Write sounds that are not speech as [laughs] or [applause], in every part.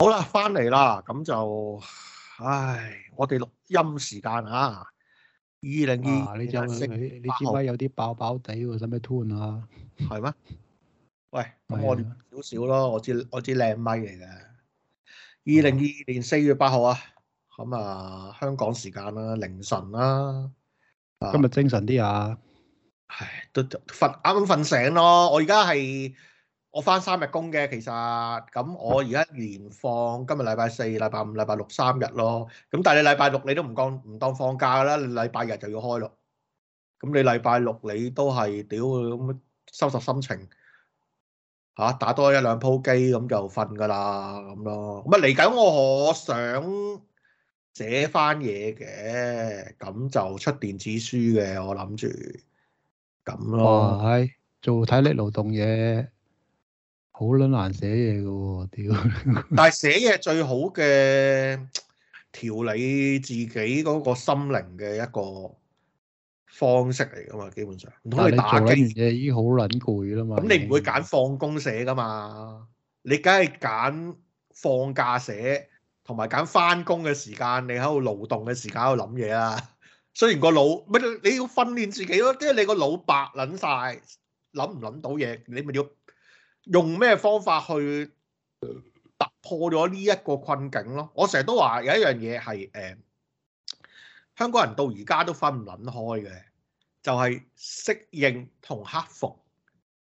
好啦，翻嚟啦，咁就唉，我哋錄音時間啊，二零二，你隻聲，你隻麥有啲包包地使咩 tune 啊？係咩？喂， [laughs] 我少少咯，我支我支靚麥嚟嘅。二零二二年四月八號啊，咁啊，香港時間啦、啊，凌晨啦、啊。今日精神啲啊？唉，都瞓啱啱瞓醒咯，我而家係。我翻三日工嘅，其實咁我而家連放，今日禮拜四、禮拜五、禮拜六三日咯。咁但係你禮拜六你都唔當唔當放假㗎啦，禮拜日就要開咯。咁你禮拜六你都係屌咁收拾心情嚇，打多一兩鋪機咁就瞓㗎啦咁咯。唔係嚟緊，我想寫翻嘢嘅，咁就出電子書嘅，我諗住咁咯。哇，係做體力勞動嘢。好撚難寫嘢㗎喎，屌！但係寫嘢最好嘅調理自己嗰個心靈嘅一個方式嚟噶嘛，基本上唔通你打完嘢已經好撚攰啦嘛？咁你唔會揀放工寫噶嘛？你梗係揀放假寫，同埋揀翻工嘅時間，你喺度勞動嘅時間喺度諗嘢啦。雖然個腦乜，你要訓練自己咯，即係你個腦白撚晒，諗唔諗到嘢，你咪要。用咩方法去突破咗呢一個困境咯？我成日都話有一樣嘢係誒，香港人到而家都分唔撚開嘅，就係、是、適應同克服。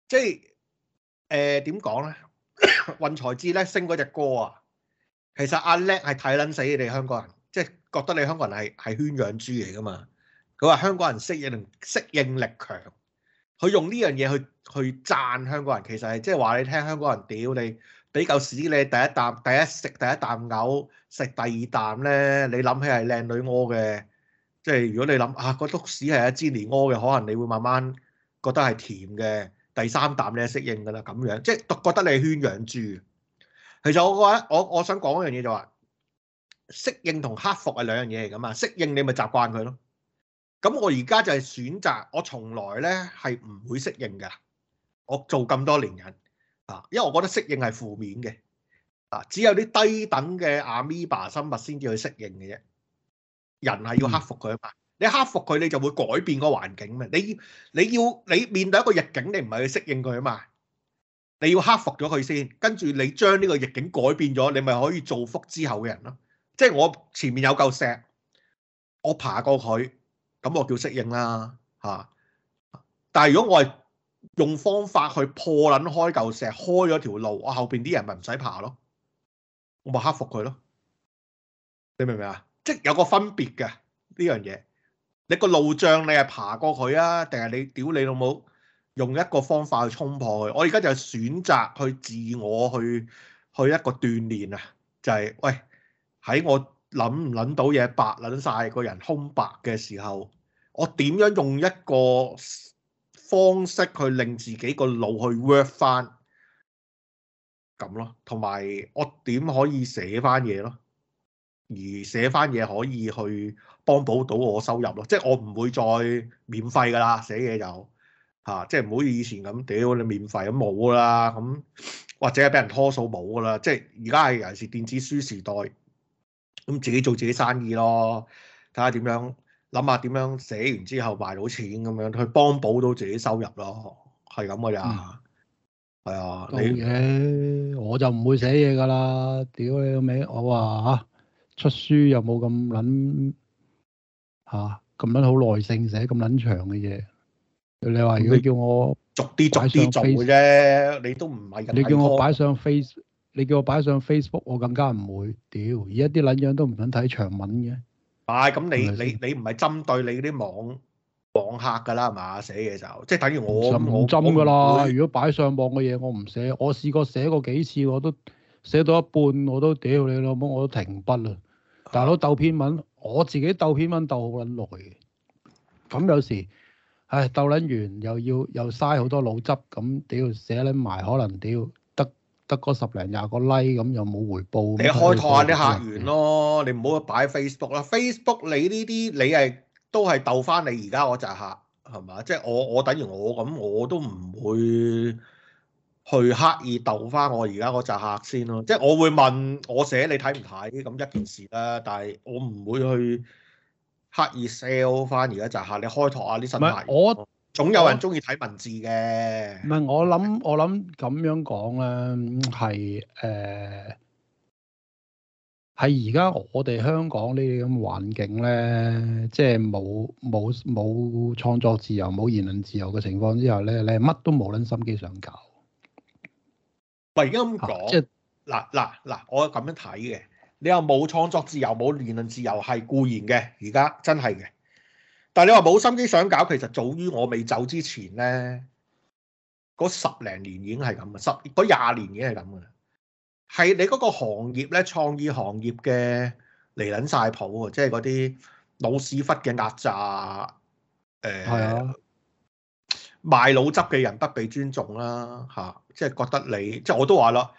即係誒點講咧？運、呃、財 [coughs] 智叻，升嗰隻歌啊，其實阿叻係睇撚死你哋香港人，即、就、係、是、覺得你香港人係係圈養豬嚟㗎嘛。佢話香港人適應同適應力強。佢用呢樣嘢去去讚香港人，其實係即係話你聽香港人屌你，俾嚿屎你，第一啖第一食第一啖嘔，食第二啖咧，你諗起係靚女屙嘅。即係如果你諗啊、那個篤屎係一支尼屙嘅，可能你會慢慢覺得係甜嘅。第三啖咧適應㗎啦，咁樣即係覺得你係圈養豬。其實我覺得我我想講一樣嘢就話、是、適應同克服係兩樣嘢嚟㗎嘛，適應你咪習慣佢咯。咁我而家就係選擇，我從來咧係唔會適應嘅。我做咁多年人啊，因為我覺得適應係負面嘅啊，只有啲低等嘅阿米巴生物先至去適應嘅啫。人係要克服佢啊嘛，你克服佢你就會改變個環境嘛。你你要你面對一個逆境，你唔係去適應佢啊嘛，你要克服咗佢先，跟住你將呢個逆境改變咗，你咪可以造福之後嘅人咯。即係我前面有嚿石，我爬過佢。咁我叫適應啦，嚇、啊！但係如果我係用方法去破撚開嚿石，開咗條路，我後邊啲人咪唔使爬咯，我咪克服佢咯。你明唔明啊？即係有個分別嘅呢樣嘢。你個路障你係爬過佢啊，定係你屌你老母用一個方法去衝破佢？我而家就係選擇去自我去去一個鍛鍊啊，就係、是、喂喺我。諗唔諗到嘢，白諗晒個人空白嘅時候，我點樣用一個方式去令自己個腦去 work 翻，咁咯？同埋我點可以寫翻嘢咯？而寫翻嘢可以去幫補到我收入咯？即係我唔會再免費噶啦，寫嘢就吓、啊，即係唔好似以前咁屌你免費咁冇噶啦咁，或者係俾人拖數冇噶啦。即係而家係尤其是電子書時代。咁自己做自己生意咯，睇下點樣，諗下點樣寫完之後賣到錢咁樣，去幫補到自己收入咯，係咁嘅咋？係、嗯、啊，你嘅我就唔會寫嘢噶啦，屌你個名，我話嚇、啊、出書又冇咁撚嚇咁樣好耐性寫咁撚長嘅嘢。你話如，那你 如果叫我逐啲逐啲做嘅啫，你都唔係。你叫我擺上 Face？你叫我擺上 Facebook，我更加唔會屌。而家啲撚樣都唔想睇長文嘅。係咁，你你你唔係針對你啲網網客㗎啦，係嘛？寫嘢就即係等於我針㗎啦。如果擺上網嘅嘢，我唔寫。我試過寫過幾次，我都寫到一半，我都屌你老母，我都停筆啦。大佬鬥篇文，我自己鬥篇文鬥好撚耐嘅。咁有時，唉，鬥撚完又要又嘥好多腦汁，咁屌寫撚埋可能屌。得嗰十零廿個 like 咁，又冇回報，你開拓下啲客源咯。嗯，你唔好擺 Facebook 啦。Facebook 你呢啲你係都係鬥翻你而家嗰扎客係嘛？即係我我等於我咁我都唔會去刻意鬥翻我而家嗰扎客先咯。即係我會問我寫你睇唔睇咁一件事啦，但係我唔會去刻意 sell 翻而家扎客。你開拓下啲新客。麼總有人中意睇文字嘅。唔係我諗，我諗咁樣講咧，係誒，係而家我哋香港呢啲咁環境咧，即係冇冇冇創作自由、冇言論自由嘅情況之下咧，你係乜都冇撚心機想搞。唔係而家咁講，即係嗱嗱嗱，我咁樣睇嘅，你又冇創作自由、冇言論自由係固然嘅，而家真係嘅。但你話冇心機想搞，其實早於我未走之前咧，嗰十零年已經係咁啊，十嗰廿年已經係咁噶啦。係你嗰個行業咧，創意行業嘅嚟撚晒譜啊，即係嗰啲老屎忽嘅壓榨，誒、呃，啊、賣腦汁嘅人不被尊重啦嚇、啊，即係覺得你即係我都話啦，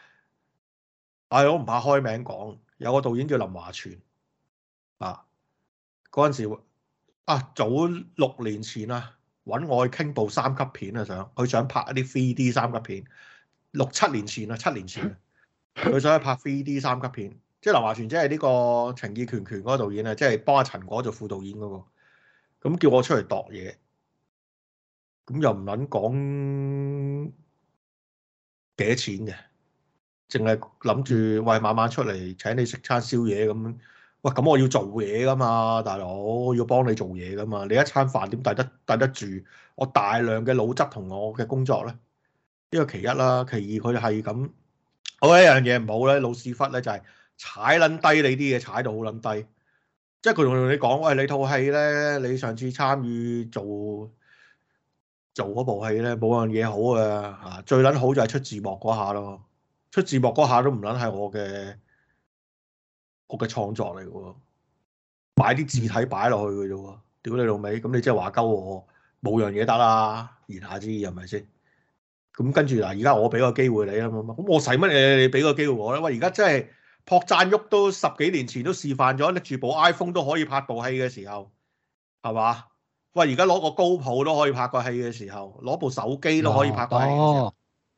唉、哎，我唔怕開名講，有個導演叫林華全啊，嗰陣時。啊，早六年前啊，搵我去傾部三級片啊，想佢想拍一啲 three d 三級片，六七年前啊，七年前啊，佢想去拍 three d 三級片，即係劉華全，即係呢個情義拳拳嗰個導演啊，即係幫阿陳果做副導演嗰、嗰個，咁叫我出嚟度嘢，咁又唔捻講幾多錢嘅，淨係諗住喂晚晚出嚟請你食餐宵夜咁。喂，咁、哎、我要做嘢㗎嘛，大佬我要幫你做嘢㗎嘛，你一餐飯點抵得抵得住我大量嘅腦汁同我嘅工作咧？呢個其一啦，其二佢係咁，我一好一樣嘢唔好咧，老屎忽咧就係踩撚低你啲嘢，踩到好撚低。即係佢同你講，喂、哎，你套戲咧，你上次參與做做嗰部戲咧，冇樣嘢好㗎嚇，最撚好就係出字幕嗰下咯，出字幕嗰下都唔撚係我嘅。我嘅創作嚟嘅喎，擺啲字體擺落去嘅啫喎，屌你老味，咁、嗯、你即係話鳩我冇樣嘢得啦，言下之意係咪先？咁、嗯、跟住嗱，而家我俾個機會你啦，咁、嗯、我使乜嘢？你俾個機會我啦，喂，而家真係朴贊郁都十幾年前都示範咗，拎住部 iPhone 都可以拍部戲嘅時候，係嘛？喂，而家攞個高普都可以拍個戲嘅時候，攞部手機都可以拍個戲嘅時候，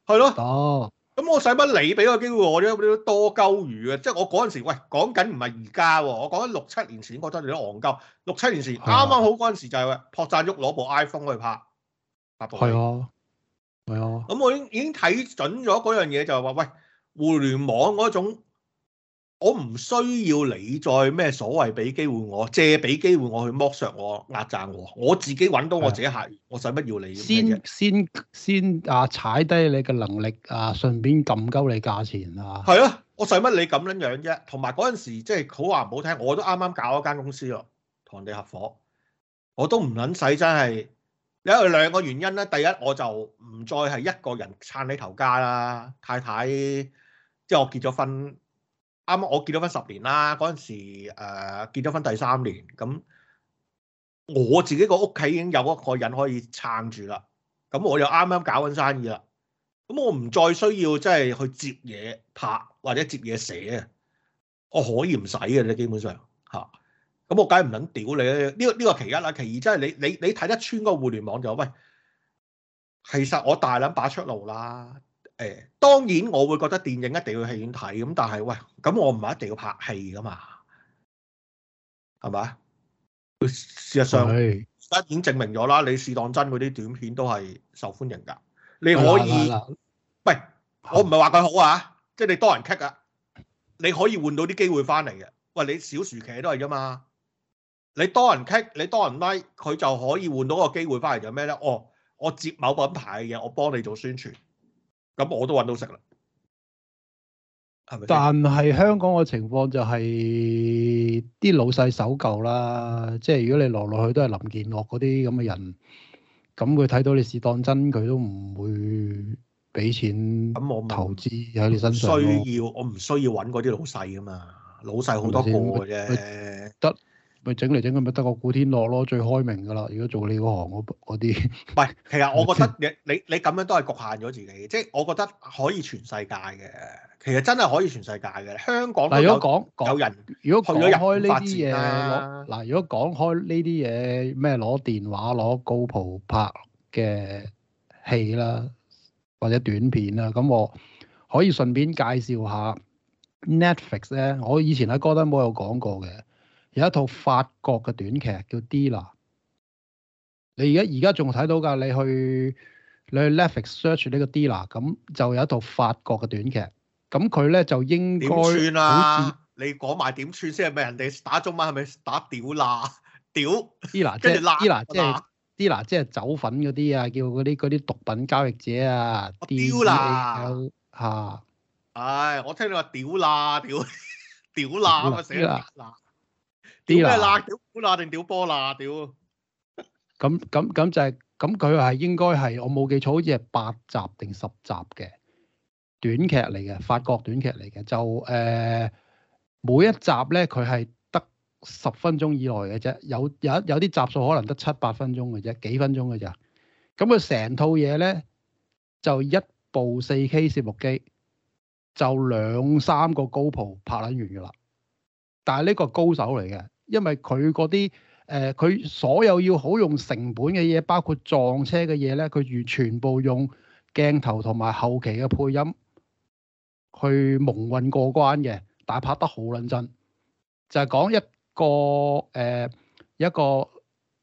係咯、哦？吧咁我使乜你俾個機會我啫？多鳩餘啊？即係我嗰陣時，喂，講緊唔係而家喎，我講緊六七年前，覺得你都戇鳩。六七年前啱啱、啊、好嗰陣時就係、是、喂，朴贊郁攞部 iPhone 去拍，拍部戲，係啊，係啊。咁我已已經睇準咗嗰樣嘢，就係話，喂，互聯網嗰種。我唔需要你再咩所謂俾機會我借俾機會我去剝削我壓榨我，我自己揾到我自己客源，我使乜要你先先先啊踩低你嘅能力啊，順便撳鳩你價錢啊！係啊，我使乜你咁撚樣啫？同埋嗰陣時即係好話唔好聽，我都啱啱搞一間公司咯，同人哋合夥，我都唔撚使真係，因為兩個原因呢。第一我就唔再係一個人撐你頭家啦，太太即係我結咗婚。啱啱我結咗婚十年啦，嗰陣時誒結咗婚第三年，咁我自己個屋企已經有一個人可以撐住啦，咁我又啱啱搞緊生意啦，咁我唔再需要即係、就是、去接嘢拍或者接嘢寫啊，我可以唔使嘅，你基本上吓，咁、啊、我梗係唔肯屌你啦。呢、這個呢、這個其一啦，其二即係、就是、你你你睇得穿個互聯網就喂，其實我大捻把出路啦。誒、哎，當然我會覺得電影一定要去戲院睇咁，但係喂，咁我唔係一定要拍戲噶嘛，係咪啊？事實上，而家的已經證明咗啦，你試當真嗰啲短片都係受歡迎噶。你可以，喂，我唔係話佢好啊，的即係你多人 click 啊，你可以換到啲機會翻嚟嘅。喂，你小薯茄都係啫嘛，你多人 click，你多人 like，佢就可以換到嗰個機會翻嚟就咩咧？哦，我接某品牌嘅嘢，我幫你做宣傳。咁我都揾到食啦，但係香港嘅情況就係、是、啲老細守舊啦，即係如果你落落去都係林建岳嗰啲咁嘅人，咁佢睇到你事當真，佢都唔會俾錢。咁我投資喺你身上。唔需要，我唔需要揾嗰啲老細㗎嘛？老細好多個嘅啫。得。咪整嚟整去咪得個古天樂咯，最開明噶啦！如果做你嗰行嗰啲，唔係 [laughs] 其實我覺得你你你咁樣都係局限咗自己，即係我覺得可以全世界嘅，其實真係可以全世界嘅。香港如果講講有人，如果講開呢啲嘢，嗱，如果講開呢啲嘢咩攞電話攞高普拍嘅戲啦，或者短片啦，咁我可以順便介紹下 Netflix 咧，我以前喺哥德堡有講過嘅。有一套法國嘅短劇叫 d i n a，你而家而家仲睇到㗎？你去你去 Netflix search 呢個 d i n a，咁就有一套法國嘅短劇。咁佢咧就應該點串啦？你講埋點串先係咪？人哋打中文係咪打屌啦？屌 d i n a 即係 Dila 即係 Dila 即係走粉嗰啲啊！叫嗰啲啲毒品交易者啊！屌啦嚇！唉，我聽你話屌啦屌屌爛啊！死啦！啲啦，辣屌股啦定屌波啦，屌！咁咁咁就係、是、咁，佢係應該係我冇記錯，好似係八集定十集嘅短劇嚟嘅，法國短劇嚟嘅。就誒、呃，每一集咧，佢係得十分鐘以內嘅啫。有有有啲集數可能得七八分鐘嘅啫，幾分鐘嘅啫。咁佢成套嘢咧，就一部四 K 攝錄機，就兩三個高鋪拍捻完噶啦。但係呢個高手嚟嘅，因為佢嗰啲誒，佢、呃、所有要好用成本嘅嘢，包括撞車嘅嘢咧，佢完全部用鏡頭同埋後期嘅配音去蒙混過關嘅，但係拍得好撚真，就係、是、講一個誒、呃，一個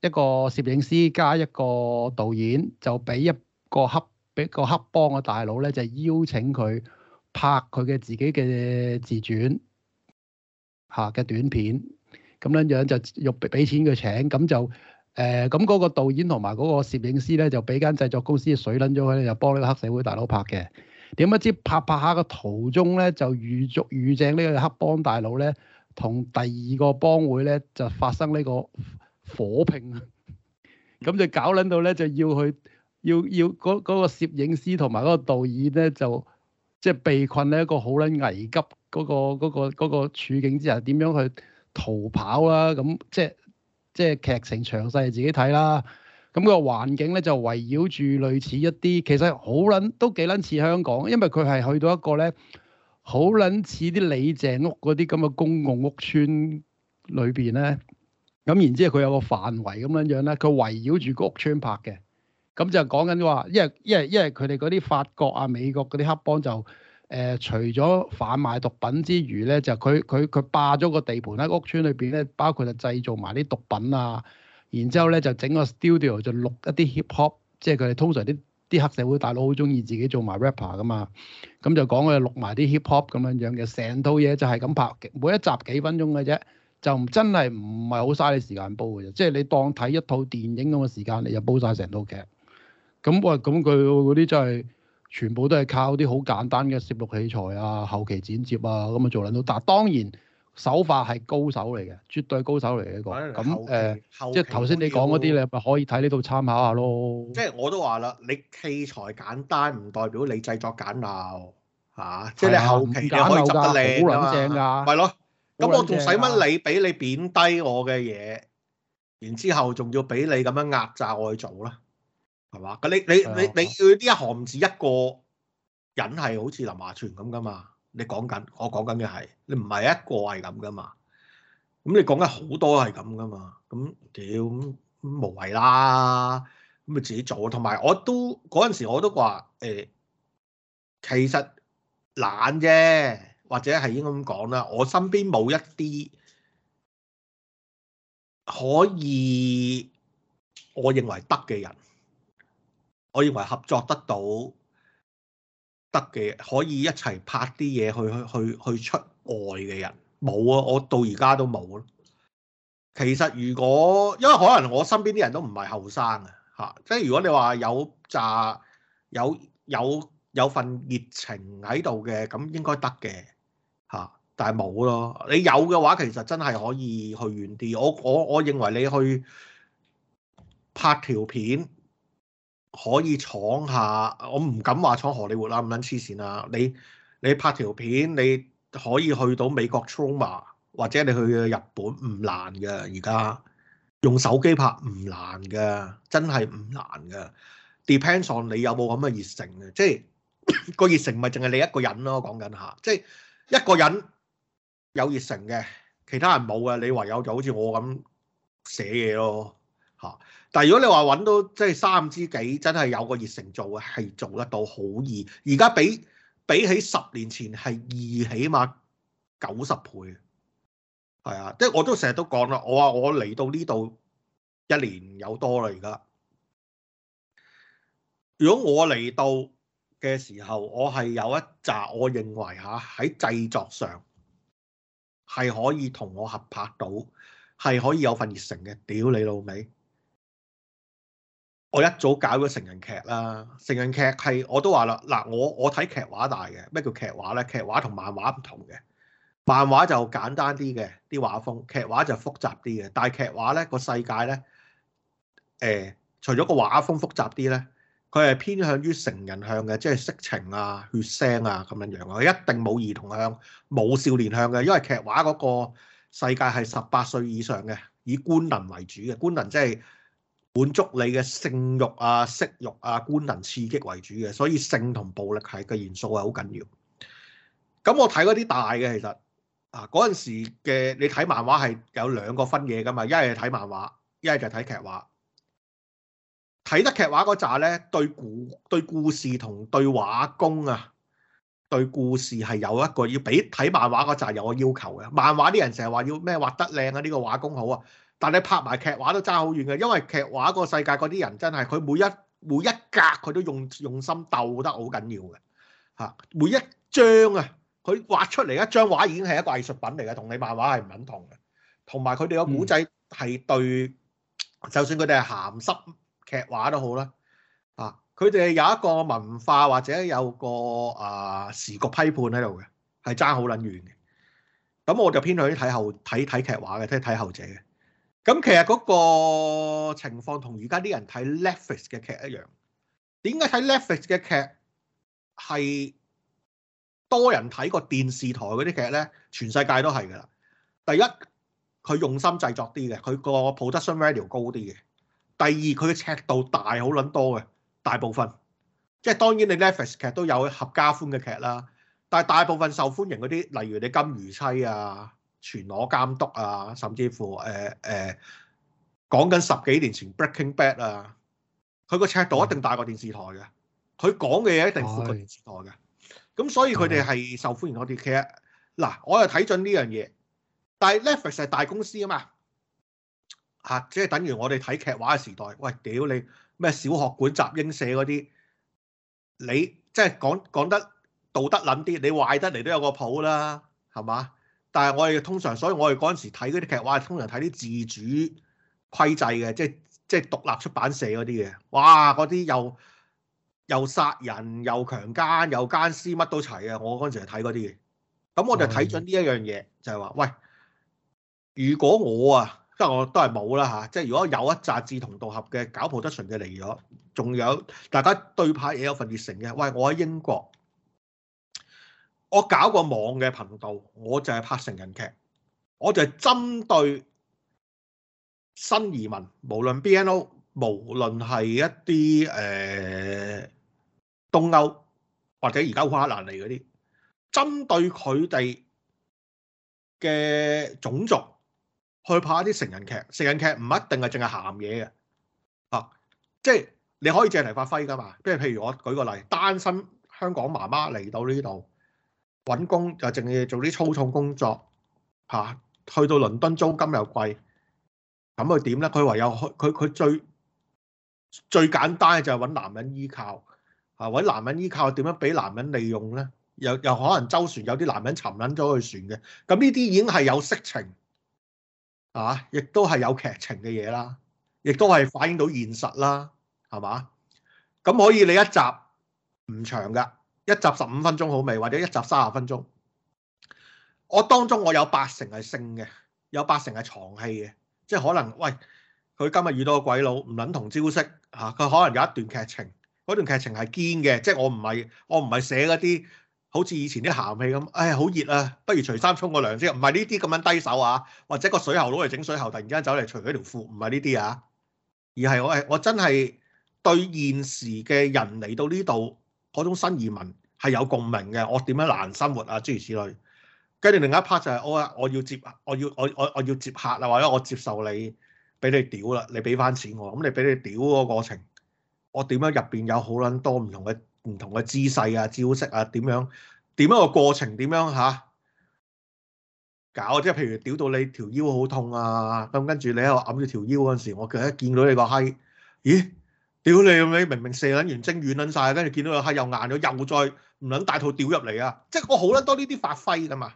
一個攝影師加一個導演，就俾一個黑俾個黑幫嘅大佬咧，就是、邀請佢拍佢嘅自己嘅自傳。吓嘅短片咁樣樣就要俾錢佢請，咁就誒咁，嗰個導演同埋嗰個攝影師咧就俾間製作公司水捻咗佢，就幫呢個黑社會大佬拍嘅。點不知拍拍下嘅途中咧就遇著遇正呢個黑幫大佬咧同第二個幫會咧就發生呢個火拼，咁 [laughs] 就搞捻到咧就要去要要嗰嗰個攝影師同埋嗰個導演咧就。即係被困咧，一個好捻危急嗰、嗰個、嗰、嗰個、嗰個處境之下，點樣去逃跑、啊、啦？咁即係即係劇情詳細，自己睇啦。咁個環境咧就圍繞住類似一啲，其實好捻都幾捻似香港，因為佢係去到一個咧，好捻似啲李鄭屋嗰啲咁嘅公共屋邨裏邊咧。咁然之後佢有個範圍咁樣樣咧，佢圍繞住個屋邨拍嘅。咁就講緊話，因為因為因為佢哋嗰啲法國啊、美國嗰啲黑幫就誒、呃，除咗販賣毒品之餘咧，就佢佢佢霸咗個地盤喺屋村裏邊咧，包括就製造埋啲毒品啊，然之後咧就整個 studio 就錄一啲 hip hop，即係佢哋通常啲啲黑社會大佬好中意自己做埋 rapper 噶嘛，咁就講佢錄埋啲 hip hop 咁樣樣嘅，成套嘢就係咁拍，每一集幾分鐘嘅啫，就真係唔係好嘥你時間煲嘅，即係你當睇一套電影咁嘅時間，你就煲晒成套劇。咁喂，咁佢嗰啲真係全部都係靠啲好簡單嘅攝錄器材啊，後期剪接啊，咁啊做嚟到。但係當然手法係高手嚟嘅，絕對高手嚟嘅一個。咁誒，即係頭先你講嗰啲，你咪可以睇呢度參考下咯。一即係我都話啦，你器材簡單唔代表你製作簡陋嚇、啊，即係你後期你可以執得靚㗎嘛。係咯、啊，咁我仲使乜你俾你貶低我嘅嘢？然之後仲要俾你咁樣壓榨我去做啦。係嘛？咁你你你你要呢一行唔止一個人係好似林華全咁噶嘛？你講緊，我講緊嘅係，你唔係一個係咁噶嘛？咁你講緊好多係咁噶嘛？咁屌，無謂啦！咁咪自己做，同埋我都嗰陣時我都話，誒、欸，其實懶啫，或者係應該咁講啦。我身邊冇一啲可以我認為得嘅人。我認為合作得到得嘅，可以一齊拍啲嘢去去去去出外嘅人冇啊！我到而家都冇咯。其實如果因為可能我身邊啲人都唔係後生啊，吓即係如果你話有扎有有有份熱情喺度嘅，咁應該得嘅吓，但係冇咯。你有嘅話，其實真係可以去遠啲。我我我認為你去拍條片。可以闖下，我唔敢話闖荷里活啦，唔捻黐線啊。你你拍條片，你可以去到美國 Trauma 或者你去日本唔難嘅，而家用手機拍唔難嘅，真係唔難嘅。Depends on 你有冇咁嘅熱誠啊。即係個熱誠咪淨係你一個人咯，講緊下，即係一個人有熱誠嘅，其他人冇啊。你唯有就好似我咁寫嘢咯。嚇！但係如果你話揾到即係三五知己，真係有個熱誠做嘅，係做得到好易。而家比比起十年前係二起碼九十倍，係啊！即係我都成日都講啦，我話我嚟到呢度一年有多啦。而家如果我嚟到嘅時候，我係有一集，我認為嚇喺製作上係可以同我合拍到，係可以有份熱誠嘅。屌你老味。我一早搞咗成人劇啦，成人劇係我都話啦，嗱，我我睇劇畫大嘅，咩叫劇畫咧？劇畫同漫畫唔同嘅，漫畫就簡單啲嘅啲畫風，劇畫就複雜啲嘅。但係劇畫咧個世界咧，誒、欸、除咗個畫風複雜啲咧，佢係偏向於成人向嘅，即係色情啊、血腥啊咁樣樣啊，佢一定冇兒童向、冇少年向嘅，因為劇畫嗰個世界係十八歲以上嘅，以官能為主嘅官能即係。滿足你嘅性欲啊、色欲啊、官能刺激為主嘅，所以性同暴力係嘅元素係好緊要。咁我睇嗰啲大嘅，其實啊嗰陣時嘅，你睇漫畫係有兩個分野噶嘛，一係睇漫畫，一係就睇劇畫。睇得劇畫嗰紮咧，對故對故事同對畫工啊，對故事係有一個要俾睇漫畫嗰扎有個要求嘅。漫畫啲人成日話要咩畫得靚啊，呢個畫工好啊。但你拍埋劇畫都爭好遠嘅，因為劇畫個世界嗰啲人真係佢每一每一格佢都用用心鬥得好緊要嘅嚇，每一張啊佢畫出嚟一張畫已經係一個藝術品嚟嘅，同你漫畫係唔等同嘅。同埋佢哋個古仔係對，嗯、就算佢哋係鹹濕劇畫都好啦啊，佢哋有一個文化或者有個啊時局批判喺度嘅，係爭好撚遠嘅。咁我就偏向啲睇後睇睇劇畫嘅，睇睇後者嘅。咁其實嗰個情況同而家啲人睇 Netflix 嘅劇一樣。點解睇 Netflix 嘅劇係多人睇過電視台嗰啲劇咧？全世界都係㗎喇。第一，佢用心製作啲嘅，佢個 production value 高啲嘅。第二，佢嘅尺度大好撚多嘅。大部分，即係當然你 Netflix 劇都有合家歡嘅劇啦，但係大部分受歡迎嗰啲，例如你金魚妻啊。全裸監督啊，甚至乎誒誒講緊十幾年前 Breaking Bad 啊，佢個尺度一定大過電視台嘅，佢講嘅嘢一定闊過電視台嘅，咁、哎、所以佢哋係受歡迎嗰啲劇。嗱、嗯，我又睇準呢樣嘢，但係 Netflix 係大公司啊嘛，嚇、啊，即係等於我哋睇劇畫嘅時代。喂，屌你咩小學館集英社嗰啲，你即係講講得道德撚啲，你壞得嚟都有個譜啦，係嘛？但係我哋通常，所以我哋嗰陣時睇嗰啲劇，哇！通常睇啲自主規制嘅，即係即係獨立出版社嗰啲嘅。哇！嗰啲又又殺人、又強奸、又奸屍，乜都齊嘅。我嗰陣時係睇嗰啲嘅。咁我就睇咗呢一樣嘢，就係話，喂！如果我啊，即係我都係冇啦嚇，即係如果有一紮志同道合嘅搞ポーディューシュ嘅嚟咗，仲有大家對派也有份熱誠嘅，喂！我喺英國。我搞個網嘅頻道，我就係拍成人劇，我就係針對新移民，無論 BNO，無論係一啲誒、呃、東歐或者而家烏克蘭嚟嗰啲，針對佢哋嘅種族去拍一啲成人劇。成人劇唔一定係淨係鹹嘢嘅，啊，即係你可以借題發揮㗎嘛。即係譬如我舉個例，單身香港媽媽嚟到呢度。揾工就淨係做啲粗重工作嚇、啊，去到倫敦租金又貴，咁佢點咧？佢唯有佢佢最最簡單嘅就係揾男人依靠嚇，揾、啊、男人依靠點、啊啊、樣俾男人利用咧？又又可能周旋有啲男人沉撚咗去船嘅，咁呢啲已經係有色情啊，亦都係有劇情嘅嘢啦，亦、啊、都係反映到現實啦，係嘛？咁可以你一集唔長噶。一集十五分鐘好味，或者一集三十分鐘。我當中我有八成係性嘅，有八成係藏戲嘅，即係可能喂佢今日遇到個鬼佬，唔撚同招式嚇，佢、啊、可能有一段劇情，嗰段劇情係堅嘅，即係我唔係我唔係寫嗰啲好似以前啲鹹戲咁，唉、哎、好熱啊，不如除衫沖個涼先，唔係呢啲咁樣低手啊，或者個水喉佬嚟整水喉，突然間走嚟除咗條褲，唔係呢啲啊，而係我係我真係對現時嘅人嚟到呢度嗰種新移民。係有共鳴嘅，我點樣難生活啊？諸如此類。跟住另一 part 就係我我要接我要我我我要接客啊，或者我接受你俾你屌啦，你俾翻錢我。咁你俾你屌嗰個過程，我點樣入邊有好撚多唔同嘅唔同嘅姿勢啊、招式啊？點樣點樣個過程？點樣嚇？搞即係譬如屌到你條腰好痛啊！咁跟住你喺度揞住條腰嗰陣時，我其實一見到你個閪，咦？屌你咁樣明明射撚完精軟撚曬，跟住見到個閪又硬咗，又再～唔撚大套屌入嚟啊！即係我好得多呢啲發揮㗎嘛，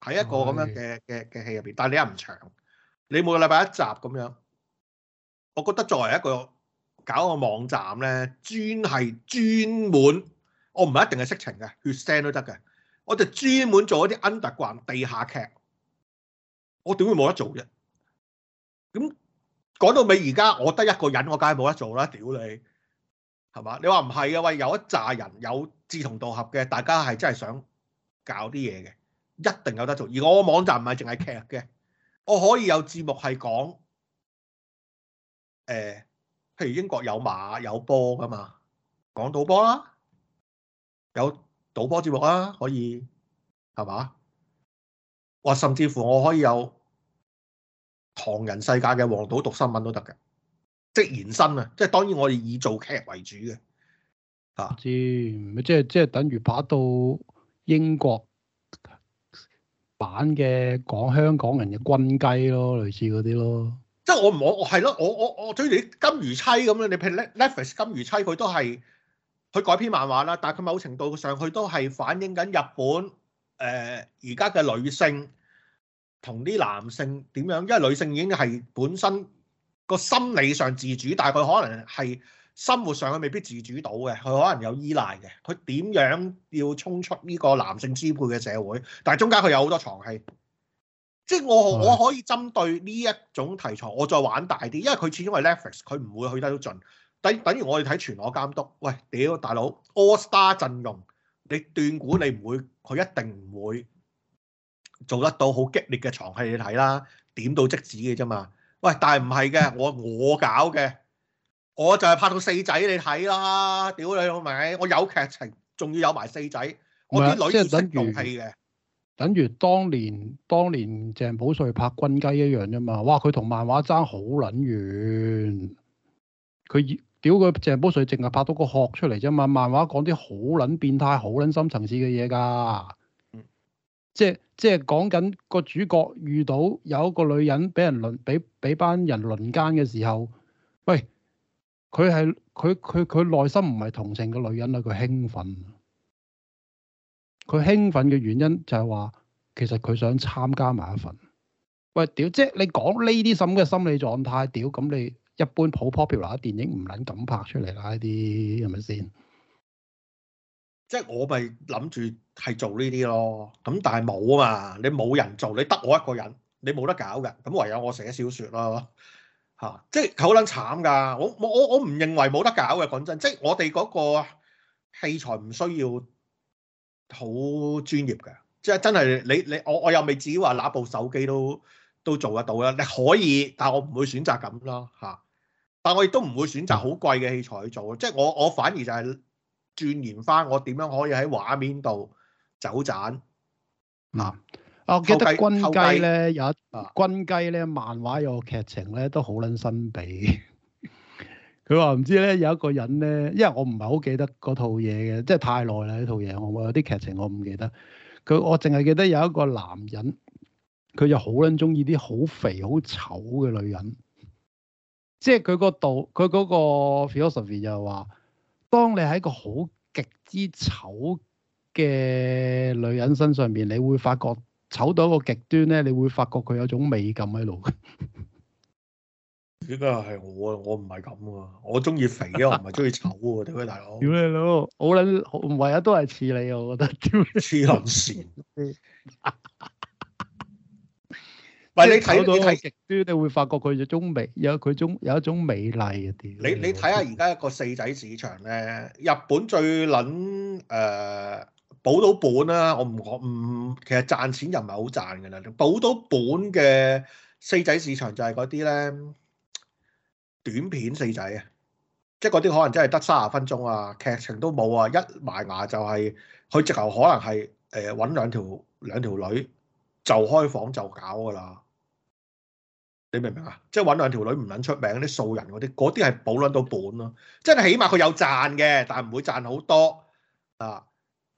喺一個咁樣嘅嘅嘅戲入邊。但係你又唔長，你每個禮拜一集咁樣，我覺得作為一個搞一個網站咧，專係專門，我唔係一定係色情嘅，血腥都得嘅，我就專門做一啲 underground 地下劇，我點會冇得做啫？咁講到尾而家，我得一個人，我梗係冇得做啦！屌你！係嘛？你話唔係啊？喂，有一扎人有志同道合嘅，大家係真係想搞啲嘢嘅，一定有得做。而我網站唔係淨係劇，嘅我可以有節目係講誒，譬如英國有馬有波噶嘛，講賭波啦，有賭波節目啦，可以係嘛？哇，甚至乎我可以有唐人世界嘅黃島讀新聞都得嘅。即延伸啊！即當然，我哋以做劇為主嘅嚇。知、啊、即即等於把到英國版嘅講香港人嘅軍雞咯，類似嗰啲咯。即我我我係咯，我我我追住金魚妻咁樣。你譬如 Netflix 金魚妻，佢都係佢改編漫畫啦。但佢某程度上，佢都係反映緊日本誒而家嘅女性同啲男性點樣，因為女性已經係本身。個心理上自主，但係佢可能係生活上佢未必自主到嘅，佢可能有依賴嘅。佢點樣要衝出呢個男性支配嘅社會？但係中間佢有好多床戲，即係我我可以針對呢一種題材，我再玩大啲，因為佢始終係 Netflix，佢唔會去得都盡。等等於我哋睇全裸監督，喂，屌大佬，All Star 陣容，你斷估你唔會，佢一定唔會做得到好激烈嘅床戲你睇啦，點到即止嘅啫嘛。喂，但係唔係嘅，我我搞嘅，我就係拍到四仔你睇啦，屌你老味，我有劇情，仲要有埋四仔，我啲女真係想講戲嘅，等於當年當年鄭保瑞拍軍雞一樣啫嘛，哇，佢同漫畫爭好卵遠，佢屌佢鄭保瑞淨係拍到個殼出嚟啫嘛。漫畫講啲好卵變態、好卵深層次嘅嘢噶，嗯、即係。即係講緊個主角遇到有一個女人俾人輪俾俾班人輪奸嘅時候，喂，佢係佢佢佢內心唔係同情個女人啦，佢興奮，佢興奮嘅原因就係話其實佢想參加埋一份。喂，屌！即係你講呢啲咁嘅心理狀態，屌咁你一般普 popular 嘅電影唔撚敢拍出嚟啦，呢啲係咪先？是。即係我咪諗住係做呢啲咯，咁但係冇啊嘛，你冇人做，你得我一個人，你冇得搞嘅，咁唯有我寫小說咯，嚇、啊！即係好撚慘噶，我我我唔認為冇得搞嘅，講真，即係我哋嗰個器材唔需要好專業嘅，即係真係你你我我又未至於話攞部手機都都做得到啦，你可以，但係我唔會選擇咁咯，嚇、啊！但我亦都唔會選擇好貴嘅器材去做，即係我我反而就係、是。轉研翻我點樣可以喺畫面度走盞嗱、啊，我記得軍雞咧有一、啊、軍雞咧漫畫有個劇情咧都好撚新比，佢話唔知咧有一個人咧，因為我唔係好記得嗰套嘢嘅，即係太耐啦呢套嘢，我有啲劇情我唔記得，佢我淨係記得有一個男人，佢就好撚中意啲好肥好醜嘅女人，即係佢個度，佢嗰個 philosophy 就係話。當你喺個好極之醜嘅女人身上面，你會發覺醜到一個極端咧，你會發覺佢有種美感喺度。呢個係我啊，我唔係咁啊，我中意肥啊，唔係中意醜啊，點啊大佬？屌你老好啦，唯一啊，都係似你啊，我覺得。似林賢。 [laughs] 唔，你睇到太極端，你會發覺佢有種美，有佢種有一種美麗嘅啲。你你睇下而家一個四仔市場咧，日本最撚誒補到本啦、啊，我唔講唔，其實賺錢又唔係好賺嘅啦。補到本嘅四仔市場就係嗰啲咧短片四仔啊，即係嗰啲可能真係得三十分鐘啊，劇情都冇啊，一埋牙就係、是、佢直頭可能係誒揾兩條兩條女。就開房就搞噶啦，你明唔明啊？即係揾兩條女唔撚出名啲素人嗰啲，嗰啲係保撚到本咯。即係起碼佢有賺嘅，但唔會賺好多啊。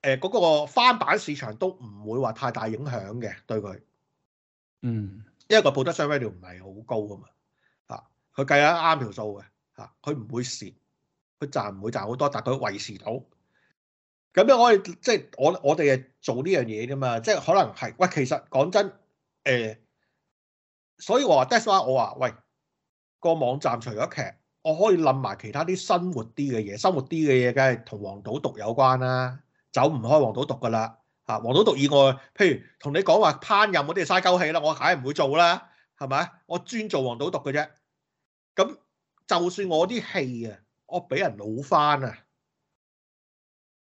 誒、呃、嗰、嗰個翻版市場都唔會話太大影響嘅對佢。嗯，因為個 production value 唔係好高㗎嘛。嚇，佢計得啱條數嘅嚇，佢唔會蝕，佢賺唔會賺好多，但佢維持到。咁樣我哋即係我我哋係做呢樣嘢啫嘛，即係可能係喂，其實講真誒、欸，所以我話 that's why 我話喂個網站除咗劇，我可以冧埋其他啲生活啲嘅嘢，生活啲嘅嘢梗係同黃賭毒有關啦、啊，走唔開黃賭毒噶啦嚇，黃、啊、賭毒以外，譬如同你講話烹飪嗰啲嘥鳩氣啦，我梗係唔會做啦，係咪？我專做黃賭毒嘅啫。咁就算我啲戲啊，我俾人老翻啊～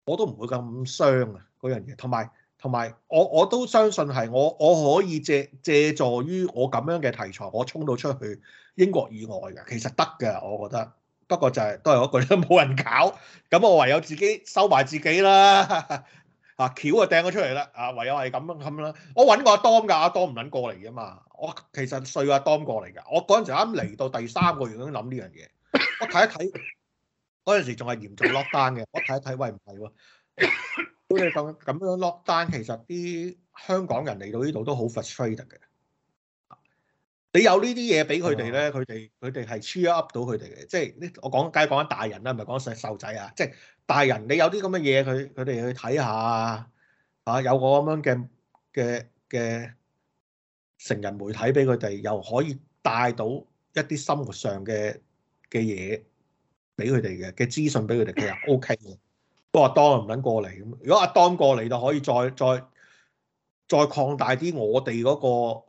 我都唔會咁傷啊，嗰樣嘢，同埋同埋我我都相信係我我可以借借助於我咁樣嘅題材，我衝到出去英國以外嘅，其實得嘅，我覺得。不過就係都係嗰句，都冇人搞，咁我唯有自己收埋自己啦。啊，橋啊掟咗出嚟啦，啊，唯有係咁樣咁啦。我搵過阿 d o 噶，阿 d 唔肯過嚟啊嘛。我其實碎阿 d o 過嚟噶，我嗰陣時啱嚟到第三個月咁諗呢樣嘢，我睇一睇。嗰陣時仲係嚴重 lockdown 嘅，我睇一睇，喂，唔係喎，咁咁樣 lockdown 其實啲香港人嚟到呢度都好 frustrated 嘅。你有呢啲嘢俾佢哋咧，佢哋佢哋係 cheer up 到佢哋嘅，即係呢我講梗係講緊大人啦，唔係講細細仔啊，即係大人你有啲咁嘅嘢，佢佢哋去睇下啊，有個咁樣嘅嘅嘅成人媒體俾佢哋，又可以帶到一啲生活上嘅嘅嘢。俾佢哋嘅嘅資訊俾佢哋，佢又 OK 嘅。不過阿當唔撚過嚟，如果阿當過嚟就可以再再再擴大啲我哋嗰、嗰個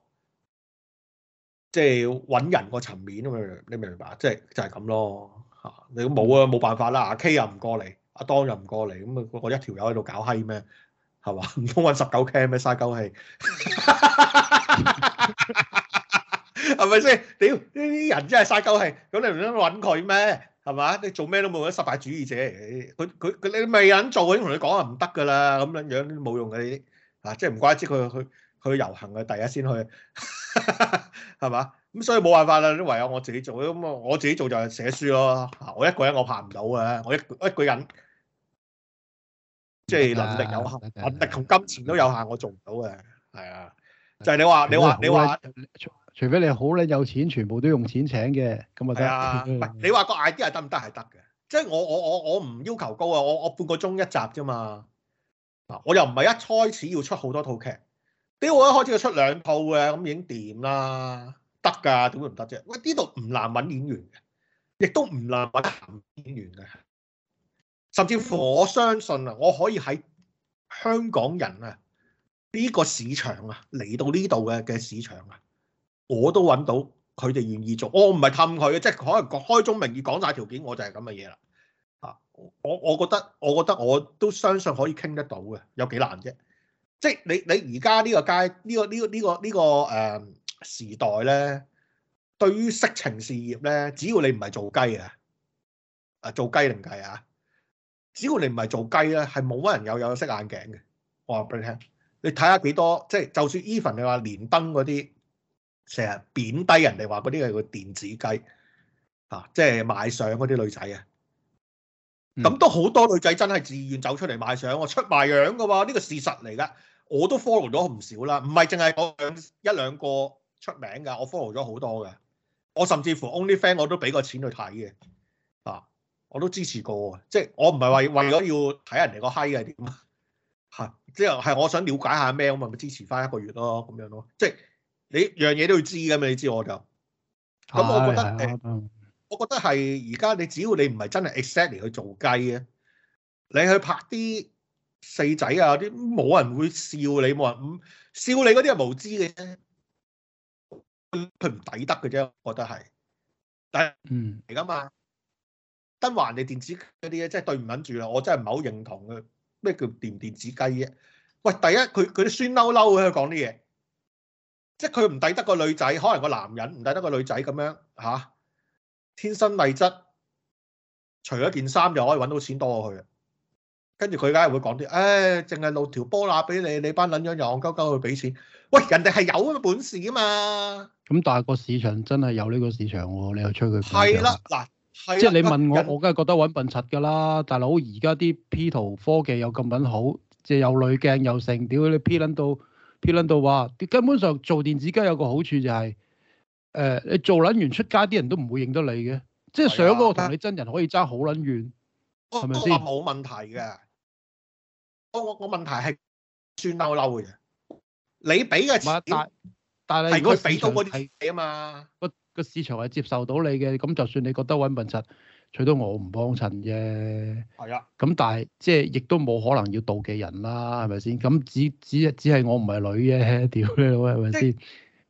即係搵人個層面啊嘛？你明唔明白即係就係、是、咁咯吓、啊， [laughs] 你冇啊冇辦法啦。阿 K 又唔過嚟，阿當又唔過嚟，咁啊個一條友喺度搞閪咩？係嘛？唔通搵十九 K 咩？嘥鳩氣，係咪先？屌呢啲人真係嘥鳩氣，咁你唔想搵佢咩？係嘛？你做咩都冇得，失敗主義者嚟嘅。佢佢佢，你未人做，已經同你講啊，唔得噶啦，咁樣樣冇用嘅啲。啊，即係唔怪之佢去去遊行嘅，第一先去，係嘛？咁所以冇辦法啦，都唯有我自己做。咁啊，我自己做就係寫書咯。嚇，我一個人我拍唔到嘅，我一一個人，即係能力有限，能力同金錢都有限，我做唔到嘅。係啊，就係你話，你話，你話。除非你好僆有錢，全部都用錢請嘅，咁啊得啊！唔係你話個 idea 得唔得？係得嘅，即係我我我我唔要求高啊！我我半個鐘一集啫嘛，嗱我又唔係一開始要出好多套劇，屌我一開始要出兩套嘅，咁已經掂啦？得㗎，點會唔得啫？喂，呢度唔難揾演員嘅，亦都唔難揾演員嘅，甚至乎我相信啊，我可以喺香港人啊呢個市場啊嚟到呢度嘅嘅市場啊！我都揾到佢哋願意做，我唔係氹佢嘅，即係可能開宗明義講晒條件，我就係咁嘅嘢啦。啊，我我覺得，我覺得我都相信可以傾得到嘅，有幾難啫？即係你你而家呢個街呢，這個呢，這個呢，這個呢個誒時代咧，對於色情事業咧，只要你唔係做雞啊，啊做雞定計啊，只要你唔係做雞咧，係冇乜人有有色眼鏡嘅。我話俾你聽，你睇下幾多，即係就算 even 你話連登嗰啲。成日貶低人哋話嗰啲係個電子雞，嚇、啊，即係賣相嗰啲女仔、嗯、啊。咁都好多女仔真係自願走出嚟賣相喎，出埋樣嘅喎，呢個事實嚟噶。我都 follow 咗唔少啦，唔係淨係講一兩個出名嘅，我 follow 咗好多嘅。我甚至乎 OnlyFan 我都俾過錢去睇嘅，啊，我都支持過嘅，即係我唔係話為咗要睇人哋個閪係點啊，嚇、啊，即係我想了解下咩咁啊，咪支持翻一個月咯，咁樣咯，即係。你樣嘢都要知㗎嘛？你知我就，咁我覺得誒，哎嗯、我覺得係而家你只要你唔係真係 exactly 去做雞嘅，你去拍啲四仔啊啲，冇人會笑你，冇人咁笑你嗰啲係無知嘅啫，佢唔抵得嘅啫，我覺得係，但係嗯嚟㗎嘛，都話人哋電子雞嗰啲咧，真係對唔緊住啦，我真係唔係好認同嘅，咩叫電電子雞啫？喂，第一佢佢啲酸溜溜喺度講啲嘢。即係佢唔抵得個女仔，可能個男人唔抵得個女仔咁樣吓，天生麗質，除咗件衫就可以搵到錢多過去啊，跟住佢梗係會講啲，唉、哎，淨係露條波乸俾你，你班撚樣又戇鳩鳩去俾錢，喂，人哋係有咁嘅本事噶嘛？咁但係個市場真係有呢個市場，你又吹佢？係啦，嗱，即係你問我，人我梗係覺得搵笨柒噶啦，大佬而家啲 P 圖科技又咁撚好，即係又濾鏡又成，屌你 P 撚到！撇撚到話，根本上做電子雞有個好處就係、是，誒、呃，你做撚完出街啲人都唔會認得你嘅，即係想嗰個同你真人可以爭好撚遠，係咪先？冇問題嘅，我我個問題係算嬲嬲嘅，你俾嘅錢，但係如果俾到嗰啲嘢啊嘛，個個市場係接受到你嘅，咁就算你覺得揾笨實。除到我唔幫襯啫，係啊的。咁但係即係亦都冇可能要妒忌人啦，係咪先？咁只只只係我唔係女嘅，屌你老係咪先？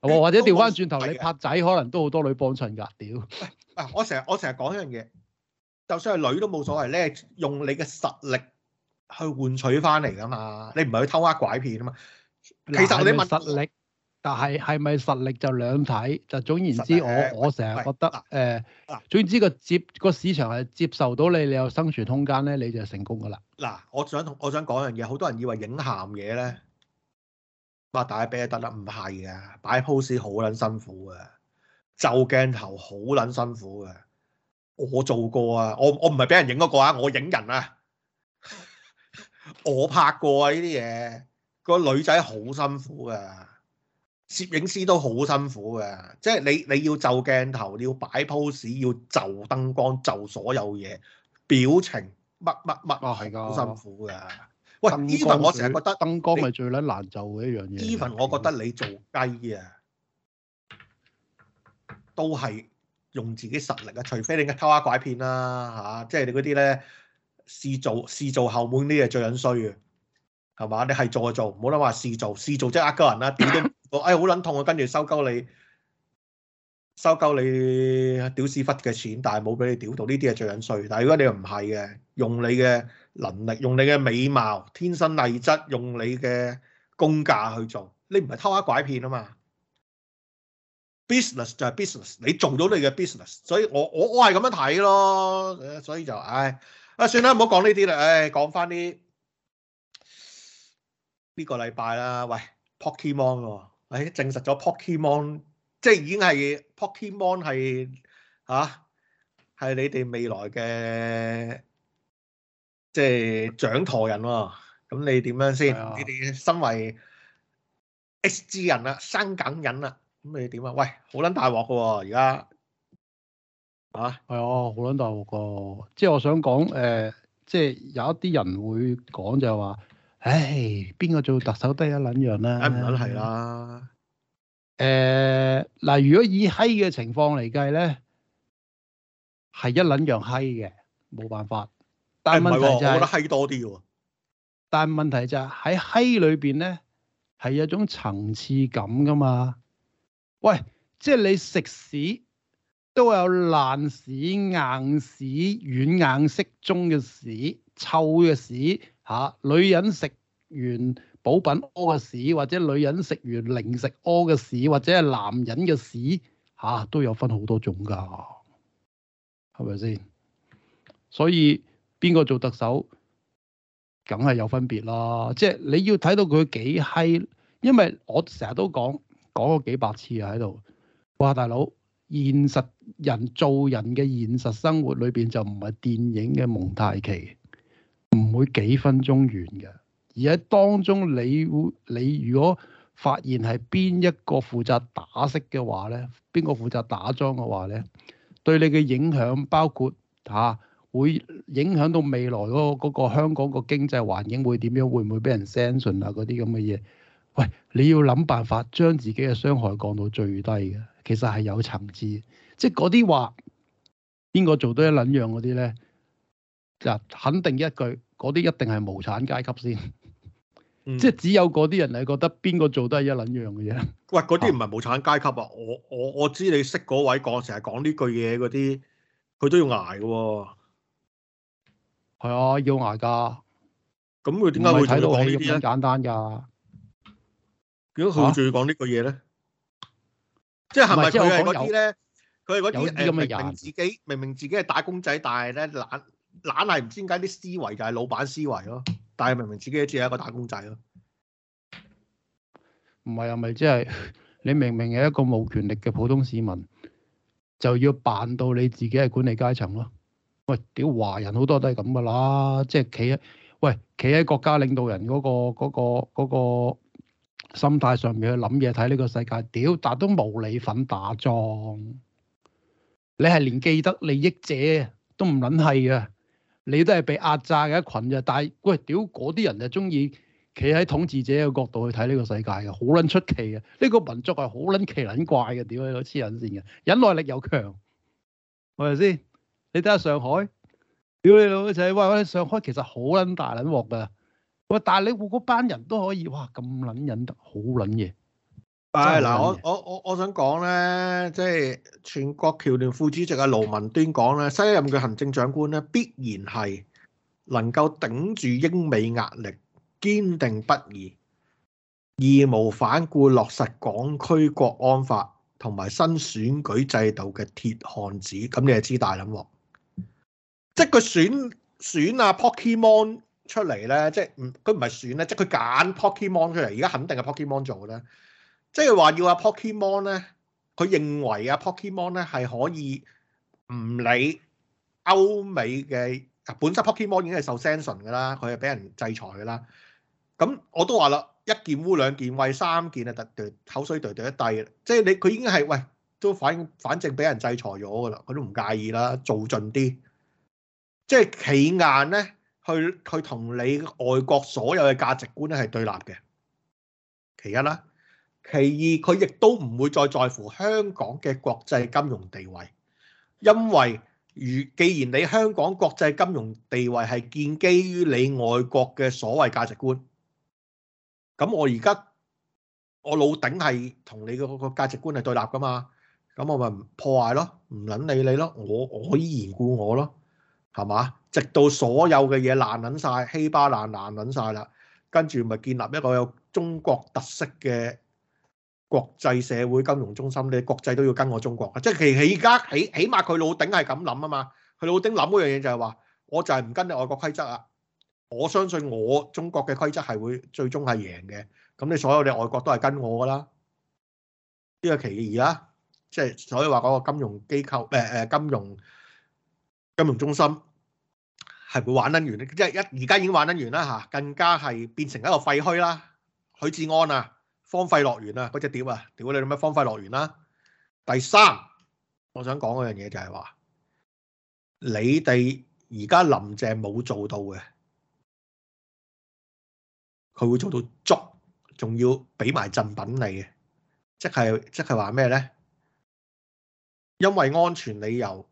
也或者調翻轉頭，也你拍仔的可能都好多女幫襯噶，屌。啊！ [laughs] 我成日我成日講一樣嘢，就算係女都冇所謂，你係用你嘅實力去換取翻嚟㗎嘛？啊、你唔係去偷呃拐騙啊嘛？其實你問乜實力。但係係咪實力就兩睇？就總言之，力我我成日覺得誒，呃、總言之個接個市場係接受到你，你有生存空間咧，你就成功噶啦。嗱，我想我想講樣嘢，好多人以為影鹹嘢咧，擘大隻髀得突，唔係啊，擺 pose 好撚辛苦啊，就鏡頭好撚辛苦嘅。我做過啊，我我唔係俾人影嗰個啊，我影人啊， [laughs] 我拍過啊，呢啲嘢個女仔好辛苦噶。攝影師都好辛苦嘅，即係你你要就鏡頭，你要擺 pose，要就燈光，就所有嘢表情，乜乜乜好辛苦㗎。喂，even 我成日覺得燈光係最撚難就嘅一樣嘢。even 我覺得你做雞啊，都係用自己實力啊，除非你嘅偷呃拐騙啦嚇，即係你嗰啲咧試做試做後門啲嘢最撚衰嘅，係嘛？你係做就做，唔好諗話試做試做即係呃鳩人啦，點都～我唉好撚痛啊！跟住收鳩你收鳩你屌屎忽嘅錢，但係冇俾你屌到，呢啲係最撚衰。但係如果你又唔係嘅，用你嘅能力，用你嘅美貌、天生麗質，用你嘅功架去做，你唔係偷下拐,拐騙啊嘛。business 就係 business，你做咗你嘅 business，所以我我我係咁樣睇咯。所以就唉啊、哎、算啦，唔好講呢啲啦。唉、哎，講翻啲呢個禮拜啦。喂，Pokemon 喎、哦、～誒證實咗 Pokemon，即係已經係 Pokemon 係嚇係、啊、你哋未來嘅即係掌舵人喎、啊。咁你點樣先？啊、你哋身為 S.G 人啦、啊，生梗人啦、啊，咁你點啊？喂，好撚大鑊嘅喎，而家嚇係啊，好撚、啊、大鑊個、啊啊啊啊。即係我想講誒、呃，即係有一啲人會講就係、是、話。唉，邊個、哎、做特首都一撚樣啦！誒唔係啦，誒嗱、啊呃，如果以閪嘅情況嚟計咧，係一撚樣閪嘅，冇辦法。但問題就係、是哎啊，我覺得閪多啲喎、啊。但問題就係喺閪裏邊咧，係有種層次感噶嘛。喂，即係你食屎都有爛屎、硬屎、軟硬適中嘅屎、臭嘅屎。吓、啊，女人食完補品屙嘅屎，或者女人食完零食屙嘅屎，或者係男人嘅屎，吓、啊、都有分好多種噶，係咪先？所以邊個做特首，梗係有分別啦。即、就、係、是、你要睇到佢幾閪，因為我成日都講講咗幾百次啊喺度。哇大佬，現實人做人嘅現實生活裏邊就唔係電影嘅蒙太奇。唔會幾分鐘完嘅，而喺當中你，你會你如果發現係邊一個負責打色嘅話咧，邊個負責打樁嘅話咧，對你嘅影響包括吓、啊，會影響到未來嗰個、嗰個香港個經濟環境會點樣，會唔會俾人 censor 啊嗰啲咁嘅嘢？喂，你要諗辦法將自己嘅傷害降到最低嘅，其實係有層次，即係嗰啲話，邊個做得一撚樣嗰啲咧？肯定一句，嗰啲一定係無產階級先，嗯、即係只有嗰啲人你覺得邊個做都係一撚樣嘅嘢？喂，嗰啲唔係無產階級啊！我我我知你識嗰位講成日講呢句嘢嗰啲，佢都要捱嘅喎。係啊，要捱㗎。咁佢點解會睇到講呢啲咧？簡單㗎。點解佢仲要講呢句嘢咧？即係係咪佢係嗰啲咧？佢係嗰啲誒明明自己明，明明自己係打工仔，但係咧懶。懶係唔知點解啲思維就係老闆思維咯，但係明明自己只係一個打工仔咯。唔係啊，咪即係你明明係一個冇權力嘅普通市民，就要扮到你自己係管理階層咯。喂，屌華人好多都係咁噶啦，即係企喺喂企喺國家領導人嗰個嗰個嗰個心態上面去諗嘢睇呢個世界，屌，但都冇你份打仗。你係連既得利益者都唔撚係啊！你都係被壓榨嘅一群咋，但係喂屌嗰啲人就中意企喺統治者嘅角度去睇呢個世界嘅，好撚出奇嘅。呢、呢個民族係好撚奇撚怪嘅，屌你老黐人線嘅，忍耐力又強你你睇下上海，屌你老屎！喂，上海其實好撚大撚鑊㗎，喂，大係你嗰班人都可以，哇咁撚忍得好撚嘢。係嗱，哎，我我我我想講咧，即係全國僑聯副主席嘅盧文端講咧，新一任嘅行政長官咧，必然係能夠頂住英美壓力，堅定不移、義無反顧落實港區國安法同埋新選舉制度嘅鐵漢子。咁你又知大捻喎，啊？即係佢選選啊 Pokemon 出嚟咧，即係唔佢唔係選咧，即係佢揀 Pokemon 出嚟，而家肯定係 Pokemon 做咧。即係話要阿 Pokemon 咧，佢認為阿 Pokemon 咧係可以唔理歐美嘅，本身 Pokemon 已經係受 sanction 嘅啦，佢係俾人制裁嘅啦。咁我都話啦，一件污兩件穢三件啊，特掉口水掉一地。即係你佢已經係喂都反反正俾人制裁咗嘅啦，佢都唔介意啦，做盡啲。即係企硬咧，去去同你外國所有嘅價值觀咧係對立嘅。其一啦。其二，佢亦都唔會再在乎香港嘅國際金融地位，因為如既然你香港國際金融地位係建基於你外國嘅所謂價值觀，咁我而家我老頂係同你嘅個價值觀係對立噶嘛，咁我咪破壞咯，唔撚理你咯，我我依然故我咯，係嘛？直到所有嘅嘢爛撚晒，稀巴爛爛撚晒啦，跟住咪建立一個有中國特色嘅。國際社會金融中心咧，國際都要跟我中國啊！即係其實而家起起碼佢老頂係咁諗啊嘛，佢老頂諗嗰樣嘢就係話，我就係唔跟你外國規則啊！我相信我中國嘅規則係會最終係贏嘅，咁你所有你外國都係跟我噶啦，呢個其二啦，即係所以話嗰個金融機構誒誒金融金融中心係會玩得完，即係一而家已經玩得完啦嚇，更加係變成一個廢墟啦，許志安啊！荒廢樂園啊，嗰隻碟啊，屌你做咩荒廢樂園啦！第三，我想講嗰樣嘢就係話，你哋而家林鄭冇做到嘅，佢會做到捉，仲要俾埋贈品你嘅，即係即係話咩咧？因為安全理由，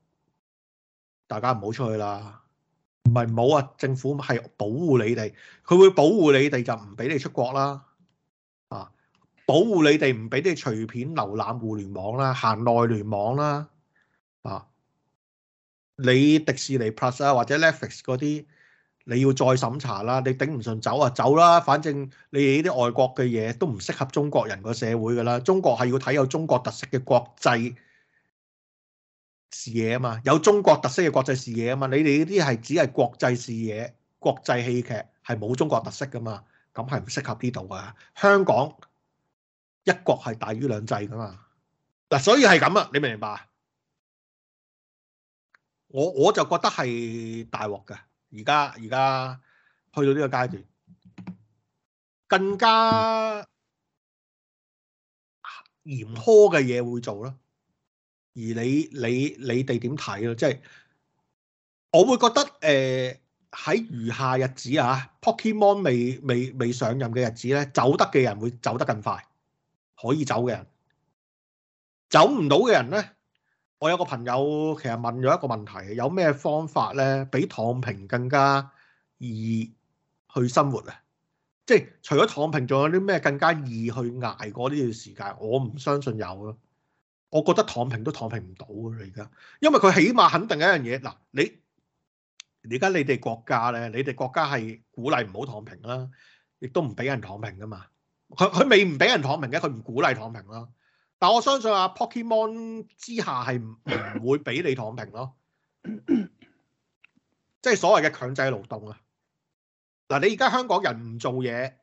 大家唔好出去啦。唔係冇啊，政府係保護你哋，佢會保護你哋就唔俾你出國啦。保護你哋唔俾你隨便瀏覽互聯網啦，行內聯網啦，啊！你迪士尼 Plus 啊或者 Netflix 嗰啲，你要再審查啦。你頂唔順走啊，走啦！反正你哋呢啲外國嘅嘢都唔適合中國人個社會噶啦。中國係要睇有中國特色嘅國際視野啊嘛，有中國特色嘅國際視野啊嘛。你哋呢啲係只係國際視野、國際戲劇係冇中國特色噶嘛，咁係唔適合呢度啊，香港。一國係大於兩制噶嘛，嗱，所以係咁啊，你明唔明白啊？我我就覺得係大鑊噶，而家而家去到呢個階段，更加嚴苛嘅嘢會做咯。而你你你哋點睇咯？即係我會覺得誒喺餘下日子啊，Pokemon 未未未上任嘅日子咧，走得嘅人會走得更快。可以走嘅人，走唔到嘅人呢。我有個朋友其實問咗一個問題：有咩方法呢？比躺平更加易去生活啊？即係除咗躺平，仲有啲咩更加易去挨過呢段時間？我唔相信有啊。我覺得躺平都躺平唔到噶，而家，因為佢起碼肯定一樣嘢，嗱，你而家你哋國家呢？你哋國家係鼓勵唔好躺平啦，亦都唔俾人躺平噶嘛。佢佢未唔俾人躺平嘅，佢唔鼓勵躺平咯。但我相信啊，Pokemon 之下係唔唔會俾你躺平咯。即係所謂嘅強制勞動啊。嗱，你而家香港人唔做嘢，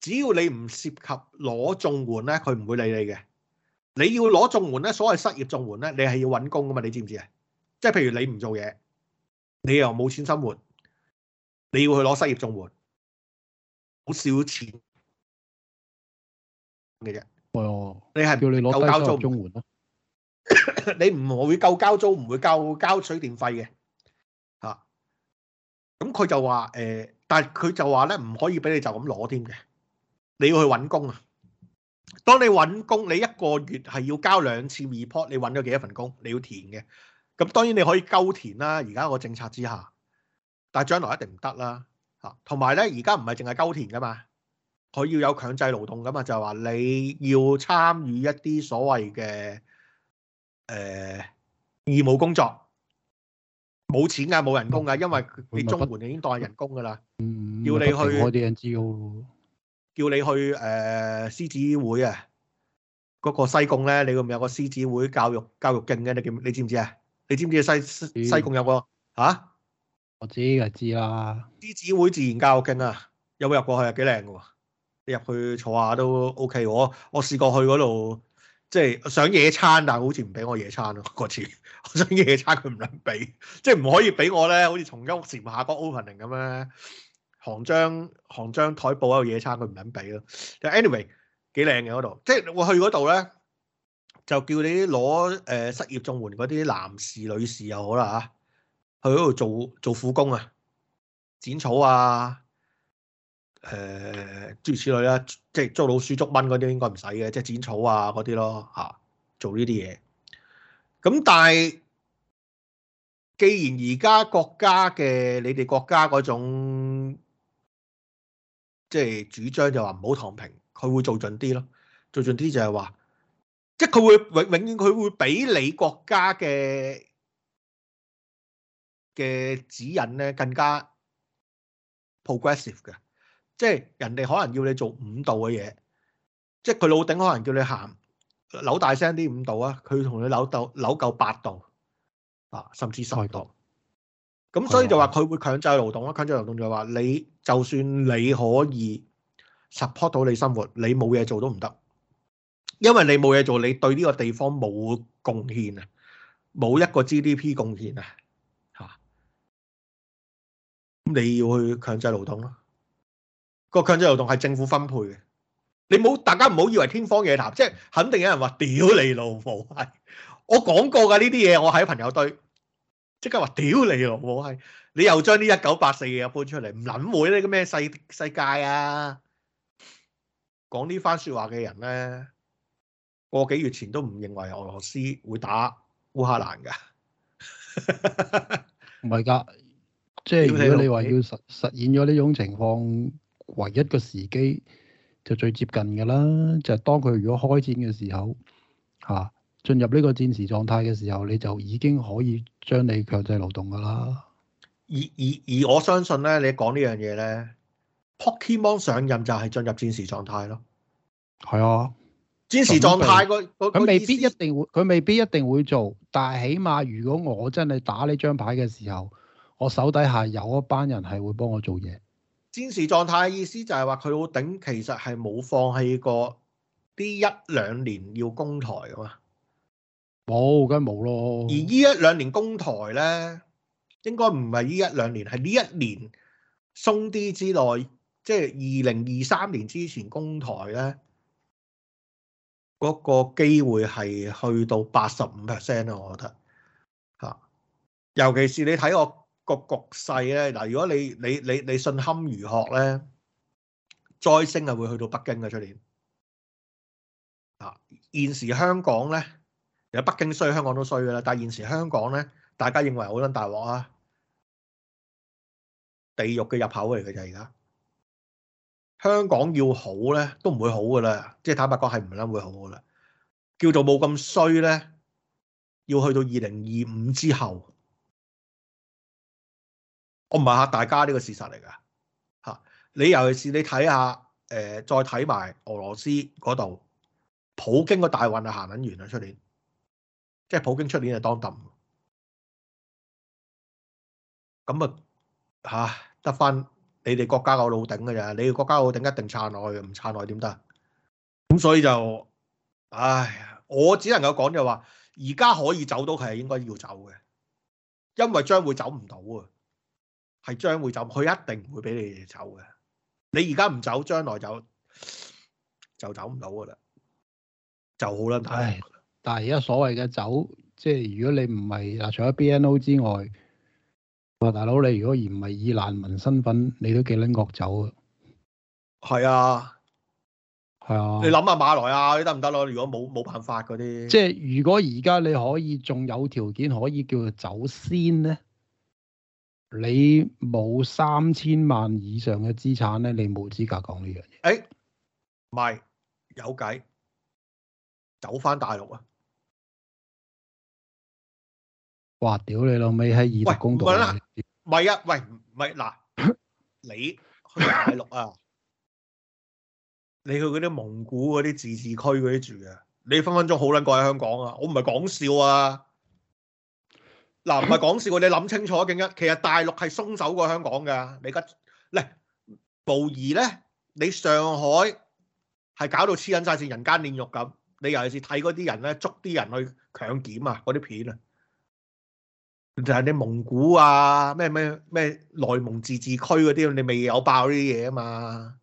只要你唔涉及攞綜援咧，佢唔會理你嘅。你要攞綜援咧，所謂失業綜援咧，你係要搵工噶嘛。你知唔知啊？即係譬如你唔做嘢，你又冇錢生活，你要去攞失業綜援，好少錢。嘅啫，哦，你係叫你攞低收入綜援，你唔會夠交租，唔 [laughs] 會夠交，交水電費嘅，吓、啊，咁佢就話，誒、呃，但係佢就話咧，唔可以俾你就咁攞添嘅，你要去搵工啊。當你搵工，你一個月係要交兩次 report，你搵咗幾多份工，你要填嘅，咁當然你可以勾填啦，而家個政策之下，但係將來一定唔得啦，吓、啊，同埋咧，而家唔係淨係勾填噶嘛？佢要有強制勞動噶嘛？就係、是、話你要參與一啲所謂嘅誒、呃、義務工作，冇錢㗎、啊，冇人工㗎、啊，因為你中門已經當係人工㗎啦。嗯，叫你去我哋人知好咯。嗯嗯嗯、叫你去誒獅、嗯嗯嗯呃、子會啊，嗰、啊那個西貢咧，你嗰邊有，有個獅子會教育教育徑嘅，你叫你知唔知啊？你知唔知，知西西貢有個嚇？我知就知啦。獅子會自然教育徑啊，有冇入過去啊？幾靚㗎喎！入去坐下都 OK，我我試過去嗰度，即係想野餐，但係好似唔俾我野餐啊！嗰次 [laughs] 我想野餐，佢唔肯俾，即係唔可以俾我咧，好似從一屋檐下講 opening 咁咧，行張行張台布喺度野餐，佢唔肯俾咯。Anyway 幾靚嘅嗰度，即係我去嗰度咧，就叫你攞誒、呃、失業綜援嗰啲男士、女士又好啦嚇，去嗰度做做苦工啊，剪草啊。誒，諸如此類啦，即係捉老鼠、捉蚊嗰啲應該唔使嘅，即係剪草啊嗰啲咯吓，啊，做呢啲嘢。咁但係，既然而家國家嘅你哋國家嗰種，即係主張就話唔好躺平，佢會做盡啲咯，做盡啲就係話，即係佢會永永遠佢會比你國家嘅嘅指引咧更加 progressive 嘅。即係人哋可能要你做五度嘅嘢，即係佢老頂可能叫你行扭大聲啲五度啊，佢同你扭到扭夠八度啊，甚至三度。咁的所以就話佢會強制勞動咯，的強制勞動就話你就算你可以 support 到你生活，你冇嘢做都唔得，因為你冇嘢做，你對呢個地方冇貢獻啊，冇一個 GDP 貢獻啊，吓的，咁你要去強制勞動咯。個強制勞動係政府分配嘅，你冇，大家唔好以為天方夜譚，即係肯定有人話屌你老母係，我講過噶呢啲嘢，我喺朋友堆即刻話屌你老母係，你又將呢一九八四嘢搬出嚟，唔捻會咧？個咩世世界啊？講呢番說話嘅人咧，個幾月前都唔認為俄羅斯會打烏克蘭噶，唔係噶，即係如果你話要實實現咗呢種情況。唯一嘅時機就最接近嘅啦，就係當佢如果開戰嘅時候，嚇，進入呢個戰時狀態嘅時候，你就已經可以將你強制勞動噶啦。而而而我相信咧，你講呢樣嘢咧，Pokemon 上任就係進入戰時狀態咯。係啊，戰時狀態佢未必一定會，佢未必一定會做，但係起碼如果我真係打呢張牌嘅時候，我手底下有一班人係會幫我做嘢。戰時狀態嘅意思就係話佢好頂，其實係冇放棄過呢一兩年要攻台噶嘛，冇，梗係冇咯。而呢一兩年攻台咧，應該唔係呢一兩年，係呢一年鬆啲之內，即係二零二三年之前攻台咧，嗰、那個機會係去到八十五 percent 咯，啊、我覺得吓、啊，尤其是你睇我。個局勢咧，嗱，如果你你你你信堪輿學咧，災星係會去到北京嘅出年啊！現時香港咧，其實北京衰，香港都衰噶啦。但係現時香港咧，大家認為好撚大鑊啊！地獄嘅入口嚟嘅就係而家香港要好咧，都唔會好噶啦。即係坦白講，係唔撚會好噶啦。叫做冇咁衰咧，要去到二零二五之後。我唔係吓大家呢、這個事實嚟噶吓，你尤其是你睇下誒、呃，再睇埋俄羅斯嗰度，普京個大運啊行緊完啦，出年即係普京出年當就當抌，咁啊吓得翻你哋國家個老頂噶咋？你哋國家老頂一定撐落去，唔撐落去點得？咁所以就唉，我只能夠講就話、是，而家可以走到，佢係應該要走嘅，因為將會走唔到啊！係將會走，佢一定唔會俾你走嘅。你而家唔走，將來就就走唔到噶啦，就好啦。唉，但係而家所謂嘅走，即係如果你唔係嗱，除咗 BNO 之外，哇，大佬你如果而唔係以難民身份，你都幾撚惡走啊？係啊，係啊。你諗下馬來亞啊，你得唔得咯？如果冇冇辦法嗰啲，即係如果而家你可以仲有條件可以叫做走先咧。你冇三千萬以上嘅資產咧，你冇資格講呢樣嘢。誒、哎，唔係，有計，走翻大陸啊！哇，屌你老味，喺爾特公道，啊。唔係啊，喂，唔係嗱， [laughs] 你去大陸啊？你去嗰啲蒙古嗰啲自治區嗰啲住嘅，你分分鐘好捻過喺香港啊！我唔係講笑啊！嗱，唔係講笑，你諗清楚嘅，其實大陸係鬆手過香港嘅。你而家嚟暴兒咧，你上海係搞到黐緊晒線，人間煉獄咁。你尤其是睇嗰啲人咧，捉啲人去強檢啊，嗰啲片啊，就係你蒙古啊，咩咩咩內蒙自治區嗰啲，你未有爆呢啲嘢啊嘛。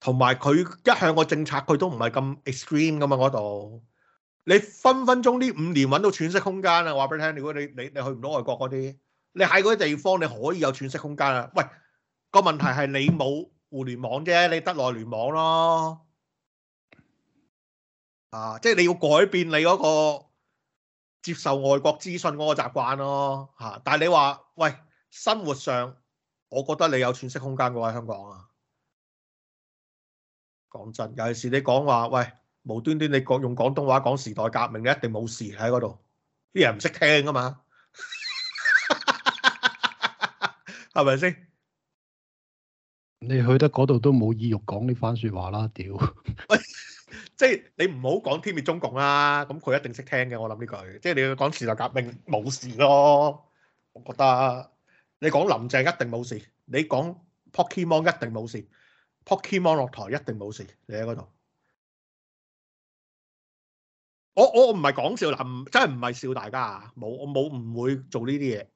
同埋佢一向個政策，佢都唔係咁 extreme 噶嘛，嗰度。你分分鐘呢五年揾到喘息空間啊！話俾你聽，如果你你你去唔到外國嗰啲，你喺嗰啲地方你可以有喘息空間啦。喂，個問題係你冇互聯網啫，你得內聯網咯。啊，即係你要改變你嗰個接受外國資訊嗰個習慣咯。嚇，但係你話喂，生活上我覺得你有喘息空間嘅喎，香港啊。講真，有時你講話喂。無端端你講用廣東話講時代革命，你一定冇事喺嗰度，啲人唔識聽吖嘛，係咪先？你去得嗰度都冇意欲講呢番說話啦，屌！即係你唔好講天滅中共啦，咁佢一定識聽嘅。我諗呢句，即係你要講時代革命冇事咯。我覺得你講林鄭一定冇事，你講 Pokemon 一定冇事，Pokemon 落台一定冇事，你喺嗰度。我我唔係講笑嗱，真係唔係笑大家啊！冇我冇唔會做呢啲嘢，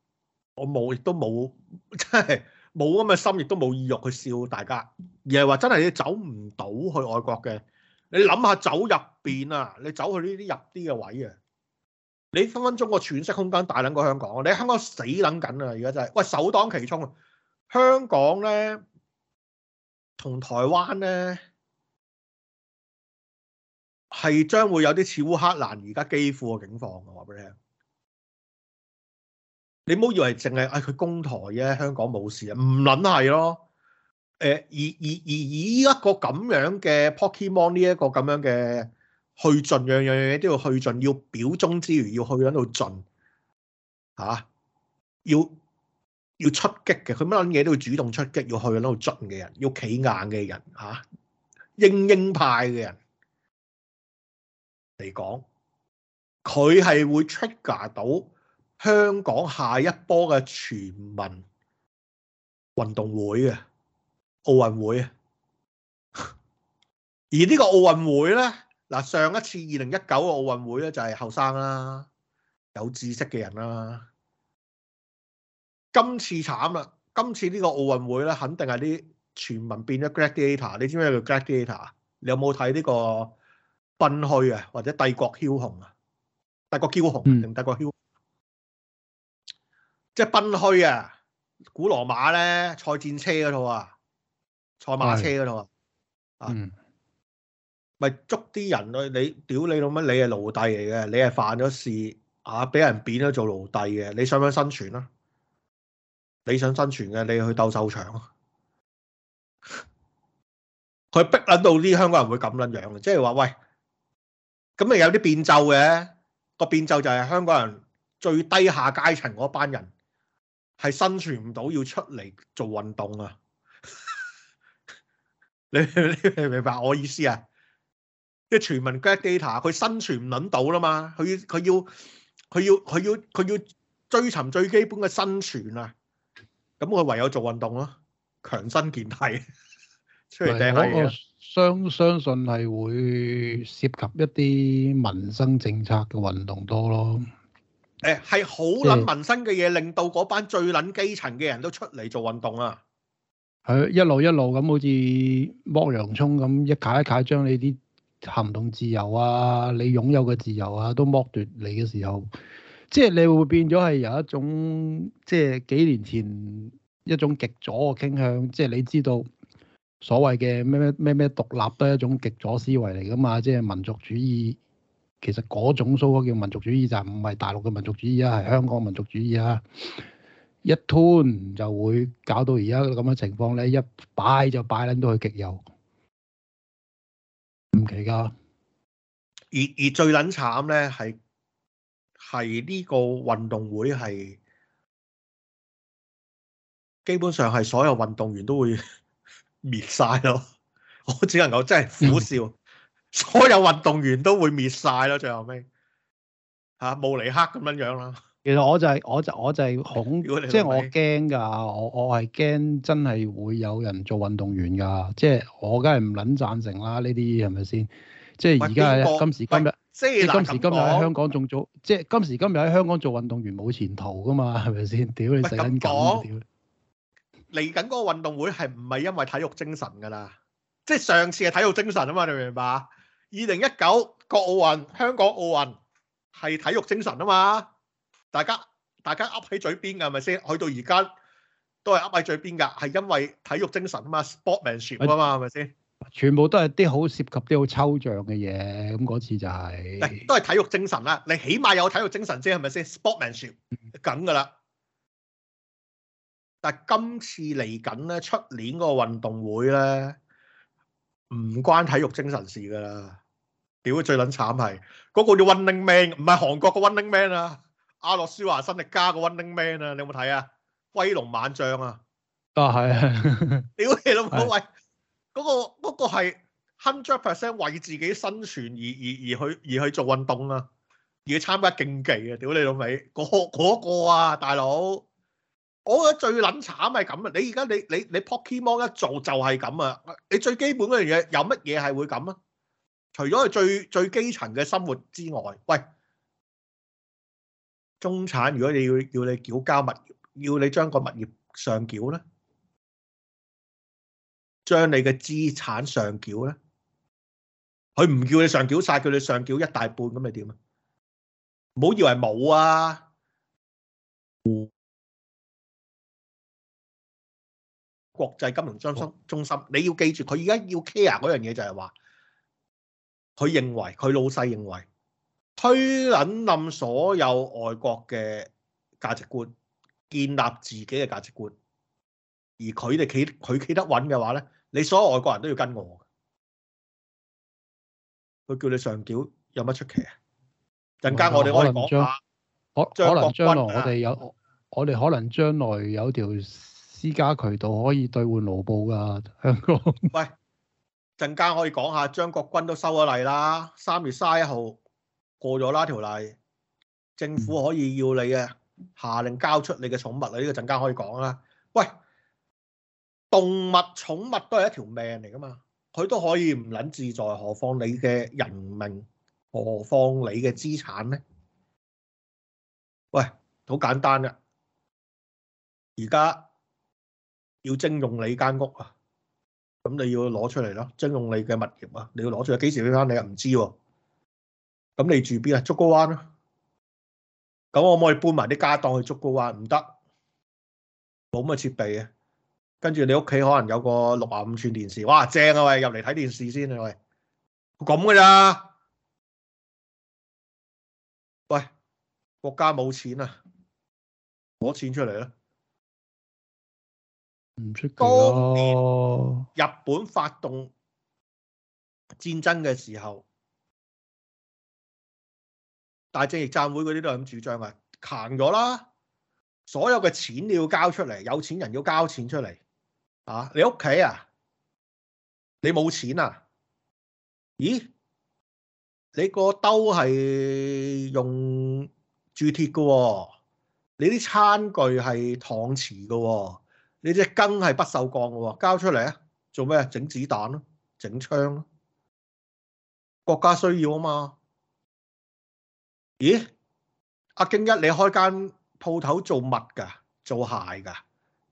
我冇亦都冇，真係冇咁嘅心，亦都冇意欲去笑大家，而係話真係你走唔到去外國嘅，你諗下走入邊啊？你走去呢啲入啲嘅位啊，你分分鐘個喘息空間大撚過香港，你喺香港死撚緊啊！而家真係，喂，首當其衝啊！香港咧，同台灣咧。係將會有啲似烏克蘭而家飢荒嘅境況，我話俾你聽。你唔好以為淨係誒佢攻台啫，香港冇事啊，唔撚係咯。誒、欸，而而而以一個咁樣嘅 Pokemon 呢一個咁樣嘅去盡，樣樣嘢都要去盡，要表忠之餘，要去喺度盡，吓、啊，要要出擊嘅，佢乜撚嘢都要主動出擊，要去喺度盡嘅人，要企硬嘅人，吓、啊，鷹鷹派嘅人。嚟講，佢係會 trigger 到香港下一波嘅全民運動會啊，奧運會啊！而呢個奧運會咧，嗱上一次二零一九嘅奧運會咧就係後生啦、有知識嘅人啦。今次慘啦，今次呢個奧運會咧，肯定係啲全民變咗 graduate？你知唔知咩叫 graduate？你有冇睇呢個？崩墟啊，或者帝國驕雄啊，帝國驕雄定帝國驕，啊，即係賓虛啊！古羅馬咧，賽戰車嗰套啊，賽馬車嗰套啊，咪捉啲人去，你屌你老乜？你係奴隸嚟嘅，你係犯咗事啊，俾人貶咗做奴隸嘅，你想唔想生存啦，啊？你想生存嘅，你去鬥獸場，啊。佢 [laughs] 逼捻到啲香港人會咁捻樣嘅，即係話喂。咁咪、嗯、有啲變奏嘅，個變奏就係香港人最低下階層嗰班人係生存唔到，要出嚟做運動啊！ [laughs] 你明唔明白我意思啊？即係全民格 data，佢生存唔撚到啦嘛，佢佢要佢要佢要佢要要追尋最基本嘅生存啊！咁佢唯有做運動咯，強身健體，出嚟掟下嘢 [laughs] 相相信係會涉及一啲民生政策嘅運動多咯。誒、欸，係好捻民生嘅嘢，就是，令到嗰班最捻基層嘅人都出嚟做運動啊！係一路一路咁，好似剝洋葱咁，一卡一卡將你啲行動自由啊，你擁有嘅自由啊，都剝奪你嘅時候，即、就、係、是、你會，會變咗係有一種，即、就、係、是、幾年前一種極左嘅傾向，即、就、係、是、你知道。所謂嘅咩咩咩咩獨立都係一種極左思維嚟噶嘛，即係民族主義。其實嗰種所謂叫民族主義就唔係大陸嘅民族主義啊，係香港民族主義啊。一吞就會搞到而家咁嘅情況咧，一擺就擺撚到去極右唔奇噶。而而最撚慘咧係係呢個運動會係基本上係所有運動員都會。滅晒咯！我只能夠真係苦笑，所有運動員都會滅晒咯，最後尾，吓，穆尼克咁樣樣咯。其實我就係我就我就係恐，即係我驚噶，我我係驚真係會有人做運動員噶，即係我梗係唔捻贊成啦。呢啲係咪先？即係而家今時今日，即係今時今日喺香港仲做，即係喂今時今日喺香，香港做運動員冇前途噶嘛？係咪先？屌你死梗狗！嚟緊嗰個運動會係唔係因為體育精神㗎啦？即係上次係體育精神啊嘛，你明唔明白啊？二零一九個奧運、香港奧運係體育精神啊嘛，大家大家噏喺嘴邊㗎係咪先？去到而家都係噏喺嘴邊㗎，係因為體育精神啊嘛 sportmanship 啊嘛，係咪先？全部都係啲好涉及啲好抽象嘅嘢，咁嗰次就係、是，都係體育精神啦。你起碼有體育精神先，係咪先 sportmanship 咁㗎啦。但今次嚟緊咧，出年個運動會咧，唔關體育精神事噶啦。屌最撚慘係，嗰、那個叫 Running Man，唔係韓國個 Running Man 啊，阿諾舒華辛力加個 Running Man 啊，你有冇睇啊？威龍猛將啊！哦、啊係， [laughs] 屌你老味，嗰、那個嗰、那個係 hundred percent 為自己生存而而而去而去做運動啊，而去參加競技啊！屌你老味，嗰嗰、那個那個啊，大佬。我覺得最撚慘係咁啊！你而家你你你 Pokemon 一做就係咁啊！你最基本嗰樣嘢有乜嘢係會咁啊？除咗係最最基層嘅生活之外，喂，中產如果你要要你繳交物業，要你將個物業上繳咧，將你嘅資產上繳咧，佢唔叫你上繳晒，叫你上繳一大半咁，咪點啊？唔好以為冇啊！國際金融中心中心，好你要記住，佢而家要 care 嗰樣嘢就係話，佢認為佢老細認為推撚冧所有外國嘅價值觀，建立自己嘅價值觀，而佢哋企佢企得穩嘅話咧，你所有外國人都要跟我，佢叫你上繳有乜出奇啊？陣間我哋可，可能講，我可能將來我哋有我哋可能將來有條。私家渠道可以兌換盧布噶，香港。喂，陣間可以講下張國軍都收咗例啦，三月三十一號過咗啦條例，政府可以要你啊下令交出你嘅寵物啦，呢個陣間可以講啦。喂，動物、寵物都係一條命嚟噶嘛，佢都可以唔撚自在，何況你嘅人命，何況你嘅資產呢？喂，好簡單嘅，而家。要徵用你間屋啊，咁你要攞出嚟咯。徵用你嘅物業啊，你要攞出嚟。幾時俾翻你又唔知喎。咁你住邊啊？竹篙灣啊。咁可唔可以搬埋啲家當去竹篙灣？唔得，冇乜設備啊。跟住你屋企可能有個六十五吋電視，哇正啊喂，入嚟睇電視先啊喂。咁噶咋？喂，國家冇錢啊，攞錢出嚟啦。當年日本發動戰爭嘅時候，大政翼贊會嗰啲都係咁主張㗎，行咗啦，所有嘅錢你要交出嚟，有錢人要交錢出嚟啊！你屋企啊，你冇錢啊？咦，你個兜係用鑄鐵㗎，你啲餐具係搪瓷㗎。你隻羹係不鏽鋼嘅喎，交出嚟啊！做咩？整子彈咯，整槍咯，啊，國家需要啊嘛？咦？阿敬一，你開間鋪頭做襪噶？做鞋噶？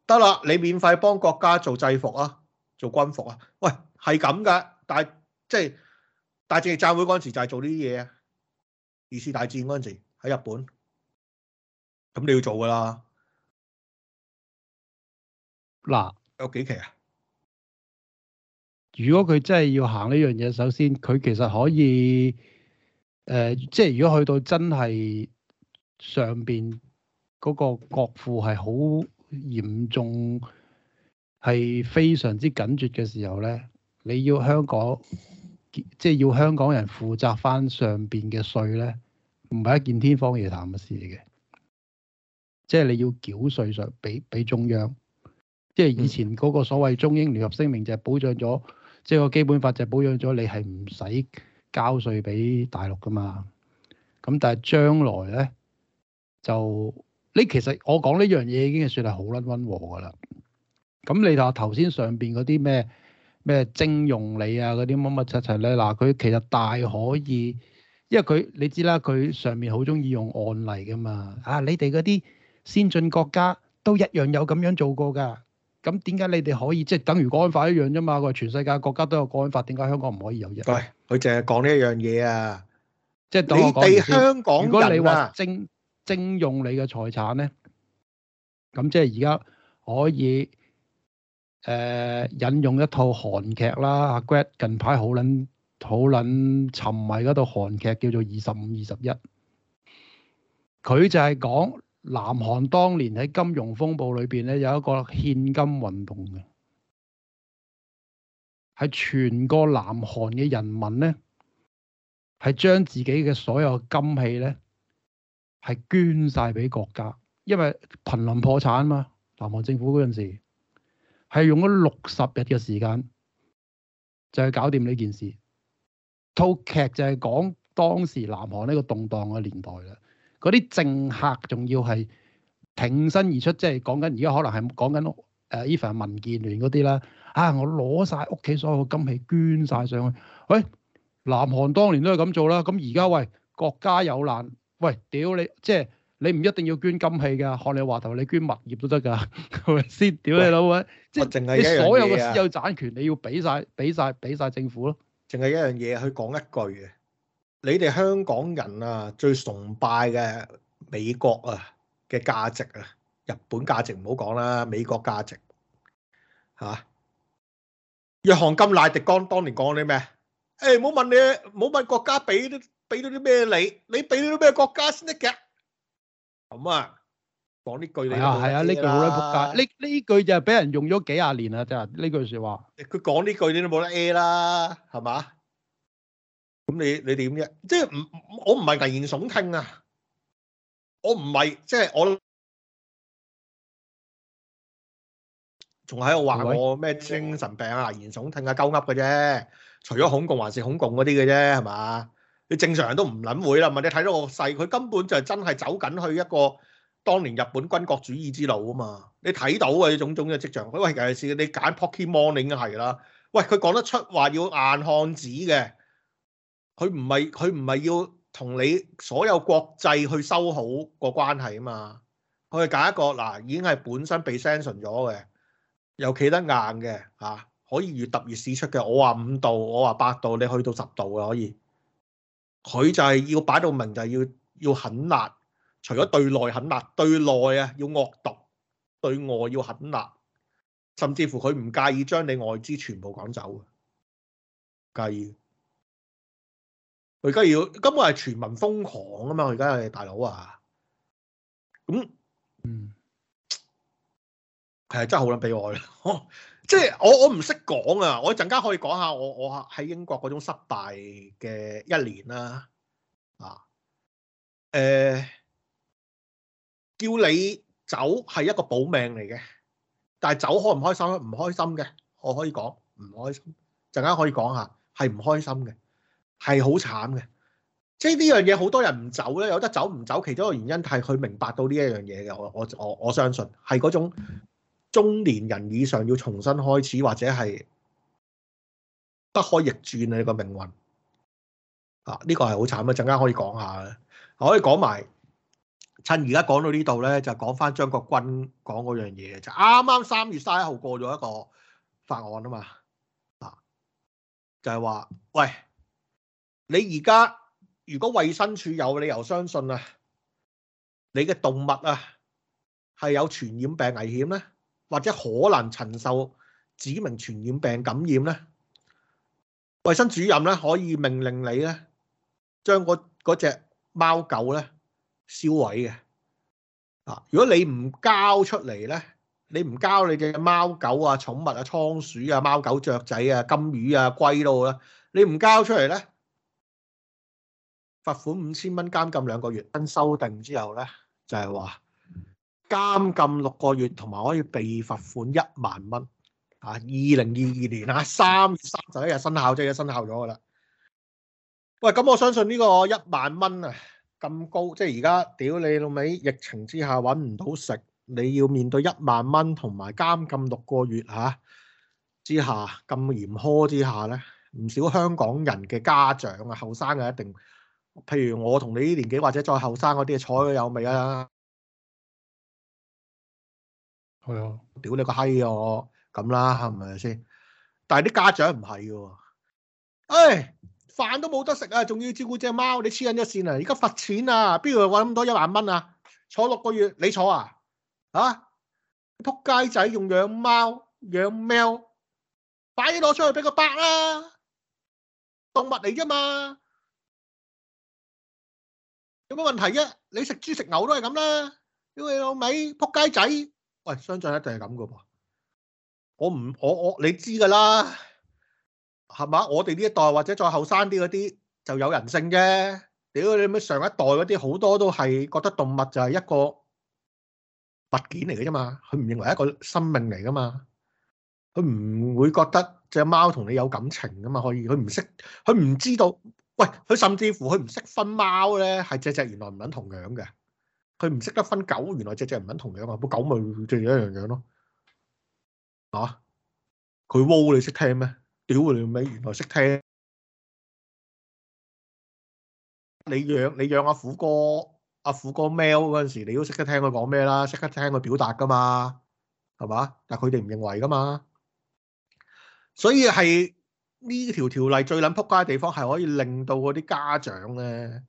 得啦，你免費幫國家做制服啊，做軍服啊？喂，係咁噶，大即係大政翼贊會嗰陣時就係做呢啲嘢啊，二次大戰嗰陣時喺日本，咁你要做噶啦。嗱，有幾期啊？如果佢真係要行呢樣嘢，首先佢其實可以，誒、呃，即係如果去到真係上邊嗰個國庫係好嚴重，係非常之緊絕嘅時候咧，你要香港，即係要香港人負責翻上邊嘅稅咧，唔係一件天方夜譚嘅事嚟嘅，即係你要繳稅上俾俾中央。即係以前嗰個所謂中英聯合聲明就係保障咗，即係個基本法就係保障咗你係唔使交稅俾大陸噶嘛。咁但係將來咧就你其實我講呢樣嘢已經係算係好撚温和噶啦。咁你話頭先上邊嗰啲咩咩徵用你啊嗰啲乜乜柒柒咧嗱，佢其實大可以，因為佢你知啦，佢上面好中意用案例噶嘛。啊，你哋嗰啲先進國家都一樣有咁樣做過㗎。咁點解你哋可以即係、就是、等如國安法一樣啫嘛？佢話全世界國家都有國安法，點解香港唔可以有啫？佢淨係講呢一樣嘢啊！即係當我講你香港、啊、如果你話徵徵用你嘅財產咧，咁即係而家可以誒、呃、引用一套韓劇啦。阿、啊、Grant 近排好撚好撚沉迷嗰套韓劇叫做《二十五二十一》，佢就係講。南韓當年喺金融風暴裏邊咧，有一個獻金運動嘅，係全個南韓嘅人民咧，係將自己嘅所有嘅金器咧，係捐晒俾國家，因為瀕臨破產嘛。南韓政府嗰陣時係用咗六十日嘅時間就去搞掂呢件事。套劇就係講當時南韓呢個動盪嘅年代啦。嗰啲政客仲要係挺身而出，即係講緊而家可能係講緊誒呢份民建聯嗰啲啦。啊，我攞曬屋企所有嘅金器捐曬上去。喂，南韓當年都係咁做啦。咁而家喂國家有難，喂屌你！即係你唔一定要捐金器㗎，學你話頭，你捐物業都得㗎，係咪先？屌你老味！即係你所有嘅私有產權，你要俾曬俾曬俾曬政府咯。淨係一樣嘢去講一句。你哋香港人啊，最崇拜嘅美國啊嘅價值啊，日本價值唔好講啦，美國價值嚇、啊。約翰甘迺迪剛當年講啲咩？誒、欸，唔好問你，唔好問國家俾啲俾到啲咩，你你俾到啲咩國家先得嘅。咁啊，講呢句你係啊，呢句好撲街。呢呢句就係俾人用咗幾廿年啊，得啊，呢句説話。佢講呢句你都冇得 a 啦、啊，係嘛、啊？咁你你點啫？即係唔我唔係危言聳聽啊！我唔係即係我仲喺度話我咩精神病啊、危言聳聽啊、鳩噏嘅啫。除咗恐共還是恐共嗰啲嘅啫，係嘛？你正常人都唔諗會啦。咪你睇到我勢，佢根本就真係走緊去一個當年日本軍國主義之路啊嘛！你睇到嘅種種嘅跡象。喂，尤其是你揀 Pokemon，你已經係啦。喂，佢講得出話要硬漢子嘅。佢唔係佢唔係要同你所有國際去修好個關係啊嘛，佢係揀一個嗱已經係本身被 sanction 咗嘅，又企得硬嘅嚇、啊，可以越揼越使出嘅。我話五度，我話八度，你去到十度嘅可以。佢就係要擺到明就，就係要要狠辣，除咗對內狠辣，對內啊要惡毒，對外要狠辣，甚至乎佢唔介意將你外資全部趕走介意。佢而家要根本係全民瘋狂啊嘛！我而家係大佬啊，咁嗯，係真係好撚悲哀 [laughs] 我。咯。即係我我唔識講啊，我陣間可以講下我我喺英國嗰種失敗嘅一年啦啊，誒、呃，叫你走係一個保命嚟嘅，但係走開唔開心？唔開心嘅，我可以講唔開心。陣間可以講下，係唔開心嘅。係好慘嘅，即係呢樣嘢，好多人唔走咧，有得走唔走。其中一個原因係佢明白到呢一樣嘢嘅，我我我我相信係嗰種中年人以上要重新開始，或者係不可逆轉嘅一個命運啊！呢、這個係好慘啊！陣間可以講下咧，可以講埋趁而家講到呢度咧，就講返張國軍講嗰樣嘢，就啱啱三月卅一號過咗一個法案啊嘛，啊就係、是、話喂。你而家如果衛生署有理由相信啊，你嘅動物啊係有傳染病危險咧，或者可能承受指明傳染病感染咧，衛生主任咧可以命令你咧將嗰隻貓狗咧銷毀嘅啊！如果你唔交出嚟咧，你唔交你隻貓狗啊、寵物啊、倉鼠啊、貓狗雀仔啊、金魚啊、龜都好啦，你唔交出嚟咧？罰款五千蚊、監禁兩個月。新修訂之後呢，就係話監禁六個月，同埋可以被罰款一萬蚊。啊，二零二二年啊，三月三十一日生效，即係生效咗噶啦。喂，咁，嗯，我相信呢個一萬蚊啊咁高，即係而家屌你老味。疫情之下揾唔到食，你要面對一萬蚊同埋監禁六個月嚇，啊，之下咁嚴苛之下呢，唔少香港人嘅家長啊，後生嘅一定。譬如我同你啲年紀或者再後生嗰啲啊，坐都有味啊！係啊、嗯，屌你個閪、啊、我咁啦，係咪先？但係啲家長唔係喎，唉、哎，飯都冇得食啊，仲要照顧隻貓，你黐緊一線啊！而家罰錢啊，邊度揾咁多一萬蚊啊？坐六個月，你坐啊？啊，撲街仔用養貓養貓，快啲攞出去俾佢白啦！動物嚟啫嘛～有乜問題啫、啊？你食豬食牛都係咁啦，屌你老尾撲街仔！喂，相信一定係咁噶噃。我唔，我我你知噶啦，係嘛？我哋呢一代或者再後生啲嗰啲就有人性啫。屌你乜上一代嗰啲好多都係覺得動物就係一個物件嚟嘅啫嘛，佢唔認為一個生命嚟噶嘛，佢唔會覺得隻貓同你有感情噶嘛，可以，佢唔識，佢唔知道。喂，佢甚至乎佢唔識分貓咧，係隻隻原來唔揾同樣嘅。佢唔識得分狗，原來隻隻唔揾同樣啊！狗咪最一樣樣咯，吓！佢汪你識聽咩？屌你咪原來識聽？你養你養阿虎哥阿虎哥喵嗰陣時，你都識得聽佢講咩啦，識得聽佢表達㗎嘛，係嘛？但係佢哋唔認為㗎嘛，所以係。呢條條例最撚仆街嘅地方係可以令到嗰啲家長咧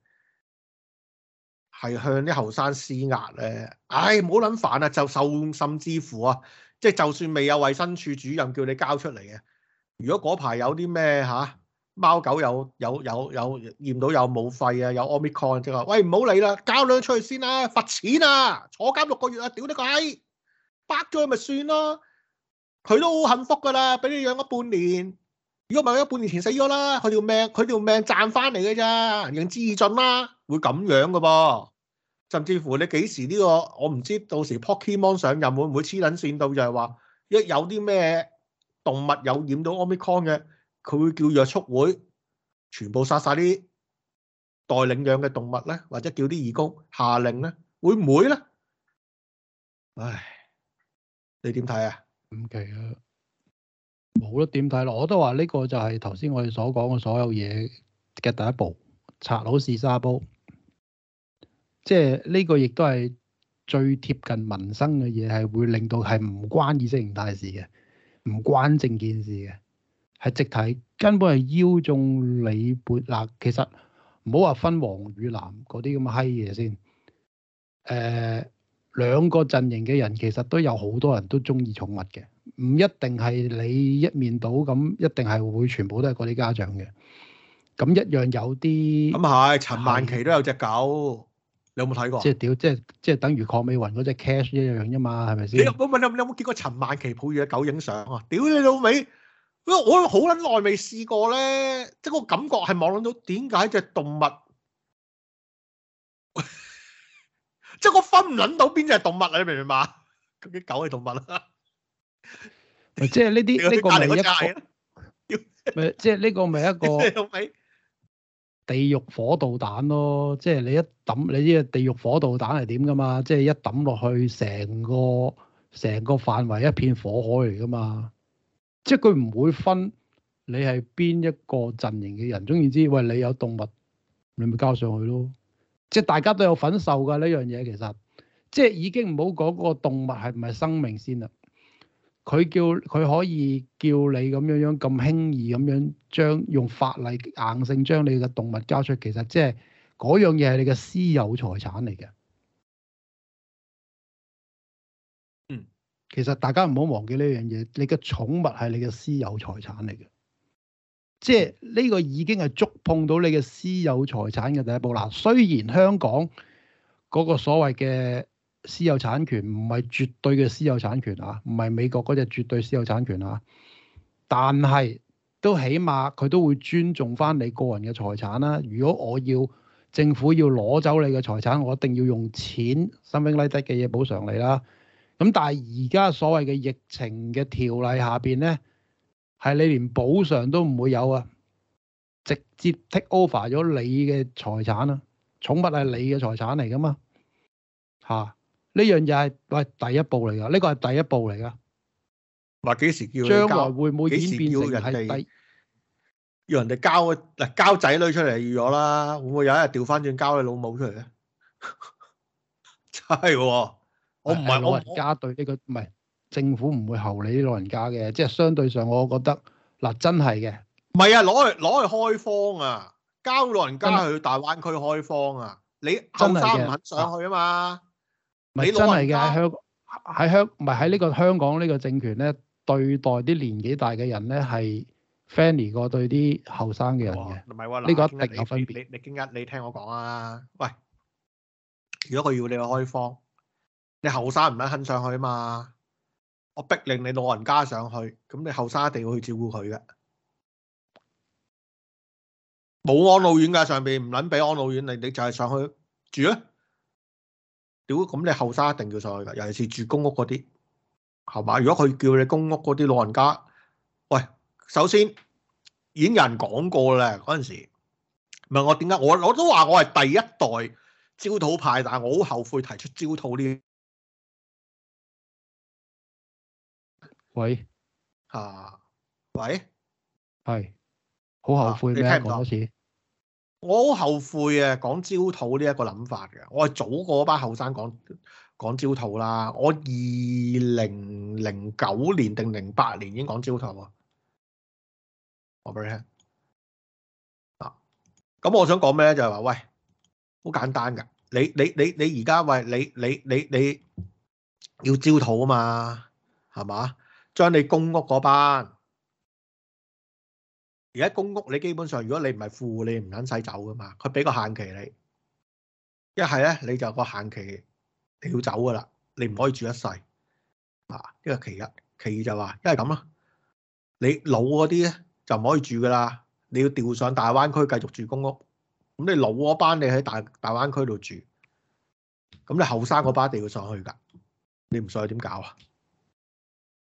係向啲後生施壓咧，唉唔好撚煩啊！就受甚至乎啊，即係就算未有衞生署主任叫你交出嚟嘅，如果嗰排有啲咩嚇貓狗有有有有，有，有驗到有冇肺啊，有 Omicron 即係話，喂唔好理啦，交兩出去先啦，啊，罰錢啊，坐監六個月啊，屌得鬼！」閪，白咗咪算咯，佢都好幸福㗎啦，俾你養咗半年。如果唔係，佢半年前死咗啦。佢條命，佢條命賺翻嚟嘅咋？仁至義盡啦，會咁樣嘅噃。甚至乎你幾時呢、這個？我唔知到時 Pokemon 上任會唔會黐捻線到就係、是、話，一有啲咩動物有染到 omicron 嘅，佢會叫虐畜會全部殺晒啲待領養嘅動物咧，或者叫啲義工下令咧，會唔會咧？唉，你點睇啊？唔奇啊。冇咯，點睇咯？我都話呢個就係頭先我哋所講嘅所有嘢嘅第一步，拆老士沙煲，即係呢個亦都係最貼近民生嘅嘢，係會令到係唔關意識形態事嘅，唔關政件事嘅，係直提根本係邀中李拔啦。其實唔好話分黃與藍嗰啲咁嘅閪嘢先，誒，兩、啊、個陣營嘅人其實都有好多人都中意寵物嘅。唔一定係你一面倒，咁一定係會全部都係嗰啲家長嘅。咁一樣有啲咁係陳曼琪都有隻狗，你有冇睇過？即係屌，即係即係等於鄺美雲嗰隻 cash 一樣啫嘛，係咪先？你唔唔你有冇見過陳曼琪抱住隻狗影相啊？屌你老味，我我好撚耐未試過咧，即係嗰個感覺係冇撚到點解隻動物，即係我分唔撚到邊隻係動物啊？你明唔明啊？嗰啲狗係動物啊！即係呢啲呢個咪一個，咪 [laughs] 即係呢個咪一個地獄火導彈咯。即係你一抌，你知啊，地獄火導彈係點噶嘛？即係一抌落去，成個成個範圍一片火海嚟噶嘛。即係佢唔會分你係邊一個陣營嘅人，總然之喂，你有動物，你咪交上去咯。即係大家都有份受噶呢樣嘢，其實即係已經唔好講個動物係唔係生命先啦。佢叫，佢可以叫你咁樣樣咁輕易咁樣將用法例硬性將你嘅動物交出，其實即係嗰樣嘢係你嘅私有財產嚟嘅。嗯，其實大家唔好忘記呢樣嘢，你嘅寵物係你嘅私有財產嚟嘅，即係呢個已經係觸碰到你嘅私有財產嘅第一步啦。雖然香港嗰個所謂嘅私有產權唔係絕對嘅私有產權啊，唔係美國嗰隻絕對私有產權啊，但係都起碼佢都會尊重翻你個人嘅財產啦、啊。如果我要政府要攞走你嘅財產，我一定要用錢、something like that 嘅嘢補償你啦、啊。咁但係而家所謂嘅疫情嘅條例下邊呢，係你連補償都唔會有啊，直接 take over 咗你嘅財產啊。寵物係你嘅財產嚟噶嘛，嚇、啊？呢樣嘢係喂，第一步嚟㗎，呢個係第一步嚟㗎。話幾時叫？將來會唔會演變成係第要人哋交嗰，嗱交仔女出嚟預咗啦？會唔會有一日調翻轉交你老母出嚟咧？真係喎，我唔係老人家，對呢個唔係政府唔會候你啲老人家嘅，即係相對上我覺得嗱，真係嘅。唔係啊，攞去攞去開荒啊，交老人家去大灣區開荒啊！你真係唔肯上去啊嘛？真你真係嘅喺香喺香，唔係喺呢個香港呢個政權咧，對待啲年紀大嘅人咧，係 friendly 過對啲後生嘅人嘅。唔係喎，呢個一定有分別。哦、你你今日你，你，你聽我講啊，喂，如果佢要你去開房，你後生唔撚肯上去嘛？我逼令你老人家上去，咁你後生一定要去照顧佢嘅。冇安老院㗎，上邊唔撚俾安老院，你你就係上去住啊！屌，咁你後生一定叫上去噶，尤其是住公屋嗰啲，係嘛？如果佢叫你公屋嗰啲老人家，喂，首先已經有人講過喇，嗰陣時問我點解，我我都話我係第一代焦土派，但係我好後悔提出焦土呢？喂，啊，喂，係，好後悔咩、啊？你聽唔到。我好後悔啊，講焦土呢一個諗法嘅，我係早過嗰班後生講講焦土啦。我二零零九年定零八年已經講焦土啊。我俾你聽啊。咁我想講咩咧？就係話喂，好簡單噶。你你你你而家喂你你你你，你要焦土啊嘛，係嘛？將你公屋嗰班。而家公屋，你基本上如果你唔係富你唔捻使走噶嘛？佢俾個限期你，一係咧你就個限期你要走噶啦，你唔可以住一世。啊，呢個其一，其二就話，因為咁咯，你老嗰啲咧就唔可以住噶啦，你要調上大灣區繼續住公屋。咁你老嗰班你喺大大灣區度住，咁你後生嗰班就要上去噶，你唔上去點搞啊？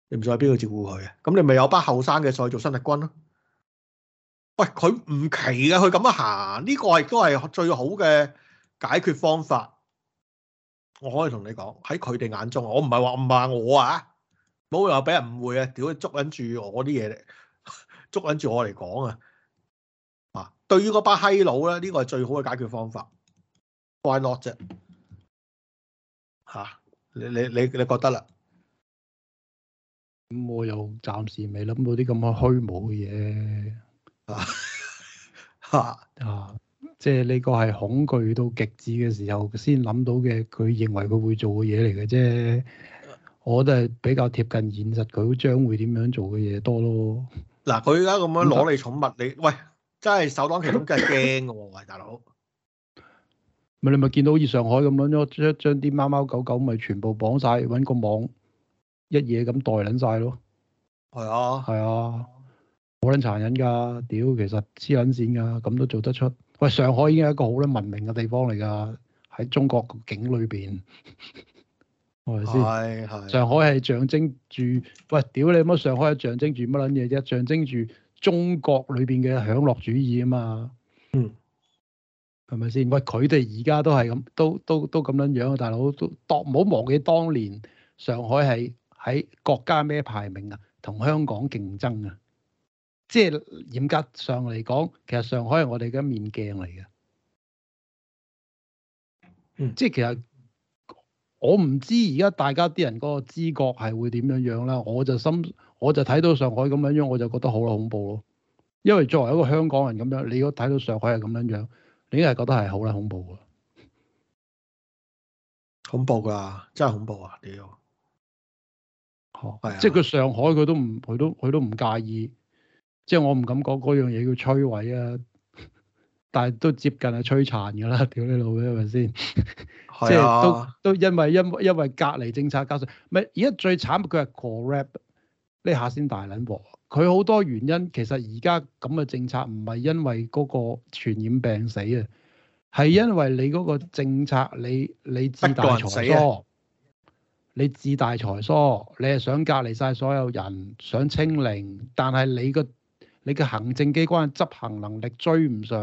你唔上去邊度照顧佢啊？咁你咪有班後生嘅上去做新力軍咯。喂，佢唔奇嘅、啊，佢咁樣行，呢、這個係都係最好嘅解決方法。我可以同你講，喺佢哋眼中，我唔係話唔話我啊，冇話俾人誤會啊！屌，捉緊住我啲嘢，嚟，捉緊住我嚟講啊！嗱、啊，對於嗰班閪佬咧，呢、這個係最好嘅解決方法。Why not 啫？嚇，你你你你覺得啦、啊？咁、嗯、我又暫時未諗到啲咁嘅虛無嘅嘢。啊啊，即係呢個係恐懼到極致嘅時候先諗到嘅，佢認為佢會做嘅嘢嚟嘅啫。我覺得係比較貼近現實，佢將會點樣做嘅嘢多咯。嗱，佢而家咁樣攞你寵物，你喂，真係首當其衝咁，梗係驚嘅喎，喂大佬。咪你咪見到好似上海咁樣，將將啲貓貓狗狗咪全部綁晒，搵個網一嘢咁袋捻晒咯。係啊，係啊。好捻殘忍噶，屌，其實黐捻線噶，咁都做得出。喂，上海已經係一個好捻文明嘅地方嚟噶，喺中國境裏邊，係 [laughs] 咪先說？係係、哎。上海係象徵住喂，屌你乜？上海係象徵住乜捻嘢啫？象徵住中國裏邊嘅享樂主義啊嘛。嗯，係咪先？喂，佢哋而家都係咁，都都都咁樣樣啊，大佬都當唔好忘記當年上海係喺國家咩排名啊，同香港競爭啊。即係嚴格上嚟講，其實上海係我哋嘅一面鏡嚟嘅。嗯，即係其實我唔知而家大家啲人嗰個知覺係會點樣樣啦。我就心我就睇到上海咁樣樣，我就覺得好恐怖咯。因為作為一個香港人咁樣，你如果睇到上海係咁樣樣，你係覺得係好啦恐怖㗎。恐怖㗎，真係恐怖啊！屌，哦，哎、呀即係佢上海佢都唔，佢都佢都唔介意。即係我唔敢講嗰樣嘢叫摧毀啊， [laughs] 但係都接近係摧殘㗎啦！屌你老味係咪先？ [laughs] 即係都都因為因因為隔離政策加上，咪而家最慘佢係 collapse 呢下先大撚鑊。佢好多原因，其實而家咁嘅政策唔係因為嗰個傳染病死啊，係因為你嗰個政策你你自大才疏，你自大才疏，你係想隔離晒所有人，想清零，但係你個你嘅行政機關嘅執行能力追唔上，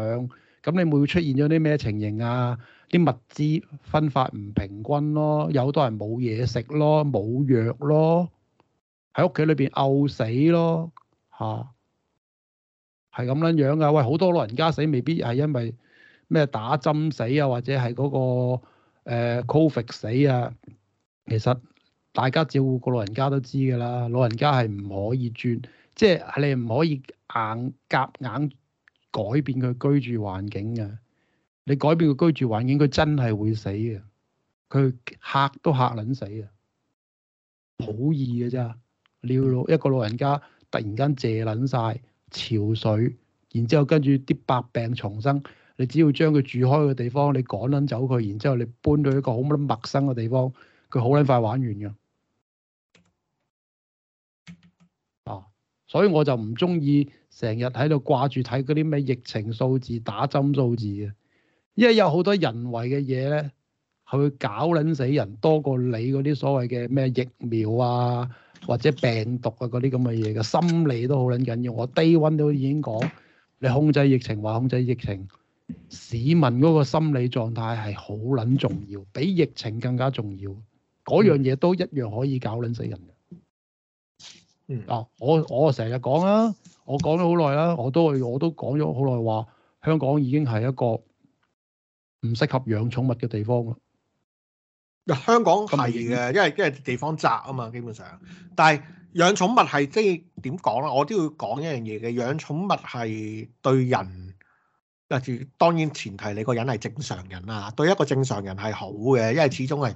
咁你會出現咗啲咩情形啊？啲物資分發唔平均咯，有好多人冇嘢食咯，冇藥咯，喺屋企裏邊餓死咯，嚇、啊，係咁撚樣噶。喂，好多老人家死未必係因為咩打針死啊，或者係嗰、嗰個、呃、Covid 死啊。其實大家照顧個老人家都知㗎啦，老人家係唔可以轉。即係你唔可以硬夾硬，硬改變佢居住環境嘅，你改變佢居住環境，佢真係會死嘅。佢嚇都嚇撚死啊！好易嘅咋？老老一個老人家突然間謝撚晒潮水，然之後跟住啲百病重生。你只要將佢住開嘅地方，你趕撚走佢，然之後你搬到一個好撚陌生嘅地方，佢好撚快玩完嘅。所以我就唔中意成日喺度掛住睇嗰啲咩疫情數字、打針數字嘅，因為有好多人為嘅嘢咧，去搞撚死人多過你嗰啲所謂嘅咩疫苗啊，或者病毒啊嗰啲咁嘅嘢嘅。心理都好撚緊要，我低溫都已經講，你控制疫情話控制疫情，市民嗰個心理狀態係好撚重要，比疫情更加重要。嗰樣嘢都一樣可以搞撚死人嘅。嗱、啊，我我成日講啦，我講咗好耐啦，我都我都講咗好耐話，香港已經係一個唔適合養寵物嘅地方咯。嗱，香港係嘅，因為因為地方窄啊嘛，基本上。但係養寵物係即係點講呢？我都要講一樣嘢嘅，養寵物係對人，特別當然前提你個人係正常人啊。對一個正常人係好嘅，因為始終係。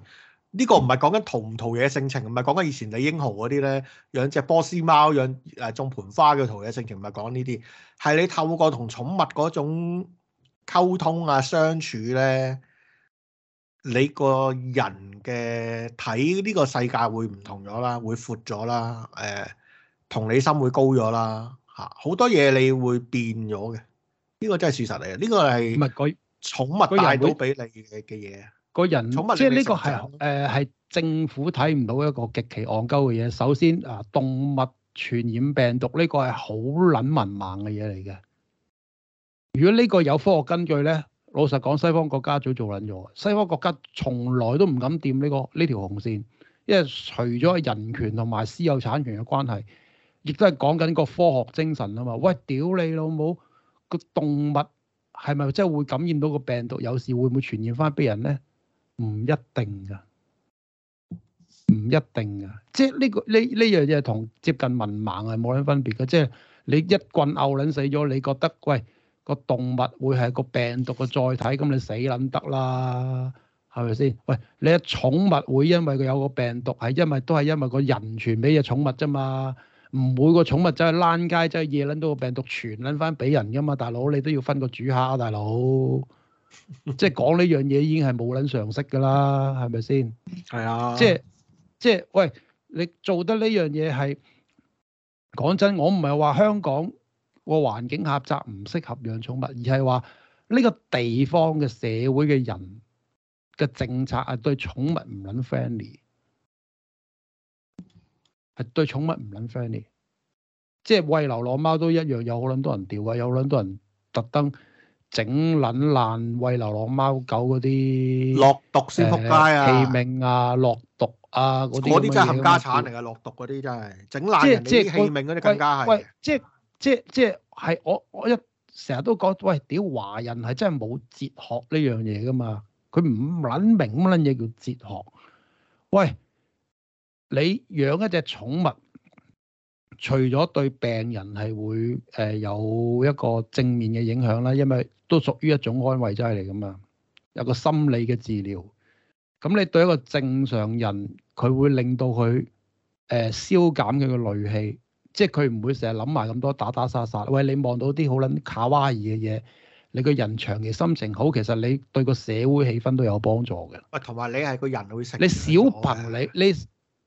呢個唔係講緊陶唔陶冶性情，唔係講緊以前李英豪嗰啲咧養隻波斯貓、養誒種盆花嘅陶冶性情，唔係講呢啲。係你透過同寵物嗰種溝通啊、相處咧，你個人嘅睇呢個世界會唔同咗啦，會闊咗啦，誒、呃、同理心會高咗啦，嚇好多嘢你會變咗嘅。呢、這個真係事實嚟嘅，呢、這個係寵物帶到俾你嘅嘢。個人即係呢個係誒係政府睇唔到一個極其戇鳩嘅嘢。首先啊，動物傳染病毒呢個係好撚文盲嘅嘢嚟嘅。如果呢個有科學根據咧，老實講，西方國家早做撚咗。西方國家從來都唔敢掂呢個呢條紅線，因為除咗人權同埋私有產權嘅關係，亦都係講緊個科學精神啊嘛。喂，屌你老母個動物係咪真係會感染到個病毒？有時會唔會傳染翻俾人咧？唔一定噶，唔一定噶，即係呢個呢呢樣嘢同接近文盲係冇樣分別嘅。即係你一棍拗撚死咗，你覺得喂個動物會係個病毒嘅載體，咁你死撚得啦，係咪先？喂，你個寵物會因為佢有個病毒，係因為都係因為個人傳俾隻寵物啫嘛，唔會個寵物走去躝街，走去夜撚到個病毒傳撚翻俾人噶嘛，大佬你都要分個主客啊，大佬。 [laughs] 即係講呢樣嘢已經係冇捻常識噶啦，係咪先？係啊，即係即係，喂，你做得呢樣嘢係講真，我唔係話香港個環境狹窄唔適合養寵物，而係話呢個地方嘅社會嘅人嘅政策係對寵物唔捻 friendly，係對寵物唔捻 friendly，即係喂流浪貓都一樣，有好捻多人掉，啊，有捻多人特登。整撚爛喂流浪貓狗嗰啲，落毒先仆街啊，棄命啊，落毒啊嗰啲，啲真係冚家產嚟噶，落毒嗰啲真係整爛人哋啲棄命嗰啲更加係。喂，即係即係即係係我我一成日都講，喂，屌華人係真係冇哲學呢樣嘢噶嘛，佢唔撚明乜撚嘢叫哲學。喂，你養一隻寵物。除咗對病人係會誒有一個正面嘅影響啦，因為都屬於一種安慰劑嚟㗎嘛，有個心理嘅治療。咁你對一個正常人，佢會令到佢誒、呃、消減佢嘅戾氣，即係佢唔會成日諗埋咁多打打殺殺。喂，你望到啲好撚卡哇伊嘅嘢，你個人長期心情好，其實你對個社會氣氛都有幫助嘅。喂，同埋你係個人會食，你小朋你你。你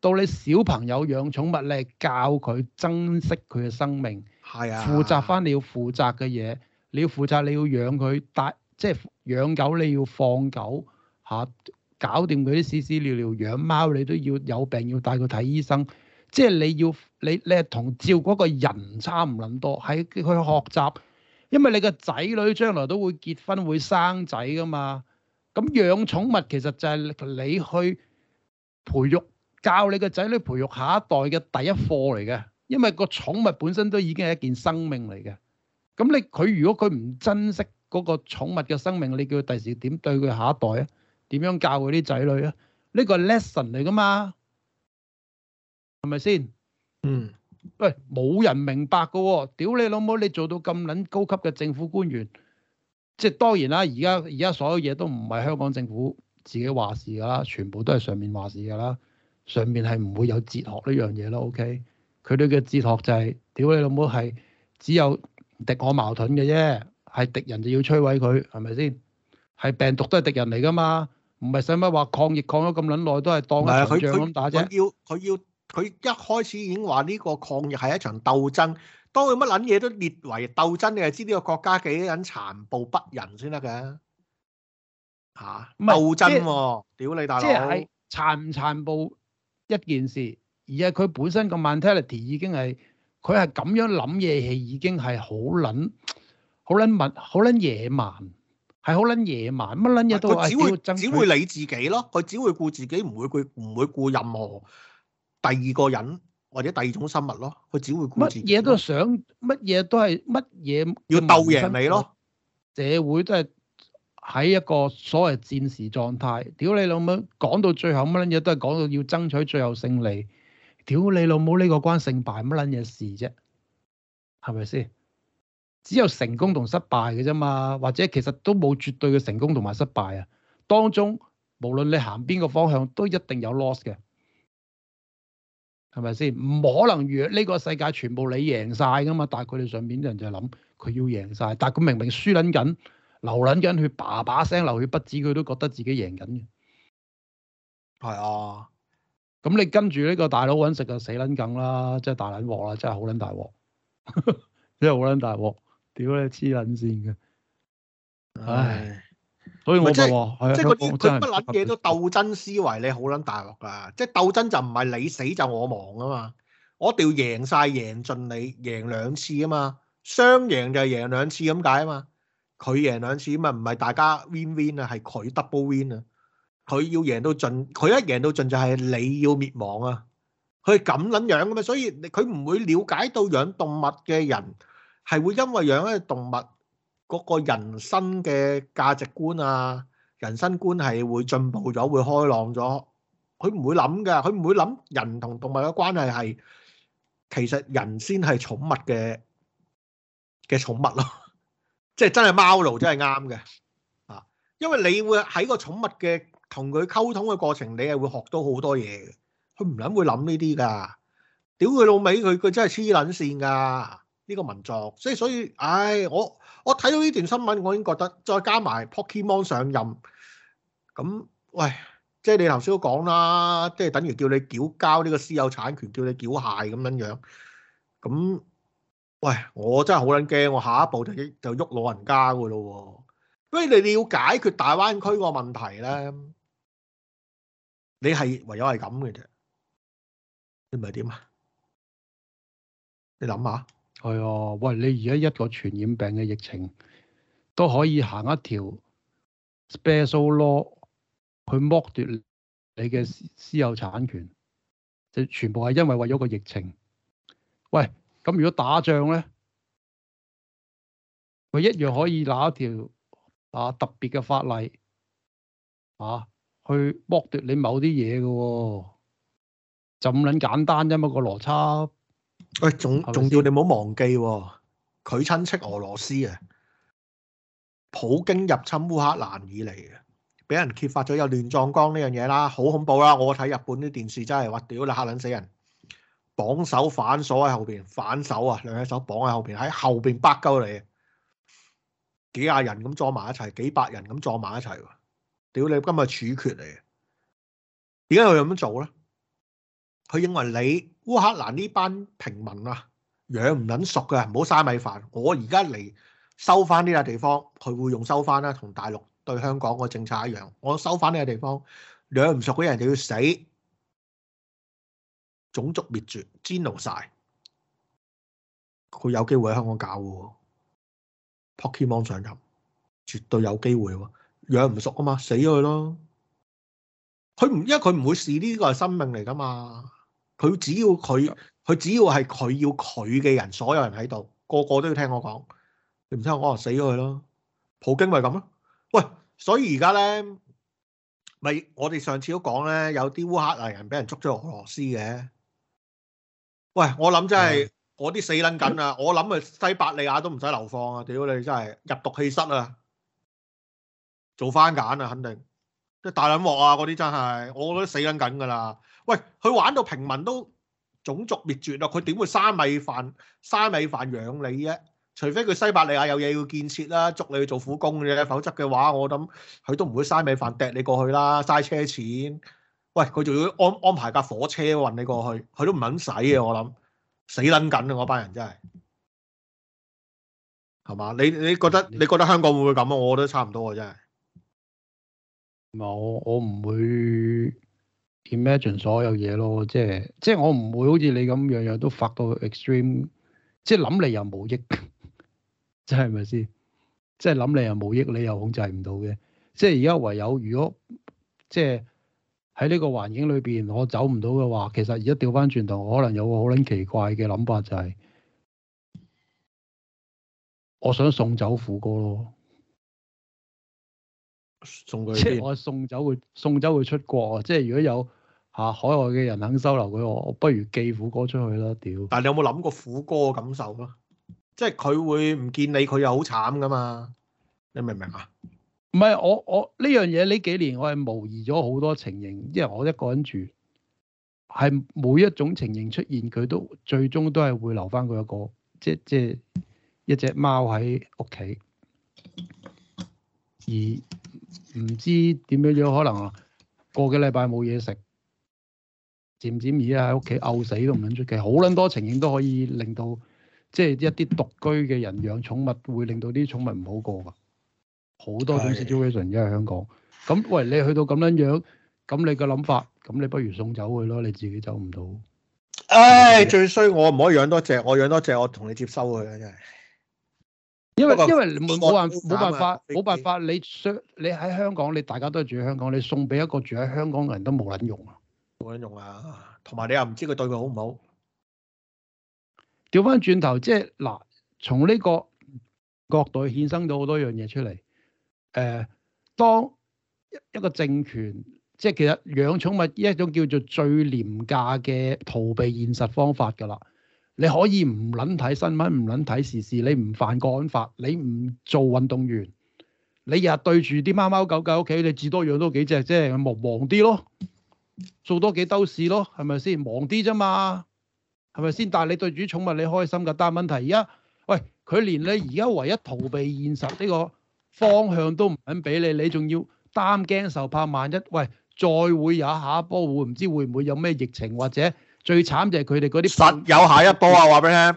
到你小朋友養寵物，你係教佢珍惜佢嘅生命，係啊，負責翻你要負責嘅嘢，你要負責你要養佢帶，即係養狗你要放狗吓，啊，搞掂佢啲屎屎尿尿。養貓你都要有病要帶佢睇醫生，即係你要你你係同照顧一個人差唔諗多，係去學習，因為你個仔女將來都會結婚會生仔噶嘛。咁養寵物其實就係你去培育。教你個仔女培育下一代嘅第一課嚟嘅，因為個寵物本身都已經係一件生命嚟嘅。咁你佢如果佢唔珍惜嗰個寵物嘅生命，你叫佢第時點對佢下一代啊？點樣教佢啲仔女啊？呢個係 lesson 嚟噶嘛。係咪先？嗯。喂，冇人明白噶喎！屌你老母，你做到咁撚高級嘅政府官員，即係當然啦。而家而家所有嘢都唔係香港政府自己話事噶啦，全部都係上面話事噶啦。上面係唔會有哲學呢樣嘢咯，OK？佢哋嘅哲學就係、是、屌你老母係只有敵我矛盾嘅啫，係敵人就要摧毀佢，係咪先？係病毒都係敵人嚟噶嘛，唔係使乜話抗疫抗咗咁撚耐，都係當佢仗咁打啫。佢要佢要佢一開始已經話呢個抗疫係一場鬥爭，當佢乜撚嘢都列為鬥爭，你係知呢個國家幾撚殘暴不仁先得㗎吓鬥爭喎、啊！屌你大佬，即係殘唔殘暴？一件事，而係佢本身個 mentality 已經係佢係咁樣諗嘢係已經係好撚好撚物好撚野蠻，係好撚野蠻乜撚嘢都，只會、啊、只會理自己咯，佢只會顧自己，唔會顧唔會顧任何第二個人或者第二種生物咯，佢只會顧自己。乜嘢都想，乜嘢都係乜嘢要鬥贏你咯，社會都係。喺一個所謂戰時狀態，屌你老母！講到最後乜撚嘢都係講到要爭取最後勝利，屌你老母！呢個關勝敗乜撚嘢事啫？係咪先？只有成功同失敗嘅啫嘛，或者其實都冇絕對嘅成功同埋失敗啊。當中無論你行邊個方向，都一定有 loss 嘅，係咪先？唔可能若呢個世界全部你贏晒噶嘛？但係佢哋上面啲人就諗佢要贏晒。但係佢明明輸撚緊。流撚緊血爸爸，叭把聲流血不止，佢都覺得自己贏緊嘅。係是啊，咁你跟住呢個大佬揾食就死撚梗啦，即係大撚鑊啦，真係好撚大鑊，真係好撚大鑊， [laughs] 屌你黐撚線嘅！唉，所以我即係即係嗰啲佢乜撚嘢都鬥爭思維，你好撚大鑊㗎！即係鬥爭就唔係你死就我亡啊嘛，我一定要贏晒，贏盡盡你、贏兩次啊嘛，雙贏就贏就係贏兩次咁解啊嘛。佢贏兩次咁啊嘛，唔係大家 win win 啊，係佢 double win 啊。佢要贏到盡，佢一贏到盡就係你要滅亡啊。佢係咁捻樣嘅嘛，所以你佢唔會了解到養動物嘅人係會因為養一隻動物嗰個人生嘅價值觀啊、人生觀係會進步咗、會開朗咗。佢唔會諗㗎，佢唔會諗人同動物嘅關係係其實人先係寵物嘅嘅寵物咯。即係真係貓奴真係啱嘅，啊！因為你會喺個寵物嘅同佢溝通嘅過程，你係會學到好多嘢嘅。佢唔撚會諗呢啲㗎，屌佢老味，佢佢真係黐撚線㗎！呢、這個民族，所以所以，唉、哎，我我睇到呢段新聞，我已經覺得再加埋 Pokemon 上任，咁、嗯、喂，即係、就是、你頭先都講啦，即係等於叫你繳交呢個私有產權，叫你繳械咁樣樣，咁、嗯。嗯。喂，我真係好撚驚，我下一步就就喐老人家噶咯喎，所以你哋要解決大灣區個問題咧，你係唯有係咁嘅啫，你咪點啊？你諗下，係啊、哦，喂，你而家一個傳染病嘅疫情都可以行一條 special law 去剝奪你嘅私有產權，就全部係因為為咗個疫情，喂。咁如果打仗咧，佢一樣可以拿一條啊特別嘅法例啊，去剝奪你某啲嘢嘅喎，就咁撚簡單啫嘛、個邏輯。喂、哎，仲仲要你唔好忘記喎、哦，佢親戚俄羅斯啊，普京入侵烏克蘭以嚟嘅，俾人揭發咗有亂葬崗呢樣嘢啦，好恐怖啦！我睇日本啲電視真係話屌你嚇撚死人。綁手反鎖喺後邊，反手啊，兩隻手綁喺後邊，喺後邊包鳩你，幾廿人咁坐埋一齊，幾百人咁坐埋一齊，屌你今日處決你。點解佢咁樣做咧？佢認為你烏克蘭呢班平民啊，養唔捻熟嘅，唔好嘥米飯。我而家嚟，收翻呢笪地方，佢會用收翻啦，同大陸對香港個政策一樣。我收翻呢笪地方，養唔熟嘅人就要死。種族滅絕，煎熬晒，佢有機會喺香港搞喎，Pokemon 上任絕對有機會喎，養唔熟啊嘛，死咗佢咯，佢唔因為佢唔會視呢個係生命嚟噶嘛，佢只要佢，佢只要係佢要佢嘅人，所有人喺度，個個都要聽我講，你唔聽我話死咗佢咯，普京咪咁咯，喂，所以而家咧，咪我哋上次都講咧，有啲烏克蘭人俾人捉咗俄羅斯嘅。喂，我諗真係、嗯、嗰啲死捻緊啦！我諗啊，西伯利亞都唔使流放啊！屌你真係入毒氣室啊！做翻揀啊，肯定啲大捻鑊啊！嗰啲真係，我覺得死撚緊噶啦！喂，佢玩到平民都種族滅絕啊！佢點會生米飯生米飯養你啫？除非佢西伯利亞有嘢要建設啦，捉你去做苦工嘅，否則嘅話，我諗佢都唔會嘥米飯掟你過去啦，嘥車錢。喂，佢仲要安安排架火車運你過去，佢都唔肯使嘅，我諗、嗯、死撚緊啊，嗰班人真係係嘛？你你覺得你覺得香港會唔會咁啊？我覺得差唔多啊，真係。唔係，我我唔會 imagine 所有嘢咯，即係即係我唔會好似你咁樣，樣樣都發到 extreme，即係諗你又冇益，即係咪先？即係諗你又冇益，你又控制唔到嘅，即係而家唯有如果即係。喺呢個環境裏邊，我走唔到嘅話，其實而家調翻轉頭，我可能有個好撚奇怪嘅諗法，就係我想送走虎哥咯，送佢即係我送走佢，送走佢出國啊！即係如果有嚇海外嘅人肯收留佢，我不如寄虎哥出去啦，屌！但係你有冇諗過虎哥嘅感受啊？即係佢會唔見你，佢又好慘噶嘛？你明唔明啊？唔係，我我呢樣嘢呢幾年我係模擬咗好多情形，因為我一個人住，係每一種情形出現，佢都最終都係會留翻佢一個，即係即係一隻貓喺屋企，而唔知點樣樣可能過個幾禮拜冇嘢食，漸漸而家喺屋企嘔死都唔撚出奇，好撚多情形都可以令到，即係一啲獨居嘅人養寵物會令到啲寵物唔好過㗎。好多種 situation，而家喺香港咁，喂，你去到咁樣樣，咁你個諗法，咁你不如送走佢咯，你自己走唔到。唉、哎，以最衰我唔可以養多隻，我養多隻，我同你接收佢啊！真係，因為因為冇冇冇辦法，冇辦，辦法，你想你喺香港，你大家都係住喺香港，你送俾一個住喺香港嘅人都冇撚用，用啊，冇撚用啊！同埋你又唔知佢對佢好唔好。調翻轉頭，即係嗱，從呢個角度衍生咗好多樣嘢出嚟。誒，當一個政權，即係其實養寵物一種叫做最廉價嘅逃避現實方法㗎啦。你可以唔撚睇新聞，唔撚睇時事，你唔犯國安法，你唔做運動員，你日日對住啲貓貓狗狗屋企，你至多養多幾隻啫，即忙忙啲咯，做多幾兜事咯，係咪先？忙啲咋嘛？係咪先？但係你對住寵物你開心㗎，但係問題而家，喂，佢連你而家唯一逃避現實呢、呢個。方向都唔肯俾你，你仲要擔驚受怕，萬一喂再會有下一波，會唔知會唔會有咩疫情，或者最慘就係佢哋嗰啲實有下一波啊！話俾你聽，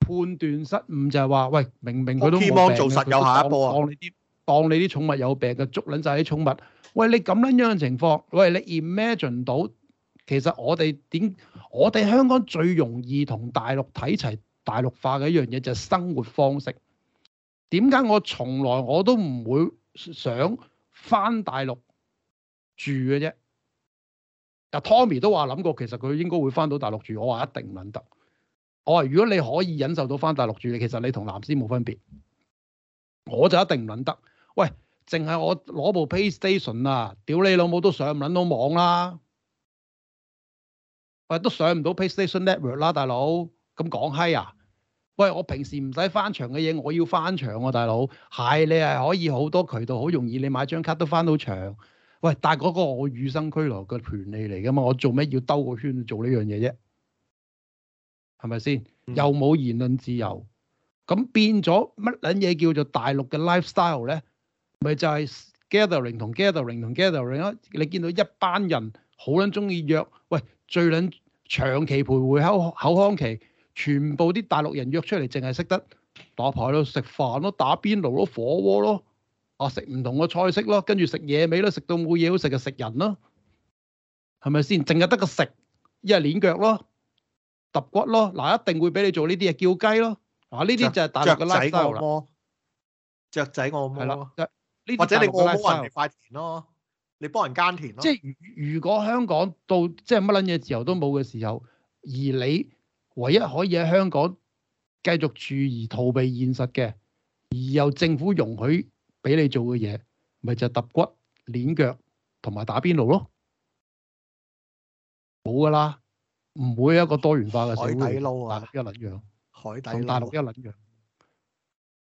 判斷失誤就係話喂明明佢都有希望做冇病、啊，當你啲當你啲寵物有病嘅捉撚曬啲寵物，喂你咁撚樣嘅情況，喂你 imagine 到其實我哋點我哋香港最容易同大陸睇齊大陸化嘅一樣嘢就係生活方式。點解我從來我都唔會想翻大陸住嘅啫？阿、啊、Tommy 都話諗過，其實佢應該會翻到大陸住。我話一定唔撚得。我話如果你可以忍受到翻大陸住，其實你同藍絲冇分別。我就一定唔撚得。喂，淨係我攞部 PlayStation 啊，屌你老母都上唔撚到網啦、啊！喂，都上唔到 PlayStation Network 啦、啊，大佬咁講嗨啊！喂，我平時唔使翻牆嘅嘢，我要翻牆啊大佬。係你係可以好多渠道，好容易你買張卡都翻到牆。喂，但係嗰個我與生俱來嘅權利嚟噶嘛，我做咩要兜個圈去做呢樣嘢啫？係咪先？又冇言論自由，咁變咗乜撚嘢叫做大陸嘅 lifestyle 咧？咪就係、是、gathering 同 gathering 同 gathering 咯。你見到一班人好撚中意約，喂，最撚長期徘徊，口口腔期。全部啲大陸人約出嚟，淨係識得打牌咯、食飯咯、打邊爐咯、火鍋咯，啊食唔同嘅菜式咯，跟住食野味咯，食到冇嘢好食就食人咯，係咪先？淨係得個食，一係攆腳咯、揼骨咯，嗱一定會俾你做呢啲嘢，叫雞咯。啊呢啲就係大陸嘅 lifestyle，雀仔按摩，雀仔按摩咯，like、或者你按人哋塊田咯，你幫人耕田咯。即係如果香港到即係乜撚嘢自由都冇嘅時候，而你。唯一可以喺香港繼續住而逃避現實嘅，而由政府容許俾你做嘅嘢，咪就揼骨、攣腳同埋打邊爐咯，冇噶啦，唔會一個多元化嘅社會啊，一撚樣，海底撈、啊，大陸一撚樣，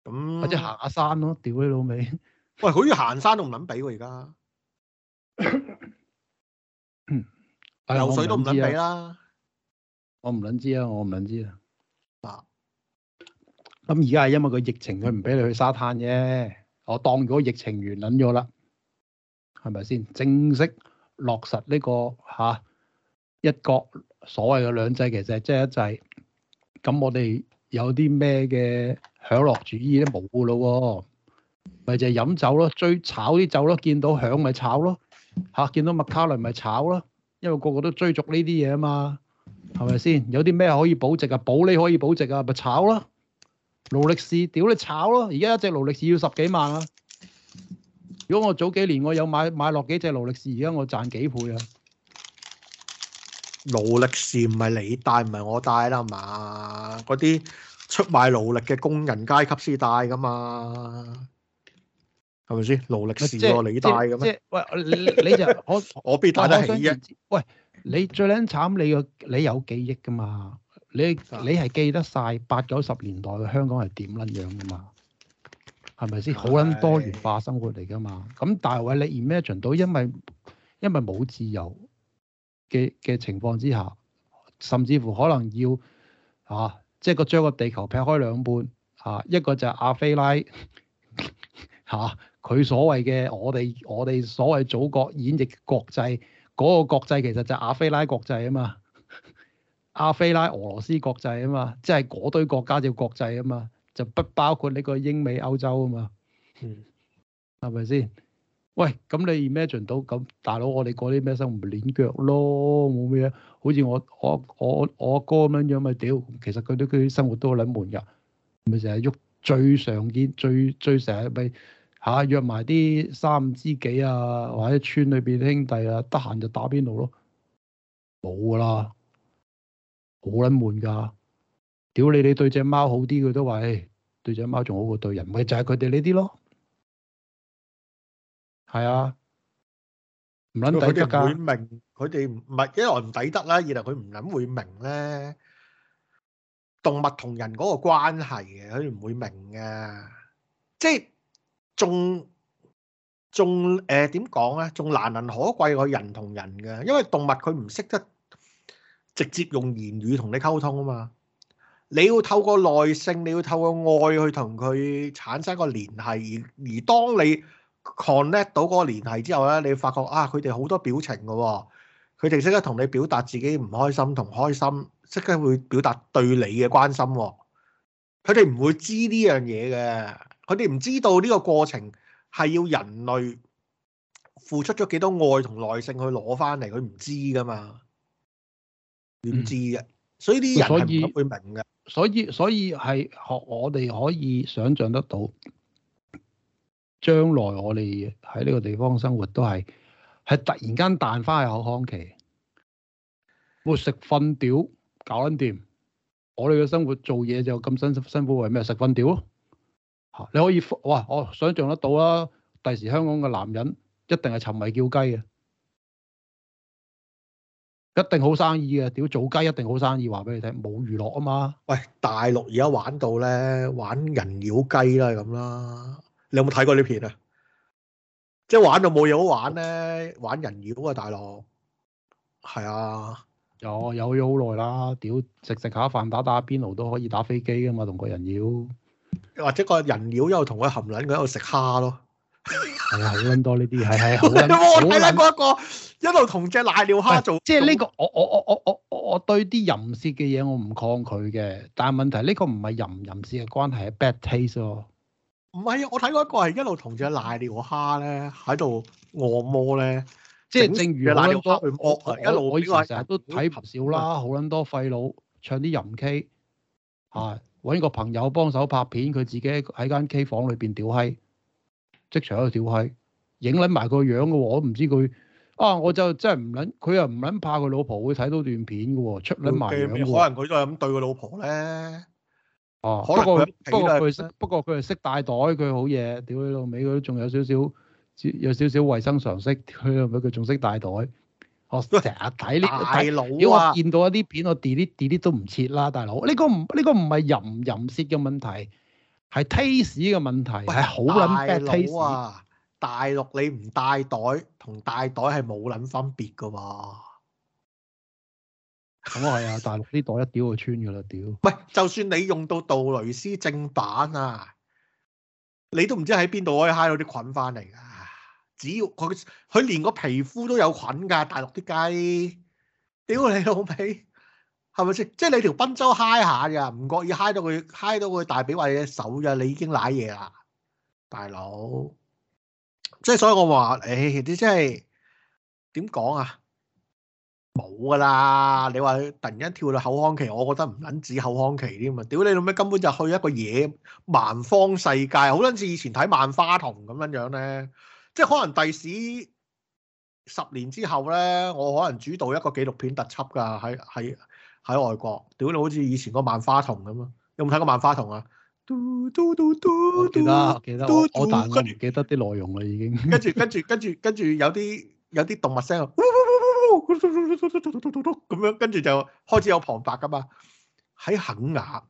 咁或者行下山咯，屌你老味。喂，好似行山都唔撚俾喎而家，游水、 [laughs] 哎、呦都唔撚俾啦。 [laughs] 哎 [laughs] 我唔捻知，知啊！我唔捻知啊！嗱，咁而家係因為個疫情，佢唔俾你去沙灘啫。我當咗疫情完捻咗啦，係咪先？正式落實呢、這個嚇、啊、一國所謂嘅兩制，其實係即一制。咁我哋有啲咩嘅享樂主義都冇噶咯喎，咪就係、是、飲酒咯、追炒啲酒咯，見到響咪炒咯，嚇、啊、見到麥卡倫咪炒咯，因為個個都追逐呢啲嘢啊嘛。係咪先？有啲咩可，可以保值啊？保你可以保值啊，咪炒咯！勞力士，屌你炒咯！而家一隻勞力士要十幾萬啊！如果我早幾年我有買買落幾隻勞力士，而家我賺幾倍啊！勞力士唔係你戴，唔係我戴啦，係嘛？嗰啲出賣勞力嘅工人階級先戴噶嘛？係咪先？勞力士我你戴嘅咩？即係喂，你你就我 [laughs] 我邊戴得起啫？喂！你最撚慘，你個你有記憶噶嘛？你你係記得晒八九十年代嘅香港係點撚樣噶嘛？係咪先？好撚多元化生活嚟噶嘛？咁大係你 imagine 到因，因為因為冇自由嘅嘅情況之下，甚至乎可能要嚇、啊，即係個將個地球劈開兩半嚇、啊，一個就係阿非拉嚇，佢、啊、所謂嘅我哋我哋所謂祖國演繹國際。嗰個國際其實就係亞非拉國際啊嘛，亞 [laughs] 非拉俄羅斯國際啊嘛，即係嗰堆國家叫國際啊嘛，就不包括呢個英美歐洲啊嘛，係咪先？喂，咁你 imagine 到咁大佬，我哋過啲咩生活？攣腳咯，冇咩，好似我我我我阿哥咁樣樣咪屌，其實佢都，佢啲生活都好撚悶㗎，咪成日喐最常見最最成日咪～嚇、啊、約埋啲三五知己啊，或者村裏邊兄弟啊，得、啊、閒就打邊爐、哎就是、咯。冇噶啦，好撚悶噶。屌你！你對隻貓好啲，佢都話，誒對隻貓仲好過對人。咪就係佢哋呢啲咯。係啊，唔撚抵得㗎。佢哋會明，佢哋唔唔係一來唔抵得啦，二嚟佢唔撚會明咧。動物同人嗰個關係嘅，佢唔會明嘅，即係。仲仲誒，點講咧？仲、呃、難能可貴過人同人嘅，因為動物佢唔識得直接用言語同你溝通啊嘛。你要透過耐性，你要透過愛去同佢產生個聯繫，而當你 connect 到個聯繫之後咧，你發覺啊，佢哋好多表情嘅喎、哦，佢哋識得同你表達自己唔開心同開心，識得會表達對你嘅關心、哦。佢哋唔會知呢樣嘢嘅。佢哋唔知道呢個過程係要人類付出咗幾多愛同耐性去攞翻嚟，佢唔知噶嘛，點知嘅，所以啲人係唔會明嘅、嗯。所以所以係學我哋可以想像得到，將來我哋喺呢個地方生活都係係突然間彈翻去口腔期，哦、食瞓屌搞撚掂，我哋嘅生活做嘢就咁辛辛苦為咩？食瞓屌咯。你可以哇！我、哦、想象得到啦，第時香港嘅男人一定係沉迷叫雞嘅，一定好生意嘅。屌做雞一定好生意，話俾你聽，冇娛樂啊嘛。喂，大陸而家玩到咧，玩人妖雞啦咁啦。你有冇睇過呢片啊？即係玩到冇嘢好玩咧，玩人妖啊，大陸。係啊，哦、有有咗好耐啦。屌食食下飯，打打邊爐都可以打飛機噶嘛，同個人妖。或者個人妖又同佢含撚佢喺度食蝦咯，係啊好捻多呢啲，係係好捻多。我睇過一個一路同隻瀨尿蝦做， [laughs] 即係呢、這個我我我我我我對啲淫褻嘅嘢我唔抗拒嘅，但係問題呢個唔係淫唔淫褻嘅關係啊，bad taste 咯。唔係啊，我睇過一個係一路同隻瀨尿蝦咧喺度按摩咧，即係正如瀨尿蝦去摸啊，一路。成日都睇唔少啦，好捻多廢佬唱啲淫 K，吓。揾個朋友幫手拍片，佢自己喺間 K 房裏邊屌閪，即場喺度屌閪，影撚埋個樣嘅喎，我唔知佢啊，我就真係唔撚，佢又唔撚怕佢老婆會睇到段片嘅喎，出撚埋樣喎。可能佢都係咁對佢老婆咧。啊，可能啊，不過不過佢不過佢係識帶袋，佢好嘢，屌你老味。佢都仲有少少，有少少衞生常識，佢又俾佢仲識帶袋。我成日睇呢個大佬啊！我見到一啲片我，我 delete delete 都唔切啦，大佬。呢、這個唔呢、這個唔係淫淫褻嘅問題，係 taste 嘅問題。喂，好撚 bad taste 啊！Taste，大陸你唔帶袋同帶袋係冇撚分別嘅喎。咁啊係啊！大陸啲袋一屌就穿嘅啦，屌！喂，就算你用到杜蕾斯正版啊，你都唔知喺邊度可以嗨到啲菌翻嚟㗎。只要佢佢連個皮膚都有菌㗎，大陸啲雞，屌你老味，係咪先？即係你條賓州嗨下㗎，唔覺意嗨到佢嗨到佢大髀或者你手呀，你已經瀨嘢啦，大佬。即係所以我話，誒、哎，你真係點講啊？冇㗎啦！你話突然間跳到口腔期，我覺得唔撚止口腔期添嘛，屌你老味，根本就去一個嘢，萬方世界，好多似以前睇《萬花筒》咁樣咧。即係可能第時十年之後咧，我可能主導一個紀錄片特輯噶，喺喺喺外國，屌你好似以前個萬花筒咁啊！有冇睇過萬花筒啊？記得記得我我但係唔記得啲內容啦，已經跟。跟住跟住跟住跟住有啲有啲動物聲咁樣， [laughs] 跟住就開始有旁白噶嘛。喺肯亞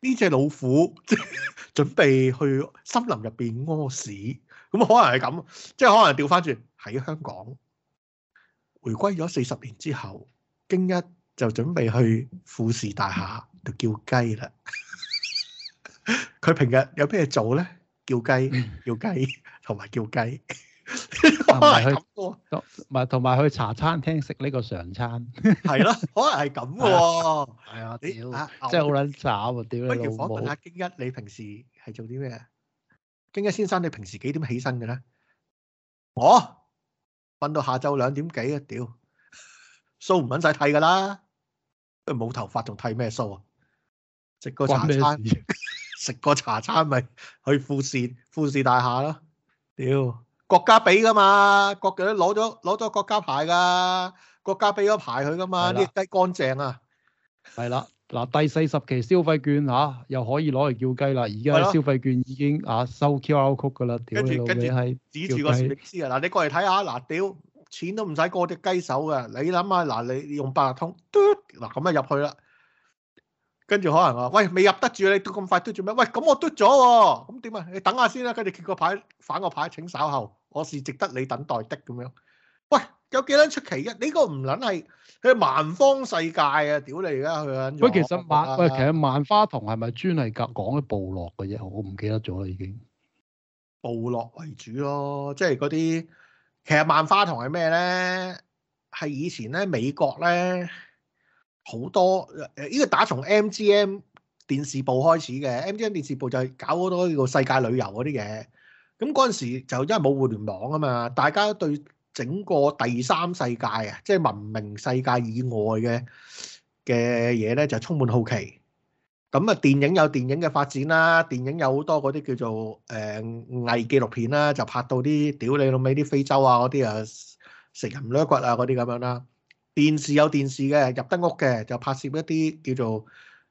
呢隻老虎， [laughs] 準備去森林入邊屙屎。咁可能係咁，即係可能調翻轉喺香港回歸咗四十年之後，經一就準備去富士大廈就叫雞啦。佢 [laughs] 平日有咩做咧？叫雞、叫雞同埋叫雞，同埋、 [laughs] 啊啊、去，同埋 [laughs] 去茶餐廳食呢個常餐。係 [laughs] 咯、啊，可能係咁喎。係啊，屌、 [laughs] 哎，即係好撚慘啊！屌你老母。不如我問下經一，你平時係做啲咩啊？經一先生，你平時幾點起身嘅咧？我、哦、瞓到下晝兩點幾啊！屌，鬚唔撚使剃嘅啦，冇頭髮仲剃咩鬚啊？食個茶餐，食 [laughs] 個茶餐咪去富士富士大廈囉！屌國國國，國家俾嘅嘛，國家攞咗攞咗國家牌嘅，國家俾咗牌佢嘅嘛，啲雞乾淨啊，係啦。嗱第四十期消費券嚇、啊、又可以攞嚟叫雞啦！而家消費券已經啊收 QR code 噶啦、嗯，跟住跟住係指住個史密斯啊！嗱你過嚟睇下嗱，屌、啊、錢都唔使過隻雞手嘅，你諗下嗱你用八達通嘟嗱咁啊入去啦，跟住可能話喂未入得住你，嘟咁快嘟住咩？喂咁我嘟咗喎，咁點啊、嗯？你等下先啦，跟住揭個牌反個牌，請稍後，我是值得你等待的咁樣。有幾撚出奇？一呢個唔撚係佢萬方世界啊！屌你而家佢撚？喂，其實萬喂，其實萬花筒係咪專係講講部落嘅啫？我唔記得咗啦，已經了了部落為主咯。即係嗰啲其實萬花筒係咩咧？係以前咧美國咧好多誒呢個打從 MGM 電視部開始嘅 MGM 電視部就係搞好多呢個世界旅遊嗰啲嘢。咁嗰陣時就因為冇互聯網啊嘛，大家對整個第三世界啊，即係文明世界以外嘅嘅嘢咧，就充滿好奇。咁啊，電影有電影嘅發展啦，電影有好多嗰啲叫做誒、呃、偽紀錄片啦，就拍到啲屌你老味啲非洲啊嗰啲啊食人骨啊嗰啲咁樣啦。電視有電視嘅入得屋嘅，就拍攝一啲叫做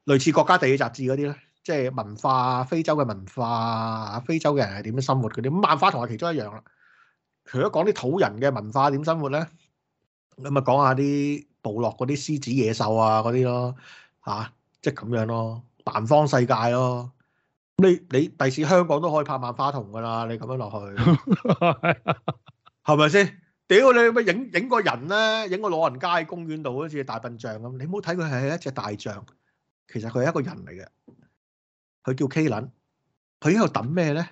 類似國家地理雜誌嗰啲咧，即係文化，非洲嘅文化，非洲嘅人係點樣生活嗰啲咁，漫畫同埋其中一樣啦。除咗講啲土人嘅文化點生活咧，咁咪講下啲部落嗰啲獅子野獸啊嗰啲咯，嚇，即係咁樣咯，南方世界咯。你你第時香港都可以拍萬花筒噶啦，你咁樣落去，係咪先？屌你咪影影個人咧，影個老人家喺公園度好似大笨象咁，你唔好睇佢係一隻大象，其實佢係一個人嚟嘅。佢叫 K 林，佢喺度等咩咧？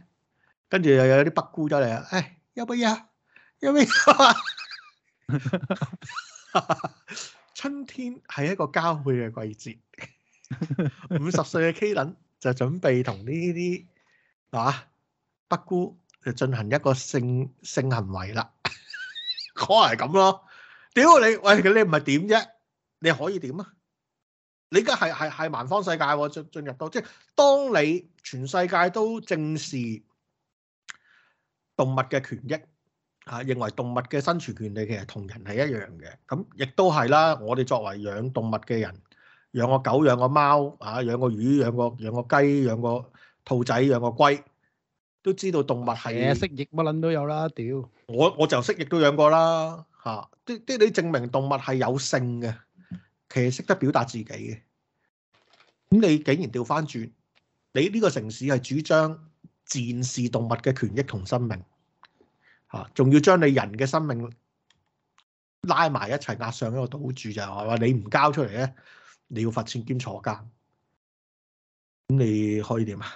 跟住又有啲北姑出嚟啊！誒～有冇嘢啊？有咩事 [laughs] 春天係一個交配嘅季節，五十歲嘅 K 林就準備同呢啲係嘛北姑就進行一個性性行為啦。 [laughs] 可能係咁咯。屌你喂，你唔係點啫？你可以點啊？你而家係係係萬方世界進、哦、進入到即係，當你全世界都正視。動物嘅權益啊，認為動物嘅生存權利其實同人係一樣嘅，咁亦都係啦。我哋作為養動物嘅人，養個狗、養個貓啊，養個魚、養個養個雞、養個兔仔、養個龜，都知道動物係蜥蜴乜撚都有啦。屌，我我就蜥蜴都養過啦嚇。即即你證明動物係有性嘅，其實識得表達自己嘅。咁你竟然調返轉，你呢個城市係主張？戰士動物嘅權益同生命，嚇，仲要將你人嘅生命拉埋一齊壓上一個賭注，就係話你唔交出嚟咧，你要罰錢兼坐監。咁你可以點啊？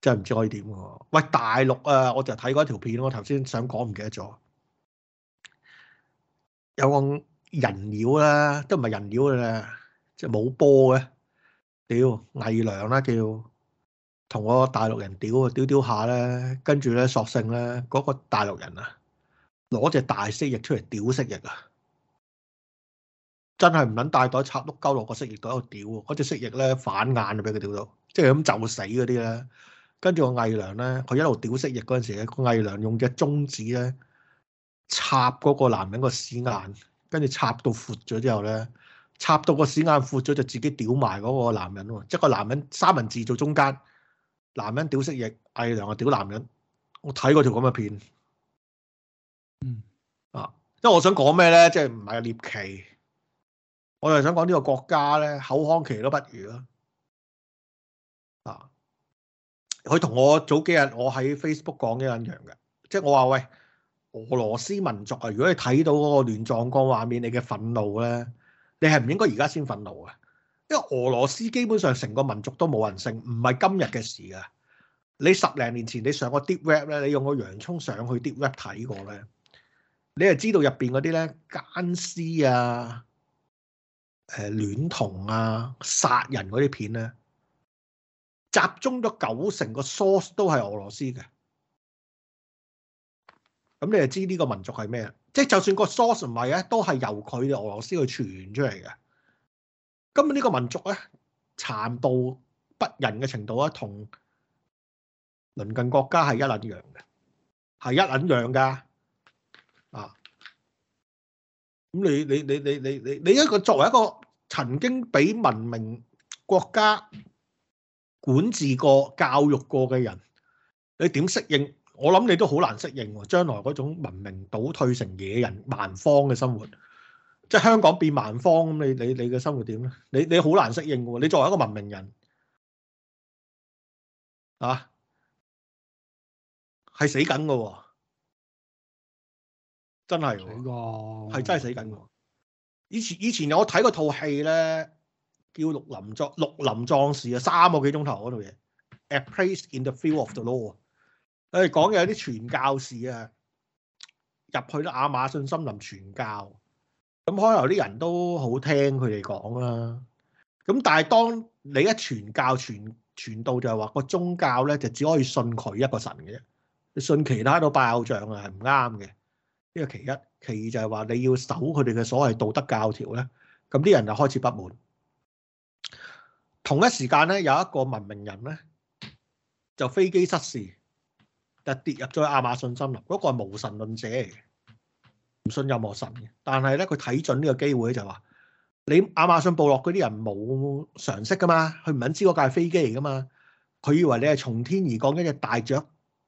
真係唔知可以點喎。喂，大陸啊，我就睇過一條片，我頭先想講唔記得咗，有個人妖啦，都唔係人妖嘅啦，即係冇波嘅，屌偽娘啦叫。同個大陸人屌啊，屌屌下咧，跟住咧索性咧，嗰個大陸人啊，攞隻大蜥蜴出嚟屌蜥蜴啊，真係唔捻帶袋插碌鳩落個蜥蜴袋度屌啊，嗰隻蜥蜴咧反眼就俾佢屌到，即係咁就死嗰啲咧。跟住個偽娘咧，佢一路屌蜥蜴嗰陣時咧，偽娘用嘅中指咧插嗰個男人個屎眼，跟住插到闊咗之後咧，插到個屎眼闊咗就自己屌埋嗰個男人喎，即係個男人三文治做中間。男人屌蜥蜴，毅亮啊屌男人！我睇過條咁嘅片，嗯、啊，因為我想講咩咧，即係唔係獵奇，我係想講呢個國家咧，口腔期都不如咯啊！佢同我早幾日我喺 Facebook 講一樣嘢嘅，即係我話喂，俄羅斯民族啊，如果你睇到嗰個亂葬崗畫面，你嘅憤怒咧，你係唔應該而家先憤怒嘅。因為俄羅斯基本上成個民族都冇人性，唔係今日嘅事㗎！你十零年前你上個 deep web 咧，你用個洋葱上去 deep web 睇過咧，你係知道入邊嗰啲咧奸屍啊、誒戀童啊、殺人嗰啲片咧，集中咗九成個 source 都係俄羅斯嘅。咁你就知呢個民族係咩？即係就算個 source 唔係咧，都係由佢俄羅斯去傳出嚟嘅。根本呢個民族咧殘暴不仁嘅程度咧，同鄰近國家係一撚樣嘅，係一撚樣噶啊！咁你你你你你你你一個作為一個曾經俾文明國家管治過、教育過嘅人，你點適應？我諗你都好難適應喎、啊，將來嗰種文明倒退成野人、蠻荒嘅生活。即係香港變萬方咁，你你你嘅生活點咧？你你好難適應嘅喎。你作為一個文明人，嚇、啊、係死緊嘅喎，真係，係真係死緊嘅。以前以前我睇嗰套戲咧，叫《綠林壯綠林壯士》啊，三個幾鐘頭嗰套嘢。A place in the field of the Lord。佢哋講嘅有啲傳教士啊，入去啦亞馬遜森林傳教。咁開頭啲人都好聽佢哋講啦，咁但係當你一傳教，傳傳道就係話個宗教咧就只可以信佢一個神嘅啫，你信其他都爆仗啊，係唔啱嘅。呢個其一，其二就係話你要守佢哋嘅所謂道德教條咧，咁啲人就開始不滿。同一時間咧，有一個文明人咧就飛機失事，就跌入咗亞馬遜森林，嗰，那個係無神論者嚟嘅。唔信有魔神嘅，但係咧佢睇準呢個機會就話：你亞馬遜部落嗰啲人冇常識噶嘛，佢唔肯知嗰架飛機嚟噶嘛，佢以為你係從天而降一隻大雀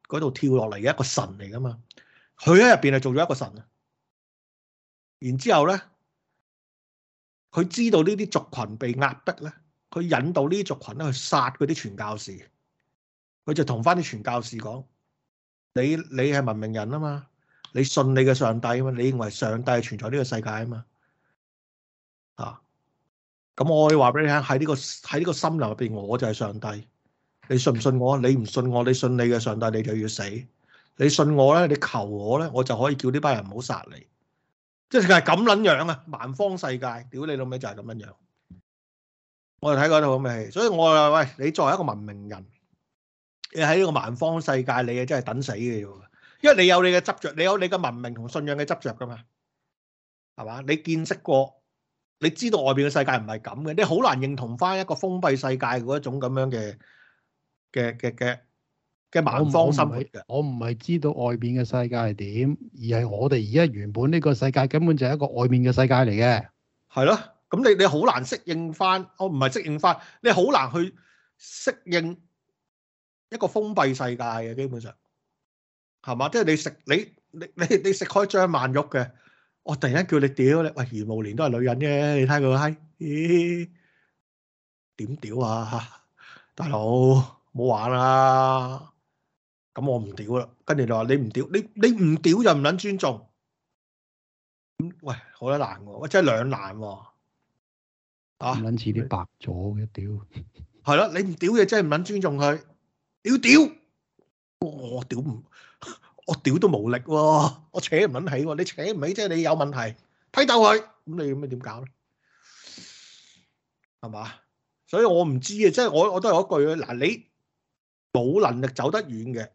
嗰度跳落嚟嘅一個神嚟噶嘛，佢喺入邊係做咗一個神。然之後咧，佢知道呢啲族群被壓迫，咧，佢引導呢啲族群咧去殺嗰啲傳教士，佢就同翻啲傳教士講：你你係文明人啊嘛。你信你嘅上帝啊嘛？你認為上帝係存在呢個世界嘛啊嘛？啊，咁我可以話俾你聽喺呢個喺呢個心入邊，我就係上帝。你信唔信我？你唔信我，你信你嘅上帝，你就要死。你信我咧，你求我咧，我就可以叫呢班人唔好殺你。即係咁捻樣啊！萬方世界，屌你老尾就係咁樣樣。我就睇嗰套咁嘅戲，所以我話喂，你作為一個文明人，你喺呢個萬方世界，你啊真係等死嘅啫。因為你有你嘅執着，你有你嘅文明同信仰嘅執着噶嘛，係嘛？你見識過，你知道外邊嘅世界唔係咁嘅，你好難認同翻一個封閉世界嗰一種咁樣嘅嘅嘅嘅嘅蠻荒生活嘅。我唔係知道外邊嘅世界係點，而係我哋而家原本呢個世界根本就係一個外面嘅世界嚟嘅。係咯，咁你你好難適應翻，我唔係適應翻，你好難去適應一個封閉世界嘅，基本上。係嘛？即係你食你你你你食開張曼玉嘅，我突然間叫你屌你喂，余慕蓮都係女人嘅，你睇佢閪咦？點屌啊？大佬冇玩啦！咁我唔屌啦，跟住就話你唔屌你你唔屌就唔捻尊重咁喂，好得難喎，喂真係兩難喎啊！捻似啲白左嘅屌，係咯，你唔屌嘢真係唔捻尊重佢屌屌，我屌唔～我、哦、屌都無力喎、哦，我扯唔撚起喎、哦，你扯唔起即係你有問題批鬥佢。咁你咁樣點搞咧？係嘛？所以我唔知啊，即係我我都係嗰句嗱，你冇能力走得遠嘅，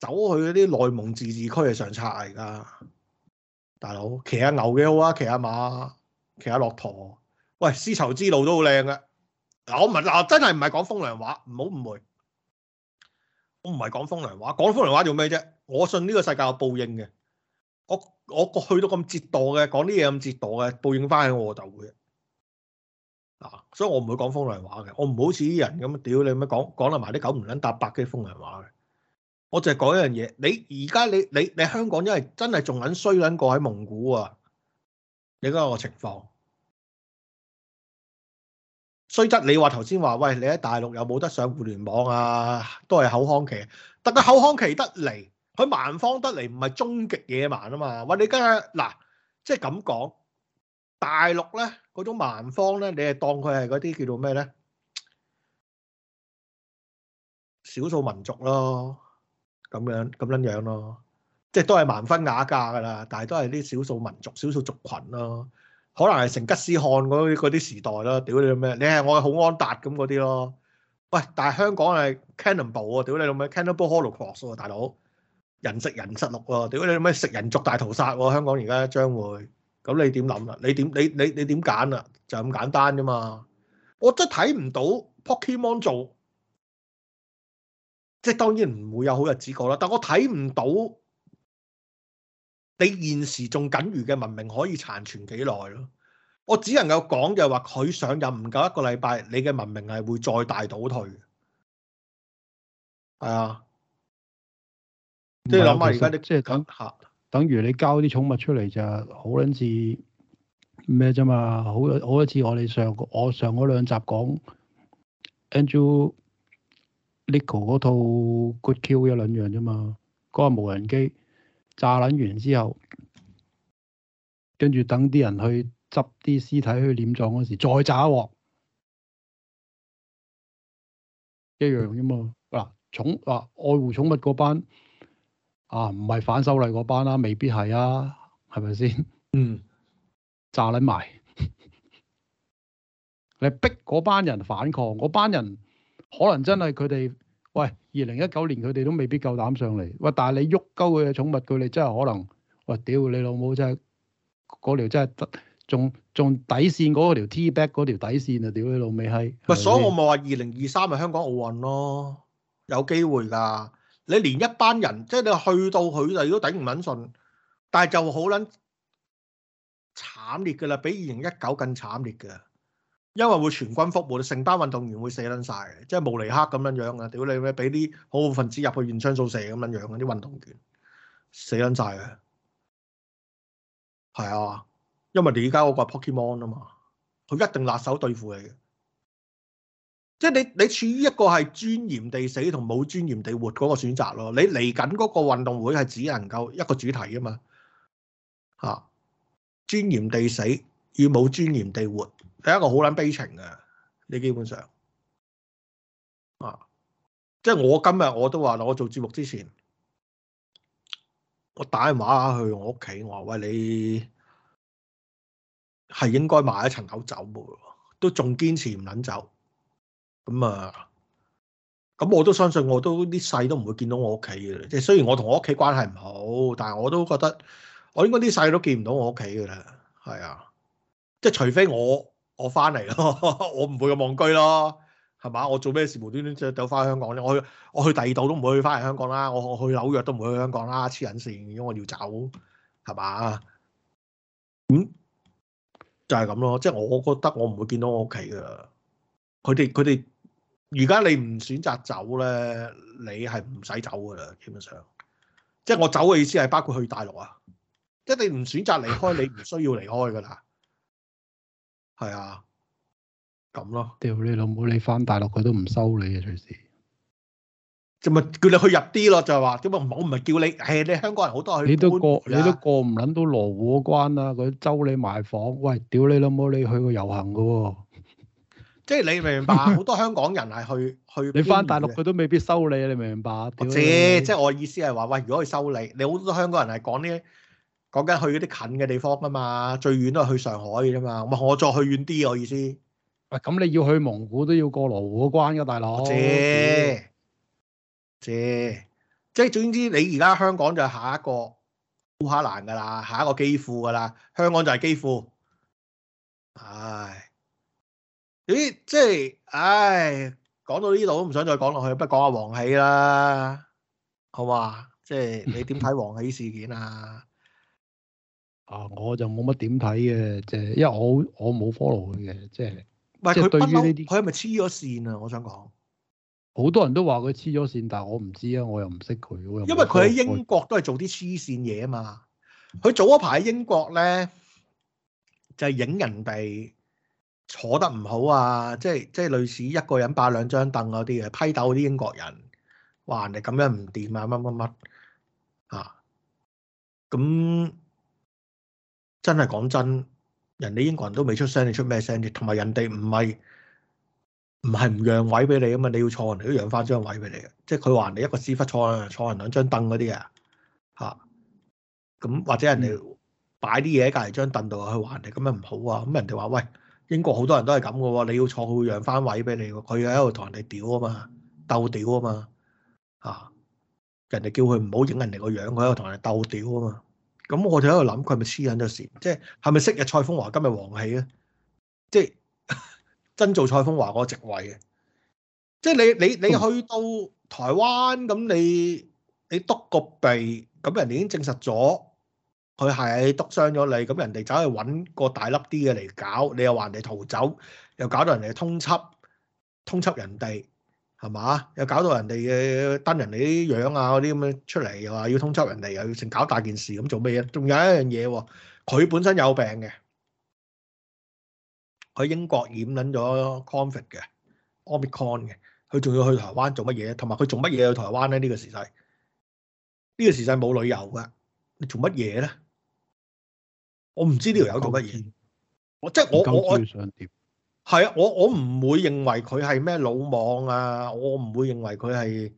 走去嗰啲內蒙自治區嘅上策嚟噶，大佬騎下牛嘅好啊，騎下馬，騎下駱駝，喂，絲綢之路都好靚嘅，嗱我唔嗱真係唔係講風涼話，唔好誤會。我唔係講風涼話，講風涼話做咩啫？我信呢個世界有報應嘅，我我個去到咁折墮嘅，講啲嘢咁折墮嘅，報應翻喺我就會嘅。嗱、啊，所以我唔會講風涼話嘅，我唔好似啲人咁，屌你咁樣講講埋啲九唔撚搭八嘅風涼話嘅。我淨係講一樣嘢，你而家你你你，你香港因為真係仲撚衰撚過喺蒙古啊，你嗰個情況。雖則你話頭先話喂你喺大陸有冇得上互聯網啊？都係口腔期，得個口腔期得嚟，佢蠻方得嚟，唔係終極野蠻啊嘛！喂，你家下嗱即係咁講，大陸咧嗰種蠻方咧，你係當佢係嗰啲叫做咩咧？少數民族咯，咁樣咁撚樣咯，即係都係萬分雅架噶啦，但係都係啲少數民族少數族羣咯。可能係成吉思汗嗰啲嗰時代啦，屌你咁咩？你係我好安達咁嗰啲咯。喂，但係香港係 Cannibal 喎，屌你咁咩？Cannibal Holocaust 喎，大佬人食人實錄喎，屌你咁咩？食人族大屠殺喎，香港而家將會咁，你點諗呀？你點你你你點揀呀？就咁簡單啫嘛。我真係睇唔到 Pokemon 做，即係當然唔會有好日子過啦。但我睇唔到。你現時仲僅馀嘅文明可以殘存幾耐咯？我只能夠講就係話佢上任唔夠一個禮拜，你嘅文明係會再大倒退。係啊，即係諗下而家，即係等吓，等於你交啲寵物出嚟就好捻似咩啫嘛？好，好多次我哋上我上嗰兩集講 Andrew Niccol 嗰套 Good Kill 一兩樣啫嘛，嗰個無人機。炸撚完之後，跟住等啲人去執啲屍體去殮葬嗰時，再炸一鑊，一樣啫嘛。嗱、啊，寵啊，愛護寵物嗰班啊，唔係反修例嗰班啦、啊，未必係啊，係咪先？嗯，炸撚完埋， [laughs] 你逼嗰班人反抗，嗰班人可能真係佢哋喂。二零一九年佢哋都未必夠膽上嚟，哇！但係你喐鳩佢嘅寵物佢哋真係可能，哇！屌你老母真係嗰條真係仲仲底線嗰條 T back 嗰條底線啊！屌你老味。係咪？咪所以我咪話二零二三咪香港奧運咯，有機會㗎。你連一班人即係你去到佢哋都頂唔撚順，順，但係就好撚慘烈㗎啦，比二零一九更慘烈㗎。因為會全軍覆沒，成班運動員會死撚晒嘅，即係慕尼黑咁樣樣啊！屌你咩，俾啲恐怖分子入去亂槍掃射咁樣樣，啲運動員死撚晒嘅，係啊，因為你而家嗰個 Pokemon 啊嘛，佢一定拿手對付你嘅，即係你你處於一個係尊嚴地死同冇尊嚴地活嗰個選擇咯，你嚟緊嗰個運動會係只能夠一個主題啊嘛，吓、啊，尊嚴地死與冇尊嚴地活。第一個好捻悲情嘅。你基本上啊，即係我今日我都話啦，我做節目之前，我打電話去我屋企，我話：喂，你係應該買一層樓走嘅，都仲堅持唔捻走，咁啊，咁我都相信，我都啲世都唔會見到我屋企嘅，即係雖然我同我屋企關係唔好，但係我都覺得，我應該啲世都見唔到我屋企嘅啦，係啊，即係除非我。我翻嚟咯，我唔會咁戇居咯，係嘛？我做咩事無端端就走翻香港咧？我去我去第二度都唔會去翻去香港啦，我我去紐約都唔會去香港啦，黐撚線，如果我要走，係嘛？咁就係咁咯，即係我覺得我唔會見到我屋企噶啦。佢哋佢哋，而家他們他們你唔選擇走咧，你係唔使走噶啦，基本上。即係我走嘅意思係包括去大陸啊，即係你唔選擇離開，你唔需要離開噶啦。係啊，咁咯，屌你老母！你返大陸佢都唔收你啊。隨時，就咪叫你去入啲咯，就係、是、話，點我唔係叫你，係你香港人好多人去、啊，你都過，你都過唔撚到羅湖關啊！佢周你埋房，喂，屌你老母！你去過遊行嘅喎、哦， [laughs] 即係你明白？好多香港人係去去，去你返大陸佢都未必收你，你明白？啫，即係我意思係話，喂，如果佢收你，你好多香港人係講呢？講緊去嗰啲近嘅地方啊嘛，最遠都係去上海嘅啫嘛。唔係我再去遠啲，我意思。喂、啊，咁你要去蒙古都要過羅湖關噶、啊，大佬。借借，嗯、即係總之，你而家香港就係下一個烏克蘭噶啦，下一個機庫噶啦，香港就係機庫。唉，咦，即係唉，講到呢度都唔想再講落去，不講下王喜啦，好嘛？即係你點睇王喜事件啊？ [laughs] 啊！我就冇乜點睇嘅，即係因為我我冇 follow 佢嘅，即係即係對於呢啲，佢係咪黐咗線啊？我想講，好多人都話佢黐咗線，但係我唔知啊，我又唔識佢，我又冇 follow, 因為佢喺英國都係做啲黐線嘢啊嘛。佢早一排喺英國咧，就係影人哋坐得唔好啊，即係即係類似一個人霸兩張凳嗰啲嘅，批鬥啲英國人，話人哋咁樣唔掂啊，乜乜乜啊，咁。真係講真，人哋英國人都未出聲，你出咩聲啫？同埋人哋唔係唔係唔讓位俾你啊嘛？你要坐人哋都讓翻張位俾你嘅，即係佢話你一個屎忽坐，坐人兩張凳嗰啲啊嚇。咁或者人哋擺啲嘢喺隔離張凳度去話你咁樣唔好啊？咁人哋話喂，英國好多人都係咁嘅喎，你要坐佢會讓翻位俾你喎。佢喺度同人哋屌啊嘛，鬥屌啊嘛嚇。人哋叫佢唔好影人哋個樣，佢喺度同人哋鬥屌啊嘛。咁、嗯、我就喺度諗，佢係咪黐緊咗線？即係係咪昔日蔡楓華今日王喜咧？即係真做蔡楓華嗰個職位嘅？即係你你你去到台灣咁，你你督個鼻，咁人哋已經證實咗佢係督傷咗你，咁人哋走去揾個大粒啲嘅嚟搞，你又話人哋逃走，又搞到人哋通緝，通緝人哋。係嘛？又搞到人哋嘅登人哋啲樣啊，嗰啲咁樣出嚟，又話要通緝人哋，又要成搞大件事咁做咩啊？仲有一樣嘢喎，佢本身有病嘅，佢英國染撚咗 confirm 嘅 omicron 嘅，佢仲要去台灣做乜嘢？同埋佢做乜嘢去台灣咧？呢個時勢，呢個時勢冇旅遊㗎，你做乜嘢咧？我唔知呢條友做乜嘢，我即係我我我。係啊，我我唔會認為佢係咩魯莽啊，我唔會認為佢係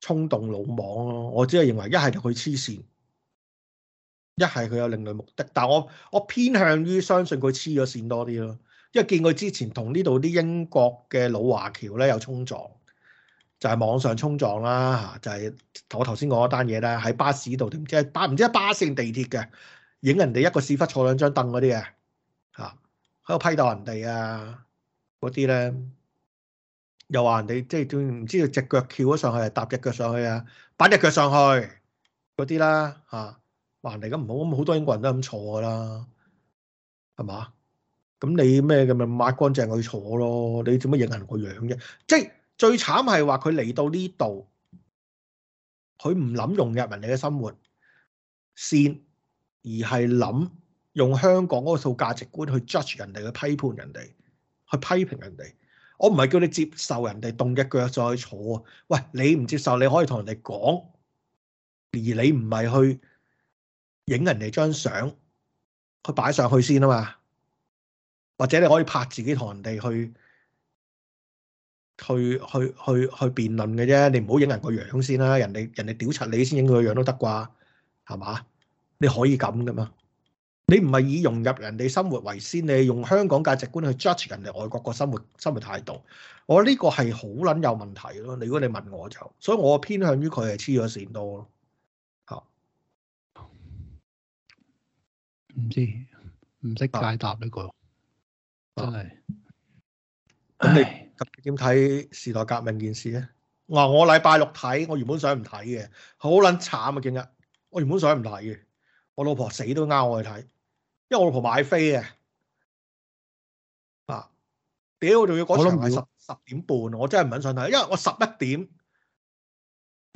衝動魯莽咯、啊，我只係認為一係就佢黐線，一係佢有另類目的，但係我我偏向於相信佢黐咗線多啲咯，因為見佢之前同呢度啲英國嘅老華僑咧有衝撞，就係、是、網上衝撞啦，就係、是、我頭先講一單嘢啦，喺巴士度點知，唔知喺巴士定地鐵嘅，影人哋一個屎忽坐兩張凳嗰啲嘅，吓、啊。喺度批鬥人哋啊，嗰啲咧又話人哋即係點唔知道隻腳翹咗上去，係搭隻腳上去啊，擺隻腳上去嗰啲啦嚇，話、啊、人哋咁唔好，咁好多英國人都咁坐噶啦，係嘛？咁你咩咁咪抹乾淨佢坐咯，你做乜影人個樣啫？即係最慘係話佢嚟到呢度，佢唔諗融入人哋嘅生活先，而係諗用香港嗰套價值觀去 judge 人哋、去批判人哋、去批評人哋，我唔係叫你接受人哋動嘅腳再坐啊！喂，你唔接受你可以同人哋講，而你唔係去影人哋張相去擺上去先啊嘛！或者你可以拍自己同人哋去去去去去辯論嘅啫，你唔好影人個樣先啦、啊，人哋人哋屌柒你先影佢個樣都得啩，係嘛？你可以咁噶嘛？你唔係以融入人哋生活為先，你用香港價值觀去 judge 人哋外國個生活、生活態度，我呢個係好捻有問題咯。如果你問我就，所以我偏向於佢係黐咗線多咯。吓、啊，唔知唔識解答呢、這個，係、啊。咁的你點睇唉時代革命件事咧？嗱，我禮拜六睇，我原本想唔睇嘅，好捻慘啊！今日我原本想唔睇嘅，我老婆死都啱我去睇。因為我老婆買飛嘅啊，屌仲要嗰場係十十點半，我真係唔肯想睇，因為我十一點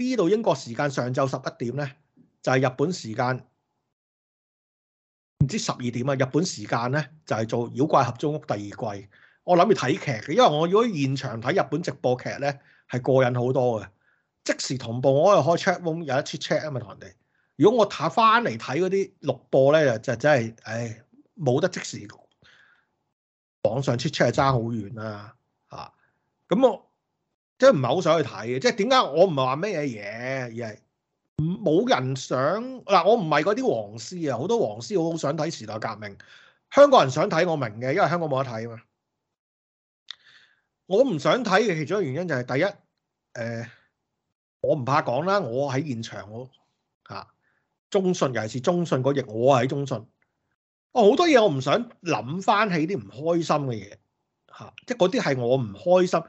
呢度英國時間上晝十一點咧，就係、是、日本時間唔知十二點啊。日本時間咧就係、是、做妖怪合租屋第二季，我諗住睇劇嘅，因為我如果現場睇日本直播劇咧，係過癮好多嘅，即時同步。我度開 chatroom，有一次 chat 啊嘛，同人哋。如果我睇翻嚟睇嗰啲錄播咧，就真、就、係、是，唉，冇得即時網上出出係爭好遠啦，吓、啊，咁我即係唔係好想去睇嘅，即係點解我唔係話咩嘢嘢，而係冇人想嗱、啊，我唔係嗰啲黃絲啊，好多黃絲好好想睇時代革命，香港人想睇我明嘅，因為香港冇得睇啊嘛，我唔想睇嘅其中一個原因就係、是、第一，誒、呃，我唔怕講啦，我喺現場我。中信，尤其是中信嗰日，我喺中信。哦，好多嘢我唔想諗翻起啲唔開心嘅嘢，嚇、啊，即係嗰啲係我唔開心，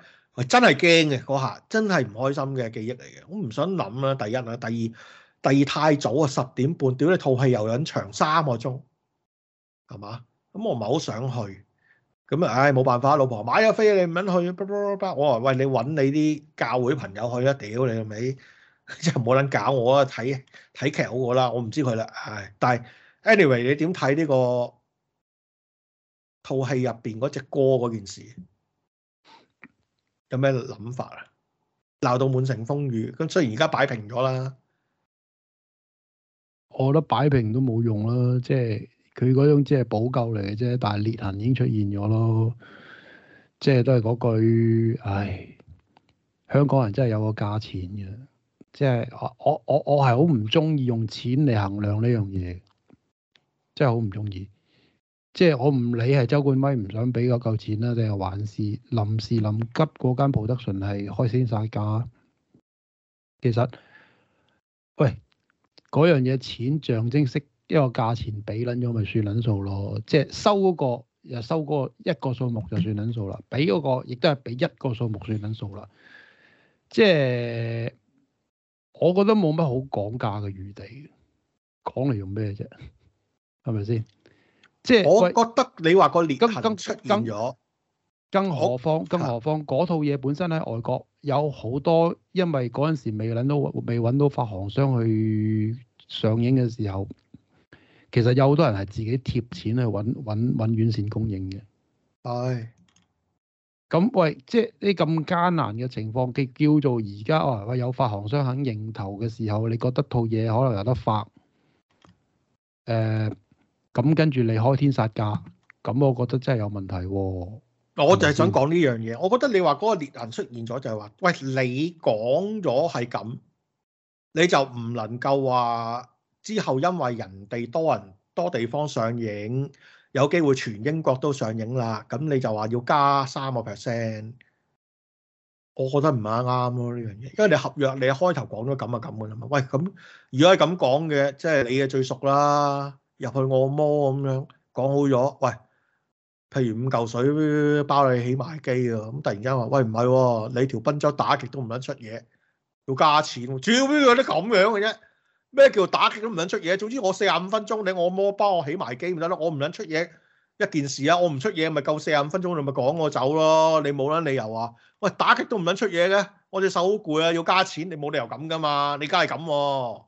真係驚嘅嗰下，真係唔開心嘅記憶嚟嘅。我唔想諗啦、啊，第一啦，第二，第二太早啊，十點半，屌你，套戲又咁長三個鐘，係嘛？咁、嗯、我唔係好想去，咁啊，唉、哎，冇辦法，老婆買咗飛你唔肯去，blah blah blah blah, 我話，喂，你揾你啲教會朋友去啊，屌你咪。你即係冇撚搞我啊，睇睇劇好過啦，我唔知佢啦，係。但係 anyway，你點睇呢個套戲入邊嗰隻歌嗰件事？有咩諗法啊？鬧到滿城風雨，咁雖然而家擺平咗啦，我覺得擺平都冇用啦。即係佢嗰種即係補救嚟嘅啫，但係裂痕已經出現咗咯。即係都係嗰句，唉，香港人真係有個價錢嘅。即係我我我我係好唔中意用錢嚟衡量呢樣嘢，即係好唔中意。即係我唔理係周冠威唔想俾個夠錢啦，定係還是臨時臨急嗰間普德純係開先晒價。其實，喂，嗰樣嘢錢象徵式一個價錢俾撚咗咪算撚數咯。即係收嗰個又收嗰一個數目就算撚數啦，俾嗰個亦都係俾一個數目算撚數啦。即係。我覺得冇乜好講價嘅餘地，講嚟用咩啫？係咪先？即係我覺得你話個裂痕出現咗，更何況，更何況嗰套嘢本身喺外國，有好多因為嗰陣時未揾到未揾到發行商去上映嘅時候，其實有好多人係自己貼錢去揾揾揾院線供應嘅、哎。係。咁喂，即係呢咁艱難嘅情況，佢叫做而家話話有發行商肯認頭嘅時候，你覺得套嘢可能有得發？誒、呃，咁跟住你開天殺價，咁我覺得真係有問題喎、啊。我就係想講呢樣嘢，我覺得你話嗰個裂痕出現咗，就係話，喂，你講咗係咁，你就唔能夠話之後因為人哋多人多地方上映。有機會全英國都上映啦，咁你就話要加三個 percent，我覺得唔啱啱咯呢樣嘢，因為你合約你一開頭講咗咁啊，咁嘅啦嘛。喂，咁如果係咁講嘅，即係你嘅最熟啦，入去按摩咁樣講好咗。喂，譬如五嚿水包你起埋機啊，咁突然間話喂，唔係喎，你條賓州打極都唔撚出嘢，要加錢，主要都咁樣嘅啫。咩叫打擊都唔想出嘢？總之我四十五分鐘，你按摩幫我起埋機咪得咯。我唔想出嘢一件事啊，我唔出嘢咪夠四十五分鐘，你咪趕我走咯。你冇撚理由啊？喂，打擊都唔想出嘢嘅，我隻手好攰啊，要加錢，你冇理由咁噶嘛？你梗係咁？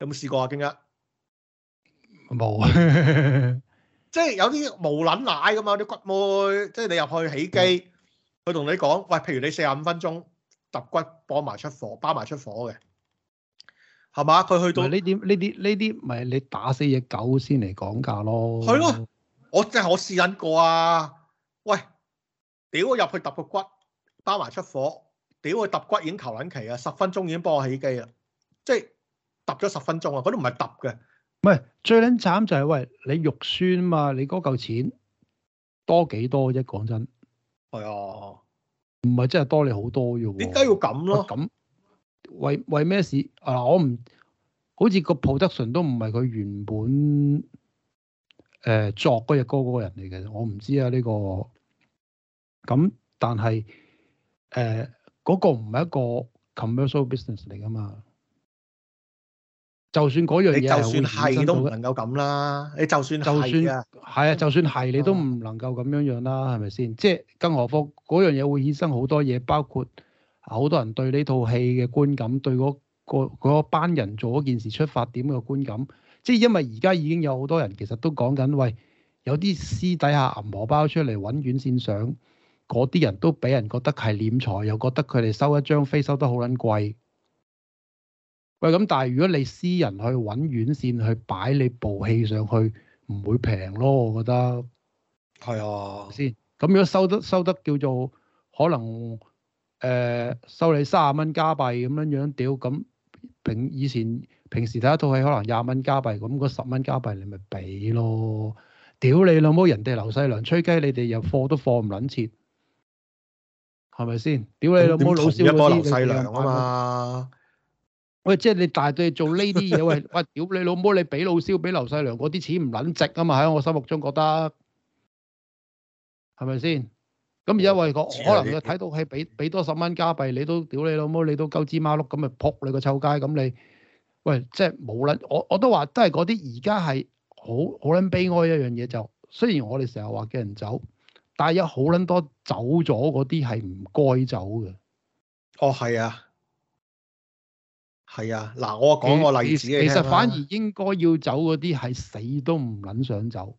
有冇試過啊，經一冇， [laughs] 即係有啲無撚奶噶嘛啲骨妹，即係你入去起機，佢同、嗯、你講，喂，譬如你四十五分鐘揼骨幫埋出火，包埋出火嘅。係嘛？佢去到呢啲呢啲呢啲，咪你，你，你，你打死隻狗先嚟講價咯。係咯、啊，我即係我試緊過啊！喂，屌我入去揼個骨，包埋出火，屌我揼骨已經求撚期啊！十分鐘已經幫我起機啊！即係揼咗十分鐘啊！嗰啲唔係揼嘅。唔係最撚慘就係、是、喂，你肉酸嘛？你嗰嚿錢多幾多啫？講真係啊，唔係真係、啊、多你好多嘅喎。點解要咁咯？為為咩事啊？我唔好似個 production 都唔係佢原本誒、呃、作嗰隻歌嗰個人嚟嘅，我唔知啊呢、這個。咁、啊、但係誒嗰個唔係一個 commercial business 嚟㗎嘛？就算嗰樣嘢，你就算係都唔能夠咁啦。你就算就算係啊的，就算係你都唔能夠咁樣樣啦，係咪先？即係、就是、更何況嗰樣嘢會衍生好多嘢，包括。好多人對呢套戲嘅觀感，對嗰班人做嗰件事出發點嘅觀感，即係因為而家已經有好多人其實都講緊喂，有啲私底下揞荷包出嚟揾院線上，嗰啲人都俾人覺得係斂財，又覺得佢哋收一張飛收得好撚貴。喂，咁但係如果你私人去揾院線去擺你部戲上去，唔會平咯，我覺得。係啊。先咁樣收得收得叫做可能。誒收、呃、你卅蚊加幣咁樣樣，屌咁平以前平時睇一套戲可能廿蚊加幣，咁嗰十蚊加幣你咪俾咯，屌你老母，人哋劉細良吹雞，你哋又貨都貨唔撚切，係咪先？屌你老母，老蕭嗰啲劉細良啊嘛！喂吧，即係你大隊做呢啲嘢，喂喂，屌你老母，你俾老蕭俾劉細良嗰啲錢唔撚值啊嘛，喺我心目中覺得係咪先？咁而家為個可能佢睇到係俾俾多十蚊加幣，你都屌你老母，你都鳩支馬碌咁咪扑你個臭街咁你喂，即係冇捻我我都話，都係嗰啲而家係好好捻悲哀一樣嘢就，雖然我哋成日話叫人走，但係有好捻多走咗嗰啲係唔該走嘅。哦，係啊，係啊，嗱，我講個例子，欸，其實反而應該要走嗰啲係死都唔捻想走。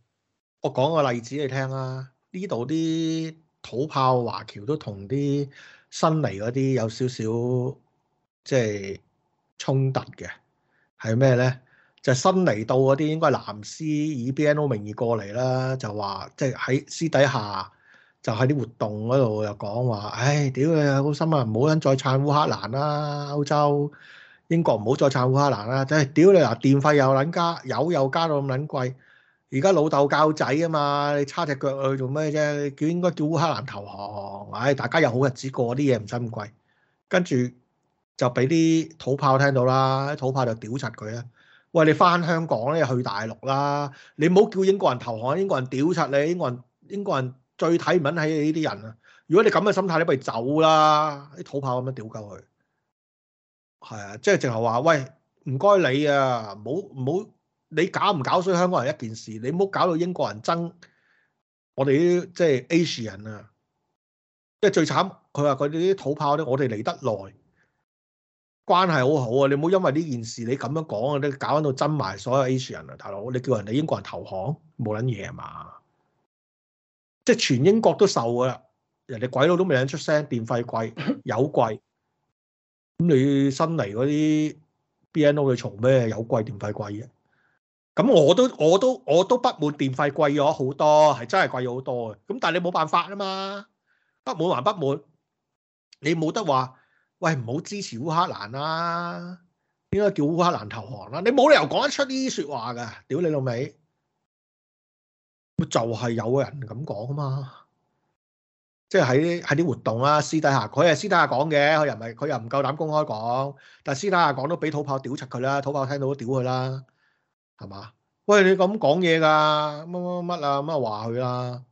我講個例子你聽啊，呢度啲。土炮華僑都同啲新嚟嗰啲有少少即係衝突嘅，係咩咧？就係新嚟到嗰啲應該係藍絲以 BNO 名義過嚟啦，就話即係喺私底下就喺啲活動嗰度又講話，唉，屌你好心啊，唔好再撐烏克蘭啦，歐洲、英國唔好再撐烏克蘭啦，真係屌你嗱，電費又撚加，油又加到咁撚貴。而家老豆教仔啊嘛，你叉隻腳去做咩啫？叫應該叫烏克蘭投降，唉、哎，大家有好日子過啲嘢唔使咁貴。跟住就俾啲土炮聽到啦，啲土炮就屌柒佢啦。喂，你翻香港咧，你去大陸啦，你唔好叫英國人投降，英國人屌柒你，英國人英國人最睇唔起你呢啲人啊。如果你咁嘅心態，你不如走啦。啲土炮咁樣屌鳩佢，係啊，即係淨係話喂，唔該你啊，唔好唔好。你搞唔搞衰香港人一件事，你唔好搞到英國人爭我哋啲即係 Asian 啊！即係最慘，佢話佢哋啲土炮咧，我哋嚟得耐，關係好好啊！你唔好因為呢件事你咁樣講啊，咧搞到爭埋所有 Asian 啊！大佬，你叫人哋英國人投降冇撚嘢係嘛？即係全英國都受噶啦，人哋鬼佬都未肯出聲，電費貴有貴，咁你新嚟嗰啲 BNO 你嘈咩？有貴電費貴嘅。咁我都我都我都不滿電費貴咗好多，係真係貴咗好多嘅。咁但係你冇辦法啊嘛，不滿還不滿，你冇得話，喂，唔好支持烏克蘭啦，應該叫烏克蘭投降啦。你冇理由講得出呢啲説話㗎，屌你老味，就係有人咁講啊嘛。即係喺喺啲活動啊，私底下佢係私底下講嘅，佢又唔係佢又唔夠膽公開講，但係私底下講都俾土炮屌柒佢啦，土炮聽到都屌佢啦。係嘛？喂，你咁講嘢噶，乜乜乜啊，乜話佢啦？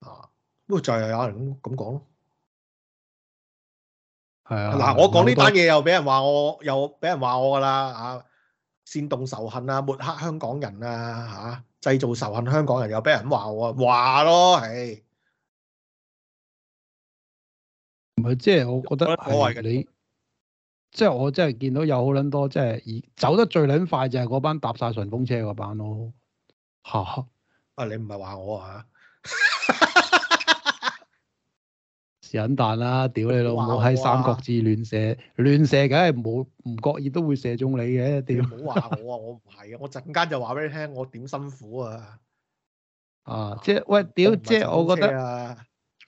啊，不過就又有人咁講咯，係啊。嗱，我講呢單嘢又俾人話我，又俾人話我噶啦，啊，煽動仇恨啊，抹黑香港人啊，吓，製造仇恨香港人又俾人咁話我，話咯，係。唔係，即係我覺得係你。即係我真係見到有好撚多，即係而走得最撚快就係嗰班搭晒順風車嗰班咯。嚇、啊！啊，你唔係話我啊？是撚彈啦！屌你老母喺、啊、三角字亂射亂射，梗係冇唔覺意都會射中你嘅。屌，唔好話我啊！我唔係啊！我陣間就話俾你聽，我點辛苦啊！啊！即係喂，屌！啊、即係我覺得，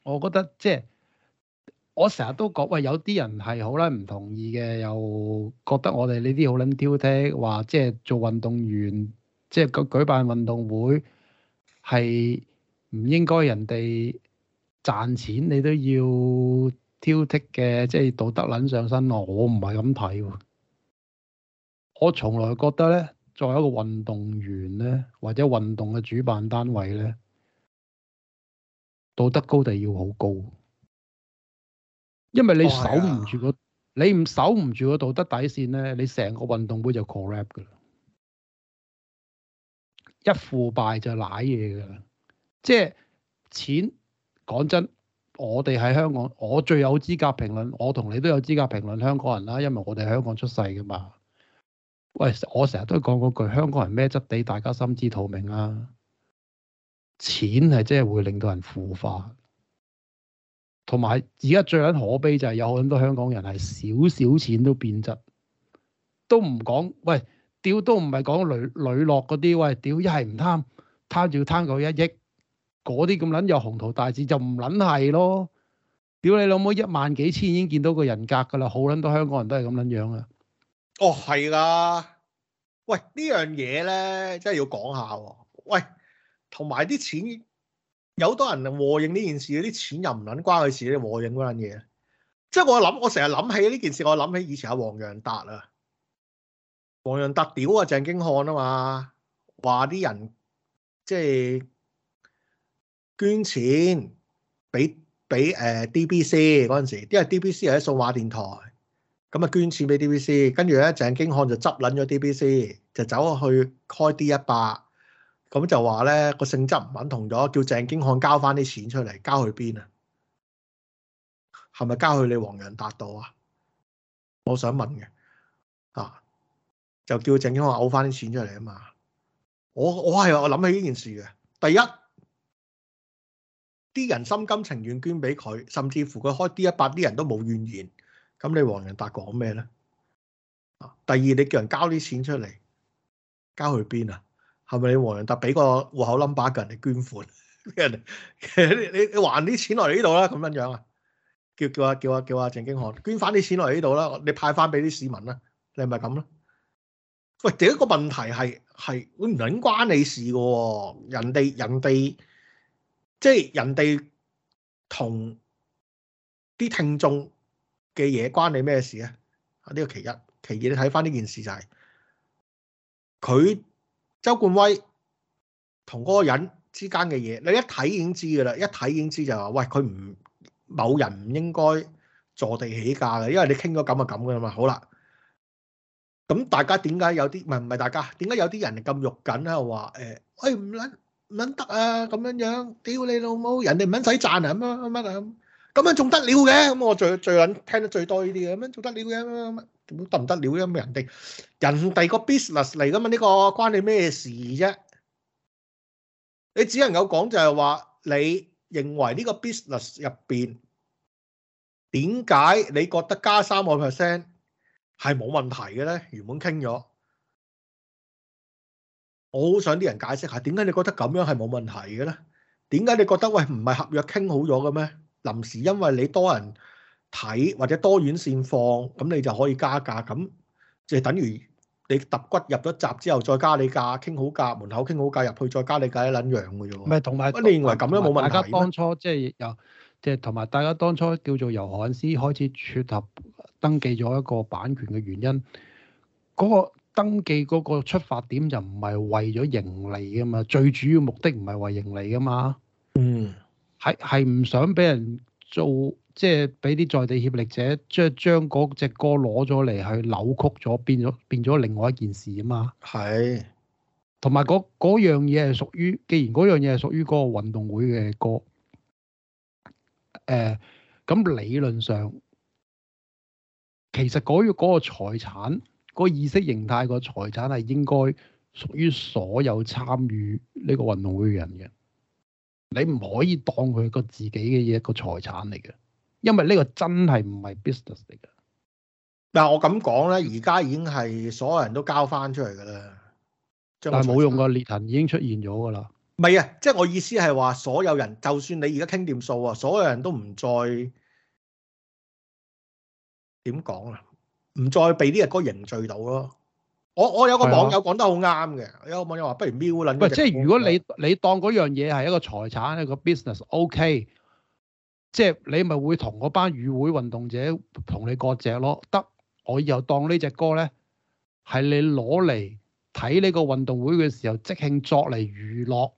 我覺得即係。我成日都覺，喂，有啲人係好撚唔同意嘅，又覺得我哋呢啲好撚挑剔，話即係做運動員，即係舉舉辦運動會係唔應該人哋賺錢，你都要挑剔嘅。即係道德撚上身，我唔係咁睇，我從來覺得咧，作為一個運動員咧，或者運動嘅主辦單位咧，道德高地要好高。因為你守唔住個，哎、呀你唔守唔住個道德底線咧，你成個運動會就 collapse 噶啦。一腐敗就瀨嘢噶啦。即係錢，講真，我哋喺香港，我最有資格評論，我同你都有資格評論香港人啦，因為我哋香港出世噶嘛。喂，我成日都講嗰句，香港人咩質地，大家心知肚明啊。錢係真係會令到人腐化。同埋而家最撚可悲就係有咁多香港人係少少錢都變質，都唔講，喂，屌都唔係講磊磊落嗰啲，喂，屌一係唔貪，貪就要貪夠一億，嗰啲咁撚有宏圖大志就唔撚係咯，屌你老母一萬幾千已經見到個人格㗎啦，好撚多香港人都係咁撚樣啊！哦，係啦，喂呢樣嘢咧真係要講下喎，喂，同埋啲錢。有好多人和應呢件事，啲錢又唔撚關佢事咧，和應嗰樣嘢。即係我諗，我成日諗起呢件事，我諗起以前阿黃楊達啊，黃楊達屌啊，鄭京漢啊嘛，話啲人即係捐錢俾俾誒 DBC 嗰陣時，因為 DBC 係啲數碼電台，咁啊捐錢俾 DBC，跟住咧鄭京漢就執撚咗 DBC，就走去開 D 一百。咁就話咧個性質唔吻同咗，叫鄭經翰交翻啲錢出嚟，交去邊啊？係咪交去你黃仁達度啊？我想問嘅，啊，就叫鄭經翰嘔翻啲錢出嚟啊嘛？我我係我諗起呢件事嘅，第一啲人心甘情願捐俾佢，甚至乎佢開 D 一百啲人都冇怨言，咁你黃仁達講咩咧？第二你叫人交啲錢出嚟，交去邊啊？係咪你黃仁達俾個戶口 number 叫人哋捐款，人哋你你還啲錢落嚟呢度啦，咁樣樣啊？叫啊叫阿叫阿叫阿鄭經翰捐翻啲錢落嚟呢度啦，你派翻俾啲市民啦，你咪咁咯？喂，第一個問題係係會唔會關你事噶喎，人哋人哋即係人哋同啲聽眾嘅嘢關你咩事啊？啊，呢個其一，其二你睇翻呢件事就係、是、佢。周冠威同嗰個人之間嘅嘢，你一睇已經知噶啦，一睇已經知就係話，喂，佢唔某人唔應該坐地起價啦，因為你傾咗咁就咁噶啦嘛。好啦，咁大家點解有啲唔係唔係大家？點解有啲人咁肉緊咧？話誒，喂唔撚撚得啊，咁樣樣，屌你老母，人哋唔撚使賺啊，乜乜啊咁。咁樣仲得了嘅？咁我最最撚聽得最多呢啲嘅，咁樣仲得了嘅？咁得唔得了嘅？咁人哋人哋個 business 嚟噶嘛？呢個關你咩事啫？你只能夠講就係話你認為呢個 business 入邊點解你覺得加三個 percent 係冇問題嘅咧？原本傾咗，我好想啲人解釋下點解你覺得咁樣係冇問題嘅咧？點解你覺得喂唔係合約傾好咗嘅咩？臨時因為你多人睇或者多院線放，咁你就可以加價，咁就等於你揼骨入咗閘之後，再加你價，傾好價，門口傾好價入去，再加你價一撚樣嘅啫。唔係同埋，你認為咁樣冇問題？大家當初即係又即係同埋，就是就是、大家當初叫做由漢斯開始撮合登記咗一個版權嘅原因，嗰、那個登記嗰個出發點就唔係為咗盈利㗎嘛，最主要目的唔係為盈利㗎嘛。嗯。係係唔想俾人做，即係俾啲在地協力者，即係將嗰隻歌攞咗嚟去扭曲咗，變咗變咗另外一件事啊嘛。係，同埋嗰樣嘢係屬於，既然嗰樣嘢係屬於嗰個運動會嘅歌，誒，咁理論上其實嗰個嗰個財產、嗰個意識形態個財產係應該屬於所有參與呢個運動會嘅人嘅。你唔可以當佢個自己嘅嘢，一個財產嚟嘅，因為呢個真係唔係 business 嚟嘅。嗱，我咁講咧，而家已經係所有人都交翻出嚟噶啦，但係冇用噶，裂痕已經出現咗噶啦。唔係啊，即係我意思係話，所有人就算你而家傾掂數啊，所有人都唔再點講啦，唔再被呢個歌凝聚到咯。我我有個網友講得好啱嘅，有個網友話：不如瞄撚。唔係，即係如果你你當嗰樣嘢係一個財產一個 business，OK，OK。即係你咪會同嗰班與會運動者同你割席咯。得，我以後當呢隻歌咧，係你攞嚟睇你個運動會嘅時候即興作嚟娛樂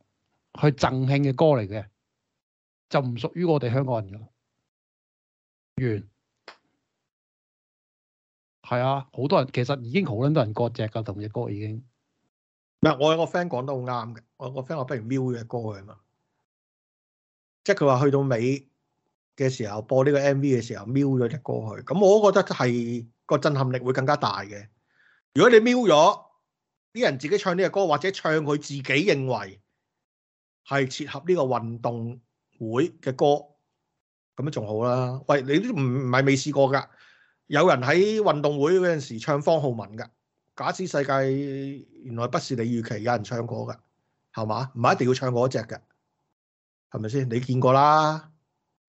去贈慶嘅歌嚟嘅，就唔屬於我哋香港人噶啦。完。係啊，好多人其實已經好撚多人割只噶同隻歌已經。唔係，我有個 friend 講得好啱嘅，我有個 friend 話不如瞄隻歌去啊嘛，即係佢話去到尾嘅時候播呢個 MV 嘅時候，瞄咗隻歌去，咁我都覺得係個震撼力會更加大嘅。如果你瞄咗啲人自己唱呢隻歌，或者唱佢自己認為係切合呢個運動會嘅歌，咁樣仲好啦。喂，你都唔唔係未試過噶。有人喺運動會嗰陣時唱方皓玟嘅假使世界原來不是你預期，有人唱過㗎，係嘛？唔係一定要唱嗰隻㗎，係咪先？你見過啦，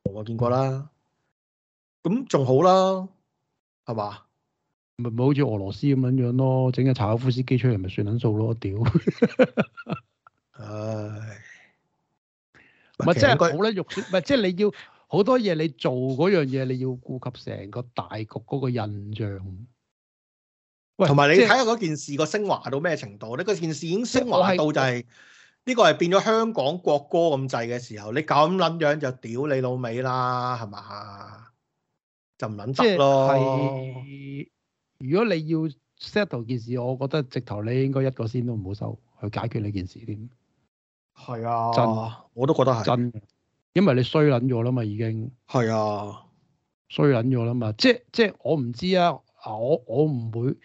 我見過啦，咁仲好啦，係嘛？咪咪好似俄羅斯咁樣樣咯，整架查克夫斯基出嚟咪算撚數咯，屌！咪真係好咧，肉酸咪即係你要。好多嘢你做嗰樣嘢，你要顧及成個大局嗰個印象。喂，同埋你睇下嗰件事個升華到咩程度？你個件事已經升華到就係、是、呢是個係變咗香港國歌咁滯嘅時候，你咁捻樣就屌你老味啦，係嘛？就唔捻執咯。即係如果你要 settle 件事，我覺得直頭你應該一個先都唔好收，去解決呢件事添。係啊，真的我都覺得係真。因為你衰捻咗啦嘛，已經係啊，衰捻咗啦嘛，即係即係我唔知啊，啊我我唔會，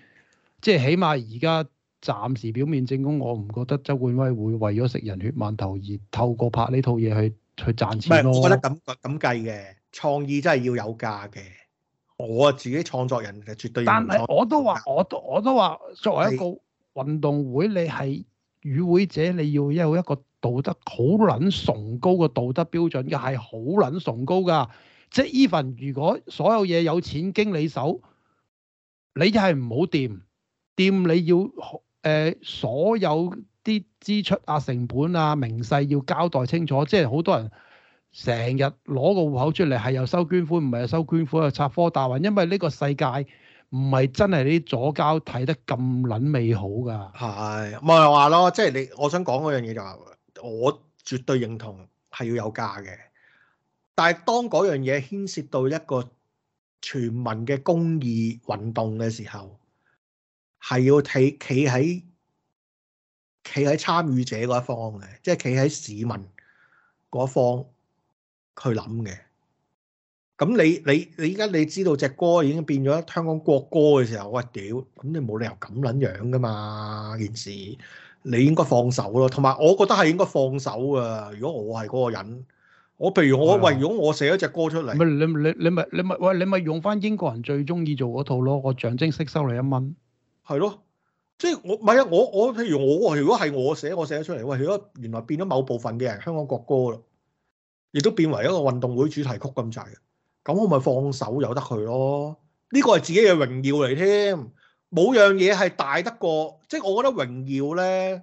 即係起碼而家暫時表面正經，我唔覺得周冠威會為咗食人血饅頭而透過拍呢套嘢去去賺錢咯。唔係，我覺得咁咁計嘅創意真係要有價嘅。我自己創作人就絕對。但係我都話，我都我都話，作為一個運動會，是你係與會者，你要有一個。道德好撚崇高嘅道德標準嘅係好撚崇高㗎，即係 Even 如果所有嘢有錢經你手，你係唔好掂，掂你要誒、呃、所有啲支出啊、成本啊、明細要交代清楚，即係好多人成日攞個戶口出嚟係又收捐款，唔係又收捐款又插科打諢，因為呢個世界唔係真係啲左膠睇得咁撚美好㗎，係咪話咯？即、就、係、是就是、你我想講嗰樣嘢就係。我絕對認同係要有價嘅，但係當嗰樣嘢牽涉到一個全民嘅公義運動嘅時候，係要睇企喺企喺參與者嗰一方嘅，即係企喺市民嗰一方去諗嘅。咁你你你而家你知道隻歌已經變咗香港國歌嘅時候，我屌，咁你冇理由咁撚樣㗎嘛件事。你應該放手咯，同埋我覺得係應該放手噶。如果我係嗰個人，我譬如我喂，如果我寫一隻歌出嚟，咪你你你咪你咪喂，你咪用翻英國人最中意做嗰套咯。我象徵式收你一蚊，係咯，即係我唔係啊！我我譬如我啊，如果係我寫我寫出嚟喂，如果原來變咗某部分嘅人香港國歌啦，亦都變為一個運動會主題曲咁滯，咁我咪放手由得佢咯。呢個係自己嘅榮耀嚟添。冇樣嘢係大得過，即係我覺得榮耀咧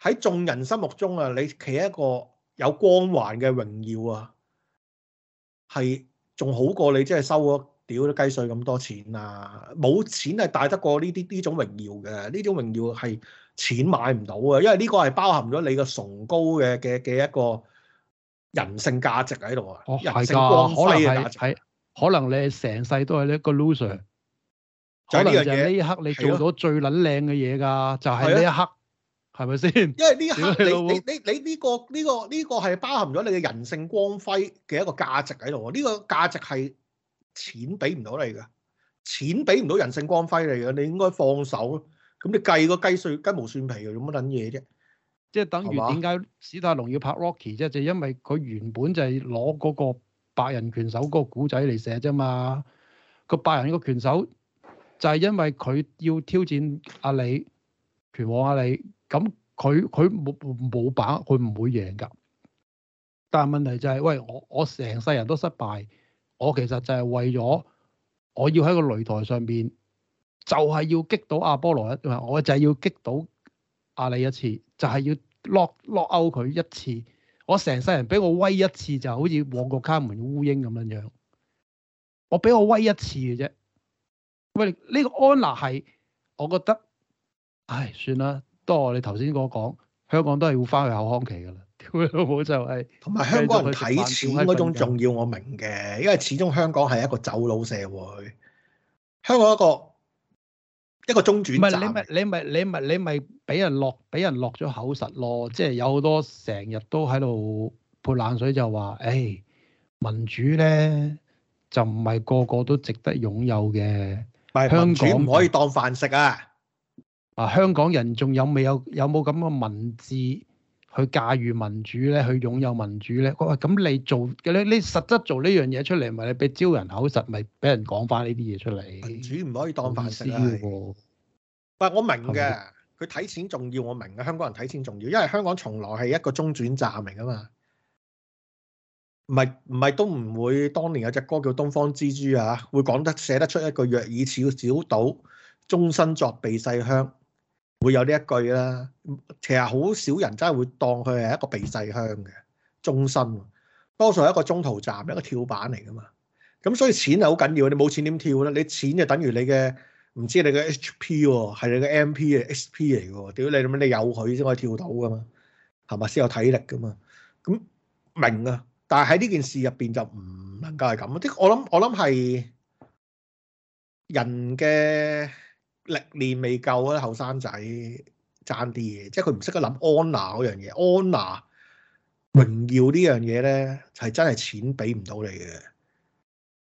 喺眾人心目中啊，你企一個有光環嘅榮耀啊，係仲好過你即係收咗屌都雞碎咁多錢啊！冇錢係大得過呢啲呢種榮耀嘅，呢種榮耀係錢買唔到嘅，因為呢個係包含咗你個崇高嘅嘅嘅一個人性價值喺度啊！哦、人性光輝嘅價值可，可能你成世都係一個 loser。可能就係呢一刻你做到最撚靚嘅嘢㗎，就係呢一刻係咪先？因為呢一刻你你你你呢個呢個呢個係包含咗你嘅人性光輝嘅一個價值喺度喎。呢個價值係錢俾唔到你㗎，錢俾唔到人性光輝嚟㗎。你應該放手咯。咁你計個計數雞毛蒜皮嘅，做乜撚嘢啫？即係等於點解史泰龍要拍 Rocky 啫？就因為佢原本就係攞嗰個白人拳手嗰個古仔嚟寫啫嘛。個白人個拳手。就係因為佢要挑戰阿里，拳王阿里。咁佢佢冇冇把握，佢唔會贏㗎。但係問題就係，喂我我成世人都失敗，我其實就係為咗我要喺個擂台上邊，就係要擊倒阿波羅一，我就係要擊倒阿里一次，就係要落落歐佢一次。我成世人俾我威一次，就好似旺角卡門烏蠅咁樣樣，我俾我威一次嘅啫。喂，呢個安娜係，我覺得，唉，算啦，都我你頭先講，香港都係要翻去口腔期噶啦，屌就係、是。同埋香港人睇錢嗰種重要，我明嘅，因為始終香港係一個走佬社會，香港一個一個中轉站。唔係你咪你咪你咪你咪俾人落俾人落咗口實咯，即係有好多成日都喺度潑冷水就，就話，誒，民主咧就唔係個個都值得擁有嘅。民主唔可以當飯食啊！啊，香港人仲有未有有冇咁嘅文字去駕馭民主咧？去擁有民主咧？喂，咁、哦、你做嘅咧？你實質做呢樣嘢出嚟，咪你俾招人口實，咪俾人講翻呢啲嘢出嚟？民主唔可以當飯食啊！唔我明嘅，佢睇是的 錢重要，我明啊！香港人睇錢重要，因為香港從來係一個中轉站明啊嘛。唔係唔係，都唔會。當年有隻歌叫《東方之珠》啊，會講得寫得出一句若以小小島，終身作避世鄉，會有呢一句啦。其實好少人真係會當佢係一個避世鄉嘅終身，多數係一個中途站，一個跳板嚟噶嘛。咁所以錢係好緊要，你冇錢點跳咧？你錢就等於你嘅，唔知你嘅 H.P. 係、哦、你嘅 M.P. 嘅 S.P. 嚟嘅，屌你諗，你有佢先可以跳到噶嘛？係咪？先有體力噶嘛？咁明啊？但係喺呢件事入邊就唔能夠係咁，即我諗我諗係人嘅歷練未夠啊！後生仔爭啲嘢，即係佢唔識得諗 honour 嗰樣嘢，honour 榮耀呢樣嘢咧係真係錢俾唔到你嘅。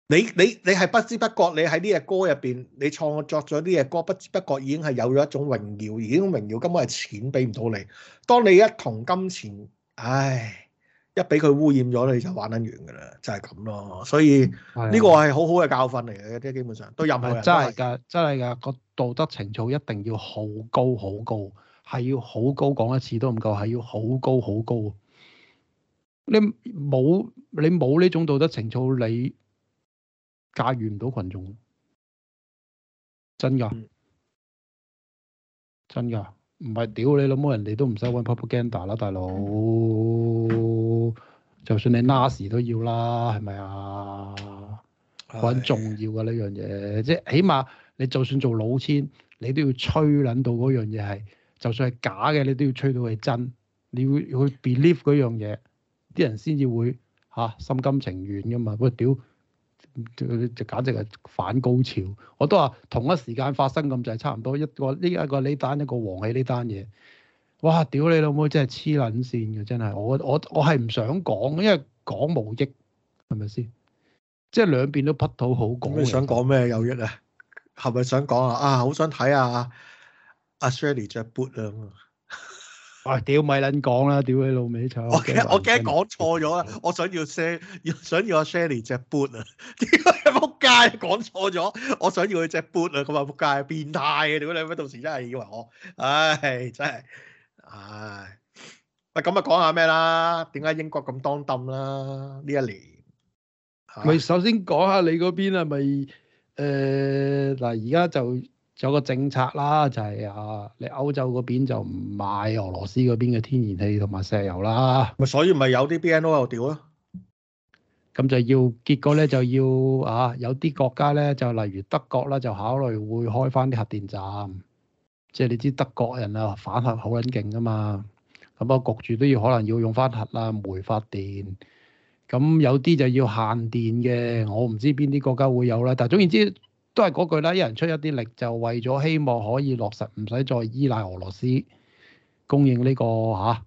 你你你係不知不覺，你喺呢隻歌入邊，你創作咗呢隻歌，不知不覺已經係有咗一種榮耀，而呢種榮耀根本係錢俾唔到你。當你一同金錢，唉～一俾佢污染咗，你就玩得完㗎喇，就係咁咯。所以呢個係好好嘅教訓嚟嘅，啲基本上對任何人真係㗎，真係㗎，個道德情操一定要好高好高，係要好高講一次都唔夠，係要好高好高。你冇你冇呢種道德情操，你駕馭唔到群眾。真㗎，嗯、真㗎。唔係屌你老母，人哋都唔使揾 propaganda 啦，大佬。就算你 Nas 都要啦，係咪啊？好唉重要噶呢樣嘢，即係起碼你就算做老千，你都要吹撚到嗰樣嘢係，就算係假嘅，你都要吹到係真。你要去 believe 嗰樣嘢，啲人先至會吓、啊，心甘情願噶嘛。我屌！就就簡直係反高潮，我都話同一時間發生，咁就係差唔多一個呢一個呢單一個黃起呢單嘢，哇！屌你老母真係黐撚線嘅，真係，我我我係唔想講，因為講無益，係咪先？即係兩邊都匹到好講，嗯、你想講咩有益啊？係咪想講啊？啊，好想睇下阿 Shirley 着 boot 啊！啊哇！屌咪撚講啦，屌你老味臭！我驚我驚講錯咗啦，我想要 Sherry 要想要阿 Sherry 隻 boot 啊！點解咁仆街？講錯咗，我想要佢隻 boot 啊！咁啊仆街，變態啊！點解你咁樣？到時真係以為我，唉，真係，唉，嗱咁啊，講下咩啦？點解英國咁當冧啦？呢一年咪首先講下你嗰邊係咪誒嗱而家就。有個政策啦，就係啊，你歐洲嗰邊就唔買俄羅斯嗰邊嘅天然氣同埋石油啦。咪所以咪有啲 BNO 又掉咯。咁就要結果咧，就要啊，有啲國家咧就例如德國啦，就考慮會開翻啲核電站。即係你知德國人啊反核好撚勁噶嘛。咁啊焗住都要可能要用翻核啦，煤發電。咁有啲就要限電嘅，我唔知邊啲國家會有啦。但係總言之。都係嗰句啦，一人出一啲力就為咗希望可以落實，唔使再依賴俄羅斯供應呢個嚇、啊、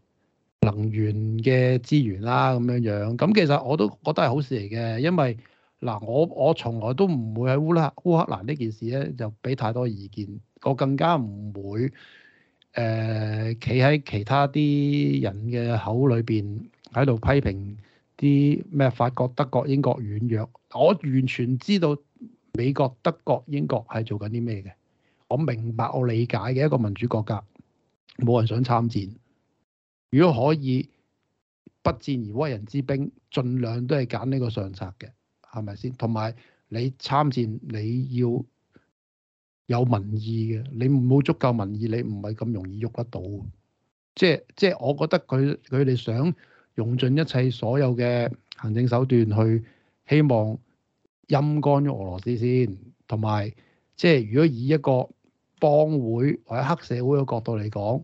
能源嘅資源啦咁樣樣。咁其實我都覺得係好事嚟嘅，因為嗱，我我從來都唔會喺烏克蘭呢件事咧就俾太多意見，我更加唔會誒企喺其他啲人嘅口裏邊喺度批評啲咩法國、德國、英國軟弱。我完全知道。美國、德國、英國係做緊啲咩嘅？我明白，我理解嘅一個民主國家，冇人想參戰。如果可以不戰而屈人之兵，儘量都係揀呢個上策嘅，係咪先？同埋你參戰，你要有民意嘅，你唔冇足夠民意，你唔係咁容易喐得到。即係即係，我覺得佢佢哋想用盡一切所有嘅行政手段去希望。陰幹咗俄羅斯先，同埋即係如果以一個幫會或者黑社會嘅角度嚟講，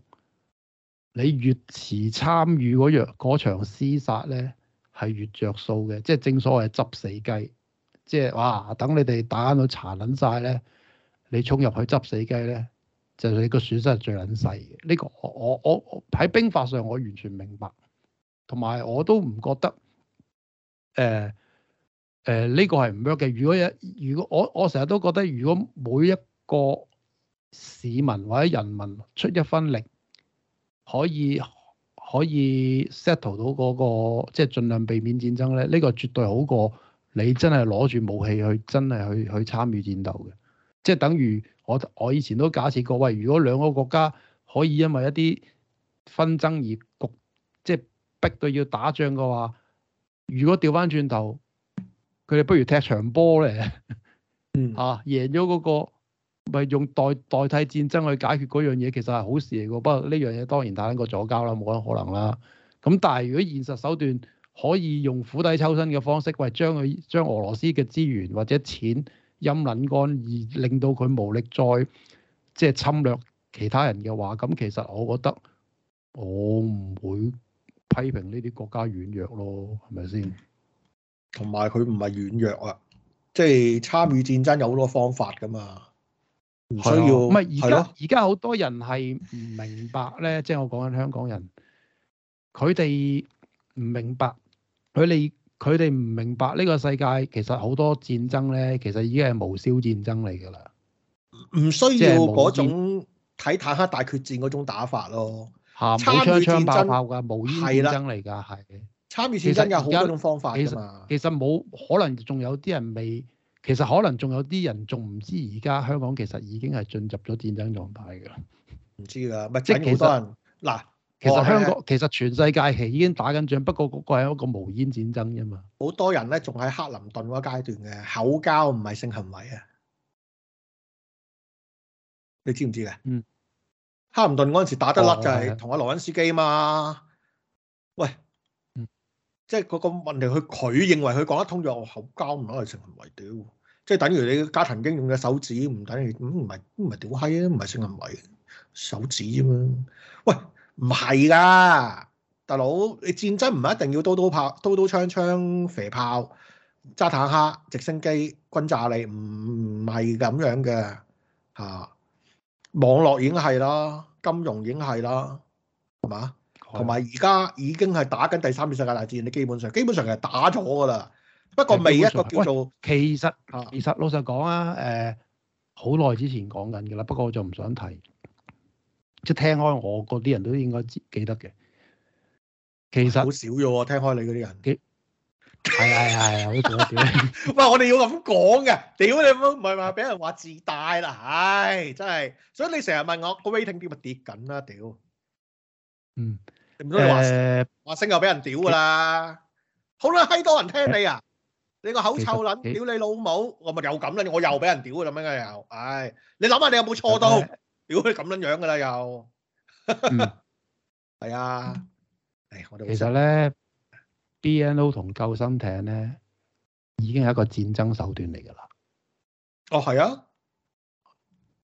你越遲參與嗰樣嗰場廝殺咧，係越着數嘅。即係正所謂執死雞，即係哇！等你哋打到殘撚晒咧，你衝入去執死雞咧，就係、是、你個損失係最撚細嘅。呢、這個我我我喺兵法上我完全明白，同埋我都唔覺得誒。呃誒，呢、呃這個係唔 work 嘅。如果有，如果我我成日都覺得，如果每一個市民或者人民出一分力可，可以可以 settle 到嗰、那個，即係盡量避免戰爭咧，呢、這個絕對好過你真係攞住武器去真係去去參與戰鬥嘅。即、就、係、是、等於我我以前都假設過，喂，如果兩個國家可以因為一啲紛爭而局，即係逼到要打仗嘅話，如果調翻轉頭。佢哋不如踢場波咧，嗯 [laughs] 嚇、啊、贏咗嗰、那個，咪用代代替戰爭去解決嗰樣嘢，其實係好事嚟嘅。不過呢樣嘢當然打緊個阻交啦，冇乜可能啦。咁但係如果現實手段可以用釜底抽薪嘅方式，喂，將佢將俄羅斯嘅資源或者錢陰撚乾，而令到佢無力再即係、就是、侵略其他人嘅話，咁其實我覺得我唔會批評呢啲國家軟弱咯，係咪先？同埋佢唔係軟弱啊，即係參與戰爭有好多方法噶嘛，唔需要。唔係而家而家好多人係唔明白咧，即係我講緊香港人，佢哋唔明白，佢哋佢哋唔明白呢個世界其實好多戰爭咧，其實已經係無硝戰爭嚟㗎啦，唔需要嗰種睇坦克大決戰嗰種打法咯。嚇！冇槍槍爆爆㗎，無煙戰爭嚟㗎，係。參與戰爭有好多種方法㗎嘛其實，其實冇可能仲有啲人未，其實可能仲有啲人仲唔知而家香港其實已經係進入咗戰爭狀態㗎喇，唔知㗎，咪即係幾多人嗱？其實香港、哦、其實全世界係已經打緊仗，不過嗰個係一個無煙戰爭㗎嘛。好多人咧仲喺克林頓嗰個階段嘅口交唔係性行為啊？你知唔知㗎？嗯，克林頓嗰陣時打得甩就係同阿羅恩斯基嘛，喂。即係嗰個問題，佢佢認為佢講得通咗，我口交唔攞嚟性行為屌，即係等於你家庭經用嘅手指，唔等於唔係唔係屌閪啊，唔係性行為手指啫嘛？喂，唔係噶，大佬，你戰爭唔係一定要刀刀，刀創創創創炮、刀刀槍槍、肥炮、炸坦克、直升機、轟炸你，唔係咁樣嘅吓、啊，網絡已經係啦，金融已經係啦，係嘛？同埋而家已經係打緊第三次世界大戰，你基本上基本上係打咗噶啦。不過未一個叫做其實嚇，其實老實講啊，誒好耐之前講緊噶啦，不過我就唔想提，即係聽開我嗰啲人都應該記記得嘅。其實好少嘅喎、啊，聽開你嗰啲人,係係啊，好少 [laughs] 少。 [laughs] 喂,我哋要咁講嘅，屌你唔唔係話俾人話自大啦,唉,真係。所以你成日問我個 rating 點咪跌緊啦，屌，嗯。唔通你話話聲又俾人屌噶啦？好啦，閪多人聽你啊！你個口臭撚，屌你老母！我咪又咁樣，我又俾人屌啊！咁樣又，唉！你諗下，你有冇錯到？屌佢咁樣樣噶啦！又，係啊，唉，我都其實咧，BNO 同救生艇咧，已經係一個戰爭手段嚟噶啦。哦，係啊，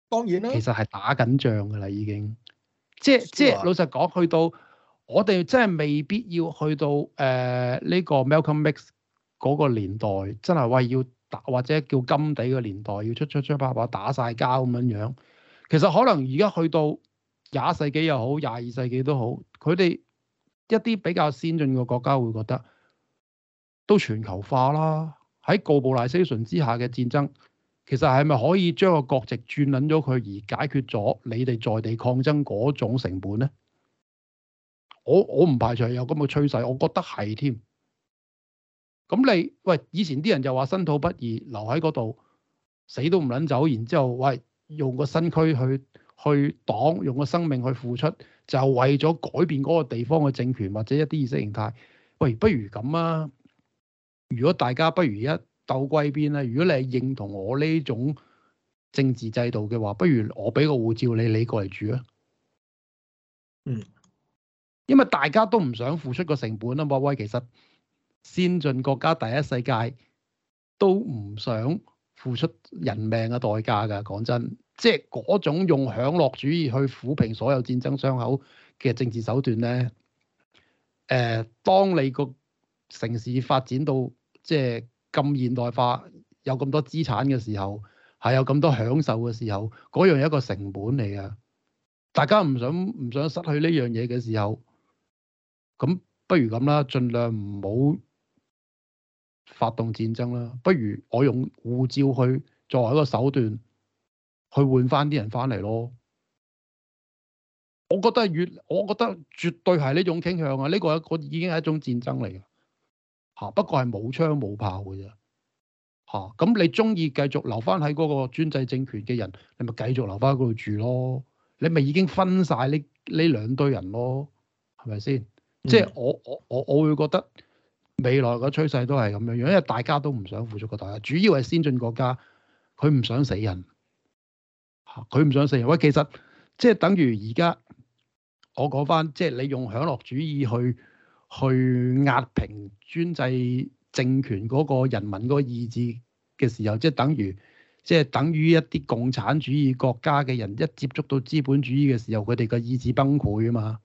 當然啦。其實係打緊仗噶啦，已經，即係即係老實講，去到。我哋真係未必要去到誒呢、呃這個 Malcolm X 嗰個年代，真係話要打或者叫金地」嘅年代，要出出出把把打晒交咁樣樣。其實可能而家去到廿世紀又好，廿二世紀都好，佢哋一啲比較先進嘅國家會覺得都全球化啦。喺 Globalisation 之下嘅戰爭，其實係咪可以將個國籍轉捻咗佢，而解決咗你哋在地抗爭嗰種成本咧？我我唔排除有咁嘅趨勢，我覺得係添。咁你喂，以前啲人就話身土不二，留喺嗰度死都唔撚走，然之後喂用個身軀去去擋，用個生命去付出，就為咗改變嗰個地方嘅政權或者一啲意識形態。喂，不如咁啊！如果大家不如一鬥歸邊咧？如果你係認同我呢種政治制度嘅話，不如我俾個護照你，你過嚟住啊！嗯。因為大家都唔想付出個成本啊，嘛喂，其實先進國家第一世界都唔想付出人命嘅代價噶。講真，即係嗰種用享樂主義去撫平所有戰爭傷口嘅政治手段咧，誒、呃，當你個城市發展到即係咁現代化，有咁多資產嘅時候，係有咁多享受嘅時候，嗰樣係一個成本嚟噶。大家唔想唔想失去呢樣嘢嘅時候。咁不如咁啦，儘量唔好發動戰爭啦。不如我用護照去作為一個手段，去換翻啲人翻嚟咯。我覺得越我覺得絕對係呢種傾向啊！呢個係一個已經係一種戰爭嚟嘅嚇，不過係冇槍冇炮嘅啫嚇。咁、啊、你中意繼續留翻喺嗰個專制政權嘅人，你咪繼續留翻喺嗰度住咯。你咪已經分晒呢呢兩堆人咯，係咪先？即係我我我我會覺得未來個趨勢都係咁樣樣，因為大家都唔想付出個代價，主要係先進國家佢唔想死人，嚇佢唔想死人。喂，其實即係等於而家我講翻，即係你用享樂主義去去壓平專制政權嗰個人民嗰個意志嘅時候，即係等於即係等於一啲共產主義國家嘅人一接觸到資本主義嘅時候，佢哋個意志崩潰啊嘛～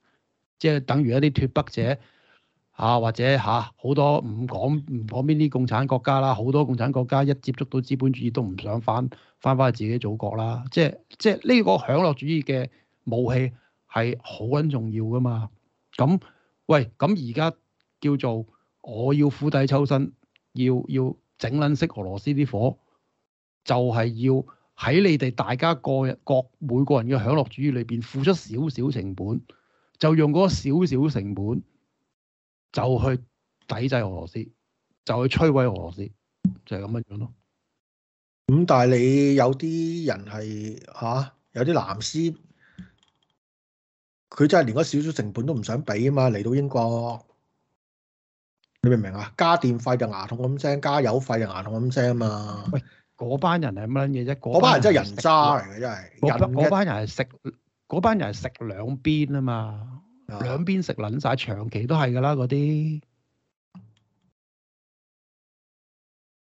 即係等於一啲脫北者嚇、啊，或者嚇好、啊、多唔講唔講嗰邊啲共產國家啦，好多共產國家一接觸到資本主義都唔想返返返去自己祖國啦。即係即係呢個享樂主義嘅武器係好撚重要噶嘛。咁喂咁而家叫做我要釜底抽薪，要要整撚熄俄羅斯啲火，就係、是、要喺你哋大家個各每個人嘅享樂主義裏邊付出少少成本。就用嗰少少成本就去抵制俄羅斯，就去摧毀俄羅斯，就係、是、咁樣樣咯。咁、嗯、但係你有啲人係吓、啊，有啲藍絲，佢真係連嗰少少成本都唔想俾啊嘛。嚟到英國，你明唔明啊？加電費就牙痛咁聲，加油費就牙痛咁聲啊嘛。喂，嗰班人係乜嘢啫？嗰班人真係人渣嚟嘅，真係。嗰班幫人係的食。嗰班人係食兩邊啊嘛，Yeah. 兩邊食撚晒，長期都係噶啦嗰啲。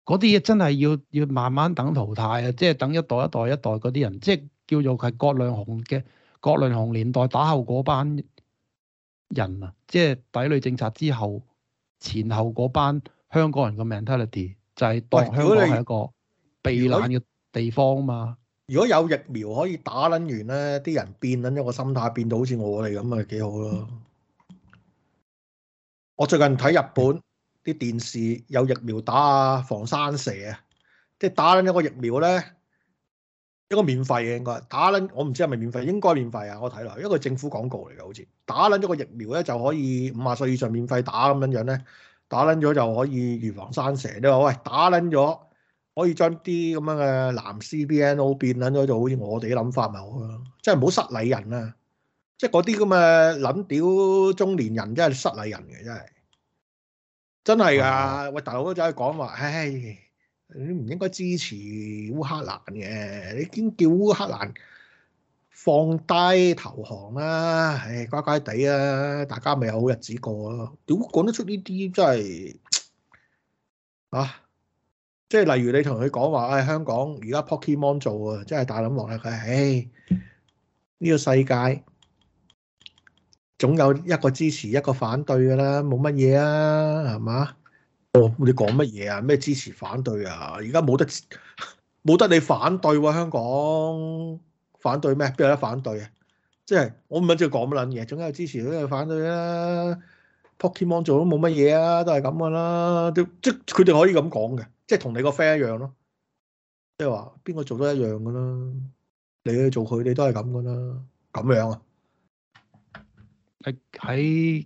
嗰啲嘢真係要要慢慢等淘汰啊！即係等一代一代一代嗰啲人，即係叫做係葛量洪嘅葛量洪年代打後嗰班人啊！即係抵壘政策之後，前後嗰班香港人嘅 mentality 就係當香港係一個避難嘅地方啊嘛～如果有疫苗可以打捻完咧，啲人變捻咗個心態，變到好似我哋咁咪幾好咯！我最近睇日本啲電視有疫苗打啊，防山蛇啊，即係打捻咗個疫苗咧，一個免費嘅應該，打捻我唔知係咪免費，應該免費啊！我睇落，一個政府廣告嚟嘅，好似打捻咗個疫苗咧就可以五十歲以上免費打咁樣樣咧，打捻咗就可以預防山蛇。都話喂，打捻咗。可以將啲咁樣嘅藍 CBNO 變捻咗，就好似我哋啲諗法咪好咯，即係唔好失禮人啊！即係嗰啲咁嘅諗屌中年人，真係失禮人嘅，真係真係㗎！啊、喂，大佬就係講話，唉、哎，你唔應該支持烏克蘭嘅，你應叫烏克蘭放低投降啦，唉、哎，乖乖地啊，大家咪有好日子過咯，屌，講得出呢啲真係啊？即係例如你同佢講話，誒、哎，香港而家 Pokemon 做啊，真係大諗落啦。佢係，誒，呢、這個世界總有一個支持一個反對噶啦，冇乜嘢啊，係嘛？我、哦、你講乜嘢啊？咩支持反對啊？而家冇得冇得你反對喎，香港反對咩？邊有得反對啊？即、就、係、是、我唔知佢講乜撚嘢，總有支持，有反對啊。Pokemon 做都冇乜嘢啊，都係咁噶啦，即係佢哋可以咁講嘅。即係同你個 friend 一樣咯，即係話邊個做都一樣嘅啦。你去做佢，你都係咁嘅啦。咁樣啊，喺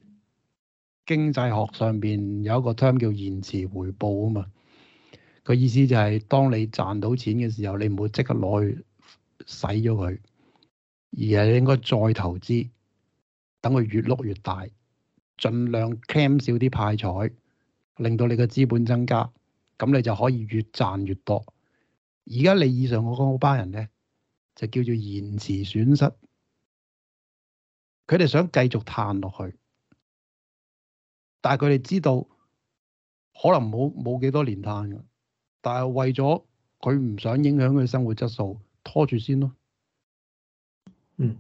經濟學上邊有一個 term 叫延遲回報啊嘛。個意思就係當你賺到錢嘅時候，你唔會即刻攞去使咗佢，而係應該再投資，等佢越碌越大，儘量 claim 少啲派彩，令到你嘅資本增加。咁你就可以越賺越多。而家你以上我嗰班人咧，就叫做延遲損失。佢哋想繼續攤落去，但係佢哋知道可能冇冇幾多年攤㗎。但係為咗佢唔想影響佢生活質素，拖住先咯。嗯，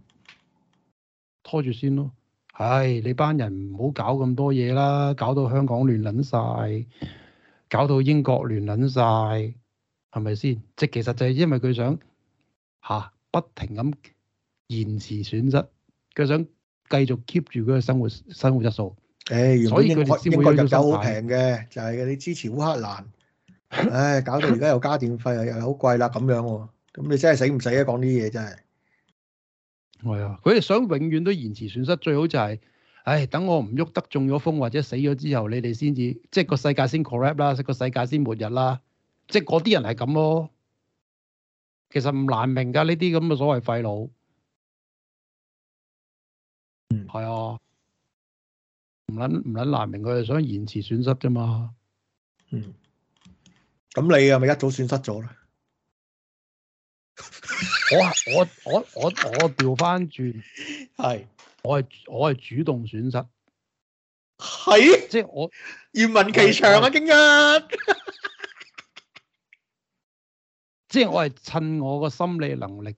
拖住先咯。唉，你班人唔好搞咁多嘢啦，搞到香港亂撚晒。搞到英國亂撚晒，係咪先？即係其實就係因為佢想吓不停咁延遲損失，佢想繼續 keep 住佢嘅生活生活質素。誒，所以英國英國入油好平嘅，就係你支持烏克蘭。誒，搞到而家又加電費，又又好貴啦咁樣喎。咁你真係死唔死啊？講啲嘢真係。係啊，佢哋想永遠都延遲損失，最好就係。唉，等我唔喐得中咗風或者死咗之後，你哋先至即係個世界先 collapse 啦，個世界先末日啦，即係嗰啲人係咁咯。其實唔難明㗎，呢啲咁嘅所謂廢老，嗯，係啊，唔撚唔撚難明，佢哋想延遲損失啫嘛。嗯，咁你係咪一早損失咗咧？ [laughs] 我我我我我調翻轉係。我係我係主動損失，係是即係我願聞其詳啊！驚呀 [laughs] 即係我係趁我個心理能力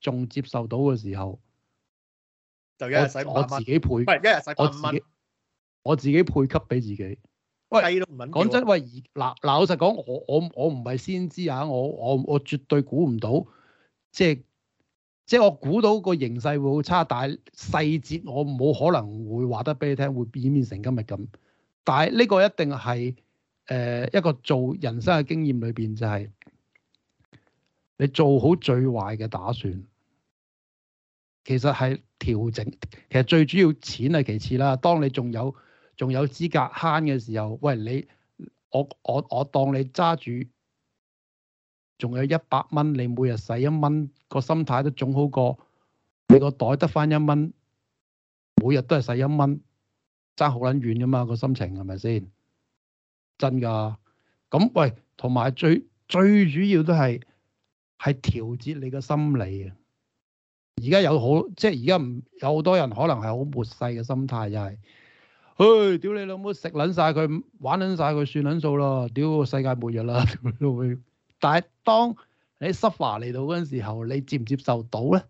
仲接受到嘅時候，就一日使八蚊，我自己配，一日使八蚊，我自，是我自己配給俾自己。喂，講真，喂，嗱嗱，老實講，我我我唔係先知啊，我我我絕對估唔到，即係。即係我估到個形勢會好差，但係細節我冇可能會話得俾你聽，會演變成今日咁。但係呢個一定係誒、呃、一個做人生嘅經驗裏邊，就是，就係你做好最壞嘅打算。其實係調整，其實最主要錢係其次啦。當你仲有仲有資格慳嘅時候，喂你我我我當你揸住，仲有一百蚊，你每日使一蚊，個心態都總好過你個袋得翻一蚊，每日都係使一蚊，爭好撚遠噶嘛，個心情係咪先？真噶、啊，咁喂，同埋最最主要都係係調節你個心理啊！而家有好即係而家唔有好多人可能係好末世嘅心態，就係、是，唉、哎，屌你老母食撚晒佢，玩撚晒佢，算撚數咯，屌個世界末日啦！咁樣。但係當你 suffer 嚟到嗰陣時候，你接唔接受到咧？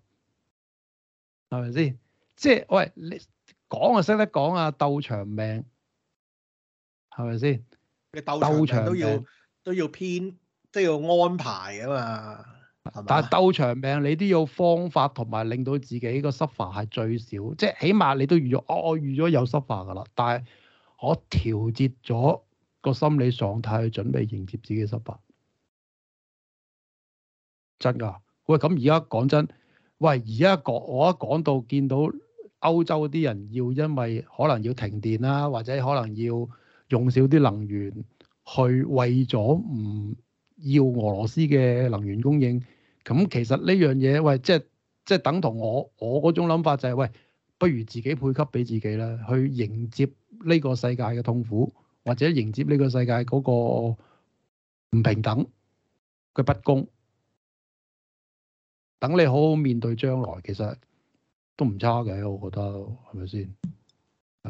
係咪先？即係喂，你講就識得講啊，鬥長命係咪先？你鬥長都要都要編，即係要安排噶嘛？係嘛？但係鬥長命你都要方法，同埋令到自己個 suffer 係最少，即係起碼你都預咗、哦，我我預咗有 suffer 噶啦，但係我調節咗個心理狀態去準備迎接自己 suffer。真噶，喂，咁而家講真，喂，而家講我一講到見到歐洲啲人要因為可能要停電啦、啊，或者可能要用少啲能源去為咗唔要俄羅斯嘅能源供應，咁其實呢樣嘢，喂，即係即係等同我我嗰種諗法就係、是、喂，不如自己配給俾自己啦，去迎接呢個世界嘅痛苦，或者迎接呢個世界嗰個唔平等嘅不公。等你好好面對將來，其實都唔差嘅，我覺得係咪先？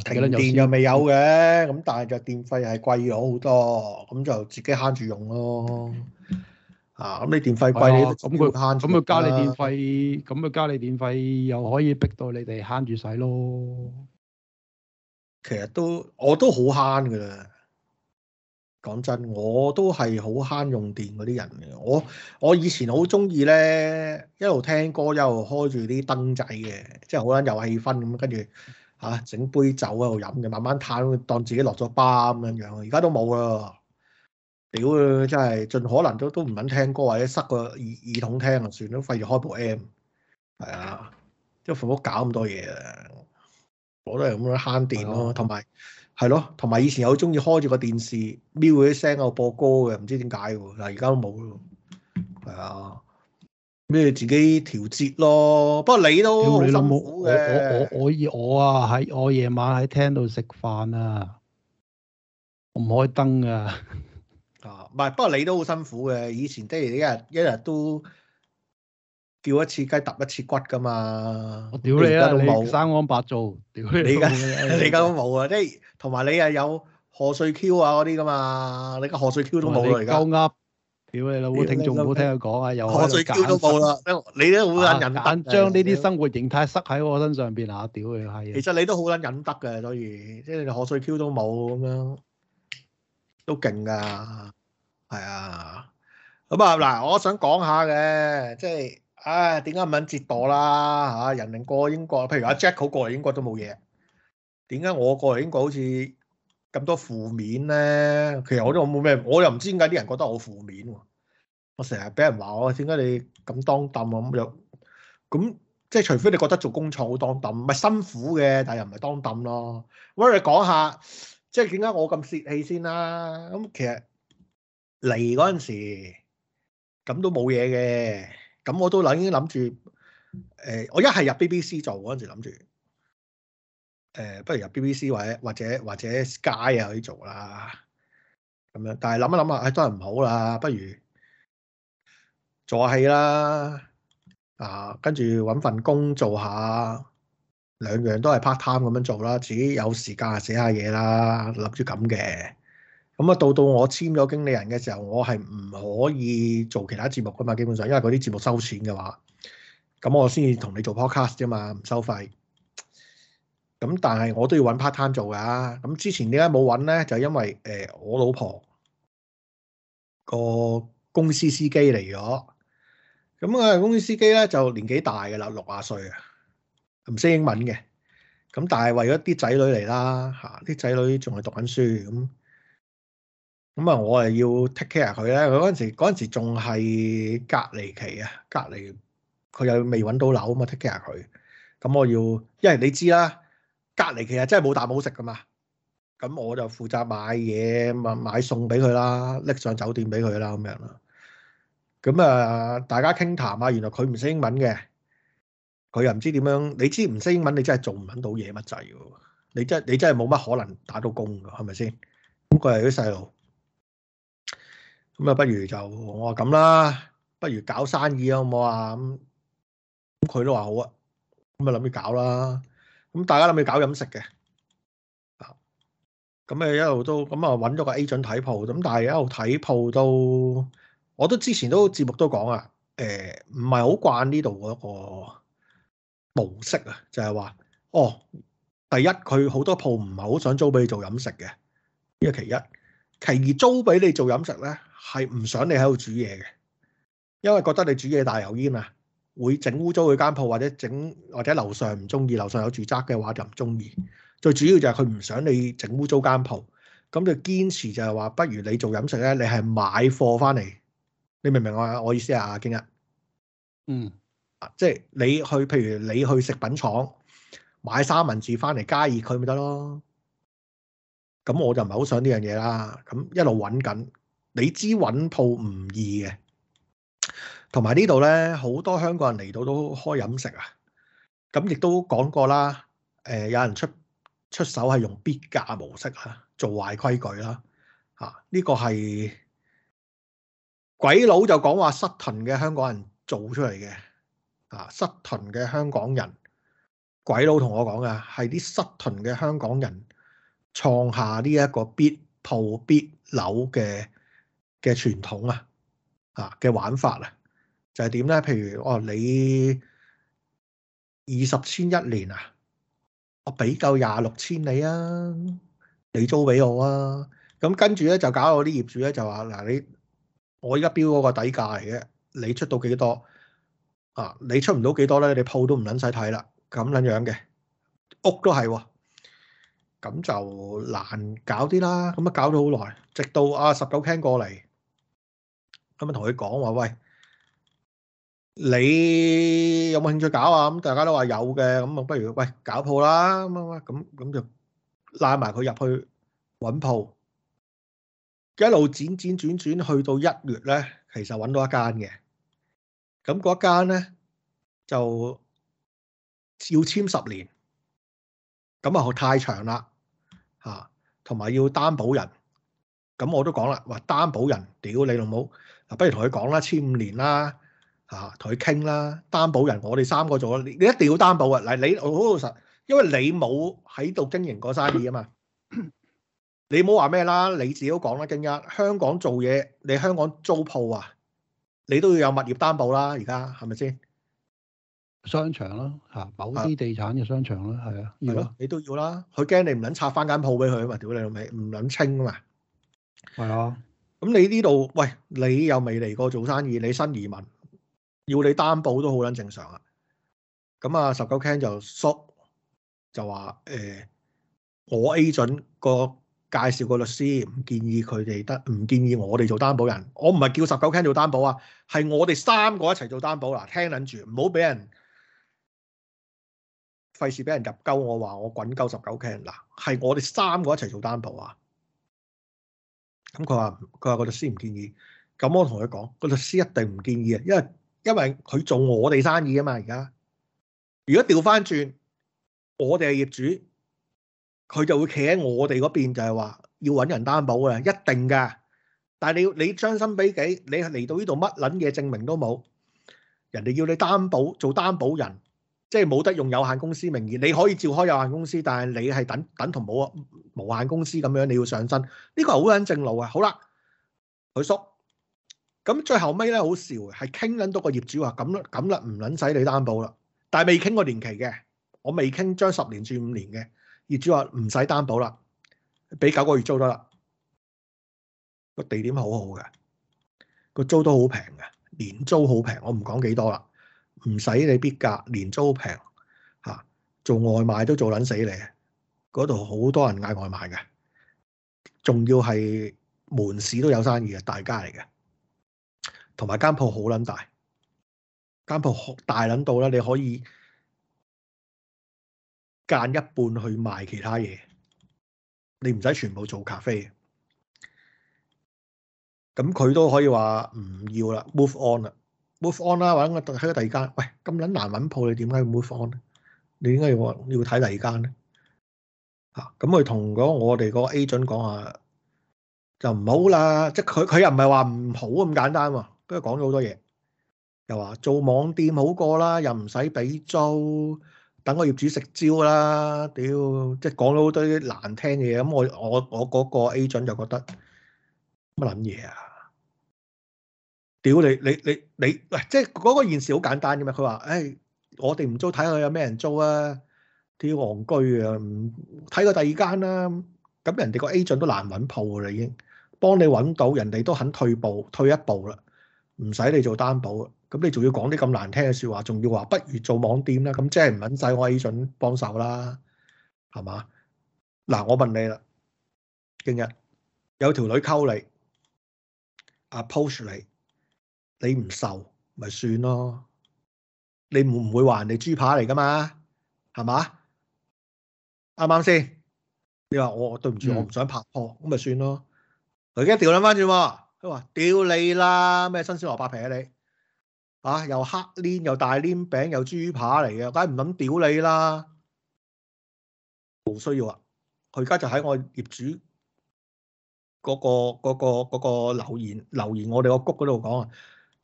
停電又未有嘅，咁 [noise] 但係就電費係貴咗好多，咁就自己慳住用咯。啊，咁你電費貴， [laughs] 你咁佢慳咁佢加你電費，咁佢加你電費又可以逼到你哋慳住使咯。其實都我都好慳㗎啦。講真，我都係好慳用電嗰啲人嘅。我我以前好中意咧，一路聽歌一路開住啲燈仔嘅，即係好撚有氣氛咁。跟住嚇整杯酒喺度飲嘅，慢慢嘆當自己落咗班咁樣，而家都冇啦，屌真係盡可能都都唔撚聽歌或者塞個耳耳筒聽啊，算都費事開部 M 係啊，即係唔好搞咁多嘢啊！我都係咁樣慳電咯，同埋的。係咯，同埋以前好中意開住個電視，瞄佢啲聲我播歌嘅，唔知點解喎。嗱，而家都冇咯，係啊，咩自己調節咯。不過你都辛苦我我我我我，我啊，喺我夜晚喺廳度食飯啊，我唔開燈噶。 [laughs] 啊，唔係，不過你都好辛苦嘅。以前爹哋一日一日都。叫一次雞揼一次骨噶嘛！我屌你啊，你生安白做，屌你！你而家你而家都冇啊，即係同埋你啊有荷稅 Q 啊嗰啲噶嘛，你個荷稅 Q 都冇啦，而家。你鳩噏，屌你老母！啲聽眾唔好聽佢講啊，有荷稅 Q 都冇啦，你都好撚忍得，將呢啲生活形態塞喺我身上邊啊！屌你係。其實你都好撚忍得嘅，所以即係荷稅 Q 都冇咁樣，都勁噶，係啊。咁啊嗱，我想講下嘅，即係。唉，點解唔肯折墮啦？嚇、啊，人哋過英國，譬如阿 Jack 好過嚟英國都冇嘢。點解我過嚟英國好似咁多負面咧？其實我都冇咩，我又唔知點解啲人覺得我負面。我成日俾人話我，點解你咁當氹啊？咁又咁即係除非你覺得做工廠好當氹，唔係辛苦嘅，但係又唔係當氹咯。喂，你講下即係點解我咁泄氣先啦、啊？咁其實嚟嗰陣時咁都冇嘢嘅。咁我都諗已經諗住，誒、呃，我一係入 BBC 做嗰陣時諗住，誒、呃，不如入 BBC 或者或者或者 Sky 啊可以做啦，咁樣。但係諗一諗啊，唉，都係唔好啦，不如做下戲啦，啊，跟住揾份工做下，兩樣都係 part time 咁樣做啦，自己有時間寫下嘢啦，諗住咁嘅。咁啊，到到我簽咗經理人嘅時候，我係唔可以做其他節目㗎嘛。基本上，因為嗰啲節目收錢嘅話，咁我先至同你做 podcast 啫嘛，唔收費。咁但係我都要揾 part time 做㗎、啊。咁之前點解冇揾呢？就因為誒、呃、我老婆個公司司機嚟咗。咁啊，公司司機呢，就年紀大嘅啦，六啊歲啊，唔識英文嘅。咁但係為咗啲仔女嚟啦，嚇啲仔女仲係讀緊書咁。咁啊、嗯，我啊要 take care 佢咧。佢嗰陣時，陣時仲係隔離期啊，隔離佢又未揾到樓啊嘛，take care 佢。咁、嗯、我要，因為你知啦，隔離期啊真係冇啖好食噶嘛。咁、嗯、我就負責買嘢，咪買餸俾佢啦，拎上酒店俾佢啦，咁樣啦。咁、嗯、啊，大家傾談啊，原來佢唔識英文嘅，佢又唔知點樣。你知唔識英文，你真係做唔到嘢乜滯噶。你真你真係冇乜可能打到工噶，係咪先？咁佢係啲細路。咁啊，不如就我話咁啦，不如搞生意好唔好啊？咁咁佢都話好啊，咁啊諗住搞啦。咁大家諗住搞飲食嘅，咁啊一路都咁啊揾咗個 agent 睇鋪咁但係一路睇鋪都，我都之前都節目都講啊，誒唔係好慣呢度嗰個模式啊，就係話哦，第一佢好多鋪唔係好想租俾你做飲食嘅，呢個其一，其二租俾你做飲食咧。係唔想你喺度煮嘢嘅，因為覺得你煮嘢大油煙啊，會整污糟佢間鋪，或者整或者樓上唔中意，樓上有住宅嘅話就唔中意。最主要就係佢唔想你整污糟間鋪，咁就堅持就係話，不如你做飲食咧，你係買貨翻嚟，你明唔明啊？我意思啊，阿京一，嗯，即係你去，譬如你去食品廠買三文治翻嚟加熱佢咪得咯。咁我就唔係好想呢樣嘢啦，咁一路揾緊。.你知揾鋪唔易嘅，同埋呢度呢，好多香港人嚟到都開飲食啊。咁亦都講過啦，誒、呃、有人出出手係用必價模式啊，做壞規矩啦。嚇、啊、呢、呢個係鬼佬就講話失屯嘅香港人做出嚟嘅啊，失屯嘅香港人鬼佬同我講嘅係啲失屯嘅香港人創下呢一個必鋪必樓嘅。嘅傳統啊，嚇、啊、嘅玩法啊，就係點咧？譬如哦，你二十千一年啊，我俾夠廿六千你啊，你租俾我啊，咁、嗯、跟住咧就搞到我啲業主咧就話嗱你，我而家標嗰個底價嚟嘅，你出到幾多啊？你出唔到幾多咧？你鋪都唔撚使睇啦，咁樣樣嘅屋都係喎、哦，咁就難搞啲啦。咁啊搞到好耐，直到啊十九廳過嚟。咁啊，同佢講話，喂，你有冇興趣搞啊？咁大家都話有嘅，咁啊，不如喂，搞鋪啦，咁樣咁咁就拉埋佢入去揾鋪，一路轉轉轉轉，去到一月咧，其實揾到一間嘅，咁嗰間咧就要簽十年，咁啊太長啦嚇，同埋要擔保人，咁我都講啦，話擔保人，屌你老母！不如同佢講啦，千五年啦，嚇，同佢傾啦，擔保人我哋三個做啦，你一定要擔保啊！嗱，你我好老實，因為你冇喺度經營過生意啊嘛，你冇話咩啦，你自己都講啦，今日香港做嘢，你香港租鋪啊，你都要有物業擔保啦，而家係咪先？商場啦，嚇，某啲地產嘅商場啦，係啊，係咯，你都要啦，佢驚你唔捻拆翻間鋪俾佢啊嘛，屌你老味，唔捻清啊嘛，係啊。咁你呢度？喂，你又未嚟過做生意，你新移民，要你擔保都好撚正常啊！咁啊，十九 can 就叔，就話誒、欸，我 A 準個介紹個律師，唔建議佢哋得，唔建議我哋做擔保人。我唔係叫十九 can 做擔保啊，係我哋三個一齊做擔保啦。聽撚住，唔好俾人費事俾人入鳩我，話我滾鳩十九 can，嗱，係我哋三個一齊做擔保啊！咁佢話佢話個律師唔建議，咁我同佢講，個律師一定唔建議啊，因為因為佢做我哋生意啊嘛，而家如果調翻轉，我哋係業主，佢就會企喺我哋嗰邊，就係話要揾人擔保呀，一定㗎。但係你要你將心比己，你嚟到呢度乜撚嘢證明都冇，人哋要你擔保做擔保人。即係冇得用有限公司名義，你可以召開有限公司，但係你係等等同冇啊無限公司咁樣，你要上身。呢個好撚正路啊！好啦，許叔咁最後尾咧好笑，係傾撚到個業主話咁啦咁啦，唔撚使你擔保啦，但係未傾過年期嘅，我未傾將十年至五年嘅，業主話唔使擔保啦，俾九個月租得啦，個地點好好嘅，個租都好平嘅，年租好平，我唔講幾多啦。唔使你逼價，連租平嚇，啊，做外賣都做撚死你，嗰度好多人嗌外賣嘅，仲要係門市都有生意呀，大家嚟嘅，同埋間鋪好撚大，間鋪大撚到啦，你可以間一半去賣其他嘢，你唔使全部做咖啡，咁佢都可以話唔要啦，move on 啦。冇放啦，或者我睇咗第二間。喂，咁撚難揾鋪，你點解唔會放咧？你點解要要睇第二間咧？嚇！咁佢同嗰我哋嗰個 agent 講下，就唔好啦。即係佢佢又唔係話唔好咁簡單喎。跟住講咗好多嘢，又話做網店好過啦，又唔使俾租，等個業主食蕉啦。屌！即係講咗好多啲難聽嘅嘢。咁我我我嗰個 agent 就覺得乜撚嘢啊？屌你，你你你喂，即係嗰個現時好簡單嘅嘛。佢話，誒、哎，我哋唔租，睇下有咩人租啊。屌旺居啊，唔睇個第二間啦，啊。咁人哋個 A g e n 進都難揾鋪啦，你已經幫你揾到，人哋都肯退步，退一步啦，唔使你做擔保。咁你仲要講啲咁難聽嘅説話，仲要話不如做網店啦。咁即係唔揾曬我 A g e n 進幫手啦，係嘛？嗱，我問你啦，今日有條女溝你，阿 Post 你。你唔受咪算咯？你唔唔會話人哋豬扒嚟噶嘛？係嘛？啱啱先？你話我對唔住，嗯、我唔想拍拖咁咪算咯。佢而家調諗翻轉，佢話屌你啦！咩新鮮蘿蔔皮啊你？啊又黑鏈又大鏈餅又豬扒嚟嘅，梗係唔諗屌你啦！冇需要啦、啊。佢而家就喺我業主嗰、嗰個、嗰個、嗰個嗰個留言留言我哋個谷嗰度講啊。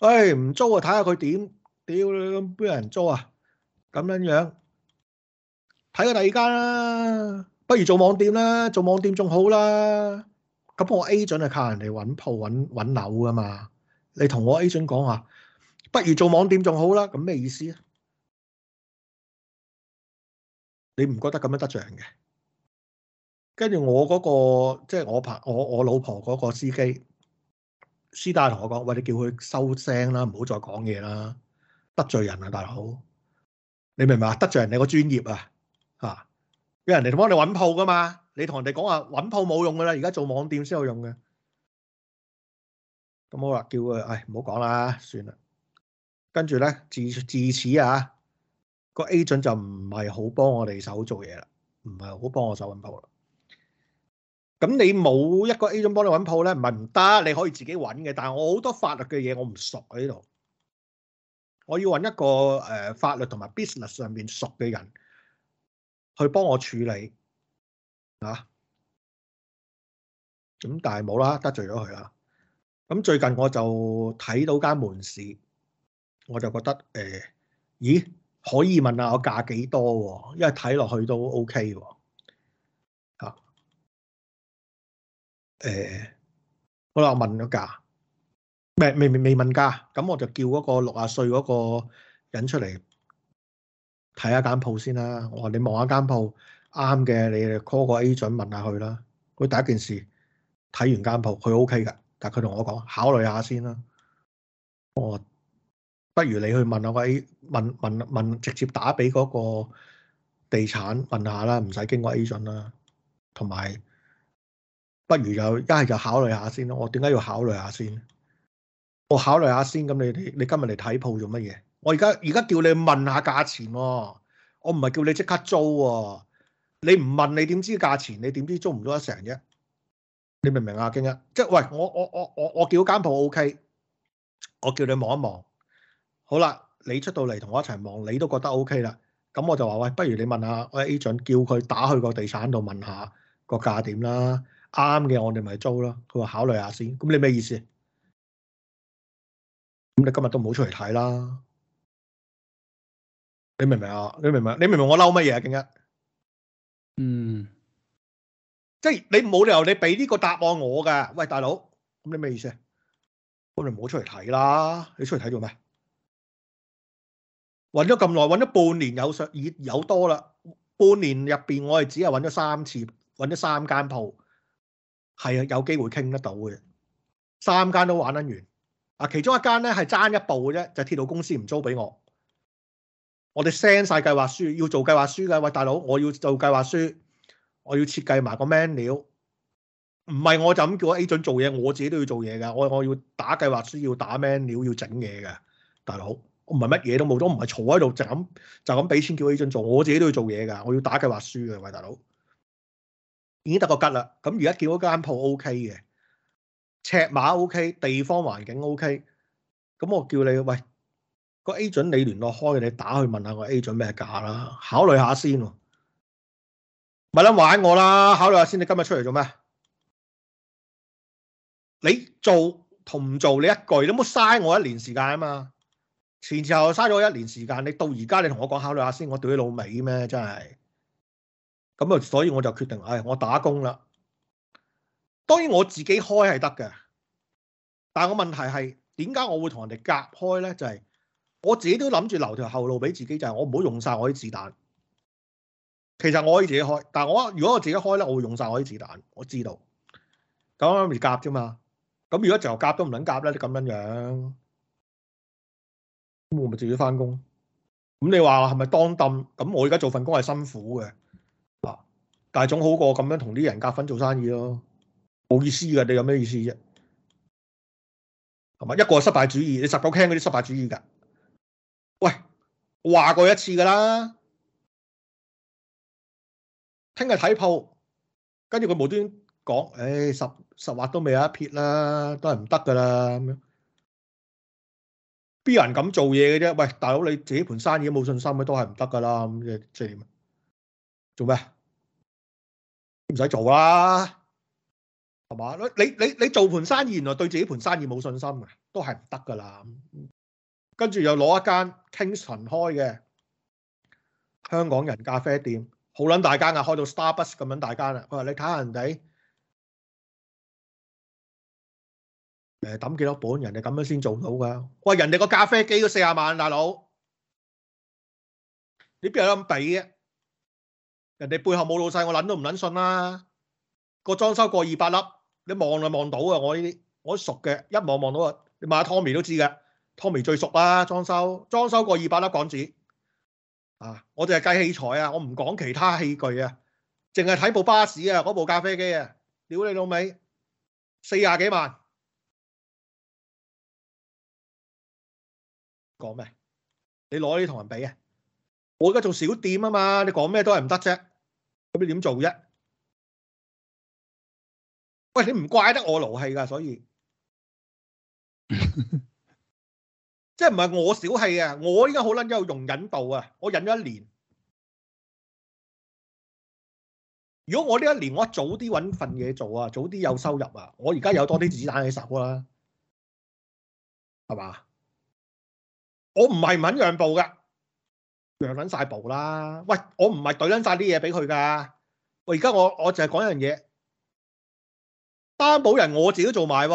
唉，唔租啊！睇下佢點，屌你，邊有人租啊？咁樣樣，睇下第二間啦，不如做網店啦，做網店仲好啦。咁我 A 準係靠人哋揾鋪揾揾樓噶嘛，你同我 A 準講下，不如做網店仲好啦，咁咩意思啊？你唔覺得咁樣得罪人嘅？跟住我嗰個，即係我拍我我老婆嗰個司機，師大同我講，喂，你叫佢收聲啦，唔好再講嘢啦，得罪人啊，大佬，你明唔明嘛？得罪人你個專業啊，吓、啊，有人嚟幫我哋揾鋪噶嘛，你同人哋講話揾鋪冇用噶啦，而家做網店先有用嘅。咁、嗯、好話叫佢，唉，唔好講啦，算啦。跟住咧，自自此啊，那個 A g e n 准就唔係好幫我哋手做嘢啦，唔係好幫我手揾鋪啦。咁你冇一個 A 中幫你揾鋪咧，唔係唔得，你可以自己揾嘅。但係我好多法律嘅嘢，我唔熟喺度，我要揾一個誒、呃、法律同埋 business 上面熟嘅人去幫我處理嚇。咁、啊、但係冇啦，得罪咗佢啦。咁最近我就睇到間門市，我就覺得誒、呃，咦可以問下我價幾多喎、啊？因為睇落去都 OK 喎、啊。誒、欸，好啦，我話問咗價，未未未未問價，咁我就叫嗰個六十歲嗰個人出嚟睇下間鋪先啦。我話你望下間鋪啱嘅，你 call 個 agent 問下佢啦。佢第一件事睇完間鋪，佢 OK 噶，但係佢同我講考慮下先啦。我不如你去問下個 A 問問問問，直接打俾嗰個地產問下啦，唔使經過 agent 啦，同埋。不如就一係就考慮下先咯。我點解要考慮下先？我考慮下先，咁你你今日嚟睇鋪做乜嘢？我而家而家叫你問下價錢喎、哦。我唔係叫你即刻租喎、哦。你唔問你點知價錢？你點知租唔租得成啫、啊？你明唔明啊？驚啊即係喂，我我我我我叫間鋪 OK，我叫你望一望。好啦，你出到嚟同我一齊望，你都覺得 OK 啦。咁我就話喂，不如你問下我 agent 叫佢打去個地產度問下個價點啦。啱嘅，我哋咪租囉。佢話考慮下先。咁你咩意思？咁你今日都唔好出嚟睇啦。你明唔明啊？你明唔明？你明唔明我嬲乜嘢啊？景一，嗯，即係你冇理由你俾呢個答案我嘅。喂大，大佬，咁你咩意思啊？咁你唔好出嚟睇啦。你出嚟睇做咩？揾咗咁耐，揾咗半年有上已有多啦。半年入邊，我係只係揾咗三次，揾咗三間鋪。係啊，有機會傾得到嘅。三間都玩得完。啊，其中一間咧係爭一步嘅啫，就是、鐵路公司唔租俾我。我哋 send 晒計劃書，要做計劃書嘅。喂，大佬，我要做計劃書，我要設計埋個 m e n u 唔係我就咁叫 A 進做嘢，我自己都要做嘢㗎。我我要打計劃書，要打 m e n u 要整嘢㗎。大佬，我唔係乜嘢都冇咗，唔係坐喺度就咁就咁俾錢叫 A 進做，我自己都要做嘢㗎。我要打計劃書㗎，喂大，大佬。.已經得個吉啦，咁而家叫嗰間鋪 OK 嘅，尺碼 OK，地方環境 OK，咁我叫你喂個 A 準你聯絡開，你打去問下個 A 準咩價啦，考慮下先，咪撚玩我啦，考慮下先，你今日出嚟做咩？你做同唔做你一句，你冇嘥我一年時間啊嘛，前前後後嘥咗我一年時間，你到而家你同我講考慮下先，我屌你老味咩真係？咁啊，所以我就決定，唉、哎，我打工啦。當然我自己開係得嘅，但係我問題係點解我會同人哋夾開咧？就係、是、我自己都諗住留條後路俾自己，就係、是、我唔好用晒我啲子彈。其實我可以自己開，但係我如果我自己開咧，我會用晒我啲子彈。我知道咁啱啱夾啫嘛。咁如果就夾都唔撚夾咧，你咁樣樣，咁我咪自己翻工。咁你話係咪當氈？咁我而家做份工係辛苦嘅。但係總好過咁樣同啲人夾份做生意咯，冇意思噶。你有咩意思啫？係咪一個失敗主義？你十九聽嗰啲失敗主義噶？喂，話過一次噶啦。聽日睇鋪，跟住佢無端端講，誒十十劃都未有一撇啦，都係唔得噶啦。咁樣邊有人咁做嘢嘅啫？喂，大佬，你自己盤生意都冇信心，都係唔得噶啦。咁即係點？做咩？唔使做啦，係嘛？你你你做盤生意，原來對自己盤生意冇信心嘅，都係唔得噶啦。跟住又攞一間 Kingston 開嘅香港人咖啡店，好撚大間啊，開到 Starbucks 咁樣大間啦。佢話：你睇下人哋，誒抌幾多本，人哋咁樣先做到㗎。我話人哋個咖啡機都四十萬，大佬，你邊有咁肥嘅？人哋背後冇老細，我撚都唔撚信啦、啊。個裝修過二百粒，你望就望到問問啊，啊！我呢啲我熟嘅，一望望到啊！你問下 Tommy 都知嘅，Tommy 最熟啦。裝修裝修過二百粒港紙啊！我淨係計器材啊，我唔講其他器具啊，淨係睇部巴士啊，嗰部咖啡機啊，屌你老味，四廿幾萬。講咩？你攞呢啲同人比啊！我而家做小店啊嘛，你講咩都係唔得啫～咁你點做啫？喂，你唔怪得我勞氣㗎，所以 [laughs] 即係唔係我小氣啊？我依家好撚有容忍度啊！我忍咗一年。如果我呢一年我早啲揾份嘢做啊，早啲有收入啊，我而家有多啲子彈去殺哥啦，係嘛？我唔係唔肯讓步㗎。讓緊晒步啦！喂，我唔係懟捻晒啲嘢俾佢噶。我而家我我淨係講一樣嘢，擔保人我自己做埋。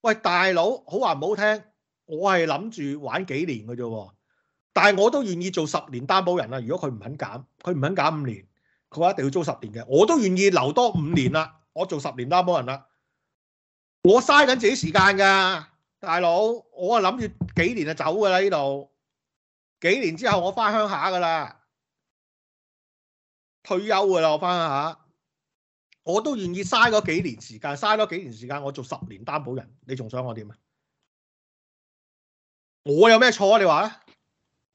喂，大佬，好話唔好聽，我係諗住玩幾年嘅啫。但係我都願意做十年擔保人啦。如果佢唔肯減，佢唔肯減五年，佢話一定要租十年嘅，我都願意留多五年啦。我做十年擔保人啦，我嘥緊自己時間噶，大佬，我啊諗住幾年就走噶啦呢度。幾年之後我翻鄉下噶啦，退休噶啦，我翻鄉下，我都願意嘥嗰幾年時間，嘥多幾年時間，我做十年擔保人，你仲想我點啊？我有咩錯啊？你話咧？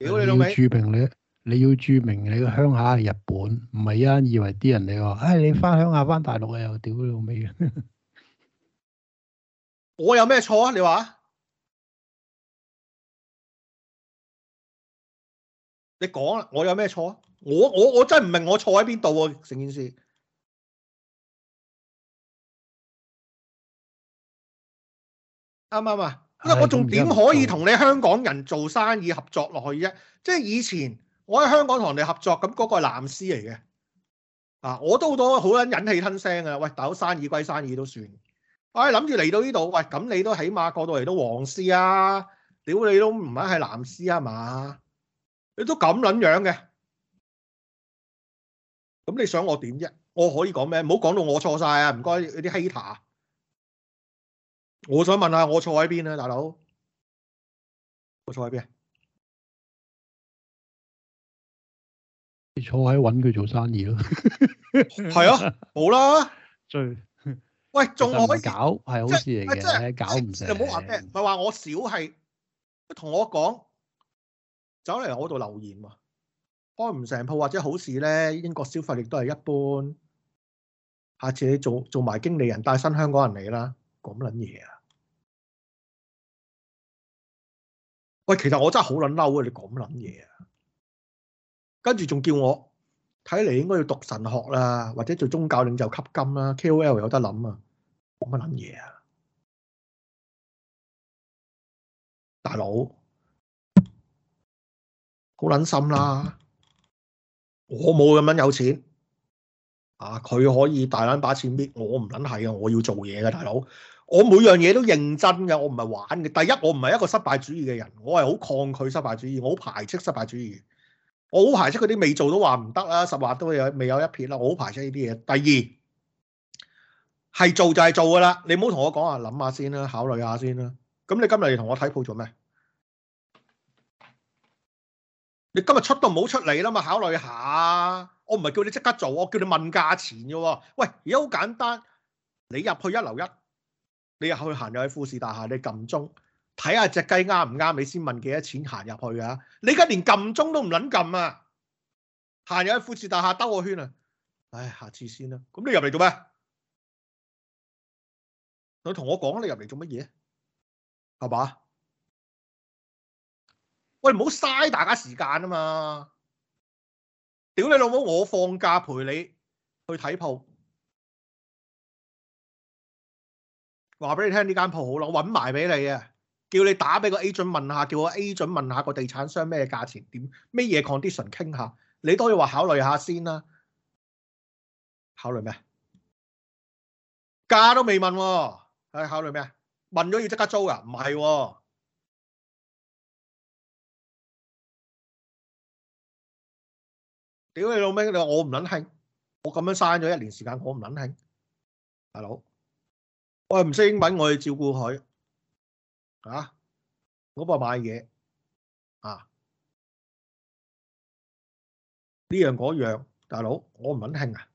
屌你老味！注明你，你要注明你個鄉下係日本，唔係啊？以為啲人你話，唉、哎，你翻鄉下翻大陸又屌你老味！啊 [laughs] 我有咩錯啊？你話你講啦，我有咩錯啊？我我我真唔明，我錯喺邊度喎？成件事啱唔啱啊？因為我仲點可以同你香港人做生意合作落去啫？即係以前我喺香港同人哋合作，咁、那、嗰個藍絲嚟嘅啊，我都好多好忍忍氣吞聲啊！喂，大佬生意歸生意都算，唉、哎，諗住嚟到呢度，喂，咁你都起碼過到嚟都黃絲啊？屌你都唔係係藍絲係嘛？你都咁撚樣嘅，咁你想我點啫？我可以講咩？唔好講到我錯晒啊！唔該，有啲 hater。我想問下，我錯喺邊啊，大佬？我錯喺邊啊？你錯喺搵佢做生意咯，係啊，冇啦，最以喂仲可以搞係好事嚟嘅，搞唔成你唔好話咩？唔係話我少係，同我講。走嚟我度留言喎，啊，開唔成鋪或者好事咧，英國消費力都係一般。下次你做做埋經理人，帶新香港人嚟啦。講乜撚嘢啊！喂，其實我真係好撚嬲啊！你講乜撚嘢啊！跟住仲叫我睇嚟應該要讀神學啦，或者做宗教領袖吸金啦，K O L 有得諗啊！講乜撚嘢啊，大佬。好撚心啦！我冇咁樣有錢啊！佢可以大撚把錢搣，我唔撚係啊！我要做嘢噶，大佬，我每樣嘢都認真嘅，我唔係玩嘅。第一，我唔係一個失敗主義嘅人，我係好抗拒失敗主義，我好排斥失敗主義。我好排斥嗰啲未做都話唔得啦，實話都有未有一撇啦，我好排斥呢啲嘢。第二係做就係做噶啦，你唔好同我講啊，諗下先啦，考慮下先啦。咁你今日嚟同我睇鋪做咩？你今日出都唔好出嚟啦嘛，考慮下。我唔係叫你即刻做，我叫你問價錢嘅。喂，而家好簡單，你入去一樓一，你入去行入去富士大廈，你撳鐘睇下隻雞啱唔啱，你先問幾多錢行入去啊？你而家連撳鐘都唔捻撳啊！行入去富士大廈兜個圈啊！唉、哎，下次先啦。咁你入嚟做咩？你同我講，你入嚟做乜嘢？係嘛？喂，唔好嘥大家時間啊嘛！屌你老母，我放假陪你去睇鋪，話俾你聽呢間鋪好啦，我揾埋俾你啊，叫你打俾個 agent 問下，叫我 agent 問下個地產商咩價錢，點咩嘢 condition 傾下，你都要話考慮下先啦。考慮咩？價都未問喎，哦哎，考慮咩？問咗要即刻租㗎，唔係喎。屌你老味，你話我唔撚興，我咁樣嘥咗一年時間，我唔撚興，大佬，我係唔識英文，我要照顧佢，啊，我幫佢買嘢，啊，呢樣嗰樣，大佬，我唔撚興啊，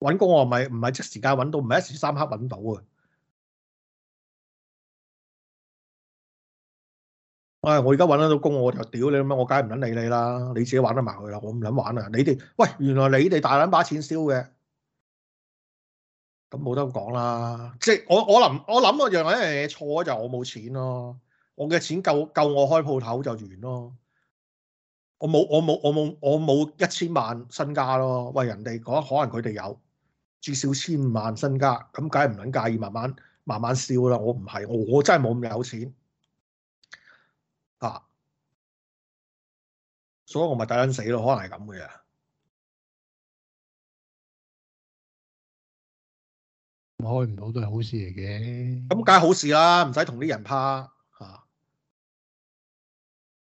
搵工我咪唔係即時間搵到，唔係一時三刻搵到啊。唉，我而家揾得到工，我就屌你咁樣，我梗係唔捻理你啦。你自己玩得埋佢啦，我唔捻玩啊。你哋喂，原來你哋大捻把錢燒嘅，咁冇得咁講啦。即係我我諗我諗，一樣一嘢錯就我冇錢咯。我嘅錢夠夠我開鋪頭就完咯。我冇我冇我冇我冇一千萬身家咯。喂，人哋講可能佢哋有至少千萬身家，咁梗係唔捻介意慢慢慢慢燒啦。我唔係我我真係冇咁有錢。啊！所以我咪大卵死咯，可能係咁嘅嘢，開唔到都係好事嚟嘅。咁梗係好事啦，唔使同啲人拍啊。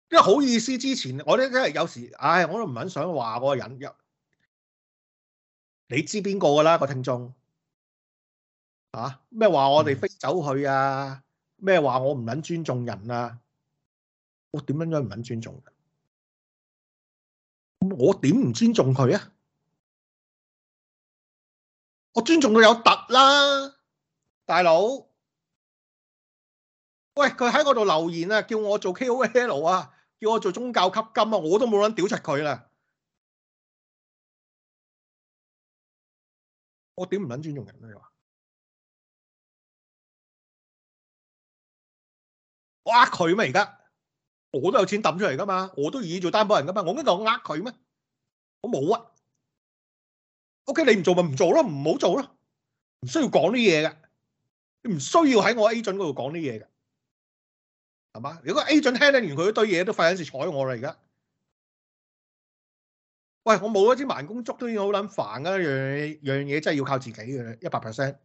因為好意思，之前我咧真係有時，唉、哎，我都唔忍想話嗰個人。你知邊個噶啦？個聽眾啊？咩話我哋飛走去啊？咩話我唔忍尊重人啊？我點樣樣唔肯尊重嘅？我點唔尊重佢啊？我尊重到有突啦，大佬！喂，佢喺嗰度留言啊，叫我做 KOL 啊，叫我做宗教吸金啊，我都冇撚屌柒佢啦！我點唔肯尊重人啊？你話？我呃佢咩而家？我都有錢揼出嚟噶嘛，我都願意做擔保人噶嘛，我邊度呃佢咩？我冇啊。OK，你唔做咪唔做咯，唔好做咯，唔需要講呢嘢嘅，你唔需要喺我 agent 嗰度講呢嘢嘅，係嘛？如果 agent 聽聽完佢一堆嘢，都費閪事睬我啦而家。喂，我冇咗支盲公竹，都已經好撚煩嘅。樣樣嘢真係要靠自己嘅，一百 percent。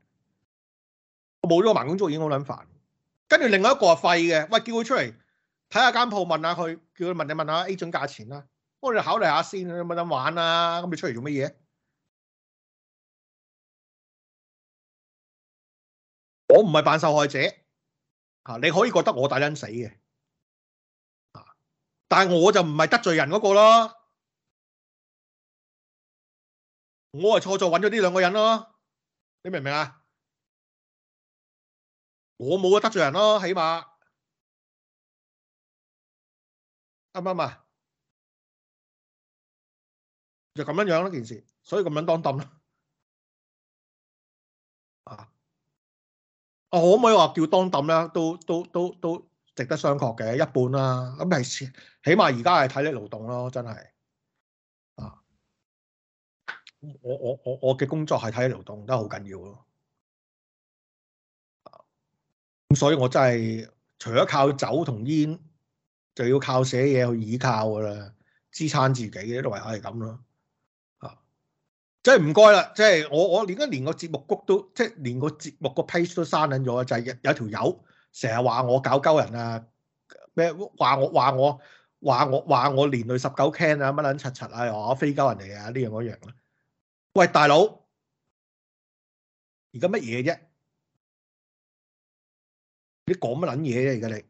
我冇咗個盲公竹，已經好撚煩。跟住另外一個係廢嘅，喂，叫佢出嚟。睇下間鋪，問下佢，叫佢問你問下 A 準價錢啦。不過你考慮下先，有冇得玩啊？咁你出嚟做乜嘢？我唔係扮受害者嚇，你可以覺得我大撚死嘅嚇，但係我就唔係得罪人嗰個咯。我係錯在揾咗呢兩個人咯，你明唔明啊？我冇得罪人咯，起碼。啱唔啱啊？就咁樣樣咯，件 [noise] 事樂，所以咁樣當抌咯。啊， [music] 我 [music] 可唔可以話叫當抌咧？都都都都值得商榷嘅，一半啦。咁係，起碼而家係體力勞動咯，真係。啊，我我我我嘅工作係體力勞動，都係好緊要咯。咁所以我真係除咗靠酒同煙，就要靠寫嘢去依靠噶啦，支撐自己嘅都係係咁咯。啊，即係唔該啦，即係我我點解連個節目谷都，即係連個節目個 page 都刪撚咗啊！就係有條友成日話我搞鳩人啊，咩話我話我話我話我連累十九 can 啊乜捻柒柒啊我非飛鳩人嚟啊呢樣嗰樣啦。喂，大佬，而家乜嘢啫？你講乜捻嘢啫？而家你？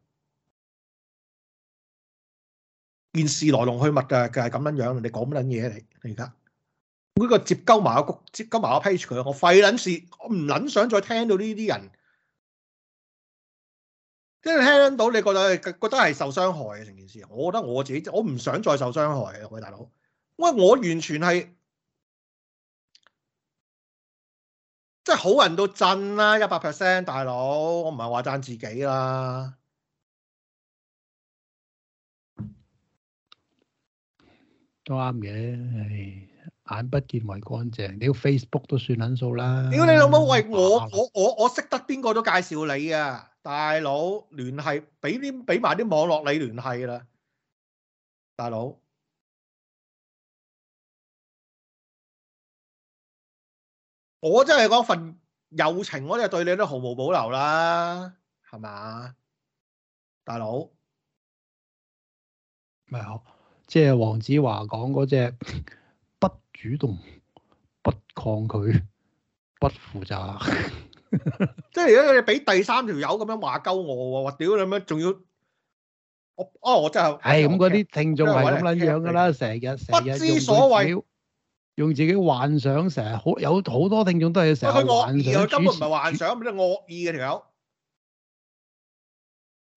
件事來龍去脈噶，就係咁樣樣。你講乜嘢你？而家呢個接鳩埋個，接鳩埋個 page 佢。我費捻事，我唔捻想再聽到呢啲人，即係聽到你覺得覺得係受傷害嘅成件事。我覺得我自己，我唔想再受傷害啊！我大佬，喂，我完全係即係好人都震啦，一百 percent，大佬，我唔係話讚自己啦。都啱嘅，唉，眼不見為乾淨。屌 Facebook 都算捻數啦。屌你老母喂，我我我我識得邊個都介紹你啊，大佬，聯繫俾啲俾埋啲網絡你聯繫㗎啦，大佬。我真係講份友情，我係對你都毫無保留啦，係嘛，大佬。咪好。即係黃子華講嗰隻不主動、不抗拒、不負責， [laughs] 即係如果你俾第三條友咁樣話鳩我喎，話屌你咩，仲要哦，我真係係咁嗰啲聽眾係咁撚樣㗎啦，成日成日不知所謂用，用自己幻想，成日好有好多聽眾都係成日幻想，根本唔係幻想，咩惡意嘅條友，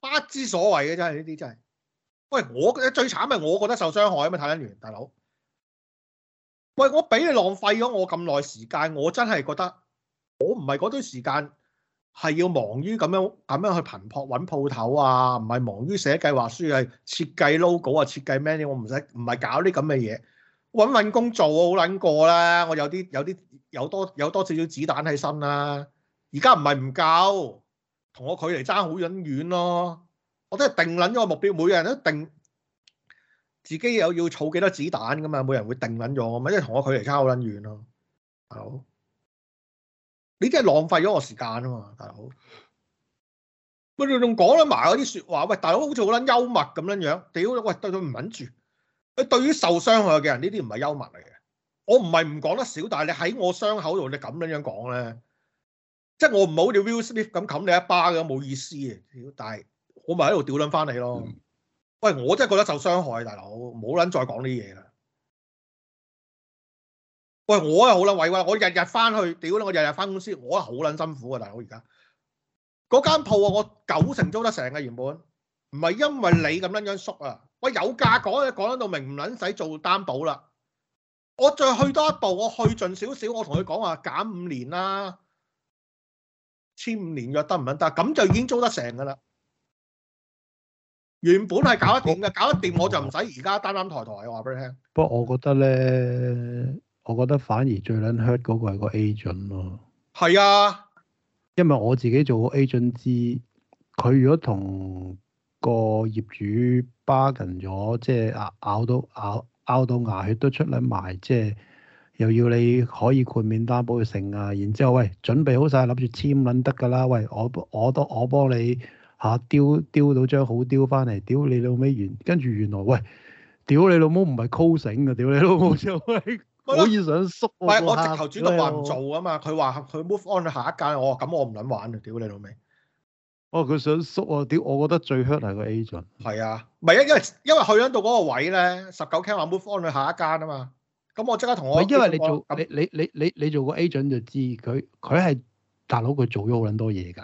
不知所謂嘅真係呢啲真係。喂，我嘅最慘係我覺得受傷害啊！咪睇撚完大佬，喂，我俾你浪費咗我咁耐時間，我真係覺得我唔係嗰段時間係要忙於咁樣咁樣去頻撲揾鋪頭啊，唔係忙於寫計劃書、係設計 logo 啊、設計咩啲，我唔使唔係搞啲咁嘅嘢，揾揾工做我好撚過啦。我有啲有啲有多有多少少子彈喺身啦、啊，而家唔係唔夠，同我距離爭好撚遠咯、啊。我都係定撚咗個目標，每個人都定自己又要儲幾多子彈㗎嘛，每人都會定撚咗我咪，即係同我距離差好撚遠咯，大佬，你真係浪費咗我時間啊嘛，大佬，喂，你仲講得埋嗰啲説話，喂，大佬好似好撚幽默咁樣樣，屌喂，對佢唔撚住，佢對於受傷害嘅人呢啲唔係幽默嚟嘅，我唔係唔講得少，但係你喺我傷口度你咁樣樣講咧，即係我唔好似 Will Smith 咁冚你一巴嘅，冇意思嘅，屌但係。我咪喺度屌撚翻你咯！喂，我真係覺得受傷害，大佬，冇好捻再講呢啲嘢啦！喂，我又好捻委屈，我日日翻去屌撚，我日日翻公司，我好捻辛苦啊，大佬，而家嗰間鋪啊，我九成租得成嘅原本，唔係因為你咁樣樣縮啊！喂，有價講嘅講得到明，唔撚使做擔保啦。我再去多一步，我去盡少少，我同佢講話減五年啦，啊，千五年約得唔撚得？咁就已經租得成噶啦。原本係搞得掂嘅，搞得掂我就唔使而家擔擔抬抬。我話俾你聽，不過我覺得咧，我覺得反而最撚 hurt 嗰個係個 agent 咯。係啊，啊因為我自己做 agent 知，佢如果同個業主 bargain 咗，即係咬咬到咬咬到牙血都出嚟埋，即係又要你可以豁免擔保成啊，然之後喂，準備好晒諗住簽撚得噶啦，喂，我我，我都我幫你。吓、啊，丟丟到張好丟翻嚟，屌你老味。原跟住原來喂，屌你老母唔係叻醒啊，丟你老母就係可以想縮。喂，我直頭主動話唔做啊嘛，佢話佢 move on 去下一間，我咁我唔撚玩啊，屌你老味。」哦，佢想縮啊，屌我覺得最 hurt 係個 agent。係啊，唔係啊，因為，因為，因為因為去到嗰個位咧，十九 can 話 move on 去下一間啊嘛，咁我即刻同我因為你做我你你你你做個 agent 就知，佢佢係大佬，佢做咗好撚多嘢㗎。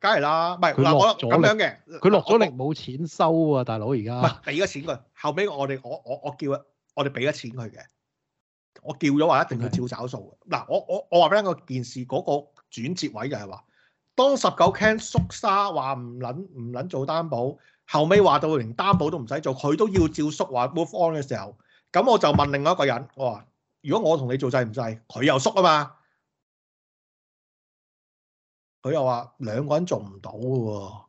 梗係啦，唔係嗱，我咁樣嘅，佢落咗力，冇錢收啊，大佬而家。唔係俾咗錢佢，後尾我哋我我我叫啊，我哋俾咗錢佢嘅，我叫咗話一定要照找數。嗱，啊，我我我話俾你聽個件事，嗰個轉折位就係話，當十九 can 縮沙話唔撚唔撚做擔保，後尾話到連擔保都唔使做，佢都要照縮話 move on 嘅時候，咁我就問另外一個人，我話如果我同你做制唔制？佢又縮啊嘛。佢又話兩個人做唔到嘅喎，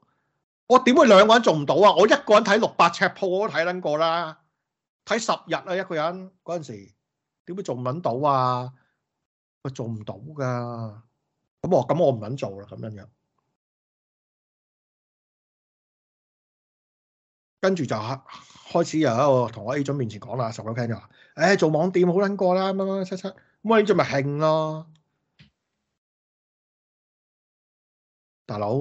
我點會兩個人做唔到啊？我一個人睇六百尺鋪我都睇撚過啦，睇十日啊，一個人嗰陣、啊、時點會做唔撚到啊？我做唔到噶，咁我咁我唔撚做啦咁樣樣，跟住就開始又喺我同我 A 尊面前講啦，十幾 percent 又話，誒做網店好撚過啦，乜乜七七咁 A 尊咪興咯。大佬，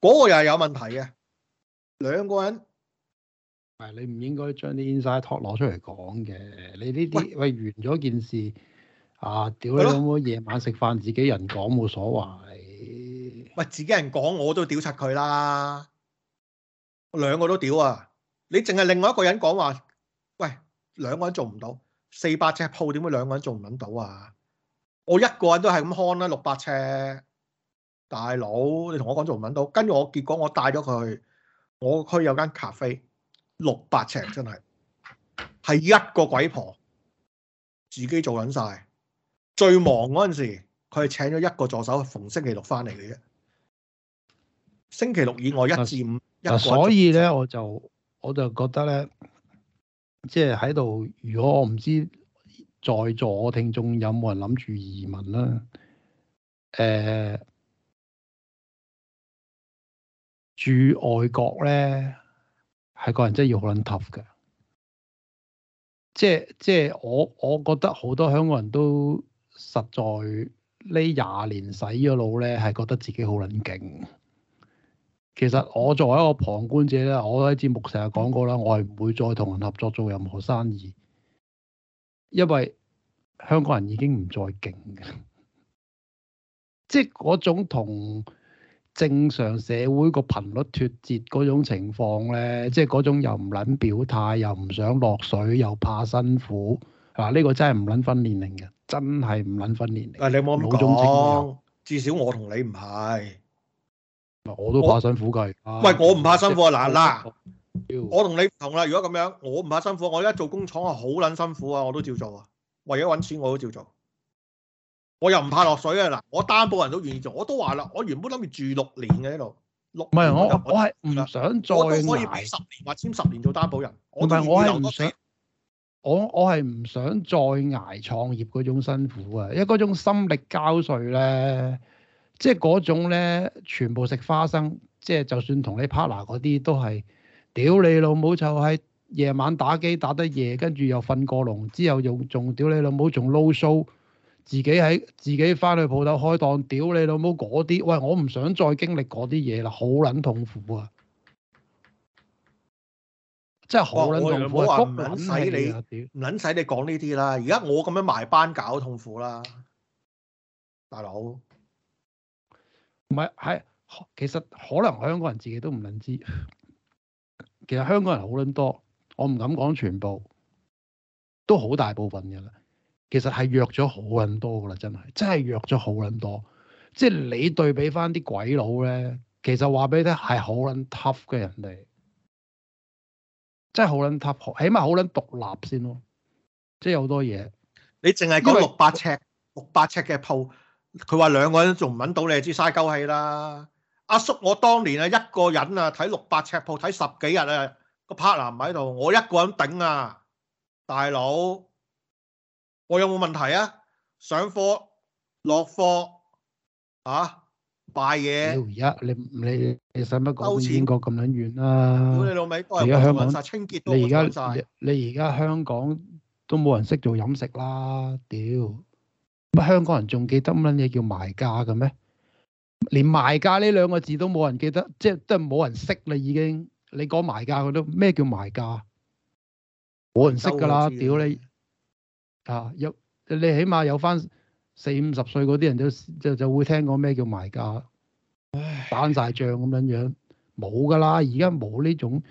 嗰個又係有問題嘅。兩個人，係你唔應該將啲 inside talk 攞出嚟講嘅。你呢啲喂，喂完咗件事啊，屌你老母！夜晚食飯自己人講冇所謂。喂，自己人講我都屌柒佢啦。兩個都屌啊！你淨係另外一個人講話，喂，兩個人做唔到四百尺鋪，點解兩個人做唔揾到啊？我一個人都係咁看啦，六百尺。大佬，你同我講做唔搵到，跟住我結果我帶咗佢去，我區有間咖啡，六百尺真係，係一個鬼婆自己做緊晒，最忙嗰陣時，佢係請咗一個助手，逢星期六翻嚟嘅啫。星期六以外一至五，啊、一個所以咧我就我就覺得咧，即係喺度。如果我唔知在座聽眾有冇人諗住移民啦，誒、啊。住外國咧，係個人真係要好捻 tough 嘅，即係即係我我覺得好多香港人都實在呢廿年洗咗腦咧，係覺得自己好捻勁。其實我作為一個旁觀者咧，我喺節目成日講過啦，我係唔會再同人合作做任何生意，因為香港人已經唔再勁嘅，即係嗰種同，正常社會個頻率脱節嗰種情況咧，即係嗰種又唔撚表態，又唔想落水，又怕辛苦。嗱，呢個真係唔撚分年齡嘅，真係唔撚分年齡。你唔好咁講，至少我同你唔係。我，我都怕辛苦佢，我，喂，我唔怕辛苦啊！嗱嗱、就是，我同你唔同啦。如果咁樣，我唔怕辛苦。我而家做工廠啊，好撚辛苦啊，我都照做啊。為咗揾錢，我都照做。我又唔怕落水啊！嗱，我擔保人都願意做，我都話啦，我原本諗住住六年嘅呢度，六唔係我，我係唔想再捱，我都可以十年，或簽十年做擔保人。唔係我係唔想，久我我係唔想再挨創業嗰種辛苦啊！因為嗰種心力交瘁咧，即係嗰種咧，全部食花生，即係就算同你 partner 嗰啲都係，屌你老母就喺夜晚打機打得夜，跟住又瞓過龍之後又，又仲，屌你老母仲撈 show。自己喺自己翻去鋪頭開檔，屌你老母嗰啲，喂，我唔想再經歷嗰啲嘢啦，好撚痛苦啊！即係好撚痛苦啊！唔撚使你唔撚使你講呢啲啦，而家我咁樣埋班搞痛苦啦，大佬。唔係係，其實可能香港人自己都唔撚知，其實香港人好撚多，我唔敢講全部，都好大部分嘅啦。其實係弱咗好捻多噶啦，真係真係弱咗好捻多。即係你對比翻啲鬼佬咧，其實話俾你聽係好捻 tough 嘅人哋，真係好捻 tough，起碼好捻獨立先咯。即係好多嘢，你淨係講六百尺六百尺嘅鋪佢話兩個人仲唔揾到，你知嘥鳩氣啦。阿叔，我當年啊一個人啊睇六百尺鋪睇十幾日啊，個 partner 唔喺度，我一個人頂啊大佬。我有冇問題啊？上課、落課，啊，拜嘢。而家你你你使乜講？歐、英國咁捻遠啦。你老味，而家香港你而家你而家香港都冇人識做飲食啦！屌，乜香港人仲記得乜嘢叫埋價嘅咩？連埋價呢兩個字都冇人記得，即係都係冇人識啦已經。你講埋價，我都咩叫埋價？冇人識噶啦！屌你。啊！有你起碼有返四五十歲嗰啲人就，就就就會聽過咩叫埋價打晒仗咁樣樣，冇噶啦！而家冇呢種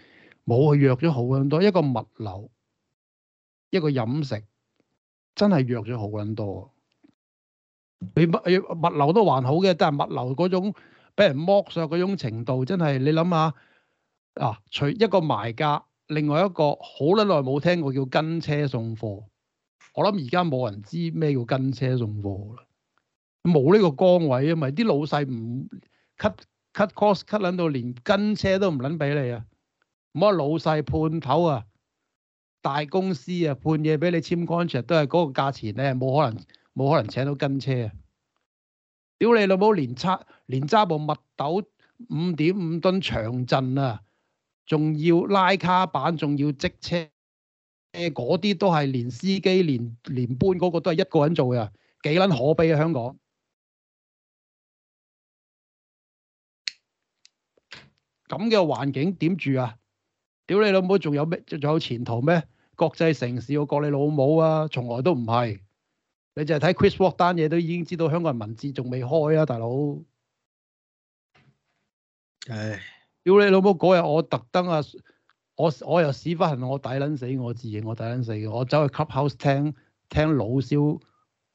冇去弱咗好咁多。一個物流，一個飲食，真係弱咗好咁多。你物流都還好嘅，但係物流嗰種俾人剝削嗰種程度，真係你諗下啊？除一個埋價，另外一個好撚耐冇聽過叫跟車送貨。我諗而家冇人知咩叫跟車送貨啦，冇呢個崗位啊嘛，啲老細唔 cut cut cost cut 到連跟車都唔撚俾你啊！咁啊老細判頭啊，大公司啊判嘢俾你簽 contract 都係嗰個價錢，你係冇可能冇可能請到跟車啊！屌你老母，連揸連揸部密斗五點五噸長陣啊，仲要拉卡板，仲要積車。誒嗰啲都係連司機連連搬嗰個都係一個人做嘅，幾撚可悲啊！香港咁嘅環境點住啊？屌你老母，仲有咩？仲有前途咩？國際城市我、啊、講你老母啊，從來都唔係。你淨係睇 Chris Rock 單嘢都已經知道香港人文字仲未開啊，大佬。唉，屌你老母，嗰日我特登啊！我我又屎忽痕，我抵捻死我，我自認我抵捻死我。我走去 clubhouse 聽聽老蕭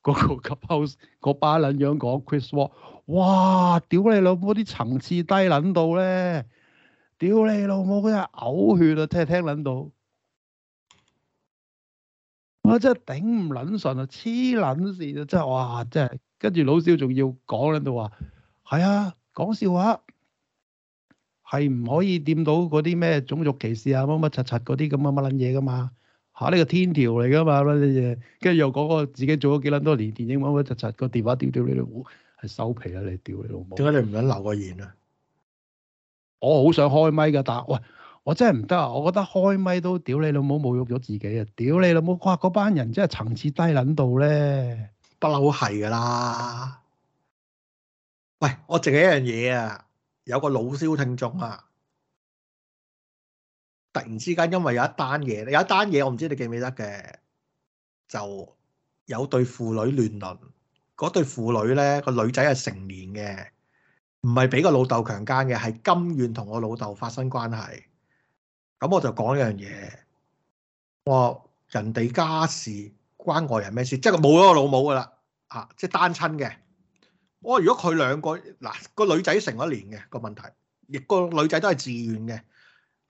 嗰個 clubhouse 個巴撚樣講 Chris Walk。Wall，哇！屌你老母啲層次低撚到咧，屌你老母真係嘔血啊！聽聽撚到，我真係頂唔撚順啊，黐撚事。啊！真係哇，真係。跟住老蕭仲要講撚到話，係啊，講笑話。係唔可以掂到嗰啲咩種族歧視啊、乜乜柒柒嗰啲咁乜乜撚嘢噶嘛？嚇、啊！呢個天條嚟噶嘛？乜嘢，跟住又講個自己做咗幾撚多年電影乜乜柒柒個電話屌屌你都係收皮啦！你屌你老母！點解你唔敢留個言啊？ [noise] 我好想開麥噶，但係喂，我真係唔得啊！我覺得開麥都屌你老母侮辱咗自己啊！屌你老母！哇！嗰班人真係層次低撚到咧，不嬲係噶啦。喂，我淨係一樣嘢啊！有個老蕭聽眾啊！突然之間，因為有一單嘢，有一單嘢我唔知你記唔記得嘅，就有對父女亂倫。嗰對父女呢，個女仔係成年嘅，唔係俾個老豆強姦嘅，係甘願同我老豆發生關係。咁我就講一樣嘢，我人哋家，家事關外人咩事？即係佢冇咗個老母噶啦，啊，即係單親嘅。我如果佢兩個嗱、嗰個女仔成咗年嘅、嗰個問題，亦、嗰個女仔都係自願嘅。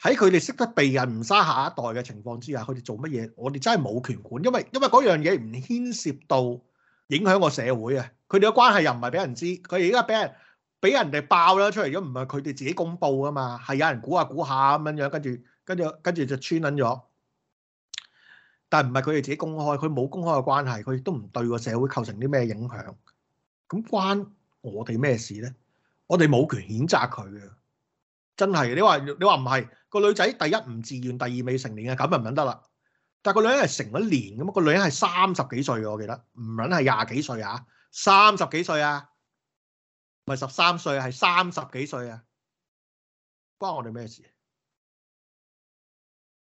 喺佢哋識得避孕唔生下一代嘅情況之下，佢哋做乜嘢？我哋真係冇權管，因為因為嗰樣嘢唔牽涉到影響個社會啊。佢哋嘅關係又唔係俾人知，佢而家俾人俾人哋爆咗出嚟，如果唔係佢哋自己公布㗎嘛，係有人估下估下咁樣樣，跟住跟住跟住就穿撚咗。但唔係佢哋自己公開，佢冇公開嘅關係，佢亦都唔對個社會構成啲咩影響。咁關我哋咩事咧？我哋冇權譴責佢嘅。真係你話你話唔係個女仔第一唔自願，第二未成年啊，咁唔撚得啦。但個女人係成咗年咁啊，個女人係三十幾歲啊，我記得唔撚係廿幾歲啊，三十幾歲啊，唔係十三歲，係三十幾歲啊！關我哋咩事？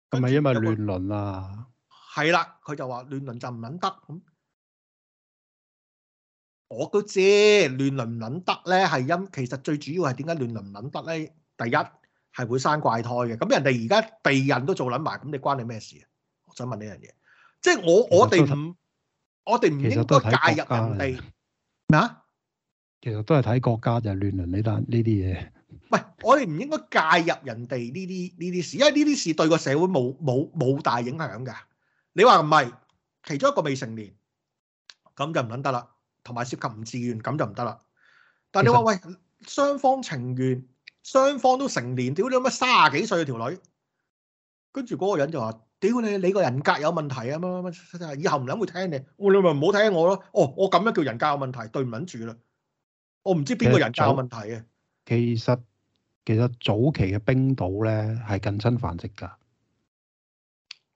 係咪因為亂倫呀？係啦，佢就話亂倫就唔撚得咁。我都知亂倫唔撚得咧，係因其實最主要係點解亂倫唔撚得咧？第一係會生怪胎嘅。咁人哋而家避孕都做撚埋，咁你關你咩事啊？我想問呢樣嘢，即係我我哋我哋唔應該介入人哋咩啊？其實都係睇國家就係亂倫呢單呢啲嘢。喂，我哋唔應該介入人哋呢啲呢啲事，因為呢啲事對個社會冇冇冇大影響㗎。你話唔係其中一個未成年咁就唔撚得啦。同埋涉及唔自願咁就唔得啦。但係你話喂，雙方情願，雙方都成年，屌你乜三十幾歲嘅條女，跟住嗰個人就話，屌你你個人格有問題啊，乜乜乜，以後唔諗會聽你，我你咪唔好聽我咯。哦，我咁樣叫人格有問題，對唔撚住啦。我唔知邊個人格有問題嘅。其實其實早期嘅冰島咧，係近親繁殖噶。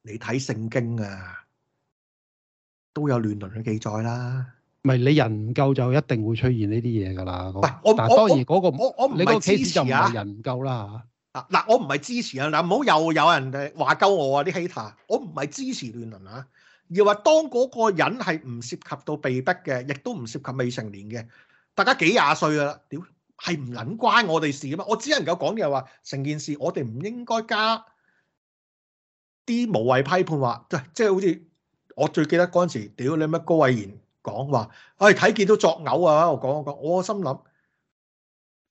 你睇聖經啊，都有亂倫嘅記載啦。唔係你人唔夠就一定會出現呢啲嘢噶啦。唔，我，我當然嗰、嗰個，我我唔係支持、啊、就唔係人唔夠啦。啊嗱，我唔係支持啊。嗱，唔好又有人哋話鳩我啊，啲 hater, 我唔係支持亂倫啊。而話當嗰個人係唔涉及到被逼嘅，亦都唔涉及未成年嘅，大家幾廿歲噶啦，屌，係唔撚關我哋事噶嘛。我只能夠講嘅話，成件事我哋唔應該加啲無謂批判話，即係即係好似我最記得嗰陣時，屌你乜高慧賢。講話，哎，睇見都作嘔啊！我講我講，我心諗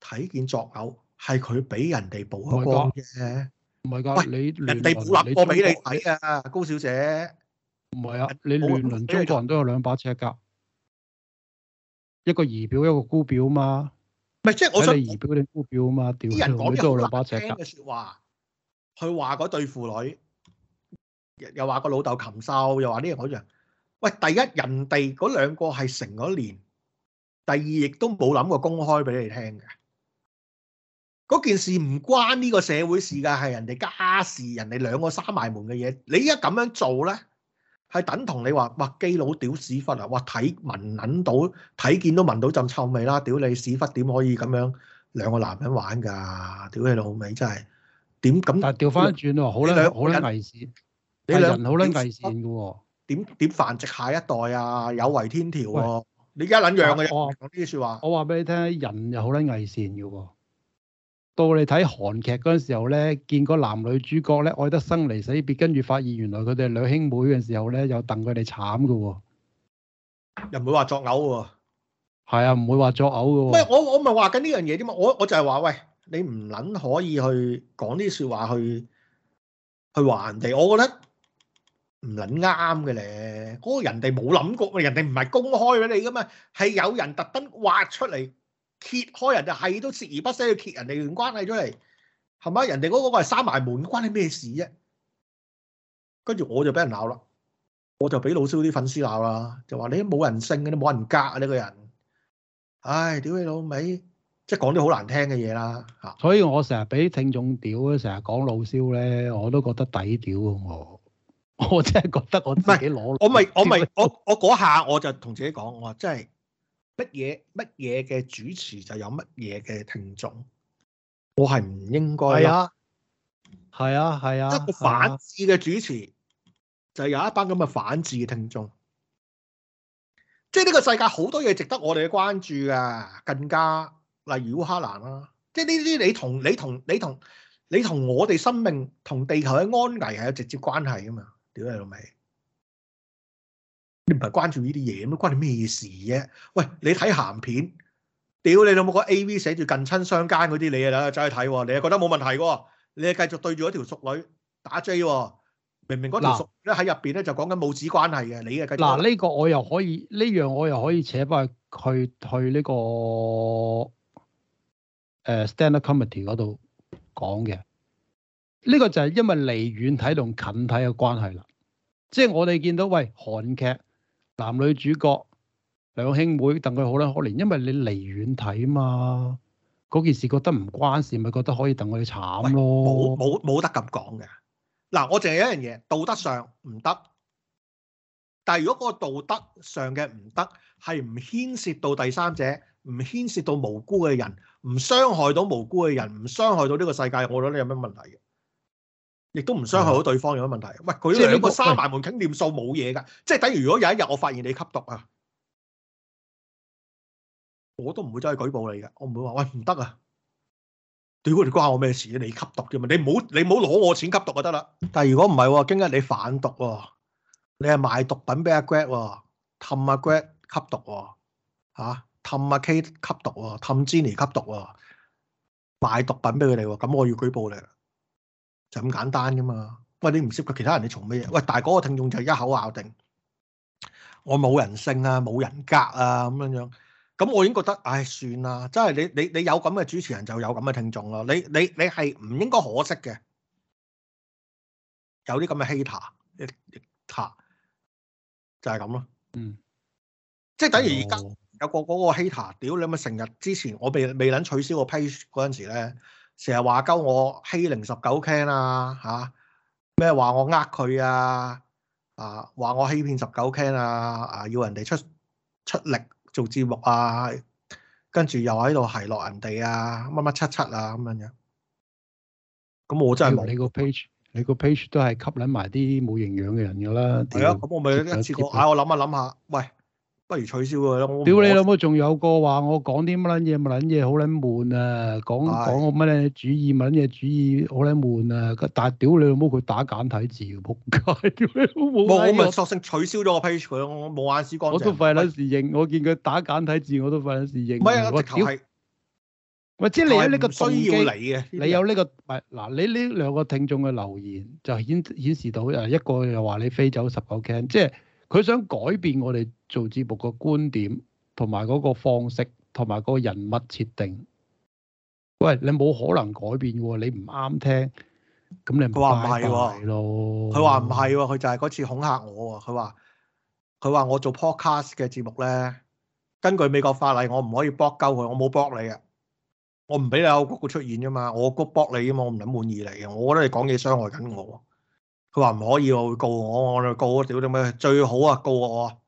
睇見作嘔係佢俾人哋補個光嘅。唔係噶，喂你人哋補爛俾你睇啊，高小姐，唔係啊，你亂倫，中國人都有兩把尺噶，一個儀表一個姑表嘛，唔係即係我睇你儀表定姑表嘛，屌，人哋講啲難聽嘅說話，佢話嗰對父女，又話個老豆禽獸，又話呢樣嗰樣。喂，第一人哋嗰兩個係成咗年，第二亦都冇諗過公開俾你聽嘅。嗰件事唔關呢個社會事㗎，係人哋家事，人哋兩個閂埋門嘅嘢。你依家咁樣做咧，係等同你話麥基佬屌屎忽啊！哇，睇聞撚到，睇見都聞到浸臭味啦！屌你屎忽點可以咁樣兩個男人玩㗎？屌你老味真係點咁？但係調翻轉喎，好撚好撚危險，你兩好撚危險嘅喎。點點繁殖下一代啊？有違天條喎、啊！喂你而家捻樣嘅，我講呢啲說話。我話俾你聽，人又好捻偽善嘅喎、啊。到你睇韓劇嗰陣時候咧，見個男女主角咧愛得生離死別，跟住發現原來佢哋係兩兄妹嘅時候咧，又戥佢哋慘嘅喎，又唔會話作嘔喎。係啊，唔會話作嘔嘅、啊。啊嘔啊、喂，我我咪話緊呢樣嘢啫嘛。我我,我就係話，喂，你唔捻可以去講啲說話去去話人哋。我覺得。唔撚啱嘅咧，嗰個人哋冇諗過，人哋唔係公開俾你噶嘛，係有人特登挖出嚟揭開，人就係都鍥而不捨去揭人哋關係出嚟，係咪啊？人哋嗰個係閂埋門，關你咩事啫？跟住我就俾人鬧啦，我就俾老蕭啲粉絲鬧啦，就話你都冇人性嘅，你冇人格呢個人，唉，屌你老味，即係講啲好難聽嘅嘢啦。所以我成日俾聽眾屌，成日講老蕭咧，我都覺得抵屌我。我真係覺得我自己攞，我咪我咪我我嗰下我就同自己講，我話真係乜嘢乜嘢嘅主持就有乜嘢嘅聽眾，我係唔應該係啊，係啊係啊，啊啊啊一個反智嘅主持就有一班咁嘅反智嘅聽眾，即係呢個世界好多嘢值得我哋嘅關注啊，更加例如烏克蘭啦，即係呢啲你同你同你同你同，你同我哋生命同地球嘅安危係有直接關係噶嘛。屌你老味！你唔係關注呢啲嘢咩？關你咩事啫、啊？喂，你睇鹹片，屌你老母個 A.V. 寫住近親相奸嗰啲你啊走去睇喎？你又覺得冇問題喎？你又繼續對住一條熟女打 J 喎？明明嗰條熟咧喺入邊咧就講緊母子關係嘅，你又繼續嗱呢、這個我又可以呢樣、這個、我又可以扯翻去去呢、這個誒、呃、Standard Committee 嗰度講嘅。呢個就係因為離遠睇同近睇嘅關係啦。即係我哋見到喂韓劇男女主角兩兄妹等佢好啦，可憐。因為你離遠睇嘛，嗰件事覺得唔關事，咪覺得可以等佢慘咯。冇冇得咁講嘅。嗱，我淨係一樣嘢道德上唔得，但係如果嗰個道德上嘅唔得係唔牽涉到第三者，唔牽涉到無辜嘅人，唔傷害到無辜嘅人，唔傷害到呢個世界，我覺得你有咩問題嘅？亦都唔傷害到對方有乜問題？喂，佢哋兩個閂埋、嗯、門傾掂、嗯、數冇嘢㗎，即係等於如果有一日我發現你吸毒啊，我都唔會走去舉報你㗎，我唔會話喂唔得啊！屌佢哋，關我咩事啊？你吸毒啫嘛，你唔好你唔好攞我錢吸毒就得啦。但係如果唔係喎，今日你販毒喎，你係賣毒品俾阿 Greg 喎，氹阿 Greg 吸毒喎，嚇氹阿 Kate 吸毒喎，氹 Jenny 吸毒喎，賣毒品俾佢哋喎，咁我要舉報你。就咁簡單噶嘛？喂，你唔涉及其他人，你嘈咩嘢？喂，但係嗰個聽眾就一口咬定我冇人性啊、冇人格啊咁樣樣。咁我已經覺得，唉，算啦。真係你你你有咁嘅主持人就有咁嘅聽眾咯。你你你係唔應該可惜嘅。有啲咁嘅 hater，hater 就係咁咯。嗯。即係等於而家有個嗰個 hater，屌你咪成日之前我未未諗取消個 page 嗰陣時咧。成日話溝我欺凌十九 can 啊，吓咩話我呃佢啊，啊話我欺騙十九 can 啊，啊，啊，啊，啊要人哋出出力做節目啊，跟住又喺度奚落人哋啊，乜乜、啊、七七啊咁樣樣。咁、啊、我真係唔，你個 page 你個 page 都係吸引埋啲冇營養嘅人噶啦。係啊，咁、嗯、我咪一次過，唉我諗下諗下，喂。不如取消佢咯！屌你老母，仲有個話我講啲乜撚嘢，乜撚嘢好撚悶啊！講講我乜嘢主義，乜撚嘢主義，好撚悶啊！但係屌你老母，佢打簡體字，仆街！屌你老母，我索性取消咗個 page 佢咯，冇眼屎乾淨我都費撚事認，是我見佢打簡體字，我都費撚事認。唔係啊是，是直頭係，我你，你有呢個需要你嘅、這個，你有呢個唔係嗱，你呢兩個聽眾嘅留言就顯顯示到誒一個又話你飛走十九 can，即係佢想改變我哋。做節目嘅觀點同埋嗰個方式同埋嗰個人物設定，喂，你冇可能改變嘅喎，你唔啱聽，咁你佢話唔係喎，佢話唔係喎，佢、啊、就係嗰次恐嚇我喎、啊。佢話佢話我做 podcast 嘅節目咧，根據美國法例，我唔可以搏鳩佢，我冇搏你呀，我唔俾你有個出現啫嘛，我個搏你嘅嘛，我唔諗滿意你嘅，我覺得你講嘢傷害緊我、啊。佢話唔可以喎，會告我，我哋告，屌你咩最好啊，告我。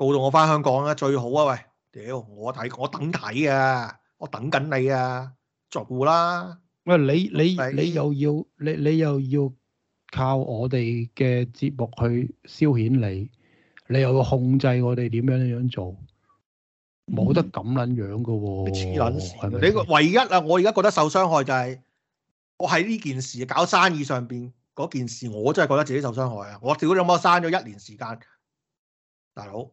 告到我返香港啦，最好啊！喂，屌，我睇我等睇啊，我等緊你啊，在乎啦。喂，你你你又要你你又要靠我哋嘅節目去消遣你，你又要控制我哋點樣點樣做，冇得咁撚樣㗎喎。黐撚線，你唯一啊！我而家覺得受傷害就係我喺呢件事搞生意上邊嗰件事，我真係覺得自己受傷害啊！我屌你老母，閂咗一年時間，大佬。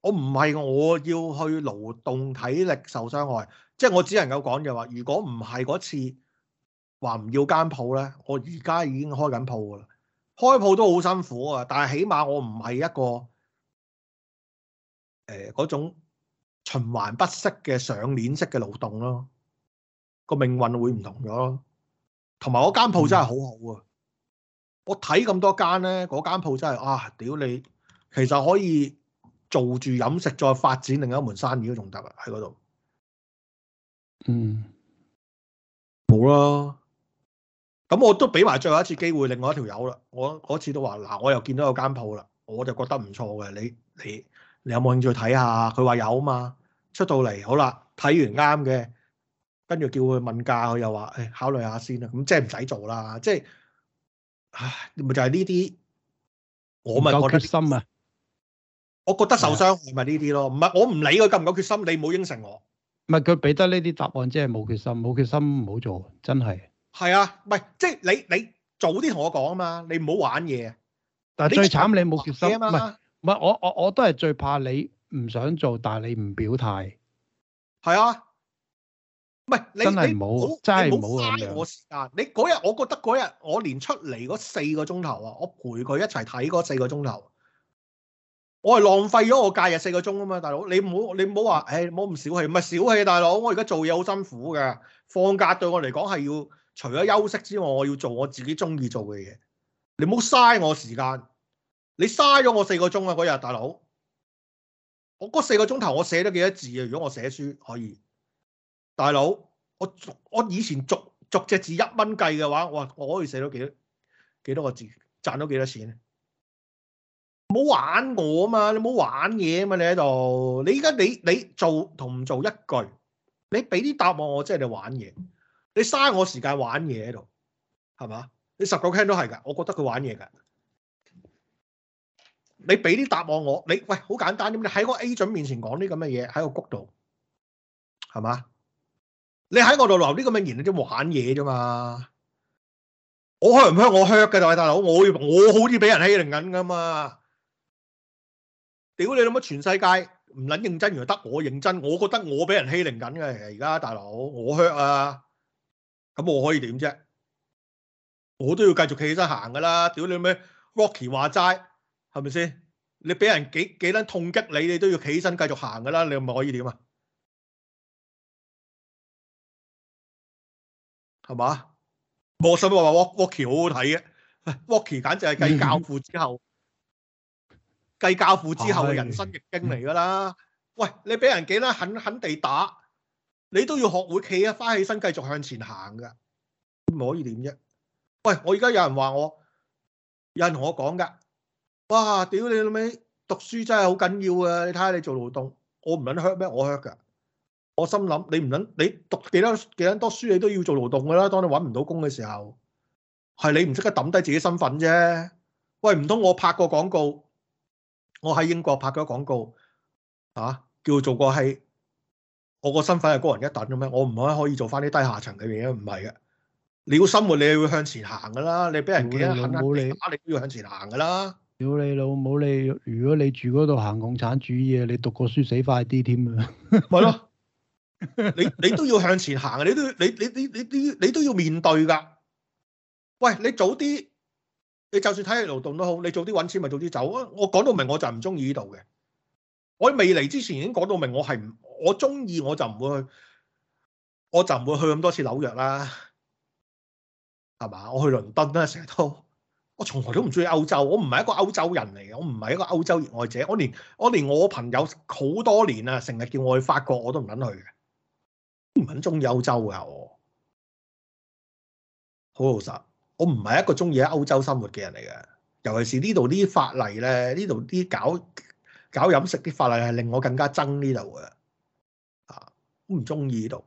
我唔係我要去勞動體力受傷害，即係我只能夠講就話。如果唔係嗰次話唔要間鋪呢，我而家已經開緊鋪噶啦。開鋪都好辛苦啊，但係起碼我唔係一個誒嗰、呃、種循環不息嘅上鏈式嘅勞動咯。個命運會唔同咗咯，同埋嗰間鋪真係好好啊！我睇咁多間呢，嗰間鋪真係啊，屌你，其實可以。做住飲食再發展另一門生意都仲得啊，喺嗰度。嗯，冇啦。咁我都俾埋最後一次機會另外一條友啦。我次都話嗱，我又見到有間鋪啦，我就覺得唔錯嘅。你你你有冇興趣睇下？佢話有啊嘛。出到嚟好啦，睇完啱嘅，跟住叫佢問價，佢又話誒考慮下先啊。咁即係唔使做啦，即係，唉，咪就係呢啲，我咪覺得心啊。我覺得受傷唔係呢啲咯，唔係我唔理佢夠唔夠決心，你冇應承我。唔係佢俾得呢啲答案，即係冇決心，冇決心唔好做，真係。係啊，唔係即係你你早啲同我講啊嘛，你唔好玩嘢。但係最慘你冇決心啊嘛，唔係我我我都係最怕你唔想做，但係你唔表態。係啊，唔係你真係唔好，真係唔好咁樣。我時間，你嗰日我覺得嗰日我連出嚟嗰四個鐘頭啊，我陪佢一齊睇嗰四個鐘頭。我係浪費咗我假日四個鐘啊嘛，大佬，你唔好你唔好話，誒、哎，唔好唔小氣，唔係小氣，大佬，我而家做嘢好辛苦㗎，放假對我嚟講係要除咗休息之外，我要做我自己中意做嘅嘢。你唔好嘥我時間，你嘥咗我四個鐘啊嗰日，大佬，我嗰四個鐘頭我寫咗幾多字啊？如果我寫書可以，大佬，我我以前逐逐隻字一蚊計嘅話，哇，我可以寫到幾多幾多個字，賺到幾多錢？冇玩我吖嘛！你冇玩嘢吖嘛！你喺度，你依家你你做同唔做一句，你俾啲答案我，即係你玩嘢，你嘥我時間玩嘢喺度，係嘛？你十個 can 都係噶，我覺得佢玩嘢噶。你俾啲答案我，你喂好簡單啫嘛！喺個 A 准面前講啲咁嘅嘢喺個谷度，係嘛？你喺我度留啲咁嘅言，即係玩嘢啫嘛！我香唔香我香噶大佬，我我好似俾人欺凌緊噶嘛！屌你諗乜全世界唔撚認真，原來得我認真。我覺得我俾人欺凌緊嘅而家大佬，我靴啊，咁我可以點啫？我都要繼續企起身行噶啦！屌你諗咩？Rocky 話齋，係咪先？你俾人幾幾撚痛擊你，你都要企起身繼續行噶啦！你唔可，可以點啊？係嘛？我心想話 Rocky 好好睇嘅，Rocky 簡直係繼教父之後，嗯。繼教父之後嘅、哎、呀人生嘅經歷嚟㗎啦！嗯、喂，你俾人幾得狠狠地打，你都要學會企啊，翻起身繼續向前行㗎，唔可以點啫？喂，我而家有人話我，有人同我講㗎，哇！屌你老味，讀書真係好緊要啊！你睇下你做勞動，我唔撚 hurt 咩？我 hurt 㗎，我心諗你唔撚你讀幾多幾撚多，多書，你都要做勞動㗎啦。當你揾唔到工嘅時候，係你唔識得抌低自己身份啫。喂，唔通我拍個廣告？我喺英國拍咗廣告，嚇、啊、叫做過係我個身份係高人一等嘅咩？我唔可可以做返啲低下層嘅嘢？唔係嘅，你要生活，你會向前行嘅啦。你俾人幾啊？冇你打你， [laughs] 你，你都要向前行嘅啦。屌你老母！你如果你住嗰度行共產主義啊，你讀過書死快啲添啊！咪咯，你你都要向前行嘅，你都你你你你你你都要面對㗎。喂，你早啲。你就算體力勞動都好，你早啲搵錢咪早啲走啊！我講到明我就唔中意呢度嘅。我未嚟之前已經講到明我，我係我中意我就唔會去，我就唔會去咁多次紐約啦，係嘛？我去倫敦啦、啊，成日都，我從來都唔中意歐洲。我唔係一個歐洲人嚟嘅，我唔係一個歐洲熱愛者。我連我連我朋友好多年啊，成日叫我去法國，我都唔肯去嘅，唔肯中意歐洲噶我，好老實。我唔係一個中意喺歐洲生活嘅人嚟嘅，尤其是呢度啲法例咧，呢度啲搞搞飲食啲法例係令我更加憎呢度嘅，啊，我唔中意呢度，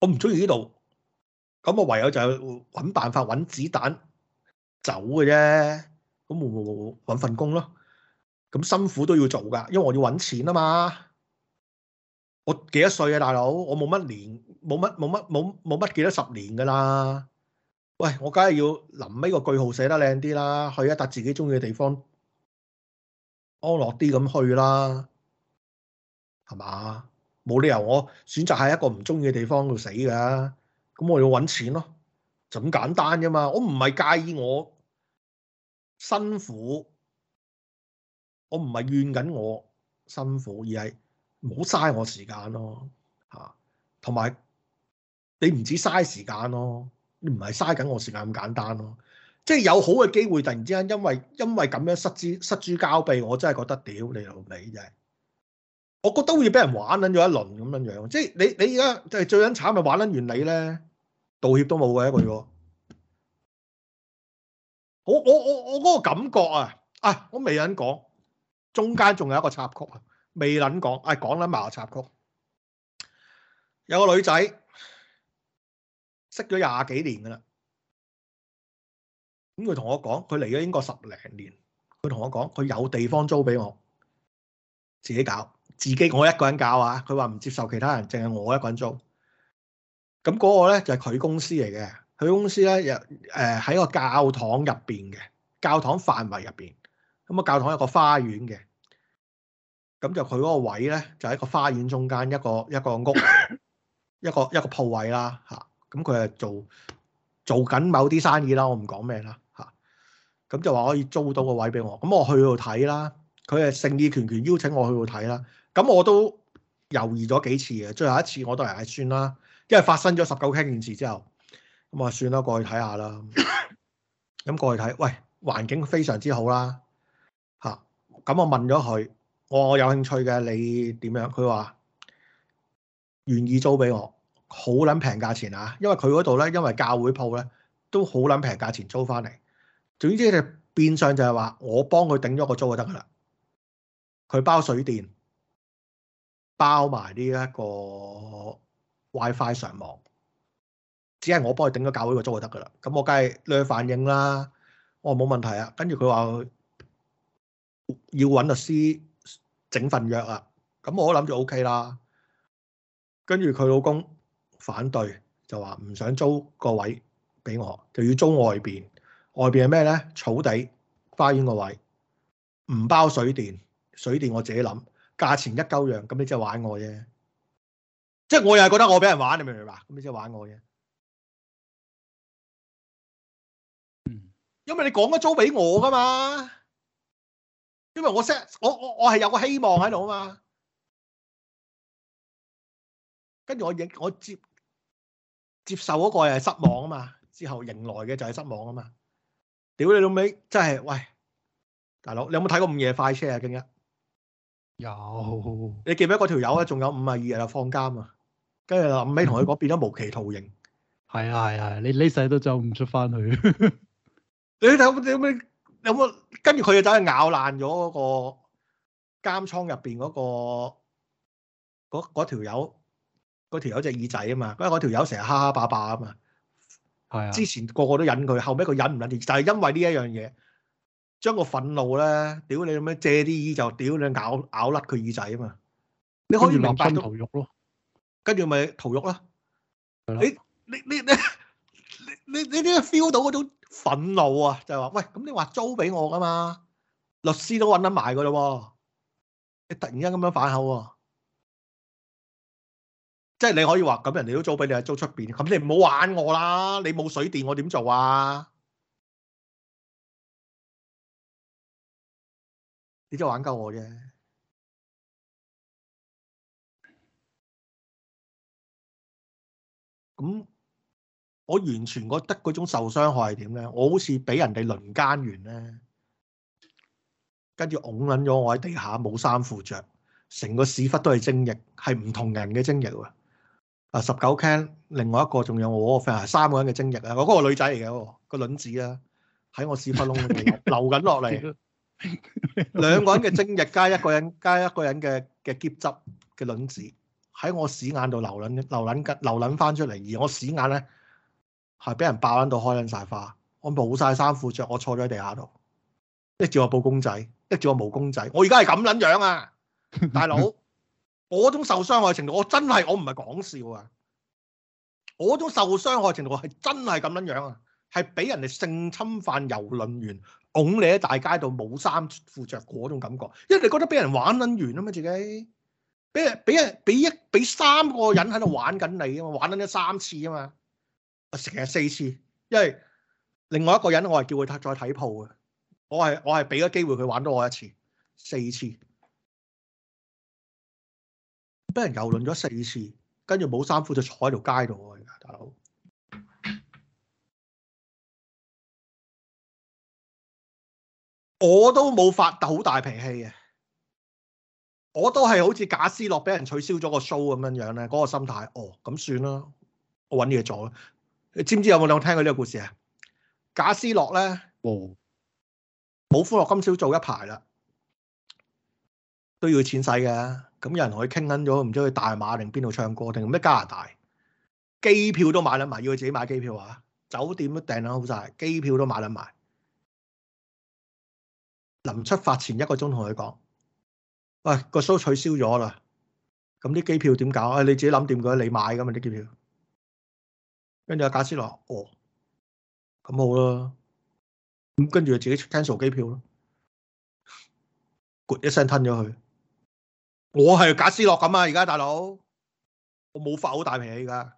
我唔中意呢度，咁我唯有就揾辦法揾子彈走嘅啫，咁冇冇揾份工咯，咁辛苦都要做㗎，因為我要揾錢啊嘛，我幾多歲啊，大佬？我冇乜年，冇乜冇乜冇冇乜幾多十年㗎啦～喂，我梗係要臨尾個句號寫得靚啲啦，去一笪自己中意嘅地方安樂啲咁去啦，係嘛？冇理由我選擇喺一個唔中意嘅地方度死噶，咁我要搵錢咯，就咁簡單啫嘛。我唔係介意我辛苦，我唔係怨緊我辛苦，而係唔好嘥我時間咯，吓、啊，同埋你唔止嘥時間咯。唔係嘥緊我時間咁簡單咯、啊，即係有好嘅機會，突然之間因為因為咁樣失之失之交臂，我真係覺得屌你老味真係，我覺得好似俾人玩撚咗一輪咁樣樣，即係你你而家即係最撚慘咪玩撚完你咧，道歉都冇嘅一個咗，我我我我嗰個感覺啊啊我未撚講，中間仲有一個插曲啊，未撚講啊講撚埋個插曲，有個女仔。識咗廿幾年噶啦，咁佢同我講，佢嚟咗英國十零年。佢同我講，佢有地方租俾我，自己搞，自己我一個人搞啊。佢話唔接受其他人，淨係我一個人租。咁嗰個咧就係、是、佢公司嚟嘅，佢公司咧又誒喺個教堂入邊嘅，教堂範圍入邊。咁啊，教堂有個花園嘅，咁就佢嗰個位咧就喺、是、個花園中間一個一個屋， [laughs] 一個一個鋪位啦嚇。咁佢係做做緊某啲生意啦，我唔講咩啦嚇。咁就話可以租到個位俾我，咁我去嗰度睇啦。佢係盛意拳拳邀請我去嗰度睇啦。咁我都猶豫咗幾次嘅，最後一次我都係算啦，因為發生咗十九 K 件事之後，咁啊算啦，過去睇下啦。咁過去睇，喂，環境非常之好啦，嚇。咁我問咗佢，我有興趣嘅，你點樣？佢話願意租俾我。好撚平價錢啊！因為佢嗰度咧，因為教會鋪咧都好撚平價錢租翻嚟。總之就變相就係話，我幫佢頂咗個租就得噶啦。佢包水電，包埋呢一個 WiFi 上網，只係我幫佢頂咗教會個租就得噶啦。咁我梗係攞佢反應啦。我冇問題啊。跟住佢話要搵律師整份約啊。咁我諗就 OK 啦。跟住佢老公，反對就話唔想租個位俾我，就要租外邊。外邊係咩咧？草地，花園個位，唔包水電，水電我自己諗。價錢一鳩樣，咁你即係玩我啫。即係我又係覺得我俾人玩，你明唔明白？咁你即係玩我啫。嗯，因為你講咗租俾我噶嘛，因為我 set 我我我係有個希望喺度啊嘛。跟住我影我接。我我接受嗰個又係失望啊嘛，之後迎來嘅就係失望啊嘛，屌你老尾真係喂，大佬你有冇睇過午夜快車啊？今日有，你記唔記得嗰條友啊？仲有五十二日放監啊，跟住就，老尾同佢講變咗無期徒刑，係啊係啊，你呢世都走唔出翻去。你睇，你有冇？你有冇？有冇跟住佢就走去咬爛咗嗰個監倉入邊嗰個嗰嗰條友？嗰條友隻耳仔啊嘛，因為嗰條友成日蝦蝦霸霸啊嘛，的之前個個都忍佢，後尾佢忍唔忍就係、是、因為呢一樣嘢，將個憤怒咧，屌你咁樣借啲耳就屌你咬咬甩佢耳仔啊嘛，你可以明白到，跟住咪屠喐咯，咯的你你你你你你啲 feel 到嗰種憤怒啊，就係、是、話喂咁你話租俾我噶嘛，律師都揾得埋噶啦喎，你突然間咁樣反口喎、啊。即係你可以話咁，人哋都租俾你係租出邊，咁你唔好玩我啦！你冇水電，我點做啊？你真係玩鳩我啫！咁我完全覺得嗰種受傷害係點咧？我好似俾人哋輪姦完咧，跟住㧬撚咗我喺地下冇衫褲着，成個屎忽都係精液，係唔同人嘅精液啊！啊十九 can，另外一個仲有我嗰個 friend 係三個人嘅精液啊！我、那、嗰個女仔嚟嘅個卵子啊，喺我屎窟窿度流緊落嚟，兩個人嘅精液加一個人加一個人嘅嘅澀汁嘅卵子，喺我屎眼度流撚流撚流撚翻出嚟，而我屎眼咧係俾人爆撚到開撚晒花，我冇晒衫褲着，我坐咗喺地下度，搦住我布公仔，搦住我毛公仔，我而家係咁撚樣，樣啊，大佬！ [laughs] 我種受傷害程度，我真係我唔係講笑啊！我，我種受傷害程度係真係咁樣樣啊，係俾人哋性侵犯遊輪員拱你喺大街度冇衫褲着嗰種感覺，因為你覺得俾人玩撚完啊嘛自己，俾人俾人俾一俾三個人喺度玩緊你啊嘛，玩緊咗三次啊嘛，我成日四次，因為另外一個人我係叫佢再睇鋪嘅，我係我係俾咗機會佢玩多我一次，四次。俾人遊論咗四次，跟住冇衫褲就坐喺條街度。而大佬，我都冇發好大脾氣嘅，我都係好似賈思樂俾人取消咗個 show 咁樣樣咧，嗰、那個心態哦，咁算啦，我揾嘢做啦。你知唔知有冇聽過呢個故事啊？賈思樂咧，冇、哦，冇歡樂今宵做一排啦。都要錢使嘅，咁有人同佢傾緊咗，唔知去大馬定邊度唱歌定咩加拿大，機票都買得埋，要佢自己買機票啊！酒店都訂撚好晒，機票都買得埋。臨出發前一個鐘同佢講，喂、哎，個 show 取消咗啦，咁啲機票點搞？誒、哎、你自己諗掂嘅，你買嘅嘛啲機票。跟住阿賈斯諾，哦，咁好啦，咁跟住佢自己 cancel 機票咯咕一聲吞咗佢。我係假斯洛咁啊！而家大佬，我冇發好大脾氣噶，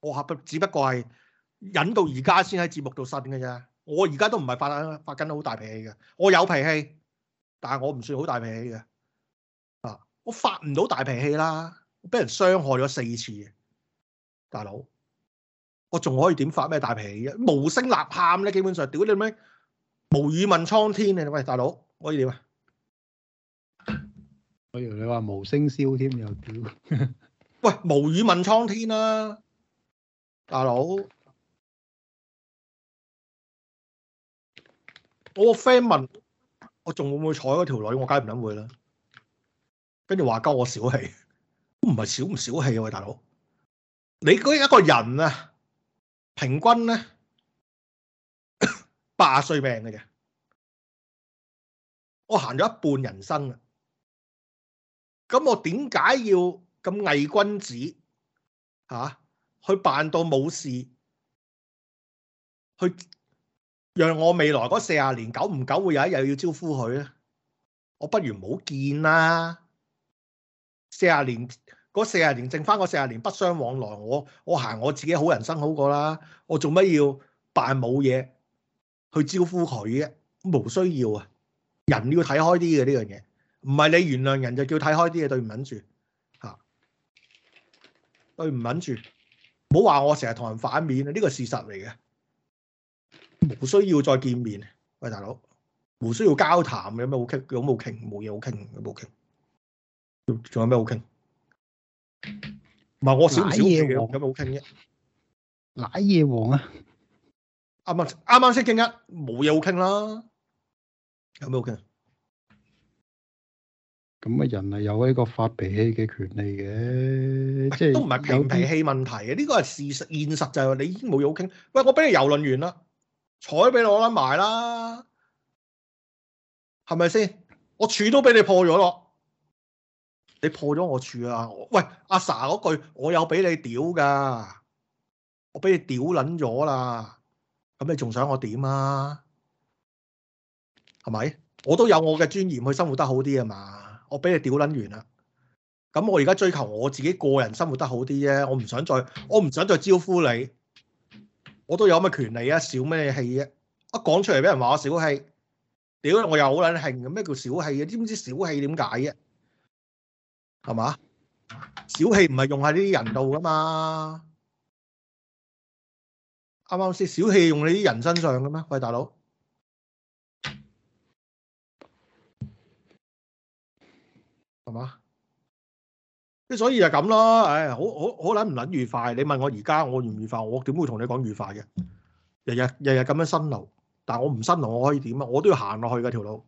我合只不過係忍到而家先喺節目度呻嘅啫。我而家都唔係發發緊好大脾氣嘅，我有脾氣，但係我唔算好大脾氣嘅。啊，我發唔到大脾氣啦，我俾人傷害咗四次，大佬，我仲可以點發咩大脾氣啊？無聲吶喊咧，基本上，屌你咪無語問蒼天啊！喂，大佬，可以點啊？譬如你話無聲笑添又屌， [laughs] 喂！無語問蒼天啦，啊，大佬！我個 friend 問我仲會唔會睬嗰條女？我梗係唔諗會啦。跟住話鳩我小氣，都唔係小唔小氣啊？喂，大佬，你嗰一個人啊，平均咧，八十歲命嘅啫，我行咗一半人生啦。咁我點解要咁偽君子吓、啊、去扮到冇事，去讓我未來嗰四十年久唔久會有一日要招呼佢咧？我不如唔好見啦！四十年，四十年，剩翻嗰四十年不相往來我，我我行我自己好人生好過啦！我做乜要扮冇嘢去招呼佢嘅？無需要啊！人要睇開啲嘅呢樣嘢。唔係你原諒人就叫睇開啲嘢，對唔緊住，吓，對唔緊住，唔好話我成日同人反面啊！呢個事實嚟嘅，唔需要再見面。喂，大，大佬，唔需要交談，有咩好傾？有冇冇傾？冇嘢好傾，冇傾。仲有咩好傾？唔係我少少嘢。有咩好傾啫？瀨嘢王，王啊！啱啱啱啱識傾一，冇嘢好傾啦。有咩好傾？咁啊，人係有呢個發脾氣嘅權利嘅，即係都唔係發脾氣問題嘅。呢個係事實，現實就係話你已經冇嘢好傾。喂，我俾你遊輪完啦，彩俾我攞埋啦，係咪先？我柱都俾你破咗，你破咗我柱啊？喂，阿 sa 嗰句，我有俾你屌噶，我俾你屌捻咗啦，咁你仲想我點啊？係咪？我都有我嘅尊嚴去生活得好啲啊嘛～我俾你屌撚完啦！咁我而家追求我自己個人生活得好啲啫，我唔想再我唔想再招呼你。我都有乜權利啊？小咩氣啫？一講出嚟俾人話我小氣，屌我又好撚興，噉咩叫小氣啊？知唔知小氣點解嘅？係嘛？小氣唔係用喺呢啲人度噶嘛？啱啱先？小氣用喺啲人身上嘅咩？喂大，大佬！係嘛？即所以就咁咯，唉、哎，好好好捻唔捻愉快？你問我而家我愉唔愉快？我點會同你講愉快嘅？日日日日咁樣辛勞，但我唔辛勞，我可以點啊？我都要行落去嗰條路，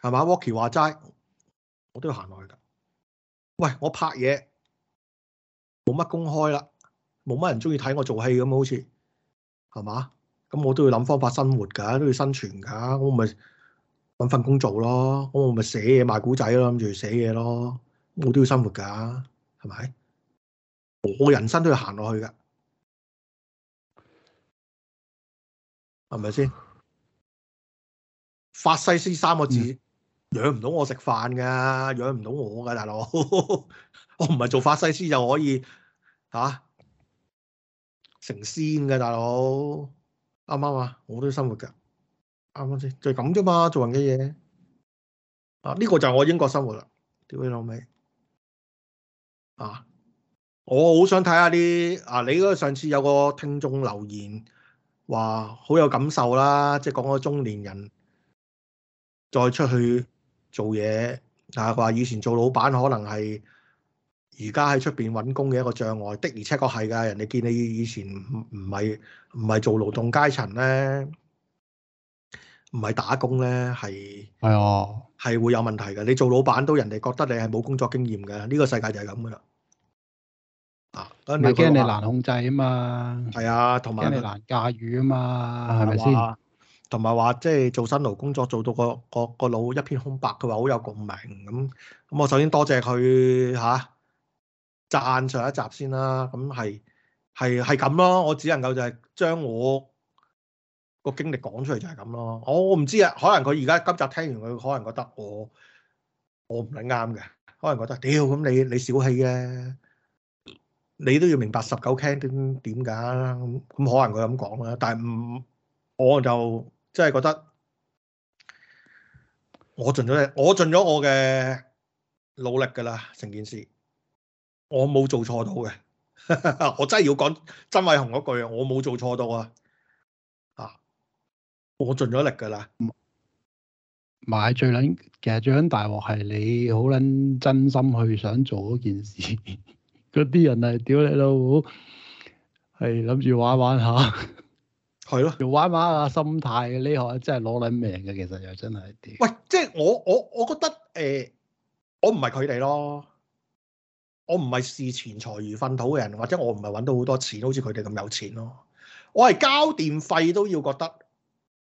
係嘛？Walkie 話齋，我都要行落去噶。喂，我拍嘢冇乜公開啦，冇乜人中意睇我做戲咁，好似係嘛？咁我都要諗方法生活㗎，都要生存㗎。我唔係。搵份工做咯，咁我咪寫嘢賣古仔咯，諗住寫嘢咯，我都要生活噶，啊，係咪？我人生都要行落去噶，係咪先？法西斯三個字養唔、嗯、到我食飯噶，養唔到我噶，大佬， [laughs] 我唔係做法西斯就可以吓、啊、成仙噶，大佬啱唔啱啊？我都要生活噶。啱先就係咁啫嘛，做人嘅嘢啊！呢個就係我英國生活啦，屌你老味啊！我好想睇下啲啊，你嗰個上次有個聽眾留言話好有感受啦，即係講嗰中年人再出去做嘢啊，話以前做老闆可能係而家喺出邊揾工嘅一個障礙，的而且確係㗎，人哋見你以前唔係唔係做勞動階層咧。唔係打工咧，係係哦，係會有問題嘅。你做老闆都人哋覺得你係冇工作經驗嘅。呢、這個世界就係咁噶啦。啊，唔係驚你難控制啊嘛。係啊，同埋你難駕馭啊嘛，係咪先？同埋話即係做辛勞工作做到個個個腦一片空白嘅話，好有共鳴咁。咁我首先多謝佢吓，贊、啊、上一集先啦。咁係係係咁咯。我只能夠就係將我。個經歷講出嚟就係咁咯，我唔知啊。可能佢而家今集聽完佢，可能覺得我我唔係啱嘅，可能覺得屌，咁你你小氣呀，你都要明白十九聽點點㗎咁，咁可能佢咁講啦。但係唔我就真係覺得我盡咗我盡咗我嘅努力㗎啦，成件事我冇做錯到嘅， [laughs] 我真係要講曾偉雄嗰句啊，我冇做錯到啊。我盡咗力噶啦，買最捻，其實最捻大鑊係你好捻真心去想做嗰件事，嗰 [laughs] 啲人係屌你老母，係諗住玩玩下，係咯的，玩玩下心態呢行真係攞捻命嘅，其實又真係啲。喂，即係我我我覺得誒、呃，我唔係佢哋咯，我唔係視錢財如糞土嘅人，或者我唔係搵到好多錢，好似佢哋咁有錢咯，我係交電費都要覺得。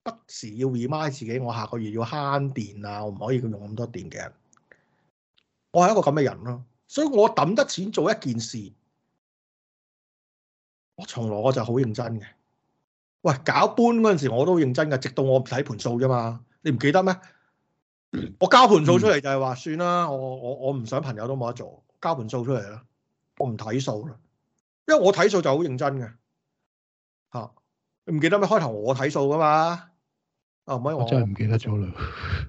不時要 remind 自己，我下個月要慳電啊！我唔可以用咁多電嘅。我係一個咁嘅人咯，啊，所以我抌得錢做一件事，我從來我就好認真嘅。喂，搞搬嗰陣時我都認真嘅，直到我唔睇盤數啫嘛，你唔記得咩？我交盤數出嚟就係話算啦，我我我唔想朋友都冇得做，交盤數出嚟啦，我唔睇數啦，因為我睇數就好認真嘅。吓，啊，你唔記得咩？開頭我睇數噶嘛。尾、oh, 我真係唔記得咗啦。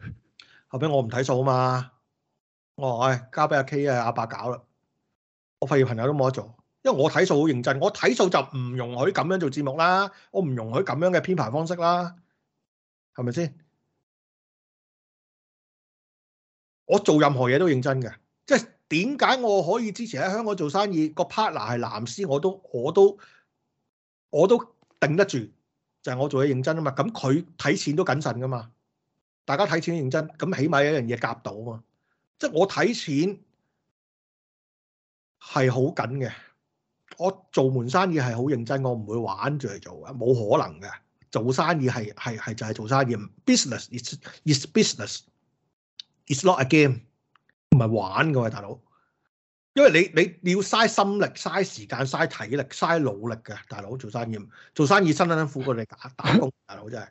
[laughs] 後尾我唔睇數啊嘛，我話誒、哎、交俾阿 K 啊阿伯搞啦。我費事朋友都冇得做，因為我睇數好認真，我睇數就唔容許咁樣做節目啦，我唔容許咁樣嘅編排方式啦，係咪先？我做任何嘢都認真嘅，即係點解我可以支持喺香港做生意個 partner 係藍絲我都我都我都頂得住。就係我做嘢認真啊嘛，咁佢睇錢都謹慎噶嘛，大家睇錢認真，咁起碼有一樣嘢夾到啊嘛，即係我睇錢係好緊嘅，我做門生意係好認真，我唔會玩住嚟做啊，冇可能嘅，做生意係係係就係做生意，business it's it's business，it's not a game，唔係玩噶喂大佬。因為你你要嘥心力、嘥時間、嘥體力、嘥努力嘅，大佬做生意，做生意辛辛苦過你打打工，大佬真係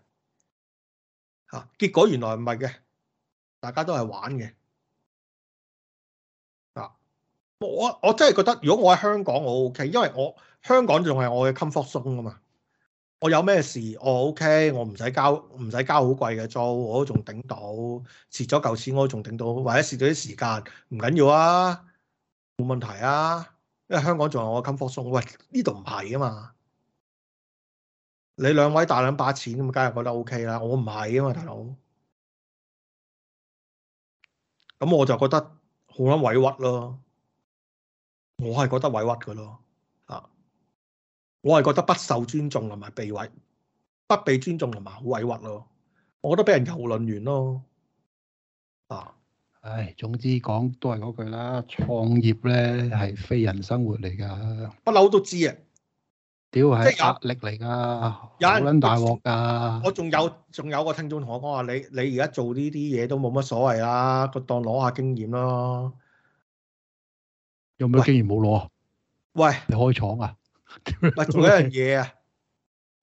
嚇、啊。結果原來唔係嘅，大家都係玩嘅啊！我我真係覺得，如果我喺香港，我 OK，因為我香港仲係我嘅 comfort zone 㗎嘛。我有咩事，我 OK，我唔使交唔使交好貴嘅租，我都仲頂到。蝕咗嚿錢，我都仲頂到，或者蝕咗啲時間，唔緊要啊。冇問題啊，因為香港仲有我 comfort zone。喂，呢度唔係啊嘛，你兩位大兩把錢咁梗係覺得 OK 啦。我唔係啊嘛，大佬，咁我就覺得好撚委屈咯。我係覺得委屈噶咯啊，我係覺得不受尊重同埋被委，不被尊重同埋好委屈咯。我覺得俾人蹂躪完咯啊。唉、哎，總之講都係嗰句啦，創業咧係非人生活嚟噶，不嬲都知啊，屌係壓力嚟噶，好捻大鑊噶。我仲有仲有個聽眾同我講話，你你而家做呢啲嘢都冇乜所謂啦，個當攞下經驗咯。有咩經驗冇攞？喂，你開廠啊？做一樣嘢啊？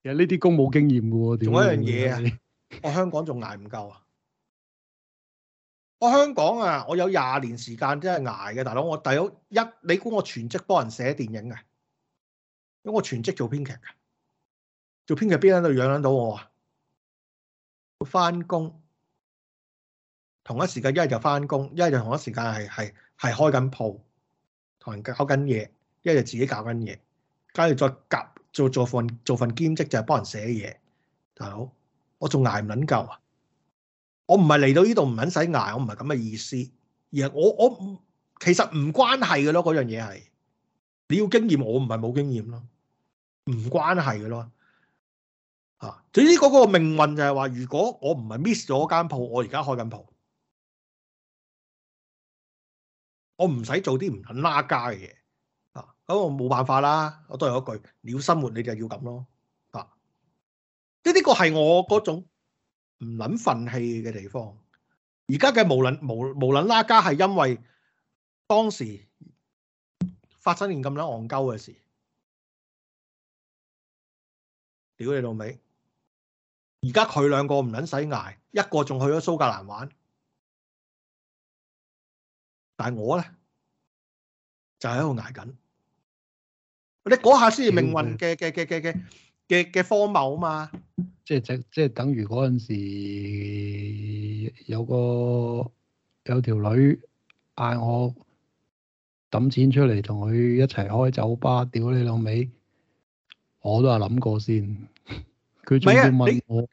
其實呢啲工冇經驗噶喎，做一樣嘢啊，我香港仲挨唔夠啊？我香港啊，我有廿年時間真係挨嘅，大佬。我大佬，一，你估我全職幫人寫電影啊？因為我全職做編劇嘅，做編劇邊喺度養得到我啊？翻工，同一時間，一係就翻工，一係就同一時間係系係開緊鋪，同人搞緊嘢，一係就自己搞緊嘢，跟住再夾做做，做份做份兼職就係幫人寫嘢，大佬，我仲挨唔捻夠啊？我唔係嚟到呢度唔肯使捱，我唔係咁嘅意思，而係我我其實唔關係嘅咯，嗰樣嘢係你要經驗，我唔係冇經驗咯，唔關係嘅咯，啊，總之嗰個命運就係話，如果我唔係 miss 咗間鋪，我而家開緊鋪，我唔使做啲唔肯拉家嘅嘢，啊，咁我冇辦法啦，我都係一句，你要生活你就要咁咯，啊，呢啲個係我嗰種。唔捻憤氣嘅地方，而家嘅無論無無論拉加係因為當時發生件咁捻戇鳩嘅事，屌你老味，而家佢兩個唔捻使挨，一個仲去咗蘇格蘭玩，但係我咧就喺度挨緊。你嗰下先係命運嘅嘅嘅嘅嘅。嘅嘅荒謬嘛，即係即係，等於嗰陣時有個有條女嗌我抌錢出嚟同佢一齊開酒吧，屌你老味。我都係諗過先。佢仲要問我，啊、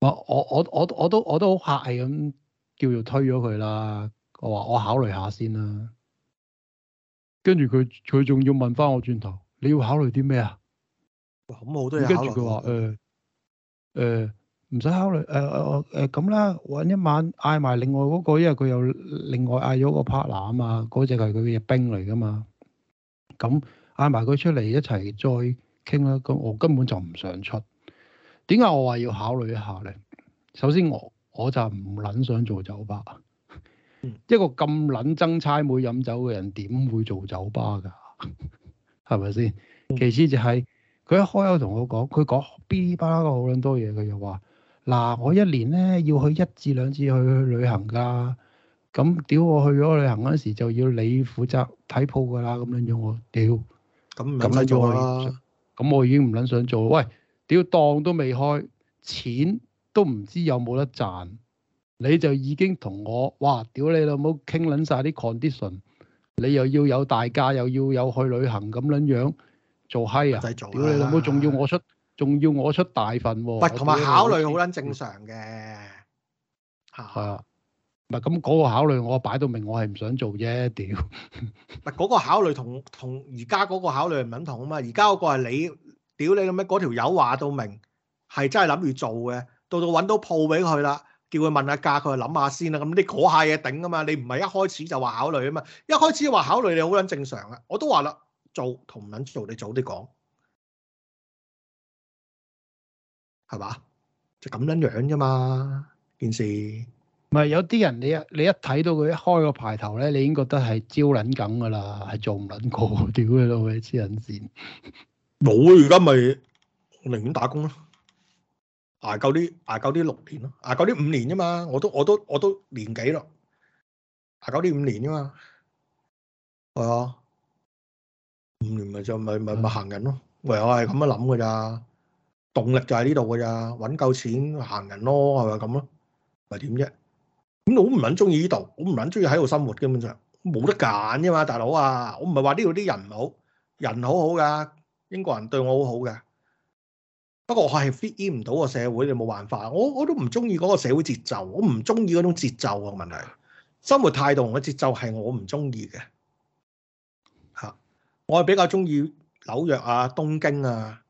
我我我我我都我都好客氣咁，叫做推咗佢啦。我話我考慮下先啦。跟住佢佢仲要問翻我轉頭，你要考慮啲咩啊？咁我都係考慮。跟住佢話，誒誒唔使考慮，誒誒誒咁啦，搵一晚嗌埋另外嗰個，因為佢又另外嗌咗個 partner 啊嘛，嗰隻係佢嘅兵嚟噶嘛。咁嗌埋佢出嚟一齊再傾啦。咁我根本就唔想出。點解我話要考慮一下咧？首先我我就唔捻想做酒吧。一個咁捻憎差妹飲酒嘅人，點會做酒吧噶？係咪先？其次就係。佢一開口同我講，佢講噼哩啪啦個好撚多嘢，佢又話：嗱，我一年咧要去一至兩次去去旅行㗎，咁屌我去咗旅行嗰時就要你負責睇鋪㗎啦，咁樣樣我屌，咁咁樣做啦，咁、就係、我已經唔撚想做。喂，屌檔都未開，錢都唔知有冇得賺，你就已經同我哇屌你老母傾撚晒啲 condition，你又要有大假，又要有去旅行咁撚樣。做閪啊！屌你老母，仲要我出，仲要我出大份喎！唔同埋考慮好撚正常嘅，係啊，唔係咁嗰個考慮，我擺到明，我係唔想做啫，屌！唔嗰個考慮同同而家嗰個考慮係唔同啊嘛，而家嗰個係你，屌你咁咩，嗰條友話到明，係真係諗住做嘅，到到揾到鋪俾佢啦，叫佢問下價，佢去諗下先啦。咁你嗰下嘢頂啊嘛，你唔係一開始就話考慮啊嘛，一開始話考慮你好撚正常啊，我都話啦。做同唔捻做，你早啲講，係嘛？就咁樣樣啫嘛，件事。唔係有啲人你一你一睇到佢一開個牌頭咧，你已經覺得係招撚緊噶啦，係做唔捻過屌你老閪，黐撚線。冇呀，而家咪寧願打工咯，捱夠啲捱夠啲六年咯，捱夠啲五年啫嘛。我都我都我都年紀咯，捱夠啲五年啫嘛，係啊。唔咪就咪咪咪行人咯、啊，我我係咁樣諗噶咋，動力就喺呢度噶咋，搵夠錢行人咯、啊，係咪咁咯？咪點啫？咁我唔撚中意呢度，我唔撚中意喺度生活，根本上冇得揀噶嘛，大佬啊！我唔係話呢度啲人唔好，人好好噶，英國人對我好好噶。不過我係 fit in 唔到個社會，你冇辦法。我我都唔中意嗰個社會節奏，我唔中意嗰種節奏嘅問題。生活態度同個節奏係我唔中意嘅。我係比較中意紐約啊、東京啊、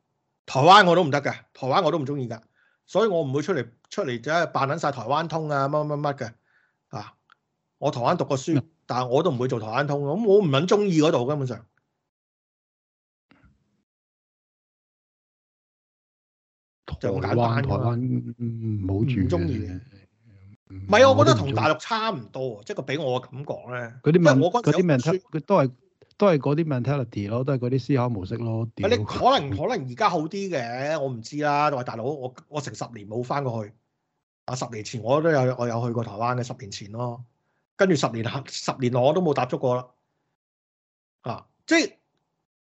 台灣我都唔得嘅，台灣我都唔中意噶所以我唔會出嚟，出嚟就係扮撚晒台灣通啊、乜乜乜嘅啊。我台灣讀過書，但係我都唔會做台灣通，咁我唔肯中意嗰度，根本上我台灣灣台灣冇住中意嘅。唔係，我覺得同大陸差唔多啊，即係俾我嘅感覺咧，即係我啲名，佢都係。都係嗰啲 mentality 咯，都係嗰啲思考模式咯。你可能可能而家好啲嘅，我唔知啦。你大佬，我我成十年冇翻過去。啊，十年前我都有我有去過台灣嘅，十年前咯。跟住十年十年內我都冇踏足過啦。啊，即係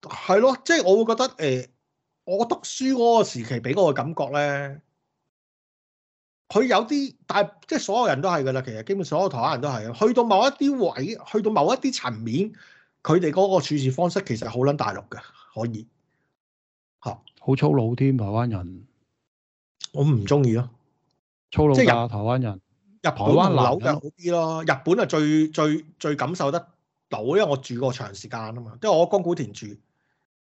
係咯，即係我會覺得誒、欸，我讀書嗰個時期俾我嘅感覺咧，佢有啲但，即係所有人都係㗎啦。其實，基本所有台灣人都係去到某一啲位，去到某一啲層面。佢哋嗰個處事方式其實好撚大陸嘅，可以吓，好粗魯添。台灣人，我唔中意咯，粗魯即係日台灣人，台灣佬就好啲咯。日本啊，最最最感受得到，因為我住過長時間啊嘛，即係我江古田住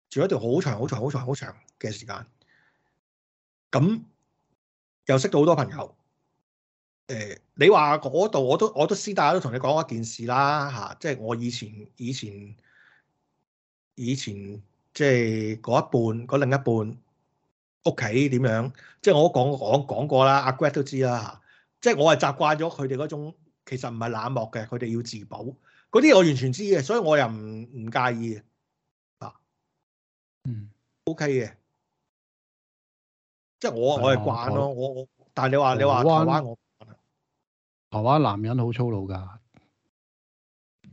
住一段好長好長好長好長嘅時間，咁又識到好多朋友。誒、呃，你話嗰度我都我都私大都同你講一件事啦吓、啊，即係我以前以前以前即係嗰一半嗰另一半屋企點樣，即係我都講講講過啦，阿、啊、Greg 都知啦吓、啊，即係我係習慣咗佢哋嗰種，其實唔係冷漠嘅，佢哋要自保，嗰啲我完全知嘅，所以我又唔唔介意啊，嗯，OK 嘅，即係我、嗯、我係慣咯，我、嗯、我，但係你話你話台灣我。台灣男人好粗魯噶，啊，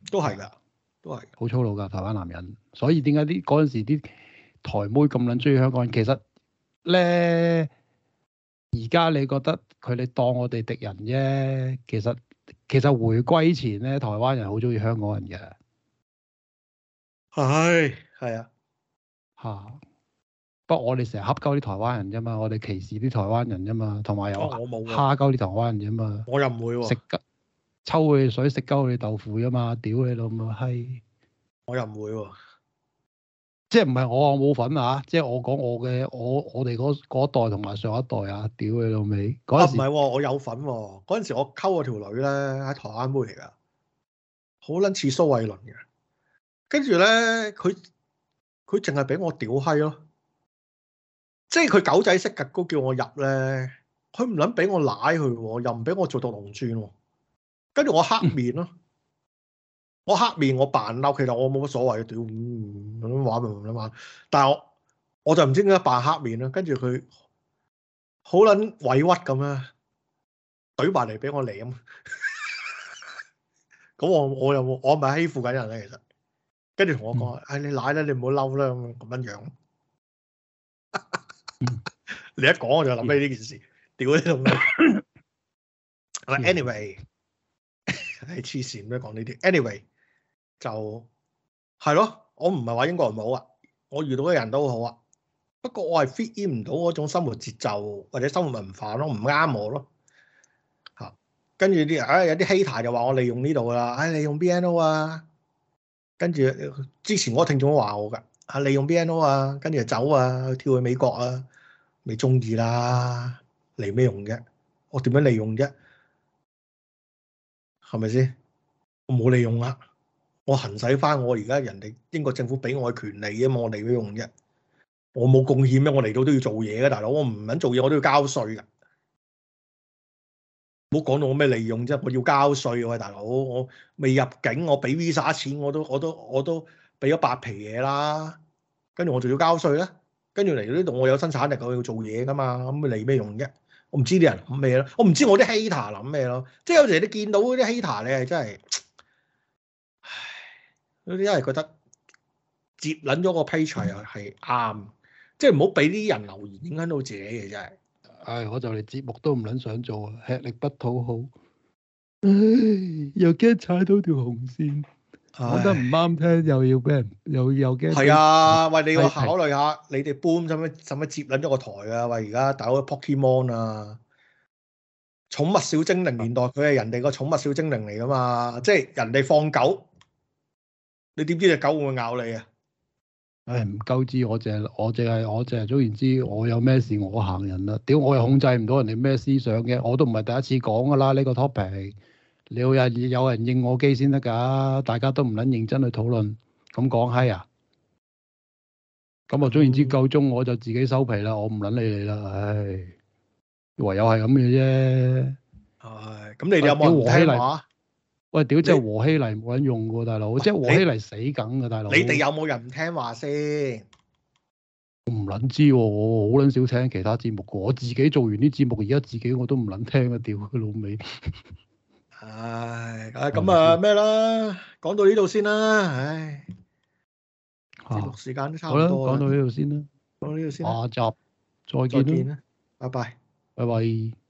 都係噶，都係好粗魯噶。台灣男人，所以點解啲嗰陣時啲台妹咁撚中意香港人？其實咧，而家你覺得佢哋當我哋敵人啫。其實其實回歸前咧，台灣人好中意香港人嘅，係係啊嚇。不過，我哋成日恰鳩啲台灣人啫嘛，我哋歧視啲台灣人啫嘛，同埋有蝦鳩啲台灣人啫嘛。我又唔會喎。食抽佢水，食鳩佢豆腐噶嘛，屌你老母閪！我又唔會喎、啊。即係唔係我，我冇份啊！即係我講我嘅，我我哋嗰一代同埋上一代啊！屌你老味。嗰陣時。啊，唔係，我有份。嗰陣時我溝我條女咧，喺台灣妹嚟噶，好撚似蘇慧倫嘅。跟住咧，佢佢淨係俾我屌閪咯。即係佢狗仔式格局叫我入咧，佢唔捻俾我奶佢喎，又唔俾我做毒龍珠喎，跟住我黑面咯，我黑面我扮嬲，其實我冇乜所謂嘅屌，咁樣玩咪咁樣玩，但係我我就唔知點解扮黑面咯，跟住佢好撚委屈咁樣，懟埋嚟俾我嚟咁，咁我我又我咪欺負緊人咧，其實跟住同我講，哎你奶啦，你唔好嬲啦咁樣樣。 [laughs] 你一講我就諗起呢件事，屌你老母！Anyway，係黐線咩講呢啲？Anyway，就係咯，我唔係話英國人唔好啊，我遇到嘅人都好啊，不過我係 fit in 唔到嗰種生活節奏或者生活文化咯，唔啱我咯吓。跟住啲啊有啲 hater 就話我利用呢度啦，唉、哎，利用 BNO 啊？跟住之前我聽眾都話我噶，啊，利用 BNO 啊？跟住就走啊，跳去美國啊？你中意啦，利咩用啫？我點樣利用啫？係咪先？我冇利用啊！我行使翻我而家人哋英國政府俾我嘅權利啫，冇我嚟咩用啫。我冇貢獻咩？我嚟到都要做嘢嘅，大佬。我唔肯做嘢，我都要交稅嘅。唔好講到我咩利用啫，我要交稅嘅，大佬。我未入境，我俾 visa 錢，我都我都我都俾咗八皮嘢啦，跟住我仲要交稅啦。跟住嚟到呢度，我有生產力，我要做嘢㗎嘛，咁嚟咩用啫？我唔知啲人諗咩咯，我唔知我啲 hater 諗咩咯。即係有時你見到啲 hater，你係真係，唉，嗰啲一係覺得接撚咗個 page 又係啱，即係唔好俾啲人留言影響到自己嘅真係。唉，我就連節目都唔撚想做，吃力不討好。唉，又驚踩到條紅線。講唉得唔啱聽又要俾人又要驚死係啊！喂，你要考慮下，你哋搬使唔使使唔接撚咗個台啊？喂！而家打個 Pokemon 啊，寵物小精靈年代佢係人哋個寵物小精靈嚟噶嘛？即係人哋放狗，你點知隻狗會唔會咬你啊？唉，唔夠知我淨係我淨係我淨係，總言之，我，我，我，我，之我有咩事我行人啊？屌，我又控制唔到人哋咩思想嘅，我都唔係第一次講噶啦，呢個 topic。你又有人應我機先得㗎，大家都唔撚認真去討論，咁講閪啊！咁我終於知夠鐘，嗯、我就自己收皮啦，我唔撚理你啦，唉，唯有係咁嘅啫。唉、哎，咁你哋有冇和希黎聽話？喂、哎，屌！真係和希黎冇你、就是、撚用過大佬，真係你和希黎死梗嘅，大佬。你哋有冇人唔聽話先？我唔撚知喎，我好撚少聽其他節目我自己做完啲節目，而家自己我都唔撚聽啊！屌佢老味。 [laughs] 唉，咁啊咩啦，講到呢度先啦，唉、啊，節目時間都差唔多，講到呢度先啦，講到呢度先，下集再見啦，拜拜，拜拜。